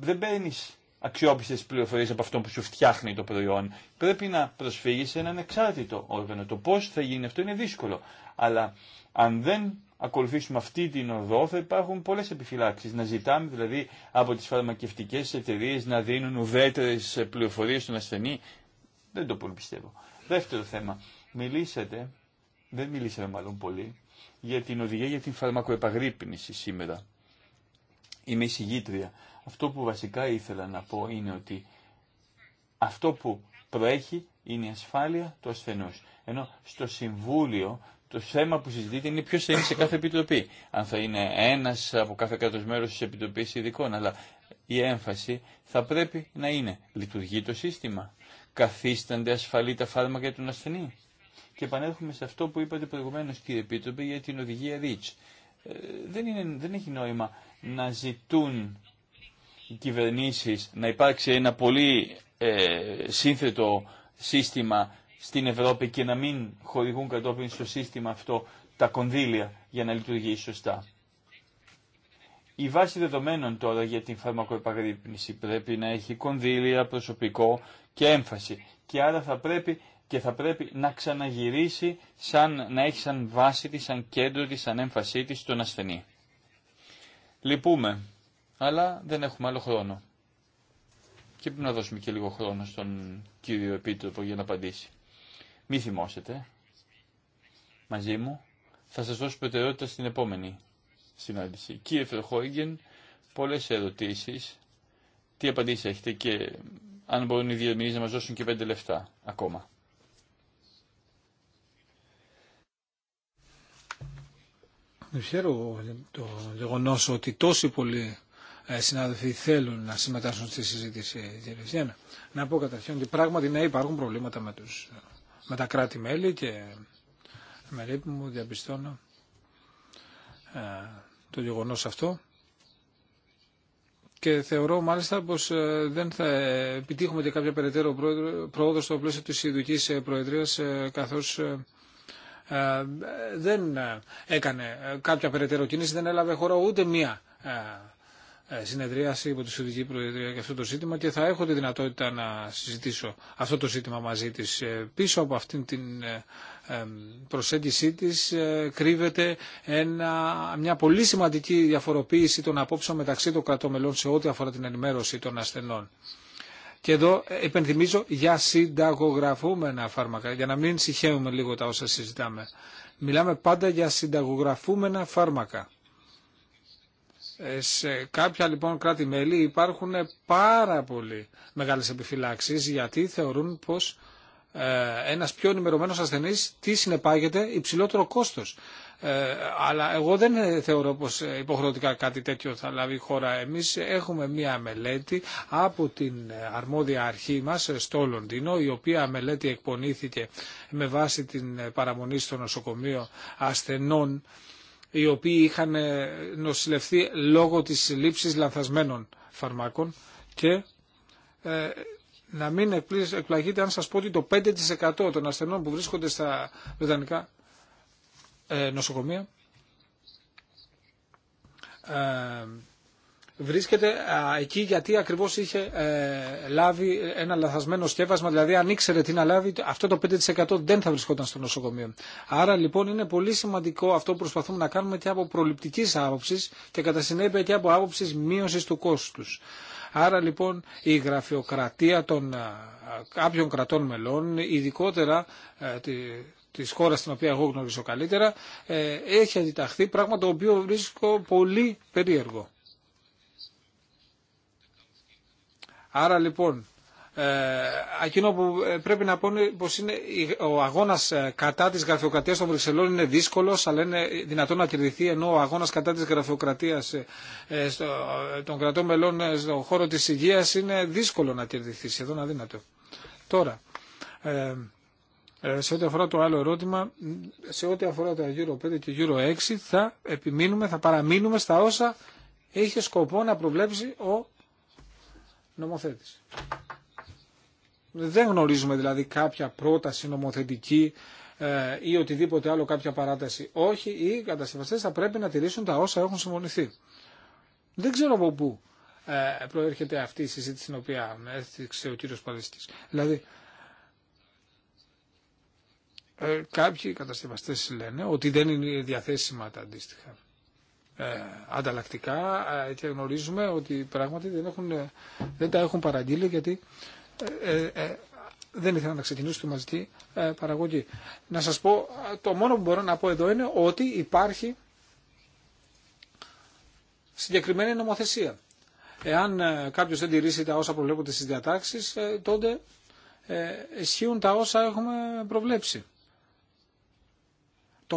δεν παίρνει αξιόπιστε πληροφορίε από αυτό που σου φτιάχνει το προϊόν. Πρέπει να προσφύγει σε έναν εξάρτητο όργανο. Το πώ θα γίνει αυτό είναι δύσκολο. Αλλά αν δεν ακολουθήσουμε αυτή την οδό θα υπάρχουν πολλές επιφυλάξεις. Να ζητάμε δηλαδή από τις φαρμακευτικές εταιρείες να δίνουν ουδέτερες πληροφορίες στον ασθενή. Δεν το πολύ πιστεύω. Δεύτερο θέμα. Μιλήσατε, δεν μιλήσαμε μάλλον πολύ, για την οδηγία για την φαρμακοεπαγρύπνηση σήμερα. Είμαι εισηγήτρια. Αυτό που βασικά ήθελα να πω είναι ότι αυτό που προέχει είναι η ασφάλεια του ασθενούς. Ενώ στο Συμβούλιο το θέμα που συζητείται είναι ποιο θα είναι σε κάθε επιτροπή. Αν θα είναι ένα από κάθε κράτο μέρο τη επιτροπή ειδικών. Αλλά η έμφαση θα πρέπει να είναι λειτουργεί το σύστημα. Καθίστανται ασφαλή τα φάρμακα για τον ασθενή. Και επανέρχομαι σε αυτό που είπατε προηγουμένω, κύριε Επίτροπε, για την οδηγία REACH. Ε, δεν, είναι, δεν έχει νόημα να ζητούν οι κυβερνήσει, να υπάρξει ένα πολύ ε, σύνθετο σύστημα στην Ευρώπη και να μην χορηγούν κατόπιν στο σύστημα αυτό τα κονδύλια για να λειτουργήσει σωστά. Η βάση δεδομένων τώρα για την φαρμακοεπαγρύπνηση πρέπει να έχει κονδύλια, προσωπικό και έμφαση. Και άρα θα πρέπει και θα πρέπει να ξαναγυρίσει σαν, να έχει σαν βάση της, σαν κέντρο της, σαν έμφασή της τον ασθενή. Λυπούμε, αλλά δεν έχουμε άλλο χρόνο. Και πρέπει να δώσουμε και λίγο χρόνο στον κύριο Επίτροπο για να απαντήσει. Μη θυμώσετε. Μαζί μου. Θα σας δώσω προτεραιότητα στην επόμενη συνάντηση. Κύριε Φερχόγγεν, πολλές ερωτήσεις. Τι απαντήσεις έχετε και αν μπορούν οι διερμηνείς να μας δώσουν και πέντε λεφτά ακόμα. ξέρω. το γεγονό ότι τόσοι πολλοί ε, συνάδελφοι θέλουν να συμμετάσχουν στη συζήτηση. Να πω καταρχήν ότι πράγματι ναι, υπάρχουν προβλήματα με του. Ε, με τα κράτη-μέλη και με λύπη μου διαπιστώνω ε, το γεγονός αυτό και θεωρώ μάλιστα πως ε, δεν θα επιτύχουμε και κάποια περαιτέρω πρόοδο στο πλαίσιο της ειδική ε, προεδρίας καθώς δεν έκανε κάποια περαιτέρω κίνηση, δεν έλαβε χώρα ούτε μία ε, συνεδρίαση υπό τη Σουηδική Προεδρία για αυτό το ζήτημα και θα έχω τη δυνατότητα να συζητήσω αυτό το ζήτημα μαζί της. Ε, πίσω από αυτήν την ε, προσέγγιση της κρύβεται ένα, μια πολύ σημαντική διαφοροποίηση των απόψεων μεταξύ των κρατομελών σε ό,τι αφορά την ενημέρωση των ασθενών. Και εδώ υπενθυμίζω για συνταγογραφούμενα φάρμακα, για να μην συχαίουμε λίγο τα όσα συζητάμε. Μιλάμε πάντα για συνταγογραφούμενα φάρμακα. Ε, σε κάποια λοιπόν κράτη-μέλη υπάρχουν πάρα πολύ μεγάλες επιφυλάξεις γιατί θεωρούν πως ε, ένας πιο ενημερωμένος ασθενής τι συνεπάγεται υψηλότερο κόστος. Ε, αλλά εγώ δεν θεωρώ πως υποχρεωτικά κάτι τέτοιο θα λάβει η χώρα. Εμείς έχουμε μία μελέτη από την αρμόδια αρχή μας στο Λονδίνο, η οποία μελέτη εκπονήθηκε με βάση την παραμονή στο νοσοκομείο ασθενών οι οποίοι είχαν ε, νοσηλευθεί λόγω της λήψης λανθασμένων φαρμάκων και ε, να μην εκπλαγείτε αν σας πω ότι το 5% των ασθενών που βρίσκονται στα βρετανικά ε, νοσοκομεία ε, βρίσκεται εκεί γιατί ακριβώς είχε ε, λάβει ένα λαθασμένο σκεύασμα, δηλαδή αν ήξερε τι να λάβει αυτό το 5% δεν θα βρισκόταν στο νοσοκομείο. Άρα λοιπόν είναι πολύ σημαντικό αυτό που προσπαθούμε να κάνουμε και από προληπτικής άποψης και κατά συνέπεια και από άποψης μείωσης του κόστους. Άρα λοιπόν η γραφειοκρατία των κάποιων κρατών μελών, ειδικότερα ε, της χώρας στην οποία εγώ γνωρίζω καλύτερα, ε, έχει αντιταχθεί, πράγμα το οποίο βρίσκω πολύ περίεργο. Άρα λοιπόν, ε, εκείνο που ε, πρέπει να πω είναι πως ο αγώνας ε, κατά της γραφειοκρατίας των Βρυξελών είναι δύσκολος αλλά είναι δυνατόν να κερδιθεί ενώ ο αγώνας κατά της γραφειοκρατίας των κρατών μελών στον χώρο της υγείας είναι δύσκολο να κερδιθεί, σχεδόν αδύνατο. Τώρα, σε ό,τι αφορά το άλλο ερώτημα, σε ό,τι αφορά το Euro 5 και Euro 6 θα επιμείνουμε, θα παραμείνουμε στα όσα έχει σκοπό να προβλέψει ο νομοθέτηση. Δεν γνωρίζουμε δηλαδή κάποια πρόταση νομοθετική ε, ή οτιδήποτε άλλο, κάποια παράταση. Όχι, οι κατασκευαστές θα πρέπει να τηρήσουν τα όσα έχουν συμφωνηθεί. Δεν ξέρω από πού ε, προέρχεται αυτή η συζήτηση την οποία έθιξε ο κύριος Παλαισκής. Δηλαδή, ε, κάποιοι κατασκευαστές λένε ότι δεν είναι διαθέσιμα τα οσα εχουν συμφωνηθει δεν ξερω απο που προερχεται αυτη η συζητηση την οποια εθιξε ο κυριος παλαιστης δηλαδη καποιοι κατασκευαστες λενε οτι δεν ειναι διαθεσιμα τα αντιστοιχα ε, ανταλλακτικά ε, και γνωρίζουμε ότι πράγματι δεν, έχουν, ε, δεν τα έχουν παραγγείλει γιατί δεν ήθελα να ξεκινήσω τη μαζική παραγωγή. Να σας πω, το μόνο που μπορώ να πω εδώ είναι ότι υπάρχει συγκεκριμένη νομοθεσία. Εάν κάποιος δεν τηρήσει τα όσα προβλέπονται στις διατάξεις, τότε ισχύουν τα όσα έχουμε προβλέψει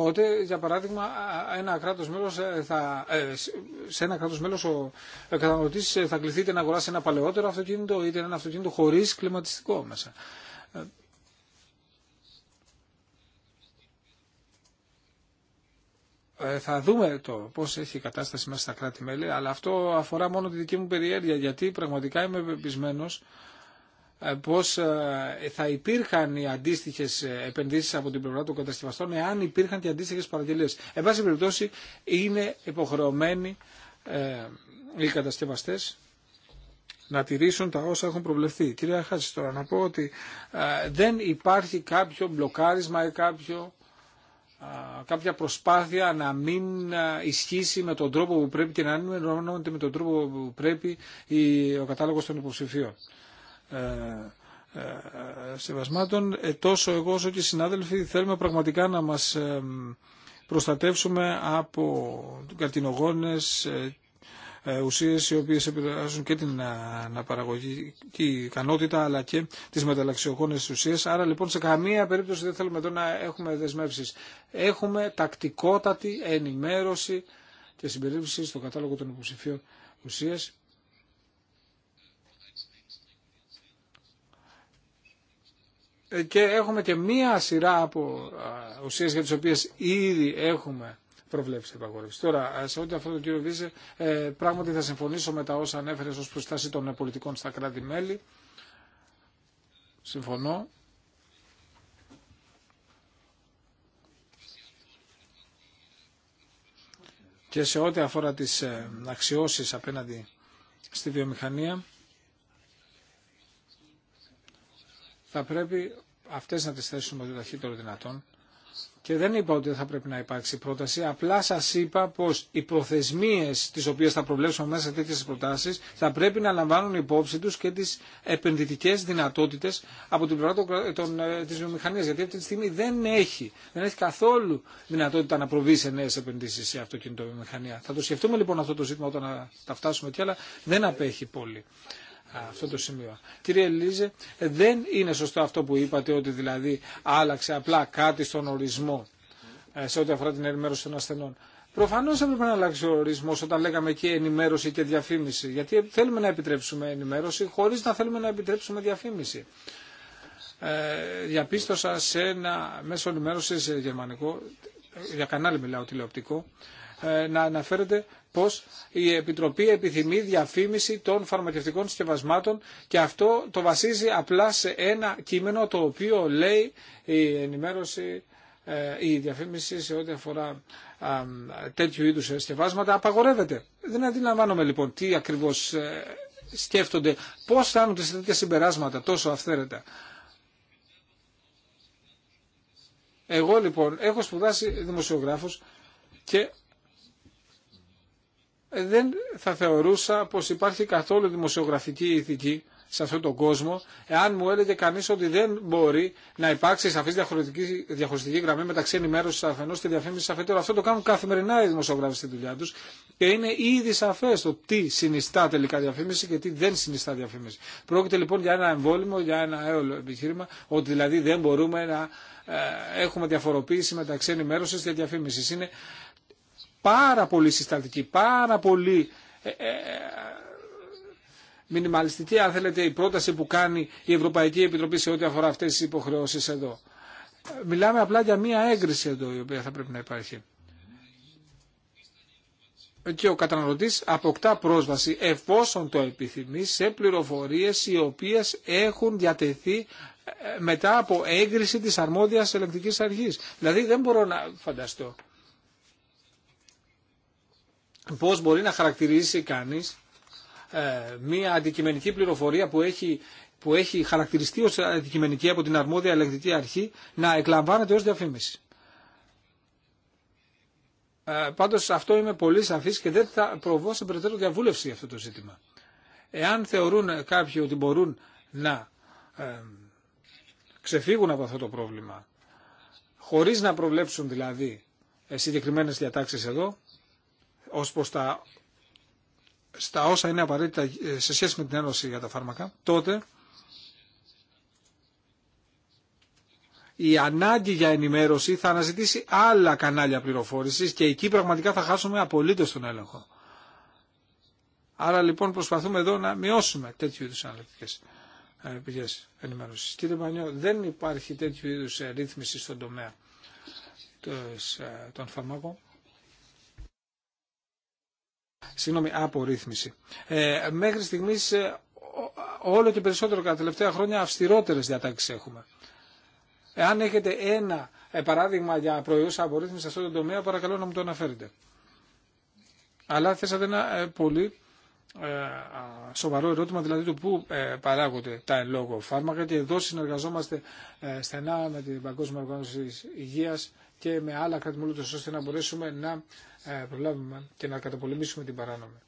τότε, για παράδειγμα, ένα κράτος μέλος ε, θα, ε, σε ένα κράτος μέλος ο καταναλωτής ε, θα κληθεί είτε να αγοράσει ένα παλαιότερο αυτοκίνητο είτε ένα αυτοκίνητο χωρίς κλιματιστικό μέσα. θα δούμε το πώς έχει η κατάσταση μέσα στα κράτη-μέλη, αλλά αυτό αφορά μόνο τη δική μου περιέργεια, γιατί πραγματικά είμαι πεπισμένος ε, πως ε, θα υπήρχαν οι αντίστοιχες επενδύσεις από την πλευρά των κατασκευαστών εάν υπήρχαν και αντίστοιχες παραγγελίες. Εν πάση περιπτώσει είναι υποχρεωμένοι ε, οι κατασκευαστές να τηρήσουν τα όσα έχουν προβλεφθεί. Κυρία Χάση, τώρα να πω ότι δεν υπάρχει κάποιο μπλοκάρισμα ή κάποιο κάποια προσπάθεια να μην ισχύσει με τον τρόπο που πρέπει και να ενημερώνονται με τον τρόπο που πρέπει ο κατάλογος των υποψηφίων. Ε, ε, σεβασμάτων, ε, τόσο εγώ όσο και οι συνάδελφοι θέλουμε πραγματικά να μας προστατεύσουμε από καρτινογόνες ουσίες οι οποίες επηρεάζουν και την αναπαραγωγική ικανότητα αλλά και τις μεταλλαξιογόνες ουσίες. Άρα λοιπόν σε καμία περίπτωση δεν θέλουμε εδώ να έχουμε δεσμεύσεις. Έχουμε τακτικότατη ενημέρωση και συμπερίληψη στο κατάλογο των υποψηφίων ουσίες και έχουμε και μία σειρά από ουσίες για τις οποίες ήδη έχουμε προβλέψει επαγόρευση. Τώρα, σε ό,τι αφορά το κύριο Βίζε, ε, πράγματι θα συμφωνήσω με τα όσα ανέφερε ως προστάση των πολιτικών στα κράτη-μέλη. Συμφωνώ. Και σε ό,τι αφορά τις ε, αξιώσεις απέναντι στη βιομηχανία, θα πρέπει αυτές να τις θέσουμε το ταχύτερο δυνατόν. Και δεν είπα ότι δεν θα πρέπει να υπάρξει πρόταση, απλά σα είπα πω οι προθεσμίε τι οποίε θα προβλέψουμε μέσα σε τέτοιες προτάσεις θα πρέπει να λαμβάνουν υπόψη του και τι επενδυτικέ δυνατότητε από την πλευρά ε, τη βιομηχανία. Γιατί αυτή τη στιγμή δεν έχει, δεν έχει καθόλου δυνατότητα να προβεί σε νέες επενδύσεις η αυτοκινητοβιομηχανία. Θα το σκεφτούμε λοιπόν αυτό το ζήτημα όταν τα φτάσουμε και άλλα, δεν απέχει πολύ αυτό το σημείο. Κύριε Λίζε, ε, δεν είναι σωστό αυτό που είπατε ότι δηλαδή άλλαξε απλά κάτι στον ορισμό ε, σε ό,τι αφορά την ενημέρωση των ασθενών. Προφανώ έπρεπε να αλλάξει ο ορισμό όταν λέγαμε και ενημέρωση και διαφήμιση. Γιατί θέλουμε να επιτρέψουμε ενημέρωση χωρί να θέλουμε να επιτρέψουμε διαφήμιση. Ε, διαπίστωσα σε ένα μέσο ενημέρωση γερμανικό, ε, για κανάλι μιλάω τηλεοπτικό, να αναφέρεται πώ η Επιτροπή επιθυμεί διαφήμιση των φαρμακευτικών συσκευασμάτων και αυτό το βασίζει απλά σε ένα κείμενο το οποίο λέει η ενημέρωση ε, η διαφήμιση σε ό,τι αφορά τέτοιου είδους συσκευάσματα απαγορεύεται. Δεν αντιλαμβάνομαι λοιπόν τι ακριβώς ε, σκέφτονται, πώς φτάνουν σε τέτοια συμπεράσματα τόσο αυθαίρετα. Εγώ λοιπόν έχω σπουδάσει δημοσιογράφος και δεν θα θεωρούσα πως υπάρχει καθόλου δημοσιογραφική ηθική σε αυτόν τον κόσμο, εάν μου έλεγε κανεί ότι δεν μπορεί να υπάρξει σαφή διαχωριστική, διαχωριστική γραμμή μεταξύ ενημέρωση αφενό και διαφήμιση αφετέρου. Αυτό το κάνουν καθημερινά οι δημοσιογράφοι στη δουλειά του και είναι ήδη σαφέ το τι συνιστά τελικά διαφήμιση και τι δεν συνιστά διαφήμιση. Πρόκειται λοιπόν για ένα εμβόλυμο, για ένα έολο επιχείρημα, ότι δηλαδή δεν μπορούμε να ε, έχουμε διαφοροποίηση μεταξύ ενημέρωση και διαφήμιση. Είναι πάρα πολύ συστατική, πάρα πολύ ε, ε, μινιμαλιστική, αν θέλετε, η πρόταση που κάνει η Ευρωπαϊκή Επιτροπή σε ό,τι αφορά αυτές τις υποχρεώσεις εδώ. Μιλάμε απλά για μία έγκριση εδώ η οποία θα πρέπει να υπάρχει. Και ο καταναλωτής αποκτά πρόσβαση, εφόσον το επιθυμεί, σε πληροφορίες οι οποίες έχουν διατεθεί ε, μετά από έγκριση της αρμόδιας ελεγκτικής αρχής. Δηλαδή δεν μπορώ να φανταστώ πώς μπορεί να χαρακτηρίζει κανείς ε, μία αντικειμενική πληροφορία που έχει, που έχει χαρακτηριστεί ως αντικειμενική από την αρμόδια ελεγκτική αρχή να εκλαμβάνεται ως διαφήμιση. Ε, πάντως αυτό είμαι πολύ σαφής και δεν θα προβώ σε περαιτέρω διαβούλευση αυτό το ζήτημα. Εάν θεωρούν κάποιοι ότι μπορούν να ε, ξεφύγουν από αυτό το πρόβλημα, χωρίς να προβλέψουν δηλαδή ε, συγκεκριμένες διατάξεις εδώ, ως προς τα, στα όσα είναι απαραίτητα ε, σε σχέση με την Ένωση για τα φάρμακα, τότε η ανάγκη για ενημέρωση θα αναζητήσει άλλα κανάλια πληροφόρησης και εκεί πραγματικά θα χάσουμε απολύτως τον έλεγχο. Άρα λοιπόν προσπαθούμε εδώ να μειώσουμε τέτοιου είδους αναλυτικές ε, πηγές ενημέρωσης. Κύριε Μανιώ, δεν υπάρχει τέτοιου είδους ε, ρύθμιση στον τομέα των φαρμάκων συγγνώμη, απορρίθμιση. Ε, μέχρι στιγμής ε, όλο και περισσότερο κατά τελευταία χρόνια αυστηρότερες διατάξεις έχουμε. Εάν έχετε ένα ε, παράδειγμα για προϊόντα απορρίθμιση σε αυτό το τομέα, παρακαλώ να μου το αναφέρετε. Αλλά θέσατε ένα ε, πολύ σοβαρό ερώτημα, δηλαδή του πού παράγονται τα εν λόγω φάρμακα και εδώ συνεργαζόμαστε στενά με την Παγκόσμια Οργάνωση Υγείας και με άλλα του ώστε να μπορέσουμε να ε, προλάβουμε και να καταπολεμήσουμε την παράνομη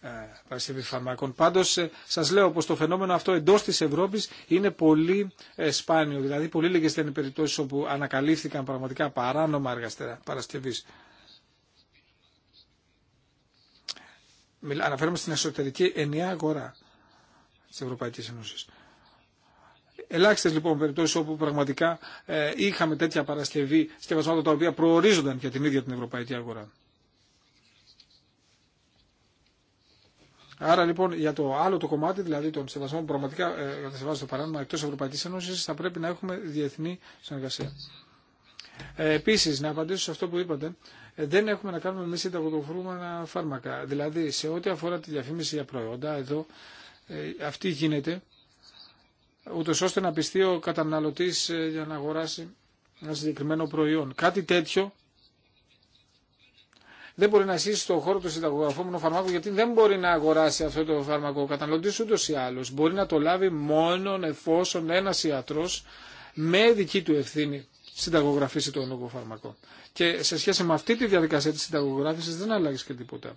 ε, παρασκευή φαρμάκων. Πάντως ε, σας λέω πως το φαινόμενο αυτό εντός της Ευρώπης είναι πολύ σπάνιο. Δηλαδή πολύ λίγες ήταν οι περιπτώσεις όπου ανακαλύφθηκαν πραγματικά παράνομα εργαστέρα παρασκευής. Αναφέρομαι στην εσωτερική ενιαία αγορά της Ευρωπαϊκής Ένωσης. Ελάχιστε λοιπόν περιπτώσει όπου πραγματικά ε, είχαμε τέτοια παρασκευή σκευασμάτων τα οποία προορίζονταν για την ίδια την ευρωπαϊκή αγορά. Άρα λοιπόν για το άλλο το κομμάτι, δηλαδή των σεβασμό που πραγματικά ε, βάζω το παράδειγμα εκτό Ευρωπαϊκή Ένωση, θα πρέπει να έχουμε διεθνή συνεργασία. Ε, Επίση, να απαντήσω σε αυτό που είπατε, ε, δεν έχουμε να κάνουμε εμεί συνταγογραφούμενα φάρμακα. Δηλαδή, σε ό,τι αφορά τη διαφήμιση για προϊόντα, εδώ αυτή γίνεται ούτως ώστε να πιστεί ο καταναλωτής ε, για να αγοράσει ένα συγκεκριμένο προϊόν. Κάτι τέτοιο δεν μπορεί να ισχύσει στον χώρο του συνταγογραφόμενου φαρμάκου, γιατί δεν μπορεί να αγοράσει αυτό το φάρμακο ο καταναλωτή ούτως ή άλλως. Μπορεί να το λάβει μόνο εφόσον ένας ιατρός με δική του ευθύνη συνταγογραφήσει το νόμο φάρμακο. Και σε σχέση με αυτή τη διαδικασία της συνταγογράφησης δεν αλλάξει και τίποτα.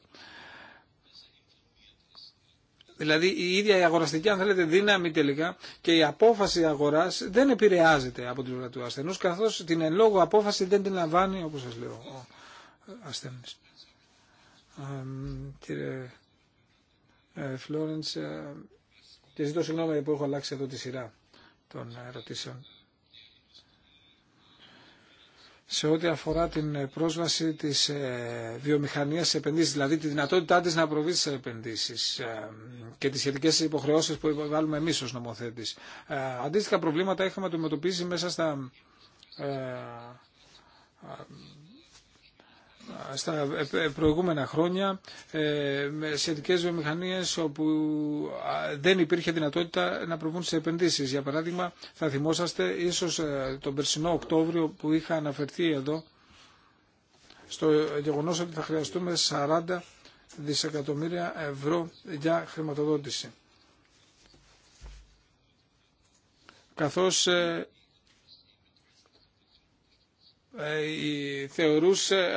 Δηλαδή η ίδια η αγοραστική αν θέλετε δύναμη τελικά και η απόφαση αγοράς δεν επηρεάζεται από την πλευρά του ασθενού, καθώ την εν λόγω απόφαση δεν την λαμβάνει όπως σας λέω ο ασθενή. κύριε ε, Φλόρεντ, ε, και ζητώ συγγνώμη που έχω αλλάξει εδώ τη σειρά των ερωτήσεων σε ό,τι αφορά την ε, πρόσβαση της ε, βιομηχανίας σε επενδύσεις, δηλαδή τη δυνατότητά της να προβεί σε επενδύσεις ε, και τις σχετικές υποχρεώσεις που υποβάλλουμε εμείς ως νομοθέτης. Αντίστοιχα προβλήματα είχαμε αντιμετωπίσει μέσα στα στα προηγούμενα χρόνια ε, με σχετικές βιομηχανίες όπου δεν υπήρχε δυνατότητα να προβούν σε επενδύσεις. Για παράδειγμα θα θυμόσαστε ίσως ε, τον περσινό Οκτώβριο που είχα αναφερθεί εδώ στο γεγονός ότι θα χρειαστούμε 40 δισεκατομμύρια ευρώ για χρηματοδότηση. Καθώς ε, ε, θεωρούσε,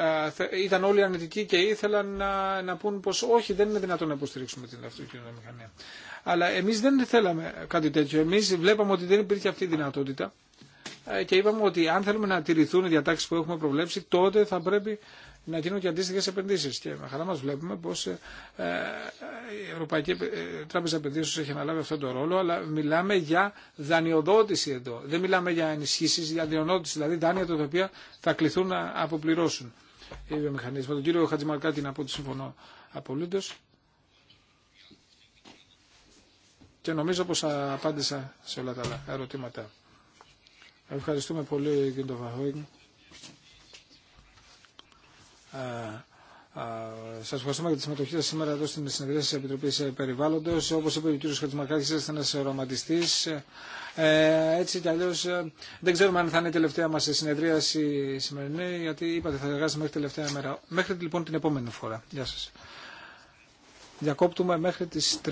ήταν όλοι αρνητικοί και ήθελαν να, να πούν πως όχι δεν είναι δυνατόν να υποστηρίξουμε την αυτοκινητομηχανία. Αλλά εμείς δεν θέλαμε κάτι τέτοιο. Εμείς βλέπαμε ότι δεν υπήρχε αυτή η δυνατότητα ε, και είπαμε ότι αν θέλουμε να τηρηθούν οι διατάξεις που έχουμε προβλέψει τότε θα πρέπει να γίνουν και αντίστοιχε επενδύσει. Και με χαρά μα βλέπουμε πω ε, ε, η Ευρωπαϊκή ε, Τράπεζα Επενδύσεω έχει αναλάβει αυτόν τον ρόλο, αλλά μιλάμε για δανειοδότηση εδώ. Δεν μιλάμε για ενισχύσει, για διονότηση δηλαδή δάνεια τα οποία θα κληθούν να αποπληρώσουν οι βιομηχανίε. Με τον κύριο Χατζημαρκάτη να πω ότι συμφωνώ απολύτω. Και νομίζω πως απάντησα σε όλα τα ερωτήματα. Ευχαριστούμε πολύ κύριε Τοβαχόγη. Ε, ε, σα ευχαριστούμε για τη συμμετοχή σα σήμερα εδώ στην συνεδρία τη Επιτροπή Περιβάλλοντο. Όπω είπε ο κ. Χατζημαρκάκη, είστε ένα ρομαντιστή. Ε, έτσι κι αλλιώ δεν ξέρουμε αν θα είναι η τελευταία μα συνεδρίαση η σημερινή, γιατί είπατε θα εργάζεστε μέχρι τελευταία μέρα. Μέχρι λοιπόν την επόμενη φορά. Γεια σα. Διακόπτουμε μέχρι τι 3.